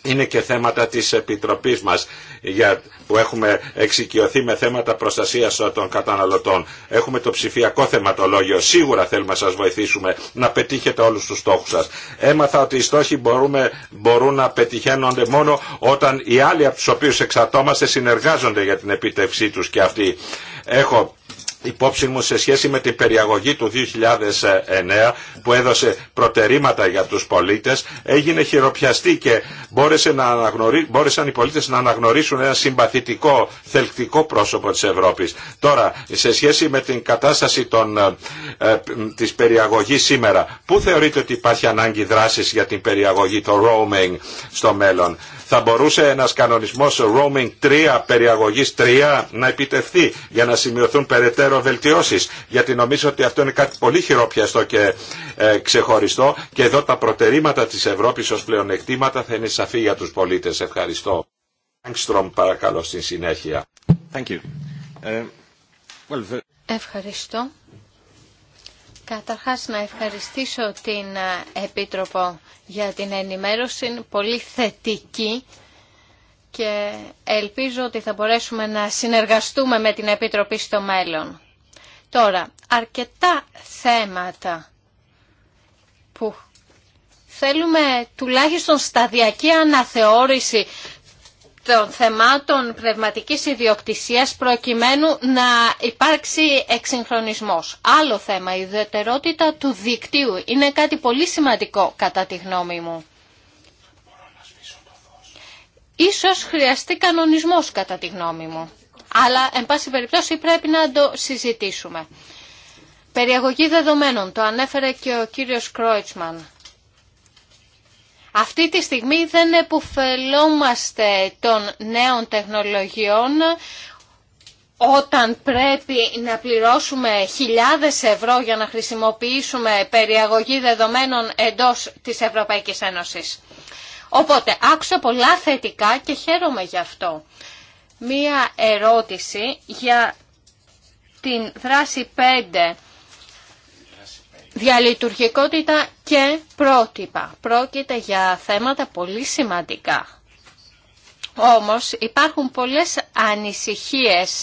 είναι και θέματα της Επιτροπής μας για, που έχουμε εξοικειωθεί με θέματα προστασίας των καταναλωτών. Έχουμε το ψηφιακό θεματολόγιο. Σίγουρα θέλουμε να σας βοηθήσουμε να πετύχετε όλους τους στόχους σας. Έμαθα ότι οι στόχοι μπορούμε, μπορούν να πετυχαίνονται μόνο όταν οι άλλοι από τους οποίους εξαρτώμαστε συνεργάζονται για την επίτευξή τους και αυτοί. Έχω υπόψη μου σε σχέση με την περιαγωγή του 2009 που έδωσε προτερήματα για τους πολίτες έγινε χειροπιαστή και μπόρεσε να αναγνωρί... μπόρεσαν οι πολίτες να αναγνωρίσουν ένα συμπαθητικό θελκτικό πρόσωπο της Ευρώπης. Τώρα σε σχέση με την κατάσταση των, ε, ε, της περιαγωγής σήμερα πού θεωρείτε ότι υπάρχει ανάγκη δράσης για την περιαγωγή, το roaming στο μέλλον. Θα μπορούσε ένας κανονισμός roaming 3, περιαγωγής 3 να επιτευχθεί για να σημειωθούν περαιτέρω γιατί νομίζω ότι αυτό είναι κάτι πολύ χειροπιαστό και ε, ξεχωριστό και εδώ τα προτερήματα της Ευρώπης ως πλεονεκτήματα θα είναι σαφή για τους πολίτες. Ευχαριστώ. Άγκστρομ παρακαλώ στην συνέχεια. Thank you. Ε, well, the... Ευχαριστώ. Καταρχάς να ευχαριστήσω την ε, Επίτροπο για την ενημέρωση πολύ θετική και ελπίζω ότι θα μπορέσουμε να συνεργαστούμε με την Επιτροπή στο μέλλον. Τώρα, αρκετά θέματα που θέλουμε τουλάχιστον σταδιακή αναθεώρηση των θεμάτων πνευματικής ιδιοκτησίας προκειμένου να υπάρξει εξυγχρονισμός. Άλλο θέμα, η ιδιαιτερότητα του δικτύου. Είναι κάτι πολύ σημαντικό κατά τη γνώμη μου. Ίσως χρειαστεί κανονισμός κατά τη γνώμη μου. Αλλά, εν πάση περιπτώσει, πρέπει να το συζητήσουμε. Περιαγωγή δεδομένων, το ανέφερε και ο κύριος Κρόιτσμαν. Αυτή τη στιγμή δεν επουφελόμαστε των νέων τεχνολογιών όταν πρέπει να πληρώσουμε χιλιάδες ευρώ για να χρησιμοποιήσουμε περιαγωγή δεδομένων εντός της Ευρωπαϊκής Ένωσης. Οπότε άκουσα πολλά θετικά και χαίρομαι γι' αυτό. Μία ερώτηση για την δράση 5 διαλειτουργικότητα και πρότυπα. Πρόκειται για θέματα πολύ σημαντικά. Όμως υπάρχουν πολλές ανησυχίες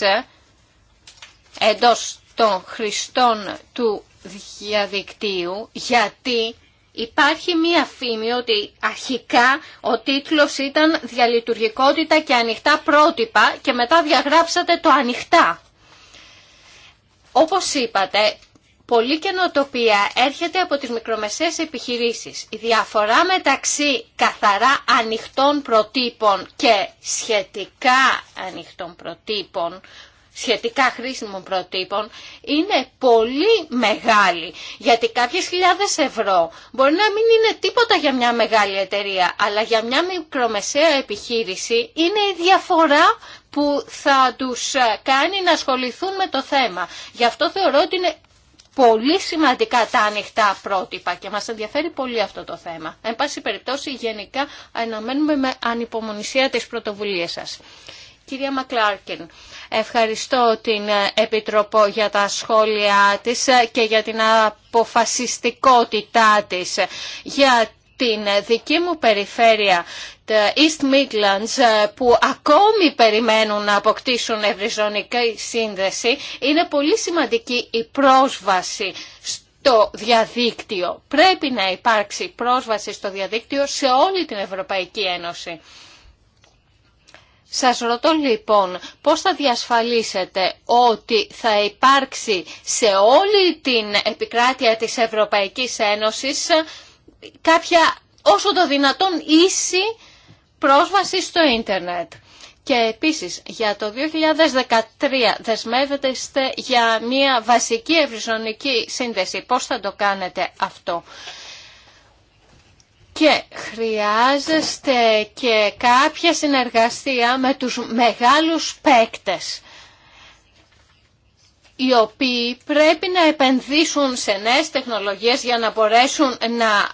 εντός των χρηστών του διαδικτύου γιατί Υπάρχει μία φήμη ότι αρχικά ο τίτλος ήταν «Διαλειτουργικότητα και ανοιχτά πρότυπα» και μετά διαγράψατε το «ανοιχτά». Όπως είπατε, πολλή καινοτοπία έρχεται από τις μικρομεσαίες επιχειρήσεις. Η διαφορά μεταξύ καθαρά ανοιχτών προτύπων και σχετικά ανοιχτών προτύπων σχετικά χρήσιμων προτύπων είναι πολύ μεγάλη. Γιατί κάποιες χιλιάδες ευρώ μπορεί να μην είναι τίποτα για μια μεγάλη εταιρεία, αλλά για μια μικρομεσαία επιχείρηση είναι η διαφορά που θα τους ε, κάνει να ασχοληθούν με το θέμα. Γι' αυτό θεωρώ ότι είναι πολύ σημαντικά τα ανοιχτά πρότυπα και μας ενδιαφέρει πολύ αυτό το θέμα. Εν πάση περιπτώσει, γενικά αναμένουμε με ανυπομονησία τις πρωτοβουλίες σας. Κυρία Μακλάρκεν, Ευχαριστώ την ε, Επιτροπό για τα σχόλια της ε, και για την αποφασιστικότητά της. Για την ε, δική μου περιφέρεια τα East Midlands που ακόμη περιμένουν να αποκτήσουν ευρυζωνική σύνδεση είναι πολύ σημαντική η πρόσβαση στο διαδίκτυο. Πρέπει να υπάρξει πρόσβαση στο διαδίκτυο σε όλη την Ευρωπαϊκή Ένωση. Σας ρωτώ λοιπόν πώς θα διασφαλίσετε ότι θα υπάρξει σε όλη την επικράτεια της Ευρωπαϊκής Ένωσης κάποια όσο το δυνατόν ίση πρόσβαση στο ίντερνετ. Και επίσης για το 2013 δεσμεύεστε για μια βασική ευρυζωνική σύνδεση. Πώς θα το κάνετε αυτό. Και χρειάζεστε και κάποια συνεργασία με τους μεγάλους παίκτες οι οποίοι πρέπει να επενδύσουν σε νέες τεχνολογίες για να μπορέσουν να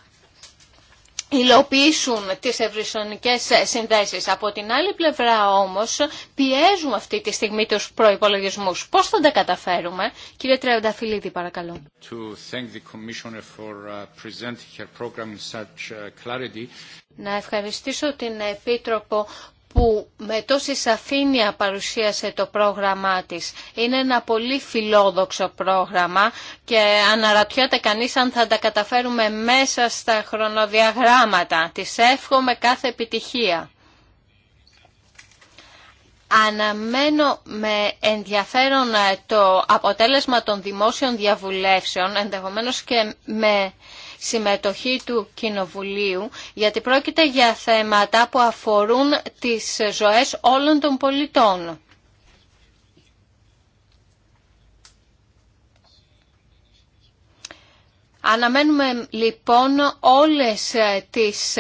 υλοποιήσουν τις ευρυσονικές συνδέσεις. Από την άλλη πλευρά όμως πιέζουμε αυτή τη στιγμή τους προϋπολογισμούς. Πώς θα τα καταφέρουμε. Κύριε Τρεονταφυλλίδη παρακαλώ. To thank the Commissioner for uh, presenting her program such uh, clarity. Να ευχαριστήσω την Επίτροπο που με τόση σαφήνεια παρουσίασε το πρόγραμμά της. Είναι ένα πολύ φιλόδοξο πρόγραμμα και αναρωτιέται κανείς αν θα τα καταφέρουμε μέσα στα χρονοδιαγράμματα. Της εύχομαι κάθε επιτυχία. Αναμένω με ενδιαφέρον το αποτέλεσμα των δημόσιων διαβουλεύσεων, ενδεχομένως και με συμμετοχή του Κοινοβουλίου, γιατί πρόκειται για θέματα που αφορούν τις ζωές όλων των πολιτών. Αναμένουμε λοιπόν όλες τις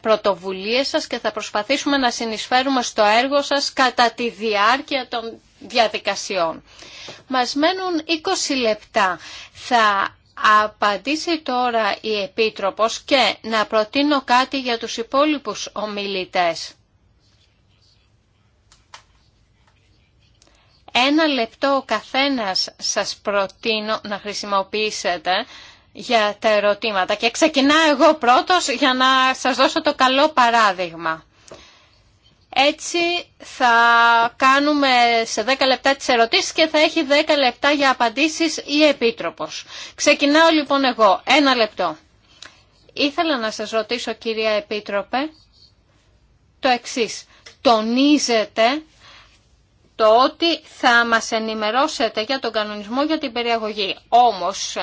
πρωτοβουλίες σας και θα προσπαθήσουμε να συνεισφέρουμε στο έργο σας κατά τη διάρκεια των διαδικασιών. Μας μένουν 20 λεπτά. Θα απαντήσει τώρα η Επίτροπος και να προτείνω κάτι για τους υπόλοιπους ομιλητές. Ένα λεπτό ο καθένας σας προτείνω να χρησιμοποιήσετε για τα ερωτήματα και ξεκινάω εγώ πρώτος για να σας δώσω το καλό παράδειγμα. Έτσι θα κάνουμε σε 10 λεπτά τις ερωτήσεις και θα έχει 10 λεπτά για απαντήσεις η Επίτροπος. Ξεκινάω λοιπόν εγώ. Ένα λεπτό. Ήθελα να σας ρωτήσω κυρία Επίτροπε το εξής. Τονίζετε το ότι θα μας ενημερώσετε για τον κανονισμό για την περιαγωγή. Όμως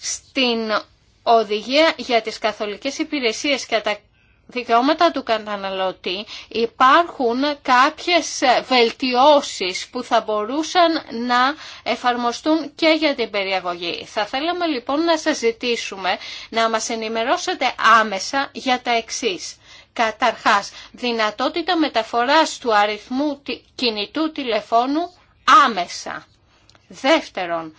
στην οδηγία για τις καθολικές υπηρεσίες και τα δικαιώματα του καταναλωτή υπάρχουν κάποιες βελτιώσεις που θα μπορούσαν να εφαρμοστούν και για την περιαγωγή. Θα θέλαμε λοιπόν να σας ζητήσουμε να μας ενημερώσετε άμεσα για τα εξής. Καταρχάς, δυνατότητα μεταφοράς του αριθμού κινητού τηλεφώνου άμεσα. Δεύτερον,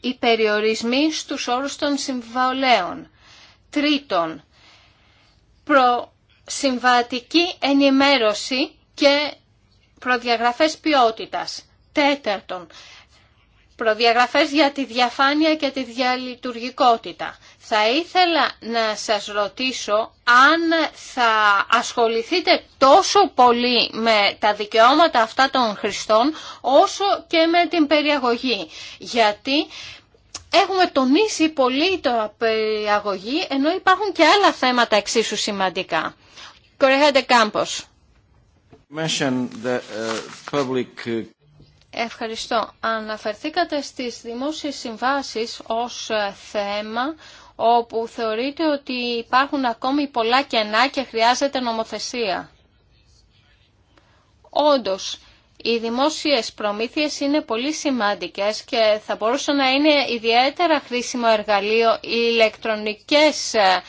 οι περιορισμοί στους όρους των συμβολέων. Τρίτον, προσυμβατική ενημέρωση και προδιαγραφές ποιότητας. Τέταρτον, προδιαγραφές για τη διαφάνεια και τη διαλειτουργικότητα. Θα ήθελα να σας ρωτήσω αν θα ασχοληθείτε τόσο πολύ με τα δικαιώματα αυτά των χρηστών όσο και με την περιαγωγή. Γιατί έχουμε τονίσει πολύ το απεριαγωγή, ενώ υπάρχουν και άλλα θέματα εξίσου σημαντικά. Κορεχάντε Κάμπος. Uh, uh, Ευχαριστώ. Αναφερθήκατε στις δημόσιες συμβάσεις ως ε, θέμα όπου θεωρείτε ότι υπάρχουν ακόμη πολλά κενά και χρειάζεται νομοθεσία. Όντως, οι δημόσιες προμήθειες είναι πολύ σημαντικές και θα μπορούσαν να είναι ιδιαίτερα χρήσιμο εργαλείο οι ηλεκτρονικές ε,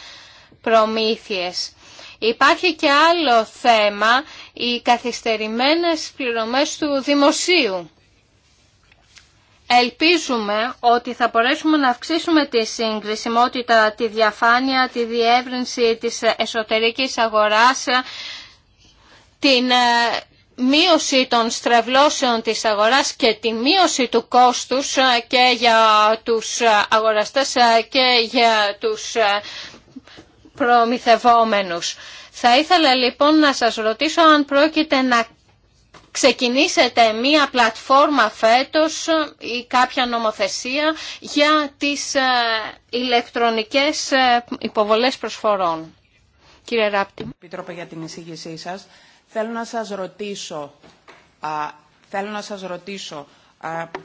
προμήθειες. Υπάρχει και άλλο θέμα, οι καθυστερημένες πληρωμές του δημοσίου. Ελπίζουμε ότι θα μπορέσουμε να αυξήσουμε τη συγκρισιμότητα, τη διαφάνεια, τη διεύρυνση της εσωτερικής αγοράς, ε, την ε, μείωση των στρεβλώσεων της αγοράς και τη μείωση του κόστους ε, και για τους ε, αγοραστές ε, και για τους προμηθευόμενους. Θα ήθελα λοιπόν να σας ρωτήσω αν πρόκειται να ξεκινήσετε μία πλατφόρμα φέτος ή κάποια νομοθεσία για τις ηλεκτρονικές υποβολές προσφορών. Κύριε Ράπτη. Επίτροπε για την εισήγησή σας. Θέλω να σας ρωτήσω, θέλω να σας ρωτήσω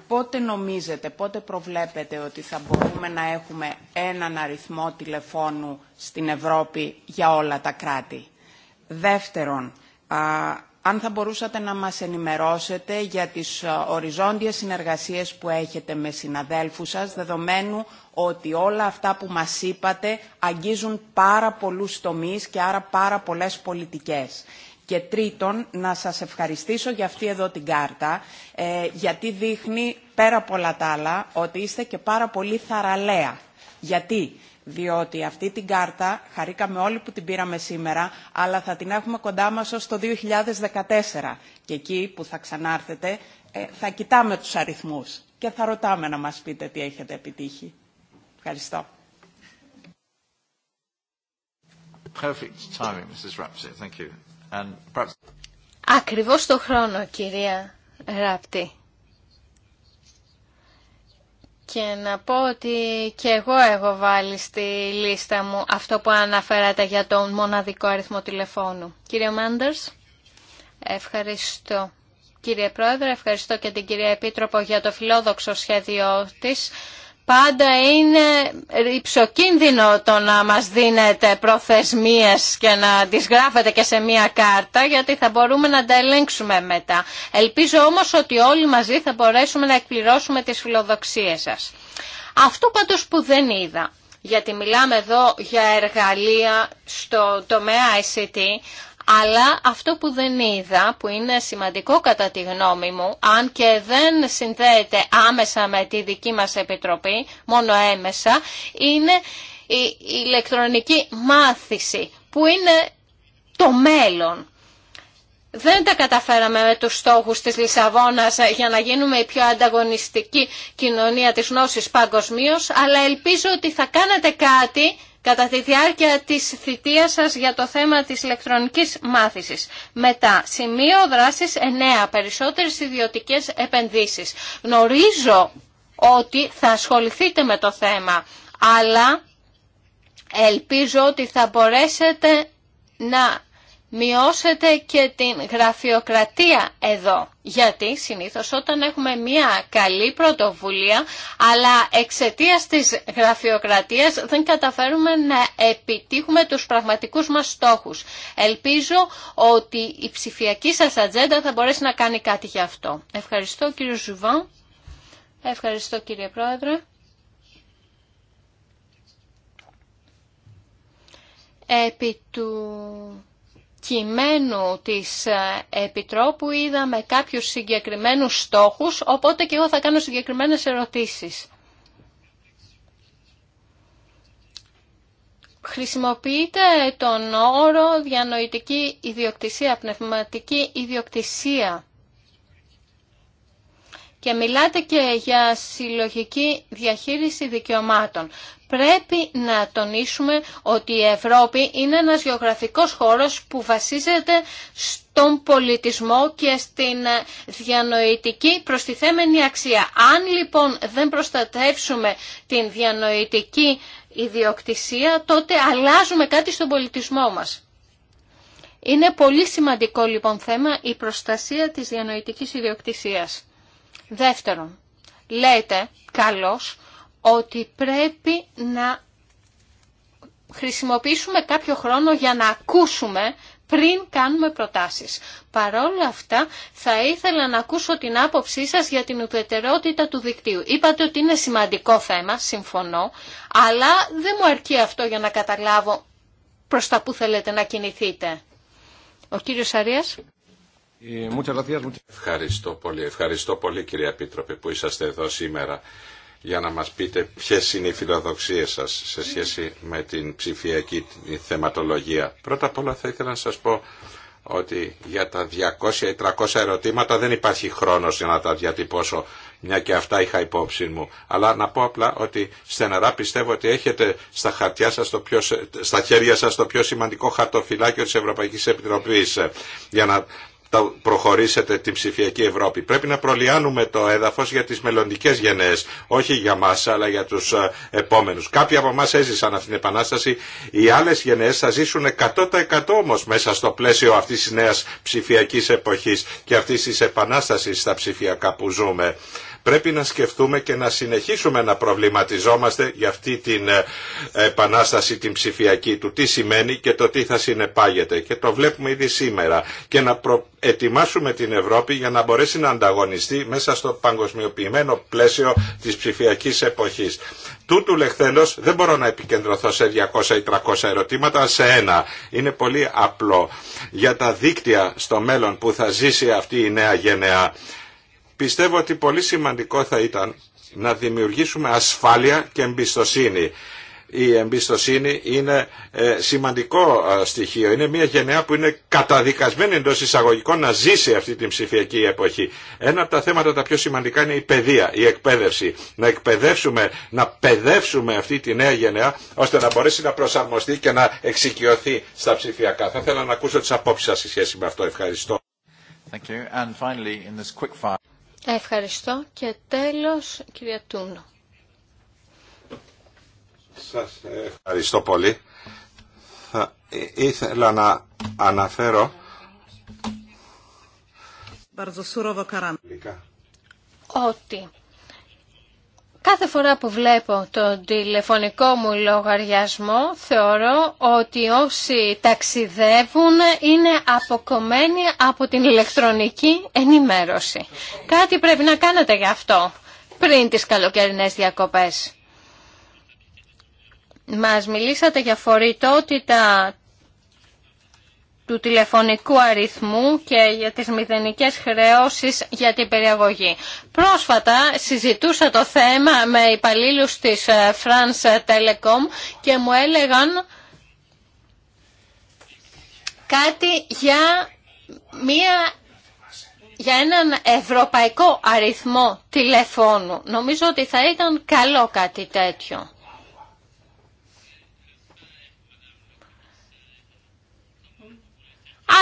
πότε νομίζετε, πότε προβλέπετε ότι θα μπορούμε να έχουμε έναν αριθμό τηλεφώνου στην Ευρώπη για όλα τα κράτη. Δεύτερον, αν θα μπορούσατε να μας ενημερώσετε για τις οριζόντιες συνεργασίες που έχετε με συναδέλφους σας, δεδομένου ότι όλα αυτά που μας είπατε αγγίζουν πάρα πολλούς τομείς και άρα πάρα πολλές πολιτικές. Και τρίτον, να σας ευχαριστήσω για αυτή εδώ την κάρτα, ε, γιατί δείχνει πέρα από όλα τα άλλα ότι είστε και πάρα πολύ θαραλέα. Γιατί διότι αυτή την κάρτα χαρήκαμε όλοι που την πήραμε σήμερα, αλλά θα την έχουμε κοντά μας ως το 2014. Και εκεί που θα ξανάρθετε ε, θα κοιτάμε τους αριθμούς και θα ρωτάμε να μας πείτε τι έχετε επιτύχει. Ευχαριστώ. Perfect timing, Mrs. Thank you. And Ακριβώς το χρόνο, κυρία Ράπτη. Και να πω ότι και εγώ έχω βάλει στη λίστα μου αυτό που αναφέρατε για τον μοναδικό αριθμό τηλεφώνου. Κύριε Μάντερς, ευχαριστώ. Κύριε Πρόεδρε, ευχαριστώ και την κυρία Επίτροπο για το φιλόδοξο σχέδιό της πάντα είναι υψοκίνδυνο το να μας δίνετε προθεσμίες και να τις γράφετε και σε μία κάρτα γιατί θα μπορούμε να τα ελέγξουμε μετά. Ελπίζω όμως ότι όλοι μαζί θα μπορέσουμε να εκπληρώσουμε τις φιλοδοξίες σας. Αυτό πάντως που δεν είδα, γιατί μιλάμε εδώ για εργαλεία στο τομέα ICT, αλλά αυτό που δεν είδα, που είναι σημαντικό κατά τη γνώμη μου, αν και δεν συνδέεται άμεσα με τη δική μας Επιτροπή, μόνο έμεσα, είναι η ηλεκτρονική μάθηση, που είναι το μέλλον. Δεν τα καταφέραμε με τους στόχους της Λισαβόνας για να γίνουμε η πιο ανταγωνιστική κοινωνία της γνώσης παγκοσμίω, αλλά ελπίζω ότι θα κάνετε κάτι κατά τη διάρκεια της θητείας σας για το θέμα της ηλεκτρονικής μάθησης. Μετά, σημείο δράσης 9, περισσότερες ιδιωτικές επενδύσεις. Γνωρίζω ότι θα ασχοληθείτε με το θέμα, αλλά ελπίζω ότι θα μπορέσετε να μειώσετε και την γραφειοκρατία εδώ. Γιατί συνήθως όταν έχουμε μια καλή πρωτοβουλία, αλλά εξαιτίας της γραφειοκρατίας δεν καταφέρουμε να επιτύχουμε τους πραγματικούς μας στόχους. Ελπίζω ότι η ψηφιακή σας ατζέντα θα μπορέσει να κάνει κάτι γι' αυτό. Ευχαριστώ κύριο Ζουβάν. Ευχαριστώ κύριε Πρόεδρε. Επί κειμένου της ε, Επιτρόπου είδαμε κάποιους συγκεκριμένους στόχους, οπότε και εγώ θα κάνω συγκεκριμένες ερωτήσεις. Χρησιμοποιείτε τον όρο διανοητική ιδιοκτησία, πνευματική ιδιοκτησία. Και μιλάτε και για συλλογική διαχείριση δικαιωμάτων πρέπει να τονίσουμε ότι η Ευρώπη είναι ένας γεωγραφικός χώρος που βασίζεται στον πολιτισμό και στην διανοητική προστιθέμενη αξία. Αν λοιπόν δεν προστατεύσουμε την διανοητική ιδιοκτησία, τότε αλλάζουμε κάτι στον πολιτισμό μας. Είναι πολύ σημαντικό λοιπόν θέμα η προστασία της διανοητικής ιδιοκτησίας. Δεύτερον, λέτε καλώς ότι πρέπει να χρησιμοποιήσουμε κάποιο χρόνο για να ακούσουμε πριν κάνουμε προτάσεις. Παρόλα αυτά, θα ήθελα να ακούσω την άποψή σας για την ουδετερότητα του δικτύου. Είπατε ότι είναι σημαντικό θέμα, συμφωνώ, αλλά δεν μου αρκεί αυτό για να καταλάβω προς τα που θέλετε να κινηθείτε. Ο κύριος Αρίας. Ε, ευχαριστώ πολύ. Ευχαριστώ πολύ κύριε Επίτροπε που είσαστε εδώ σήμερα για να μας πείτε ποιες είναι οι φιλοδοξίες σας σε σχέση με την ψηφιακή θεματολογία. Πρώτα απ' όλα θα ήθελα να σας πω ότι για τα 200 300 ερωτήματα δεν υπάρχει χρόνος για να τα διατυπώσω, μια και αυτά είχα υπόψη μου. Αλλά να πω απλά ότι στεναρά πιστεύω ότι έχετε στα, χαρτιά σας το πιο, στα χέρια σας το πιο σημαντικό χαρτοφυλάκιο της Ευρωπαϊκής Επιτροπής ε, για να θα προχωρήσετε την ψηφιακή Ευρώπη. Πρέπει να προλιάνουμε το έδαφος για τις μελλοντικέ γενναίες, όχι για μας αλλά για τους ε, επόμενους. Κάποιοι από εμά έζησαν αυτήν την επανάσταση, οι άλλες γενναίες θα ζήσουν 100% όμως μέσα στο πλαίσιο αυτής της νέας ψηφιακής εποχής και αυτής της επανάστασης στα ψηφιακά που ζούμε πρέπει να σκεφτούμε και να συνεχίσουμε να προβληματιζόμαστε για αυτή την ε, επανάσταση την ψηφιακή του τι σημαίνει και το τι θα συνεπάγεται και το βλέπουμε ήδη σήμερα και να προετοιμάσουμε την Ευρώπη για να μπορέσει να ανταγωνιστεί μέσα στο παγκοσμιοποιημένο πλαίσιο της ψηφιακής εποχής. Τούτου λεχθέντος δεν μπορώ να επικεντρωθώ σε 200 ή 300 ερωτήματα, σε ένα. Είναι πολύ απλό. Για τα δίκτυα στο μέλλον που θα ζήσει αυτή η νέα γενεά πιστεύω ότι πολύ σημαντικό θα ήταν να δημιουργήσουμε ασφάλεια και εμπιστοσύνη. Η εμπιστοσύνη είναι ε, σημαντικό ε, στοιχείο. Είναι μια γενεά που είναι καταδικασμένη εντό εισαγωγικών να ζήσει αυτή την ψηφιακή εποχή. Ένα από τα θέματα τα πιο σημαντικά είναι η παιδεία, η εκπαίδευση. Να εκπαιδεύσουμε, να παιδεύσουμε αυτή τη νέα γενεά ώστε να μπορέσει να προσαρμοστεί και να εξοικειωθεί στα ψηφιακά. Θα ήθελα να ακούσω τι απόψει σα σε σχέση με αυτό. Ευχαριστώ. Ευχαριστώ και τέλος κυρία Τούνο. Σας ευχαριστώ πολύ. Θα ήθελα να αναφέρω ότι Κάθε φορά που βλέπω τον τηλεφωνικό μου λογαριασμό θεωρώ ότι όσοι ταξιδεύουν είναι αποκομμένοι από την ηλεκτρονική ενημέρωση. Κάτι πρέπει να κάνετε γι' αυτό πριν τις καλοκαιρινές διακοπές. Μας μιλήσατε για φορητότητα του τηλεφωνικού αριθμού και για τις μηδενικές χρεώσεις για την περιαγωγή. Πρόσφατα συζητούσα το θέμα με υπαλλήλου της ε, France Telecom και μου έλεγαν κάτι για, μία, για έναν ευρωπαϊκό αριθμό τηλεφώνου. Νομίζω ότι θα ήταν καλό κάτι τέτοιο.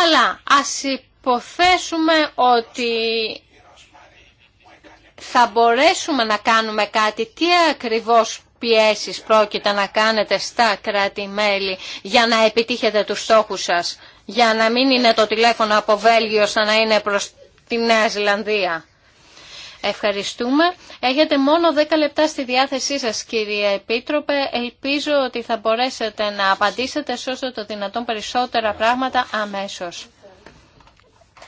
Αλλά ας υποθέσουμε ότι θα μπορέσουμε να κάνουμε κάτι. Τι ακριβώς πιέσεις πρόκειται να κάνετε στα κράτη-μέλη για να επιτύχετε τους στόχους σας. Για να μην είναι το τηλέφωνο από Βέλγιο σαν να είναι προς τη Νέα Ζηλανδία. Ευχαριστούμε. Έχετε μόνο 10 λεπτά στη διάθεσή σας κύριε Επίτροπε. Ελπίζω ότι θα μπορέσετε να απαντήσετε σε το δυνατόν περισσότερα πράγματα αμέσως.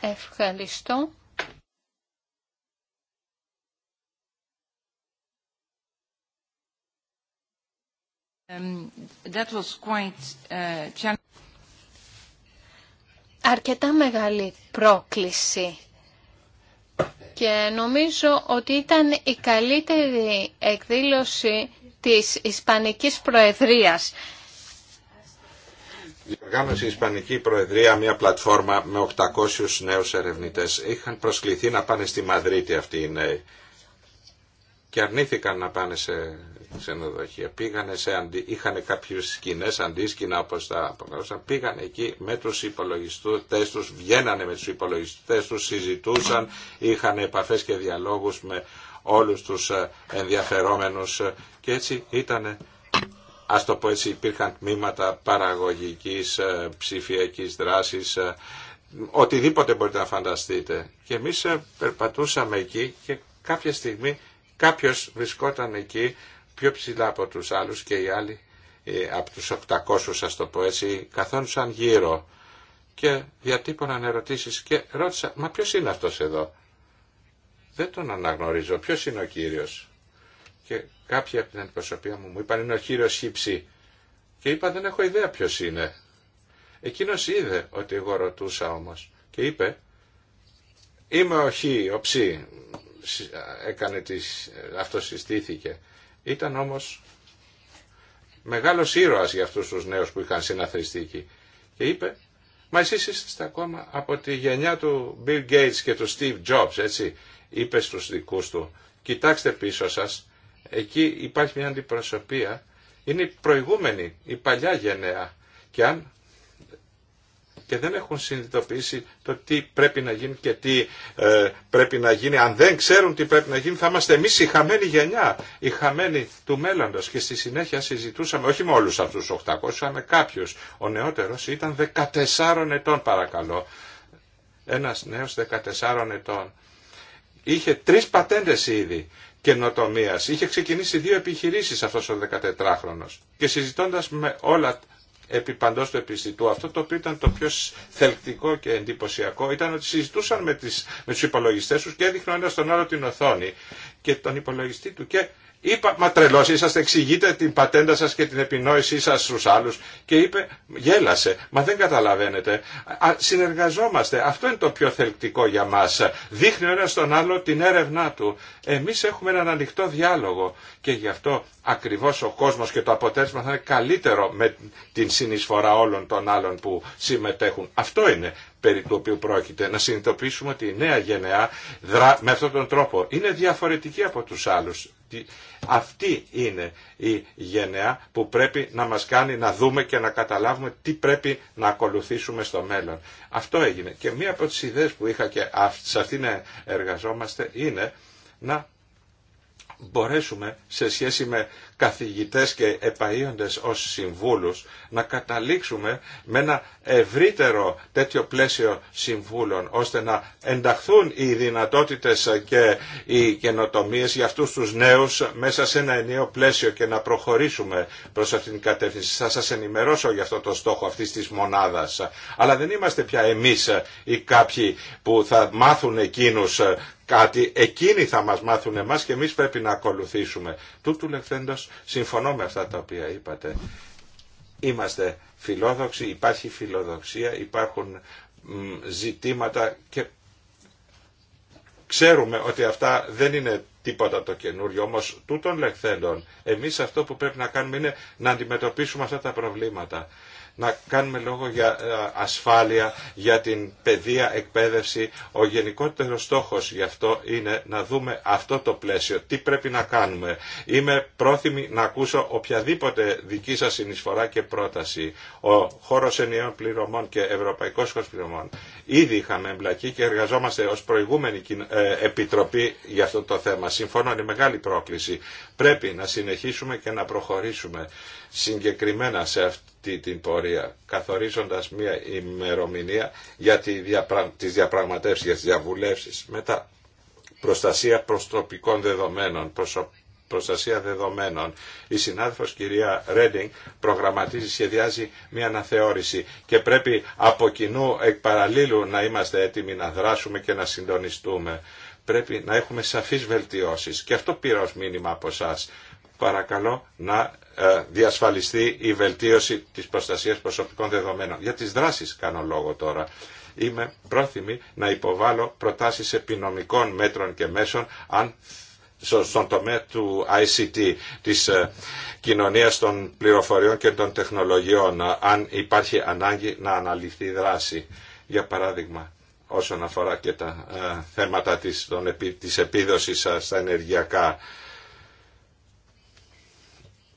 Ευχαριστώ. Um, uh, Αρκετά μεγάλη πρόκληση και νομίζω ότι ήταν η καλύτερη εκδήλωση της Ισπανικής Προεδρίας. Διοργάνωσε η Ισπανική Προεδρία μια πλατφόρμα με 800 νέους ερευνητές. Είχαν προσκληθεί να πάνε στη Μαδρίτη αυτοί οι νέοι και αρνήθηκαν να πάνε σε ξενοδοχεία. Πήγανε σε αντι... Είχαν κάποιε σκηνέ αντίσκηνα όπω τα αποκαλούσαν. Πήγαν εκεί με του υπολογιστέ του, βγαίνανε με του υπολογιστέ του, συζητούσαν, είχαν επαφέ και διαλόγου με όλου του ε, ενδιαφερόμενου ε, και έτσι ήταν. α το πω έτσι, υπήρχαν τμήματα παραγωγική ε, ψηφιακή δράση. οτιδήποτε μπορείτε να φανταστείτε. Και εμεί περπατούσαμε εκεί και κάποια στιγμή κάποιος βρισκόταν εκεί πιο ψηλά από τους άλλους και οι άλλοι ε, από τους 800 ας το πω έτσι καθόντουσαν γύρω και διατύπωναν ερωτήσεις και ρώτησα μα ποιος είναι αυτός εδώ δεν τον αναγνωρίζω ποιος είναι ο κύριος και κάποιοι από την αντιπροσωπεία μου μου είπαν είναι ο κύριος Χίψη και είπα δεν έχω ιδέα ποιος είναι εκείνος είδε ότι εγώ ρωτούσα όμως και είπε είμαι ο Χί ο έκανε τις, ε, αυτό συστήθηκε ήταν όμως μεγάλος ήρωας για αυτούς τους νέους που είχαν συναθριστεί εκεί. Και είπε, μα εσείς είστε ακόμα από τη γενιά του Bill Gates και του Steve Jobs, έτσι, είπε στους δικούς του, κοιτάξτε πίσω σας, εκεί υπάρχει μια αντιπροσωπεία, είναι η προηγούμενη, η παλιά γενναία. Και αν και δεν έχουν συνειδητοποιήσει το τι πρέπει να γίνει και τι ε, πρέπει να γίνει. Αν δεν ξέρουν τι πρέπει να γίνει θα είμαστε εμείς η χαμένη γενιά, η χαμένη του μέλλοντος. Και στη συνέχεια συζητούσαμε, όχι με όλους αυτούς τους 800, αλλά με κάποιους. Ο νεότερος ήταν 14 ετών παρακαλώ. Ένας νέος 14 ετών. Είχε τρεις πατέντες ήδη καινοτομία. Είχε ξεκινήσει δύο επιχειρήσεις αυτός ο 14 χρονος Και συζητώντα με όλα επί παντός του επιστητού. Αυτό το οποίο ήταν το πιο θελκτικό και εντυπωσιακό ήταν ότι συζητούσαν με, τις, με τους υπολογιστές τους και έδειχναν ένα στον άλλο την οθόνη και τον υπολογιστή του και Είπα, μα τρελό είσαστε, εξηγείτε την πατέντα σα και την επινόησή σα στους άλλου. Και είπε, γέλασε, μα δεν καταλαβαίνετε. Α, συνεργαζόμαστε, αυτό είναι το πιο θελκτικό για μα. Δείχνει ο ένα τον άλλο την έρευνά του. Εμεί έχουμε έναν ανοιχτό διάλογο και γι' αυτό ακριβώ ο κόσμο και το αποτέλεσμα θα είναι καλύτερο με την συνεισφορά όλων των άλλων που συμμετέχουν. Αυτό είναι περί του οποίου πρόκειται. Να συνειδητοποιήσουμε ότι η νέα γενεά δρά, με αυτόν τον τρόπο είναι διαφορετική από τους άλλους αυτή, είναι η γενεά που πρέπει να μας κάνει να δούμε και να καταλάβουμε τι πρέπει να ακολουθήσουμε στο μέλλον. Αυτό έγινε. Και μία από τις ιδέες που είχα και σε αυτήν εργαζόμαστε είναι να μπορέσουμε σε σχέση με καθηγητές και επαΐοντες ως συμβούλους, να καταλήξουμε με ένα ευρύτερο τέτοιο πλαίσιο συμβούλων, ώστε να ενταχθούν οι δυνατότητες και οι καινοτομίες για αυτούς τους νέους μέσα σε ένα ενιαίο πλαίσιο και να προχωρήσουμε προς αυτήν την κατεύθυνση. Θα σας ενημερώσω για αυτό το στόχο αυτής της μονάδας. Αλλά δεν είμαστε πια εμείς ή κάποιοι που θα μάθουν εκείνους κάτι, εκείνοι θα μας μάθουν εμάς και εμείς πρέπει να ακολουθήσουμε. Τούτου λεχθέντος Συμφωνώ με αυτά τα οποία είπατε. Είμαστε φιλόδοξοι, υπάρχει φιλοδοξία, υπάρχουν ζητήματα και ξέρουμε ότι αυτά δεν είναι τίποτα το καινούριο, όμως τούτων λεχθέντων εμείς αυτό που πρέπει να κάνουμε είναι να αντιμετωπίσουμε αυτά τα προβλήματα να κάνουμε λόγο για ε, ασφάλεια, για την παιδεία, εκπαίδευση. Ο γενικότερος στόχος γι' αυτό είναι να δούμε αυτό το πλαίσιο. Τι πρέπει να κάνουμε. Είμαι πρόθυμη να ακούσω οποιαδήποτε δική σας συνεισφορά και πρόταση. Ο χώρος ενιαίων πληρωμών και ευρωπαϊκός χώρος πληρωμών. Ήδη είχαμε εμπλακεί και εργαζόμαστε ως προηγούμενη ε, επιτροπή για αυτό το θέμα. Συμφωνώ, είναι μεγάλη πρόκληση. Πρέπει να συνεχίσουμε και να προχωρήσουμε συγκεκριμένα σε αυτή την πορεία, καθορίζοντας μια ημερομηνία για τη τις διαπραγματεύσεις, για τις διαβουλεύσεις. Μετά, προστασία προστροπικών δεδομένων, προστασία δεδομένων. Η συνάδελφος κυρία Ρέντινγκ προγραμματίζει, σχεδιάζει μια αναθεώρηση και πρέπει από κοινού εκ παραλίλου να είμαστε έτοιμοι να δράσουμε και να συντονιστούμε πρέπει να έχουμε σαφείς βελτιώσεις. Και αυτό πήρα ως μήνυμα από εσά. Παρακαλώ να ε, διασφαλιστεί η βελτίωση της προστασίας προσωπικών δεδομένων. Για τις δράσεις κάνω λόγο τώρα. Είμαι πρόθυμη να υποβάλω προτάσεις επινομικών μέτρων και μέσων αν στον τομέα του ICT, της ε, κοινωνίας των πληροφοριών και των τεχνολογιών, ε, αν υπάρχει ανάγκη να αναλυθεί δράση. Για παράδειγμα, όσον αφορά και τα ε, θέματα της, των, της επίδοσης στα ενεργειακά.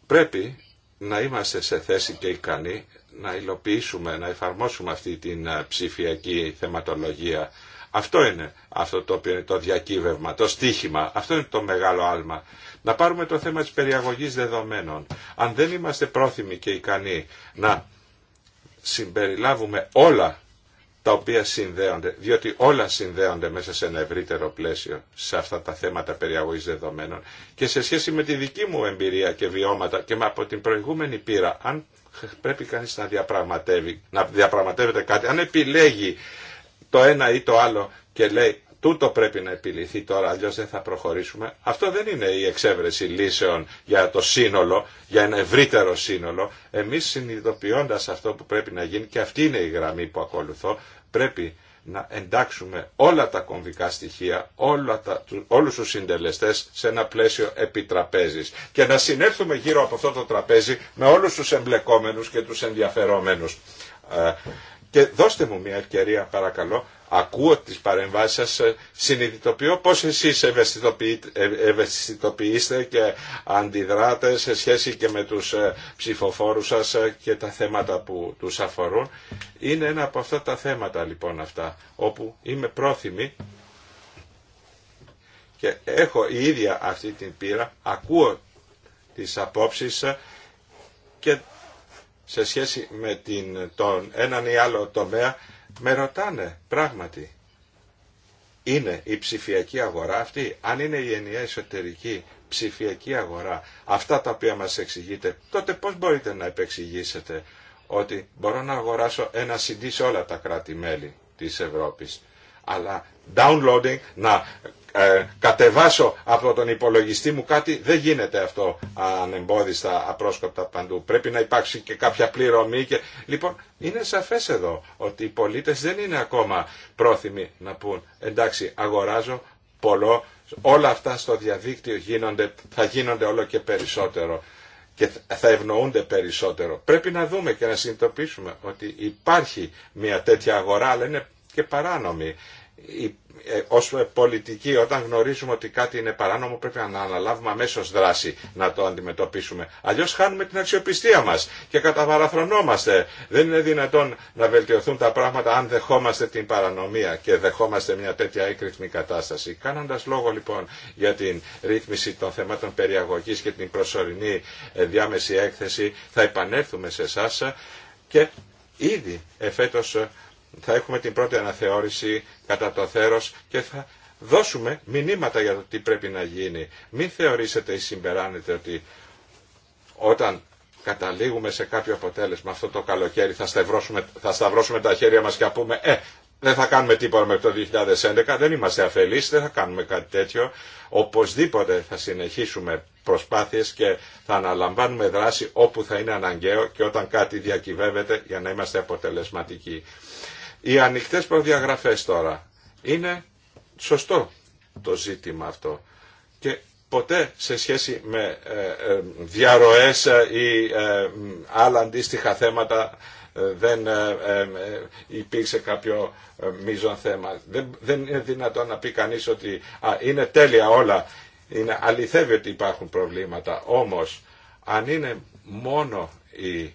Πρέπει να είμαστε σε θέση και ικανοί να υλοποιήσουμε, να εφαρμόσουμε αυτή την ε, ψηφιακή θεματολογία. Αυτό είναι αυτό το οποίο είναι το διακύβευμα, το στίχημα. Αυτό είναι το μεγάλο άλμα. Να πάρουμε το θέμα της περιαγωγής δεδομένων. Αν δεν είμαστε πρόθυμοι και ικανοί να συμπεριλάβουμε όλα τα οποία συνδέονται, διότι όλα συνδέονται μέσα σε ένα ευρύτερο πλαίσιο σε αυτά τα θέματα περιαγωγής δεδομένων και σε σχέση με τη δική μου εμπειρία και βιώματα και από την προηγούμενη πείρα, αν πρέπει κανείς να, διαπραγματεύει, να διαπραγματεύεται κάτι, αν επιλέγει το ένα ή το άλλο και λέει τούτο πρέπει να επιληθεί τώρα, αλλιώς δεν θα προχωρήσουμε. Αυτό δεν είναι η εξέβρεση λύσεων για το σύνολο, για ένα ευρύτερο σύνολο. Εμείς συνειδητοποιώντας αυτό που πρέπει να γίνει, και αυτή είναι η γραμμή που ακολουθώ, πρέπει να εντάξουμε όλα τα κομβικά στοιχεία, όλα τα, όλους τους συντελεστές σε ένα πλαίσιο επιτραπέζης και να συνέλθουμε γύρω από αυτό το τραπέζι με όλους τους εμπλεκόμενους και τους ενδιαφερόμενους. Ε, και δώστε μου μια ευκαιρία παρακαλώ, ακούω τις παρεμβάσεις σας, ε, συνειδητοποιώ πώς εσείς ε, ευαισθητοποιείστε και αντιδράτε σε σχέση και με τους ε, ψηφοφόρους σας και τα θέματα που τους αφορούν. Είναι ένα από αυτά τα θέματα λοιπόν αυτά, όπου είμαι πρόθυμη και έχω η ίδια αυτή την πείρα, ακούω τις απόψεις και σε σχέση με την, τον έναν ή άλλο τομέα με ρωτάνε πράγματι είναι η ψηφιακή αγορά αυτή, αν είναι η ενιαία εσωτερική ψηφιακή αγορά, αυτά τα οποία μας εξηγείτε, τότε πώς μπορείτε να επεξηγήσετε ότι μπορώ να αγοράσω ένα CD σε όλα τα κράτη-μέλη της Ευρώπης, αλλά downloading, να ε, κατεβάσω από τον υπολογιστή μου κάτι, δεν γίνεται αυτό ανεμπόδιστα, απρόσκοπτα παντού. Πρέπει να υπάρξει και κάποια πληρωμή. Και... Λοιπόν, είναι σαφές εδώ ότι οι πολίτες δεν είναι ακόμα πρόθυμοι να πούν εντάξει αγοράζω πολλό, όλα αυτά στο διαδίκτυο γίνονται, θα γίνονται όλο και περισσότερο και θα ευνοούνται περισσότερο. Πρέπει να δούμε και να συνειδητοποιήσουμε ότι υπάρχει μια τέτοια αγορά, αλλά είναι και παράνομη. Ε, ως πολιτικοί όταν γνωρίζουμε ότι κάτι είναι παράνομο πρέπει να αναλάβουμε αμέσω δράση να το αντιμετωπίσουμε. Αλλιώς χάνουμε την αξιοπιστία μας και καταβαραθρονόμαστε. Δεν είναι δυνατόν να βελτιωθούν τα πράγματα αν δεχόμαστε την παρανομία και δεχόμαστε μια τέτοια έκρηθμη κατάσταση. Κάνοντας λόγο λοιπόν για την ρύθμιση των θεμάτων περιαγωγής και την προσωρινή ε, διάμεση έκθεση θα επανέλθουμε σε εσά και ήδη εφέτος ε, θα έχουμε την πρώτη αναθεώρηση κατά το θέρος και θα δώσουμε μηνύματα για το τι πρέπει να γίνει. Μην θεωρήσετε ή συμπεράνετε ότι όταν καταλήγουμε σε κάποιο αποτέλεσμα αυτό το καλοκαίρι θα σταυρώσουμε, θα σταυρώσουμε τα χέρια μας και θα πούμε «Ε, δεν θα κάνουμε τίποτα με το 2011, δεν είμαστε αφελείς, δεν θα κάνουμε κάτι τέτοιο. Οπωσδήποτε θα συνεχίσουμε προσπάθειες και θα αναλαμβάνουμε δράση όπου θα είναι αναγκαίο και όταν κάτι διακυβεύεται για να είμαστε αποτελεσματικοί. Οι ανοιχτές προδιαγραφές τώρα. Είναι σωστό το ζήτημα αυτό. Και ποτέ σε σχέση με ε, ε, διαρροές ε, ή άλλα αντίστοιχα θέματα δεν υπήρξε κάποιο μείζον θέμα. Δεν είναι δυνατόν να πει κανείς ότι είναι τέλεια όλα. Είναι αληθεύει ότι υπάρχουν προβλήματα. Όμως αν είναι μόνο η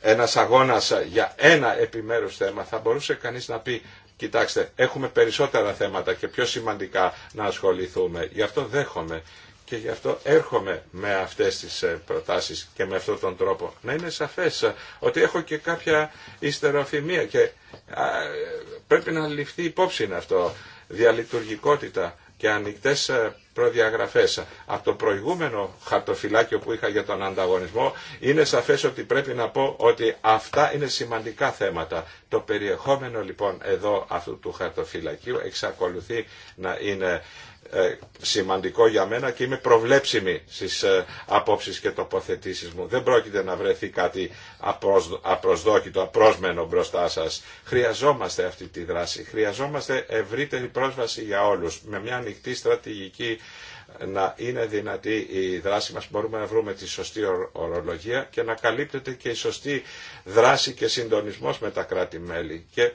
ένας αγώνας για ένα επιμέρους θέμα, θα μπορούσε κανείς να πει Κοιτάξτε, έχουμε περισσότερα θέματα και πιο σημαντικά να ασχοληθούμε. Γι' αυτό δέχομαι και γι' αυτό έρχομαι με αυτές τις ε, προτάσεις και με αυτόν τον τρόπο. Να είναι σαφές ε, ότι έχω και κάποια ιστεροφημία και πρέπει να ληφθεί υπόψη αυτό. Διαλειτουργικότητα και ανοιχτές ε, προδιαγραφές. Από το προηγούμενο χαρτοφυλάκιο που είχα για τον ανταγωνισμό είναι σαφές ότι πρέπει να πω ότι αυτά είναι σημαντικά θέματα. Το περιεχόμενο λοιπόν εδώ αυτού του χαρτοφυλακίου εξακολουθεί να είναι ε, σημαντικό για μένα και είμαι προβλέψιμη στις ε, απόψεις και τοποθετήσεις μου. Δεν πρόκειται να βρεθεί κάτι απροσδόκητο, απρόσμενο μπροστά σας. Χρειαζόμαστε αυτή τη δράση. Χρειαζόμαστε ευρύτερη πρόσβαση για όλους. Με μια ανοιχτή στρατηγική ε, να είναι δυνατή η δράση μας, μπορούμε να βρούμε τη σωστή ορολογία και να καλύπτεται και η σωστή δράση και συντονισμός με τα κράτη-μέλη. Και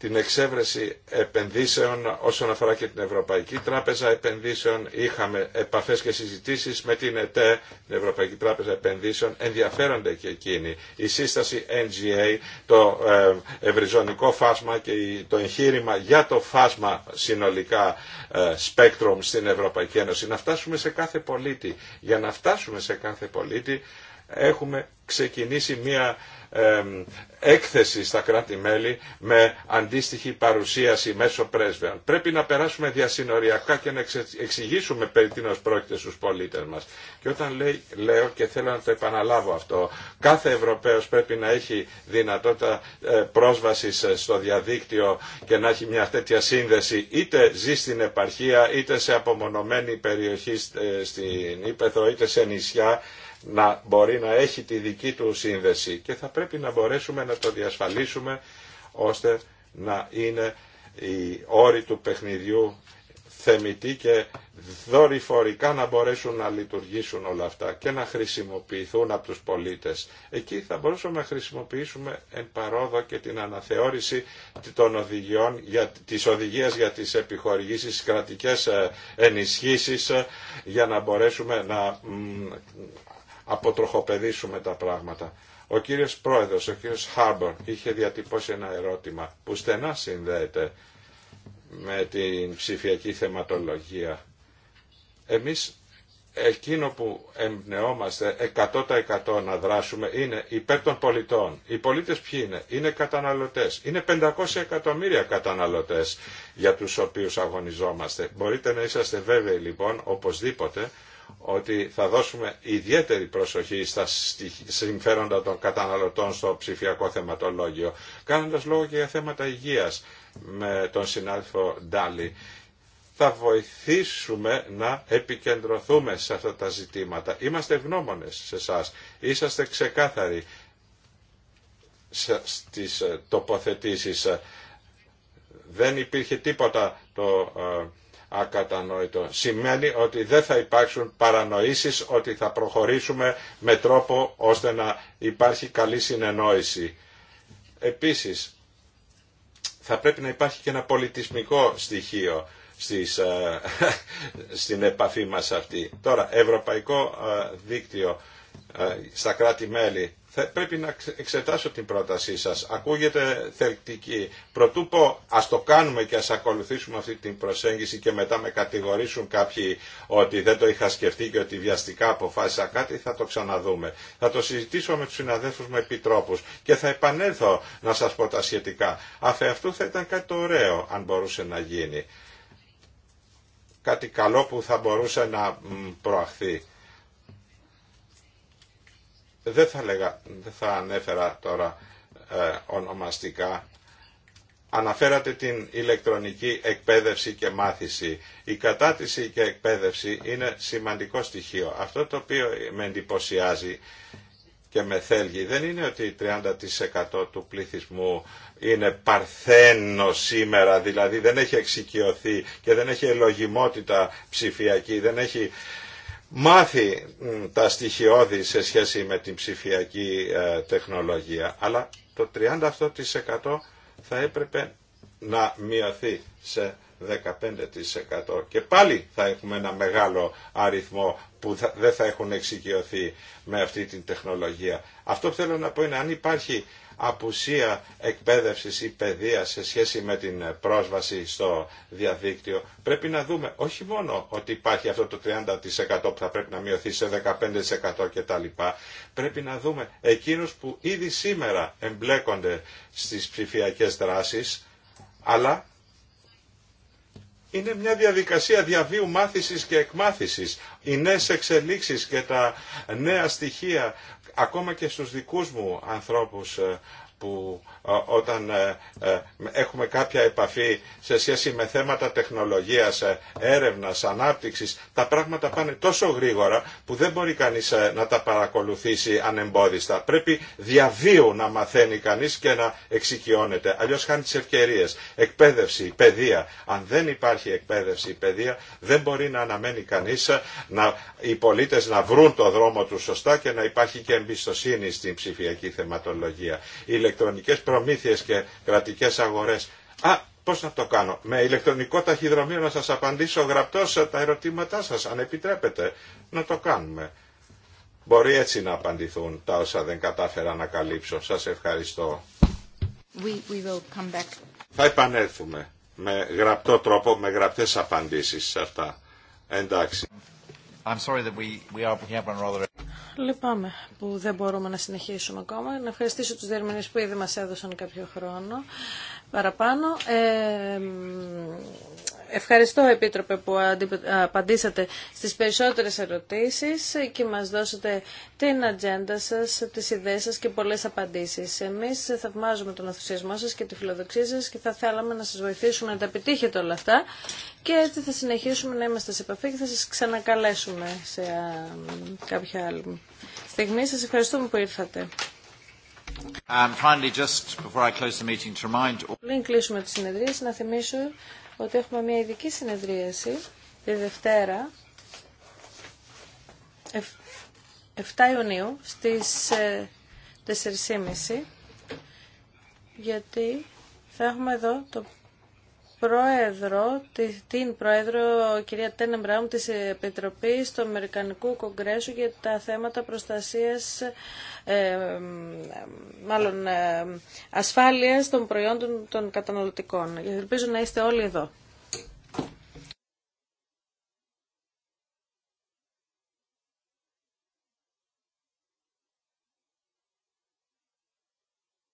την εξέβρεση επενδύσεων όσον αφορά και την Ευρωπαϊκή Τράπεζα Επενδύσεων. Είχαμε επαφές και συζητήσεις με την ΕΤΕ, την Ευρωπαϊκή Τράπεζα Επενδύσεων. Ενδιαφέρονται και εκείνοι. Η σύσταση NGA, το ε, ευρυζωνικό φάσμα και το εγχείρημα για το φάσμα συνολικά ε, Spectrum στην Ευρωπαϊκή Ένωση. Να φτάσουμε σε κάθε πολίτη. Για να φτάσουμε σε κάθε πολίτη έχουμε ξεκινήσει μια έκθεση στα κράτη-μέλη με αντίστοιχη παρουσίαση μέσω πρέσβεων. Πρέπει να περάσουμε διασυνοριακά και να εξηγήσουμε περί τίνος πρόκειται στους πολίτες μας. Και όταν λέω και θέλω να το επαναλάβω αυτό, κάθε Ευρωπαίος πρέπει να έχει δυνατότητα ε, πρόσβασης ε, στο διαδίκτυο και να έχει μια τέτοια σύνδεση είτε ζει στην επαρχία είτε σε απομονωμένη περιοχή ε, στην Ήπεθρο είτε σε νησιά να μπορεί να έχει τη δική του σύνδεση και θα πρέπει να μπορέσουμε να το διασφαλίσουμε ώστε να είναι οι όροι του παιχνιδιού θεμητοί και δορυφορικά να μπορέσουν να λειτουργήσουν όλα αυτά και να χρησιμοποιηθούν από τους πολίτες. Εκεί θα μπορούσαμε να χρησιμοποιήσουμε εν παρόδο και την αναθεώρηση των οδηγιών, για, της οδηγίας για τις επιχορηγήσεις, κρατικές ε, ενισχύσεις ε, για να μπορέσουμε να αποτροχοπεδίσουμε τα πράγματα. Ο κύριος Πρόεδρος, ο κύριος Χάμπορ, είχε διατυπώσει ένα ερώτημα που στενά συνδέεται με την ψηφιακή θεματολογία. Εμείς εκείνο που εμπνεόμαστε 100% να δράσουμε είναι υπέρ των πολιτών. Οι πολίτες ποιοι είναι, είναι καταναλωτές. Είναι 500 εκατομμύρια καταναλωτές για τους οποίους αγωνιζόμαστε. Μπορείτε να είσαστε βέβαιοι λοιπόν οπωσδήποτε ότι θα δώσουμε ιδιαίτερη προσοχή στα συμφέροντα των καταναλωτών στο ψηφιακό θεματολόγιο, κάνοντας λόγο και για θέματα υγείας με τον συνάδελφο Ντάλι. Θα βοηθήσουμε να επικεντρωθούμε σε αυτά τα ζητήματα. Είμαστε γνώμονες σε εσά. Είσαστε ξεκάθαροι στις ε, τοποθετήσεις. Δεν υπήρχε τίποτα το ε, ακατανόητο. Σημαίνει ότι δεν θα υπάρξουν παρανοήσεις ότι θα προχωρήσουμε με τρόπο ώστε να υπάρχει καλή συνεννόηση. Επίσης, θα πρέπει να υπάρχει και ένα πολιτισμικό στοιχείο στις, ε, στην επαφή μας αυτή. Τώρα, ευρωπαϊκό ε, δίκτυο ε, στα κράτη-μέλη θα πρέπει να εξετάσω την πρότασή σας. Ακούγεται θελκτική. Προτού πω ας το κάνουμε και ας ακολουθήσουμε αυτή την προσέγγιση και μετά με κατηγορήσουν κάποιοι ότι δεν το είχα σκεφτεί και ότι βιαστικά αποφάσισα κάτι, θα το ξαναδούμε. Θα το συζητήσω με τους συναδέλφους μου επιτρόπους και θα επανέλθω να σας πω τα σχετικά. Αφ' αυτού θα ήταν κάτι ωραίο αν μπορούσε να γίνει. Κάτι καλό που θα μπορούσε να προαχθεί δεν θα, λέγα, θα ανέφερα τώρα ε, ονομαστικά. Αναφέρατε την ηλεκτρονική εκπαίδευση και μάθηση. Η κατάτηση και εκπαίδευση είναι σημαντικό στοιχείο. Αυτό το οποίο με εντυπωσιάζει και με θέλγει δεν είναι ότι 30% του πληθυσμού είναι παρθένο σήμερα, δηλαδή δεν έχει εξοικειωθεί και δεν έχει ελογιμότητα ψηφιακή, δεν έχει μάθει τα στοιχειώδη σε σχέση με την ψηφιακή ε, τεχνολογία. Αλλά το 38% θα έπρεπε να μειωθεί σε 15% και πάλι θα έχουμε ένα μεγάλο αριθμό που δεν θα έχουν εξοικειωθεί με αυτή την τεχνολογία. Αυτό που θέλω να πω είναι αν υπάρχει απουσία εκπαίδευσης ή παιδείας σε σχέση με την πρόσβαση στο διαδίκτυο. Πρέπει να δούμε όχι μόνο ότι υπάρχει αυτό το 30% που θα πρέπει να μειωθεί σε 15% κτλ. Πρέπει να δούμε εκείνους που ήδη σήμερα εμπλέκονται στις ψηφιακές δράσεις, αλλά είναι μια διαδικασία διαβίου μάθησης και εκμάθησης. Οι νέες εξελίξεις και τα νέα στοιχεία ακόμα και στους δικούς μου ανθρώπους ε, που όταν ε, ε, έχουμε κάποια επαφή σε σχέση με θέματα τεχνολογίας, ε, έρευνας, ανάπτυξης, τα πράγματα πάνε τόσο γρήγορα που δεν μπορεί κανείς να τα παρακολουθήσει ανεμπόδιστα. Πρέπει διαβίου να μαθαίνει κανείς και να εξοικειώνεται. Αλλιώς χάνει τις ευκαιρίες. Εκπαίδευση, παιδεία. Αν δεν υπάρχει εκπαίδευση, παιδεία, δεν μπορεί να αναμένει κανείς οι πολίτες να βρουν το δρόμο του σωστά και να υπάρχει και εμπιστοσύνη στην ψηφιακή θεματολογία. Οι ηλεκτρονικές προμήθειες και κρατικές αγορές. Α, πώς να το κάνω. Με ηλεκτρονικό ταχυδρομείο να σας απαντήσω γραπτώς τα ερωτήματά σας, αν επιτρέπετε, να το κάνουμε. Μπορεί έτσι να απαντηθούν τα όσα δεν κατάφερα να καλύψω. Σας ευχαριστώ. We, will come back. Θα επανέλθουμε με γραπτό τρόπο, με γραπτές απαντήσεις σε αυτά. Εντάξει. Λυπάμαι που δεν μπορούμε να συνεχίσουμε ακόμα. Να ευχαριστήσω τους διερμηνείς που ήδη μας έδωσαν κάποιο χρόνο παραπάνω. Ε, Ευχαριστώ, Επίτροπε, που απαντήσατε στις περισσότερες ερωτήσεις και μας δώσατε την ατζέντα σας, τις ιδέες σας και πολλές απαντήσεις. Εμείς θαυμάζουμε τον ενθουσιασμό σας και τη φιλοδοξία σας και θα θέλαμε να σας βοηθήσουμε να τα επιτύχετε όλα αυτά και έτσι θα συνεχίσουμε να είμαστε σε επαφή και θα σας ξανακαλέσουμε σε κάποια άλλη στιγμή. Σας ευχαριστούμε που ήρθατε. Πριν κλείσουμε τη συνεδρία, να θυμίσω ότι έχουμε μια ειδική συνεδρίαση τη Δευτέρα 7 Ιουνίου στις 4.30 ε, γιατί θα έχουμε εδώ το πρόεδρο, την πρόεδρο κυρία Τένεμπραουμ τη της Επιτροπής του Αμερικανικού Κογκρέσου για τα θέματα προστασίας, ε, μάλλον ε, ασφάλειας των προϊόντων των καταναλωτικών. Ελπίζω να είστε όλοι εδώ.